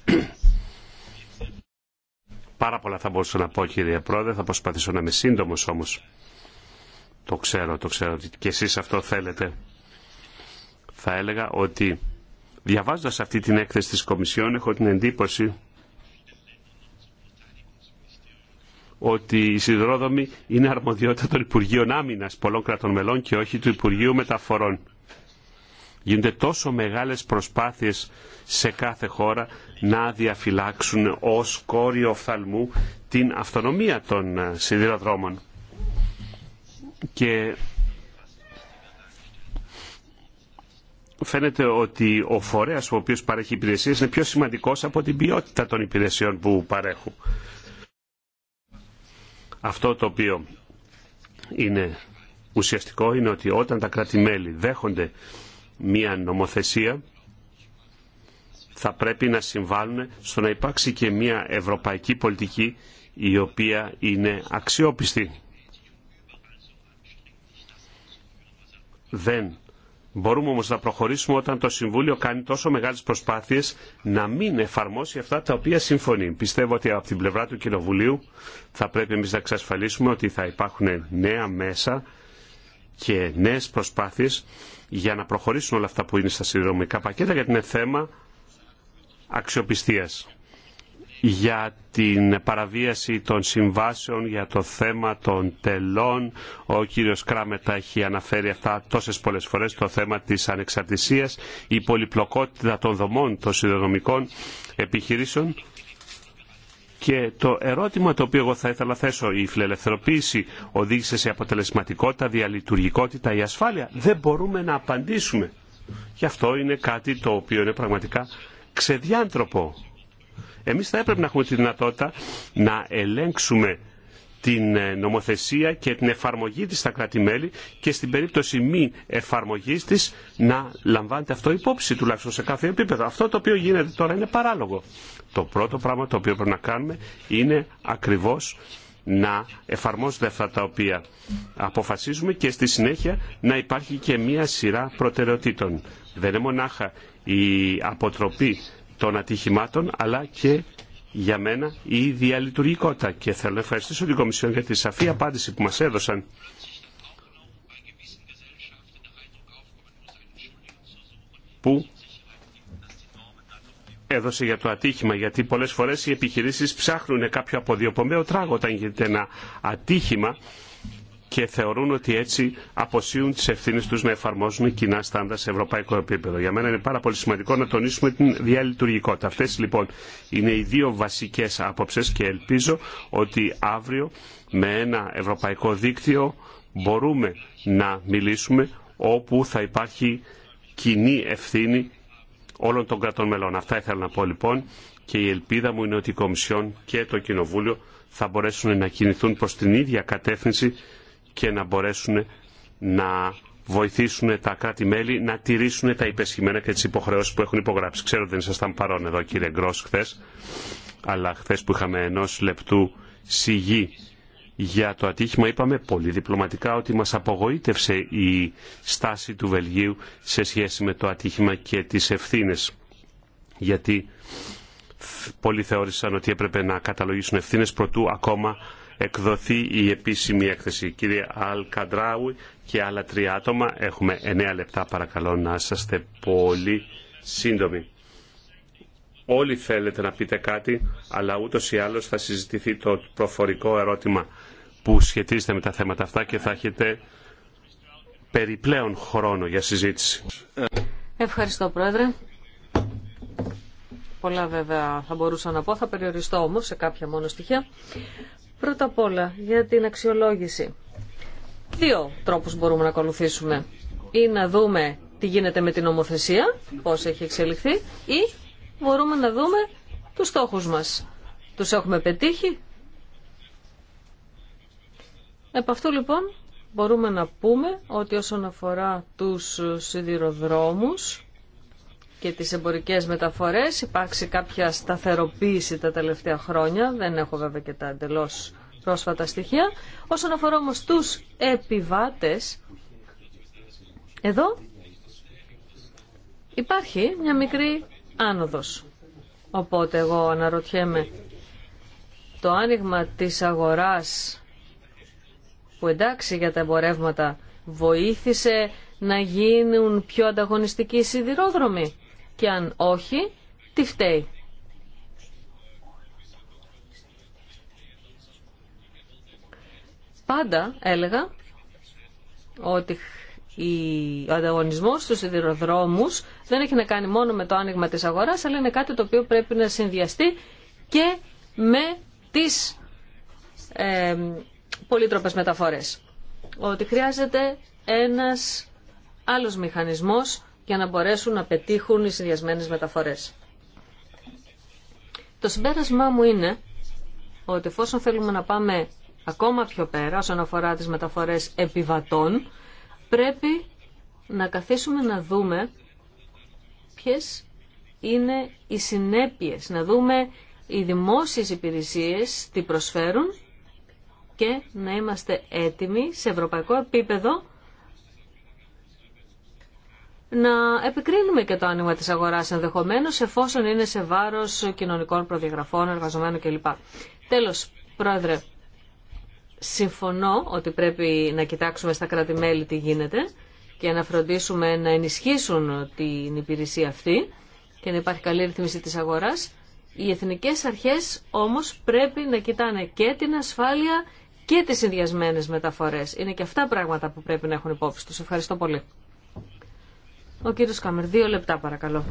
πάρα πολλά θα μπορούσα να πω κύριε Πρόεδρε, θα προσπαθήσω να είμαι σύντομο όμως. Το ξέρω, το ξέρω ότι και εσείς αυτό θέλετε. Θα έλεγα ότι διαβάζοντας αυτή την έκθεση της Κομισιόν έχω την εντύπωση ότι οι σιδηρόδρομοι είναι αρμοδιότητα των Υπουργείων Άμυνα πολλών κρατών μελών και όχι του Υπουργείου Μεταφορών. Γίνονται τόσο μεγάλες προσπάθειες σε κάθε χώρα να διαφυλάξουν ως κόριο οφθαλμού την αυτονομία των ε, σιδηροδρόμων. Και φαίνεται ότι ο φορέας ο οποίος παρέχει υπηρεσίες είναι πιο σημαντικός από την ποιότητα των υπηρεσιών που παρέχουν. Αυτό το οποίο είναι ουσιαστικό είναι ότι όταν τα κράτη-μέλη δέχονται μία νομοθεσία θα πρέπει να συμβάλλουν στο να υπάρξει και μία ευρωπαϊκή πολιτική η οποία είναι αξιόπιστη. Δεν Μπορούμε όμως να προχωρήσουμε όταν το Συμβούλιο κάνει τόσο μεγάλες προσπάθειες να μην εφαρμόσει αυτά τα οποία συμφωνεί. Πιστεύω ότι από την πλευρά του Κοινοβουλίου θα πρέπει εμείς να εξασφαλίσουμε ότι θα υπάρχουν νέα μέσα και νέες προσπάθειες για να προχωρήσουν όλα αυτά που είναι στα συνδρομικά πακέτα γιατί είναι θέμα αξιοπιστίας για την παραβίαση των συμβάσεων, για το θέμα των τελών. Ο κύριος Κράμετα έχει αναφέρει αυτά τόσες πολλές φορές, το θέμα της ανεξαρτησίας, η πολυπλοκότητα των δομών των συνδρομικών επιχειρήσεων. Και το ερώτημα το οποίο εγώ θα ήθελα να θέσω, η φιλελευθερωποίηση οδήγησε σε αποτελεσματικότητα, διαλειτουργικότητα ή ασφάλεια. Δεν μπορούμε να απαντήσουμε. Γι' αυτό είναι κάτι το οποίο είναι πραγματικά ξεδιάντροπο εμείς θα έπρεπε να έχουμε τη δυνατότητα να ελέγξουμε την ε, νομοθεσία και την εφαρμογή της στα κράτη-μέλη και στην περίπτωση μη εφαρμογής της να λαμβάνεται αυτό υπόψη τουλάχιστον σε κάθε επίπεδο. Αυτό το οποίο γίνεται τώρα είναι παράλογο. Το πρώτο πράγμα το οποίο πρέπει να κάνουμε είναι ακριβώς να εφαρμόζονται αυτά τα οποία αποφασίζουμε και στη συνέχεια να υπάρχει και μία σειρά προτεραιοτήτων. Δεν είναι μονάχα η αποτροπή των ατυχημάτων, αλλά και για μένα η διαλειτουργικότητα. Και θέλω να ευχαριστήσω την Κομισιόν για τη σαφή απάντηση που μας έδωσαν. Που έδωσε για το ατύχημα, γιατί πολλές φορές οι επιχειρήσεις ψάχνουν κάποιο αποδιοπομπαίο τράγο όταν γίνεται ένα ατύχημα και θεωρούν ότι έτσι αποσύουν τις ευθύνες τους να εφαρμόζουν κοινά στάντα σε ευρωπαϊκό επίπεδο. Για μένα είναι πάρα πολύ σημαντικό να τονίσουμε την διαλειτουργικότητα. Αυτές λοιπόν είναι οι δύο βασικές άποψες και ελπίζω ότι αύριο με ένα ευρωπαϊκό δίκτυο μπορούμε να μιλήσουμε όπου θα υπάρχει κοινή ευθύνη όλων των κρατών μελών. Αυτά ήθελα να πω λοιπόν και η ελπίδα μου είναι ότι η Κομισιόν και το Κοινοβούλιο θα μπορέσουν να κινηθούν προς την ίδια κατεύθυνση και να μπορέσουν να βοηθήσουν τα κράτη-μέλη να τηρήσουν τα υπεσχημένα και τις υποχρεώσεις που έχουν υπογράψει. Ξέρω ότι δεν ήσασταν παρόν εδώ κύριε Γκρός χθε, αλλά χθε που είχαμε ενός λεπτού σιγή για το ατύχημα είπαμε πολύ διπλωματικά ότι μας απογοήτευσε η στάση του Βελγίου σε σχέση με το ατύχημα και τις ευθύνε. Γιατί πολλοί θεώρησαν ότι έπρεπε να καταλογίσουν ευθύνε προτού ακόμα εκδοθεί η επίσημη έκθεση. Κύριε Αλ Καντράουι και άλλα τρία άτομα. Έχουμε εννέα λεπτά παρακαλώ να είσαστε πολύ σύντομοι. Όλοι θέλετε να πείτε κάτι, αλλά ούτως ή άλλως θα συζητηθεί το προφορικό ερώτημα που σχετίζεται με τα θέματα αυτά και θα έχετε περιπλέον χρόνο για συζήτηση. Ευχαριστώ Πρόεδρε. Πολλά βέβαια θα μπορούσα να πω, θα περιοριστώ όμως σε κάποια μόνο στοιχεία. Πρώτα απ' όλα για την αξιολόγηση. Δύο τρόπους μπορούμε να ακολουθήσουμε. Ή να δούμε τι γίνεται με την νομοθεσία, πώς έχει εξελιχθεί, ή μπορούμε να δούμε τους στόχους μας. Τους έχουμε πετύχει. Επ' αυτού λοιπόν μπορούμε να πούμε ότι όσον αφορά τους σιδηροδρόμους, και τις εμπορικές μεταφορές. Υπάρξει κάποια σταθεροποίηση τα τελευταία χρόνια, δεν έχω βέβαια και τα εντελώ πρόσφατα στοιχεία. Όσον αφορά όμως τους επιβάτες, εδώ υπάρχει μια μικρή άνοδος. Οπότε εγώ αναρωτιέμαι το άνοιγμα της αγοράς που εντάξει για τα εμπορεύματα βοήθησε να γίνουν πιο ανταγωνιστικοί σιδηρόδρομοι και αν όχι, τι φταίει. Πάντα έλεγα ότι ο ανταγωνισμός στους σιδηροδρόμους δεν έχει να κάνει μόνο με το άνοιγμα της αγοράς, αλλά είναι κάτι το οποίο πρέπει να συνδυαστεί και με τις ε, πολύτροπες μεταφορές. Ότι χρειάζεται ένας άλλος μηχανισμός για να μπορέσουν να πετύχουν οι συνδυασμένες μεταφορές. Το συμπέρασμά μου είναι ότι εφόσον θέλουμε να πάμε ακόμα πιο πέρα όσον αφορά τις μεταφορές επιβατών, πρέπει να καθίσουμε να δούμε ποιες είναι οι συνέπειες, να δούμε οι δημόσιες υπηρεσίες τι προσφέρουν και να είμαστε έτοιμοι σε ευρωπαϊκό επίπεδο να επικρίνουμε και το άνοιγμα της αγοράς ενδεχομένως εφόσον είναι σε βάρος κοινωνικών προδιαγραφών, εργαζομένων κλπ. Τέλος, Πρόεδρε, συμφωνώ ότι πρέπει να κοιτάξουμε στα κράτη-μέλη τι γίνεται και να φροντίσουμε να ενισχύσουν την υπηρεσία αυτή και να υπάρχει καλή ρυθμίση της αγοράς. Οι εθνικές αρχές όμως πρέπει να κοιτάνε και την ασφάλεια και τις συνδυασμένε μεταφορές. Είναι και αυτά πράγματα που πρέπει να έχουν υπόψη τους. Ευχαριστώ πολύ. Ο κύριος Κάμερ, δύο λεπτά παρακαλώ.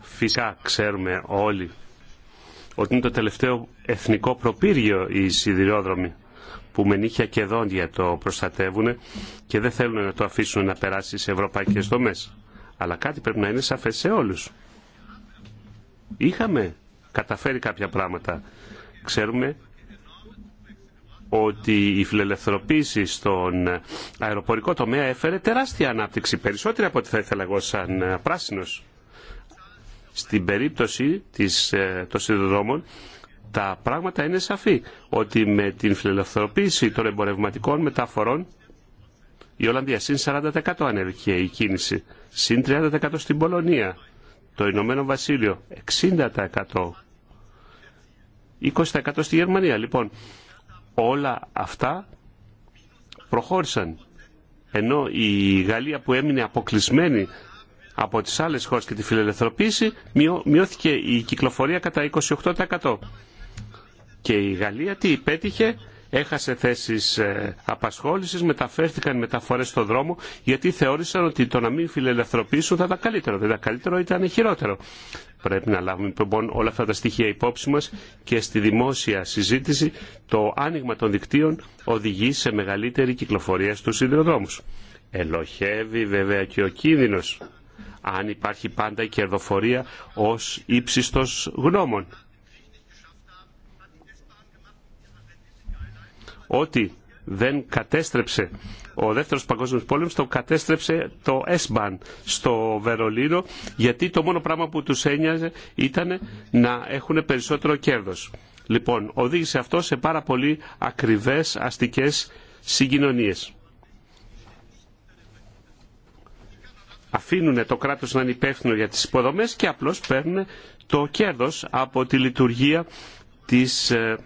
Φυσικά ξέρουμε όλοι ότι είναι το τελευταίο εθνικό προπύργιο οι σιδηρόδρομοι που με νύχια και δόντια το προστατεύουν και δεν θέλουν να το αφήσουν να περάσει σε ευρωπαϊκές δομές. Αλλά κάτι πρέπει να είναι σαφές σε όλους. Είχαμε καταφέρει κάποια πράγματα. Ξέρουμε ότι η φιλελευθερωποίηση στον αεροπορικό τομέα έφερε τεράστια ανάπτυξη, περισσότερη από ό,τι θα ήθελα εγώ σαν ε, πράσινος. Στην περίπτωση της, ε, των σιδηροδρόμων, τα πράγματα είναι σαφή ότι με την φιλελευθερωποίηση των εμπορευματικών μεταφορών η Ολλανδία συν 40% ανέβηκε η κίνηση, συν 30% στην Πολωνία, το Ηνωμένο Βασίλειο 60%, 20% στη Γερμανία. Λοιπόν, όλα αυτά προχώρησαν. Ενώ η Γαλλία που έμεινε αποκλεισμένη από τις άλλες χώρες και τη φιλελευθερωποίηση μειώθηκε η κυκλοφορία κατά 28%. Και η Γαλλία τι πέτυχε έχασε θέσεις ε, απασχόλησης, μεταφέρθηκαν μεταφορές στον δρόμο γιατί θεώρησαν ότι το να μην φιλελευθερωποιήσουν θα ήταν καλύτερο. Δεν ήταν καλύτερο, ήταν χειρότερο. Πρέπει να λάβουμε λοιπόν όλα αυτά τα στοιχεία υπόψη μας και στη δημόσια συζήτηση το άνοιγμα των δικτύων οδηγεί σε μεγαλύτερη κυκλοφορία στους σιδηροδρόμους. Ελοχεύει βέβαια και ο κίνδυνος αν υπάρχει πάντα η κερδοφορία ως ύψιστος γνώμων ότι δεν κατέστρεψε ο δεύτερος παγκόσμιος πόλεμος, το κατέστρεψε το S-Bahn στο Βερολίνο, γιατί το μόνο πράγμα που τους ένοιαζε ήταν να έχουν περισσότερο κέρδος. Λοιπόν, οδήγησε αυτό σε πάρα πολύ ακριβές αστικές συγκοινωνίες. Αφήνουν το κράτος να είναι υπεύθυνο για τις υποδομές και απλώς παίρνουν το κέρδος από τη λειτουργία της ε,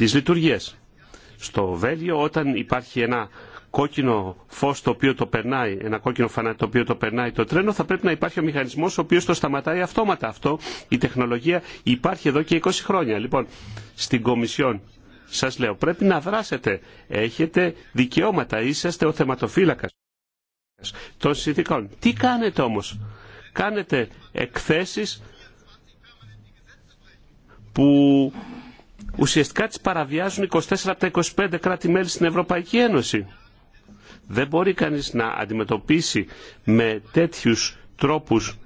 τις λειτουργίες. Στο Βέλγιο όταν υπάρχει ένα κόκκινο φως το οποίο το περνάει, ένα κόκκινο φανάρι το οποίο το περνάει το τρένο, θα πρέπει να υπάρχει ο μηχανισμός ο οποίος το σταματάει αυτόματα. Αυτό η τεχνολογία υπάρχει εδώ και 20 χρόνια. Λοιπόν, στην Κομισιόν σας λέω, πρέπει να δράσετε. Έχετε δικαιώματα, είσαστε ο θεματοφύλακας των συνθηκών. Τι κάνετε όμως. κάνετε εκθέσεις που ουσιαστικά τις παραβιάζουν 24 από τα 25 κράτη-μέλη στην Ευρωπαϊκή Ένωση. Δεν μπορεί κανείς να αντιμετωπίσει με τέτοιους τρόπους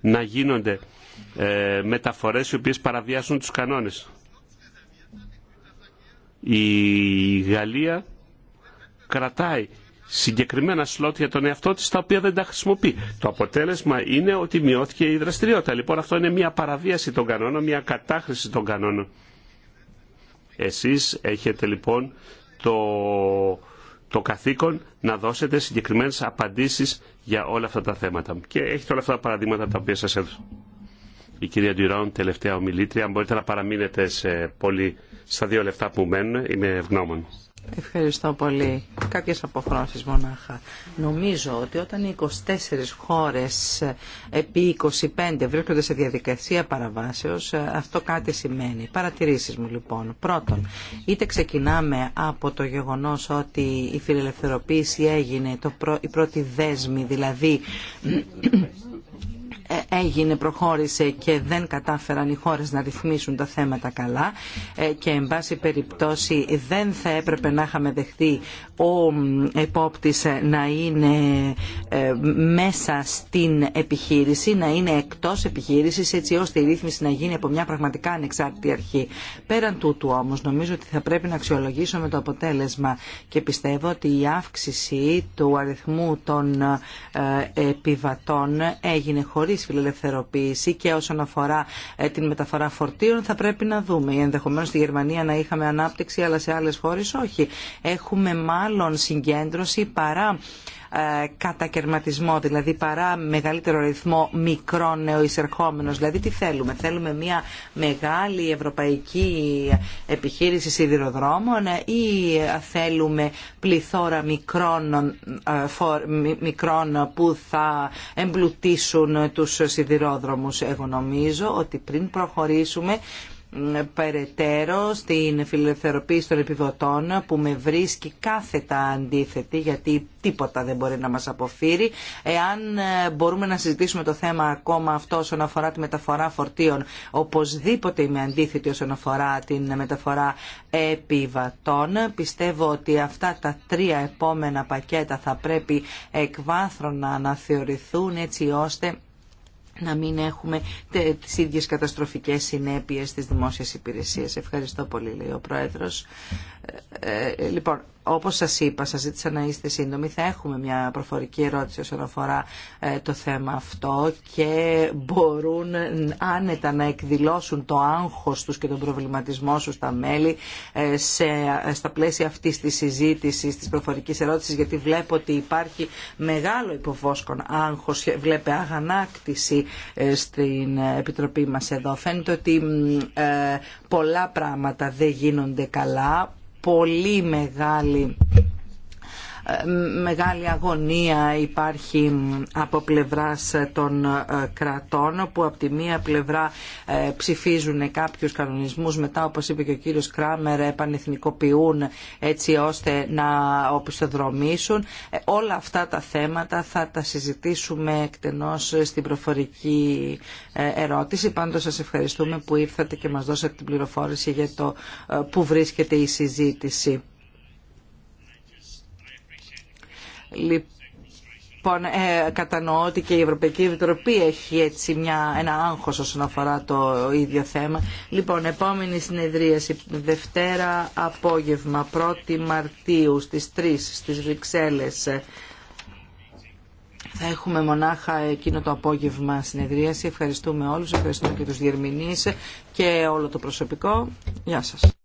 να γίνονται ε, μεταφορές οι οποίες παραβιάζουν τους κανόνες. Η Γαλλία κρατάει συγκεκριμένα σλότ για τον εαυτό της τα οποία δεν τα χρησιμοποιεί. Το αποτέλεσμα είναι ότι μειώθηκε η δραστηριότητα. Λοιπόν αυτό είναι μια παραβίαση των κανόνων, μια κατάχρηση των κανόνων. Εσείς έχετε λοιπόν το, το καθήκον να δώσετε συγκεκριμένες απαντήσεις για όλα αυτά τα θέματα. Και έχετε όλα αυτά τα παραδείγματα τα οποία σας έδωσα. Η κυρία Ντουράουν, τελευταία ομιλήτρια, αν μπορείτε να παραμείνετε σε πολύ, στα δύο λεφτά που μένουν, είμαι ευγνώμων. Ευχαριστώ πολύ. Κάποιες αποφρώσεις μονάχα. Νομίζω ότι όταν οι 24 χώρες ε, επί 25 βρίσκονται σε διαδικασία παραβάσεως, ε, αυτό κάτι σημαίνει. Παρατηρήσεις μου λοιπόν. Πρώτον, είτε ξεκινάμε από το γεγονός ότι η φιλελευθερωποίηση έγινε το η πρώτη δέσμη, δηλαδή έγινε, προχώρησε και δεν κατάφεραν οι χώρες να ρυθμίσουν τα θέματα καλά ε, και εν πάση περιπτώσει δεν θα έπρεπε να είχαμε δεχτεί ο επόπτης να είναι ε, μέσα στην επιχείρηση, να είναι εκτός επιχείρησης έτσι ώστε η ρύθμιση να γίνει από μια πραγματικά ανεξάρτητη αρχή. Πέραν τούτου όμως νομίζω ότι θα πρέπει να αξιολογήσουμε το αποτέλεσμα και πιστεύω ότι η αύξηση του αριθμού των ε, επιβατών έγινε χωρίς φιλελευθερωποίηση και όσον αφορά ε, την μεταφορά φορτίων θα πρέπει να δούμε. Ενδεχομένως στη Γερμανία να είχαμε ανάπτυξη αλλά σε άλλες χώρες όχι. Έχουμε μάλλον συγκέντρωση παρά ε, κατακαιρματισμό, δηλαδή παρά μεγαλύτερο ρυθμό μικρών νεοεισερχόμενων. Δηλαδή τι θέλουμε. Θέλουμε μια μεγάλη ευρωπαϊκή επιχείρηση σιδηροδρόμων ή θέλουμε πληθώρα μικρών, ε, μικρών που θα εμπλουτίσουν τους σιδηρόδρομους. Εγώ νομίζω ότι πριν προχωρήσουμε περαιτέρω στην φιλελευθερωποίηση των επιβοτών που με βρίσκει κάθετα αντίθετη γιατί τίποτα δεν μπορεί να μας αποφύρει. Εάν ε, μπορούμε να συζητήσουμε το θέμα ακόμα αυτό όσον αφορά τη μεταφορά φορτίων, οπωσδήποτε είμαι αντίθετη όσον αφορά την μεταφορά επιβατών. Πιστεύω ότι αυτά τα τρία επόμενα πακέτα θα πρέπει εκβάθρον να θεωρηθούν έτσι ώστε να μην έχουμε τις ίδιε καταστροφικές συνέπειες στις δημόσιες υπηρεσίες. Ευχαριστώ πολύ, λέει ο Πρόεδρος. ε, ε λοιπόν, όπως σας είπα, σας ζήτησα να είστε σύντομοι, θα έχουμε μια προφορική ερώτηση όσον αφορά ε, το θέμα αυτό και μπορούν άνετα να εκδηλώσουν το άγχος τους και τον προβληματισμό τους στα μέλη ε, σε, ε, στα πλαίσια αυτής της συζήτησης, της προφορικής ερώτησης, γιατί βλέπω ότι υπάρχει μεγάλο υποβόσκον άγχος, βλέπε αγανάκτηση στην Επιτροπή μας εδώ. Φαίνεται ότι πολλά πράγματα δεν γίνονται καλά, πολύ μεγάλη ε, μεγάλη αγωνία υπάρχει από πλευράς ε, των ε, κρατών που από τη μία πλευρά ψηφίζουν κάποιους κανονισμούς μετά όπως είπε και ο κύριος Κράμερ επανεθνικοποιούν έτσι ώστε να οπισθοδρομήσουν. Όλα αυτά τα θέματα θα τα συζητήσουμε εκτενώς στην προφορική ερώτηση. Πάντως σας ευχαριστούμε που ήρθατε και μας δώσατε την πληροφόρηση για το που βρίσκεται η συζήτηση. Λοιπόν, ε, κατανοώ ότι και η Ευρωπαϊκή Επιτροπή έχει έτσι μια, ένα άγχος όσον αφορά το ίδιο θέμα. Λοιπόν, επόμενη συνεδρίαση, Δευτέρα απόγευμα, 1η Μαρτίου στις 3 στις Βρυξέλλες. Θα έχουμε μονάχα εκείνο το απόγευμα συνεδρίαση. Ευχαριστούμε όλους, ευχαριστούμε και τους διερμηνείς και όλο το προσωπικό. Γεια σας.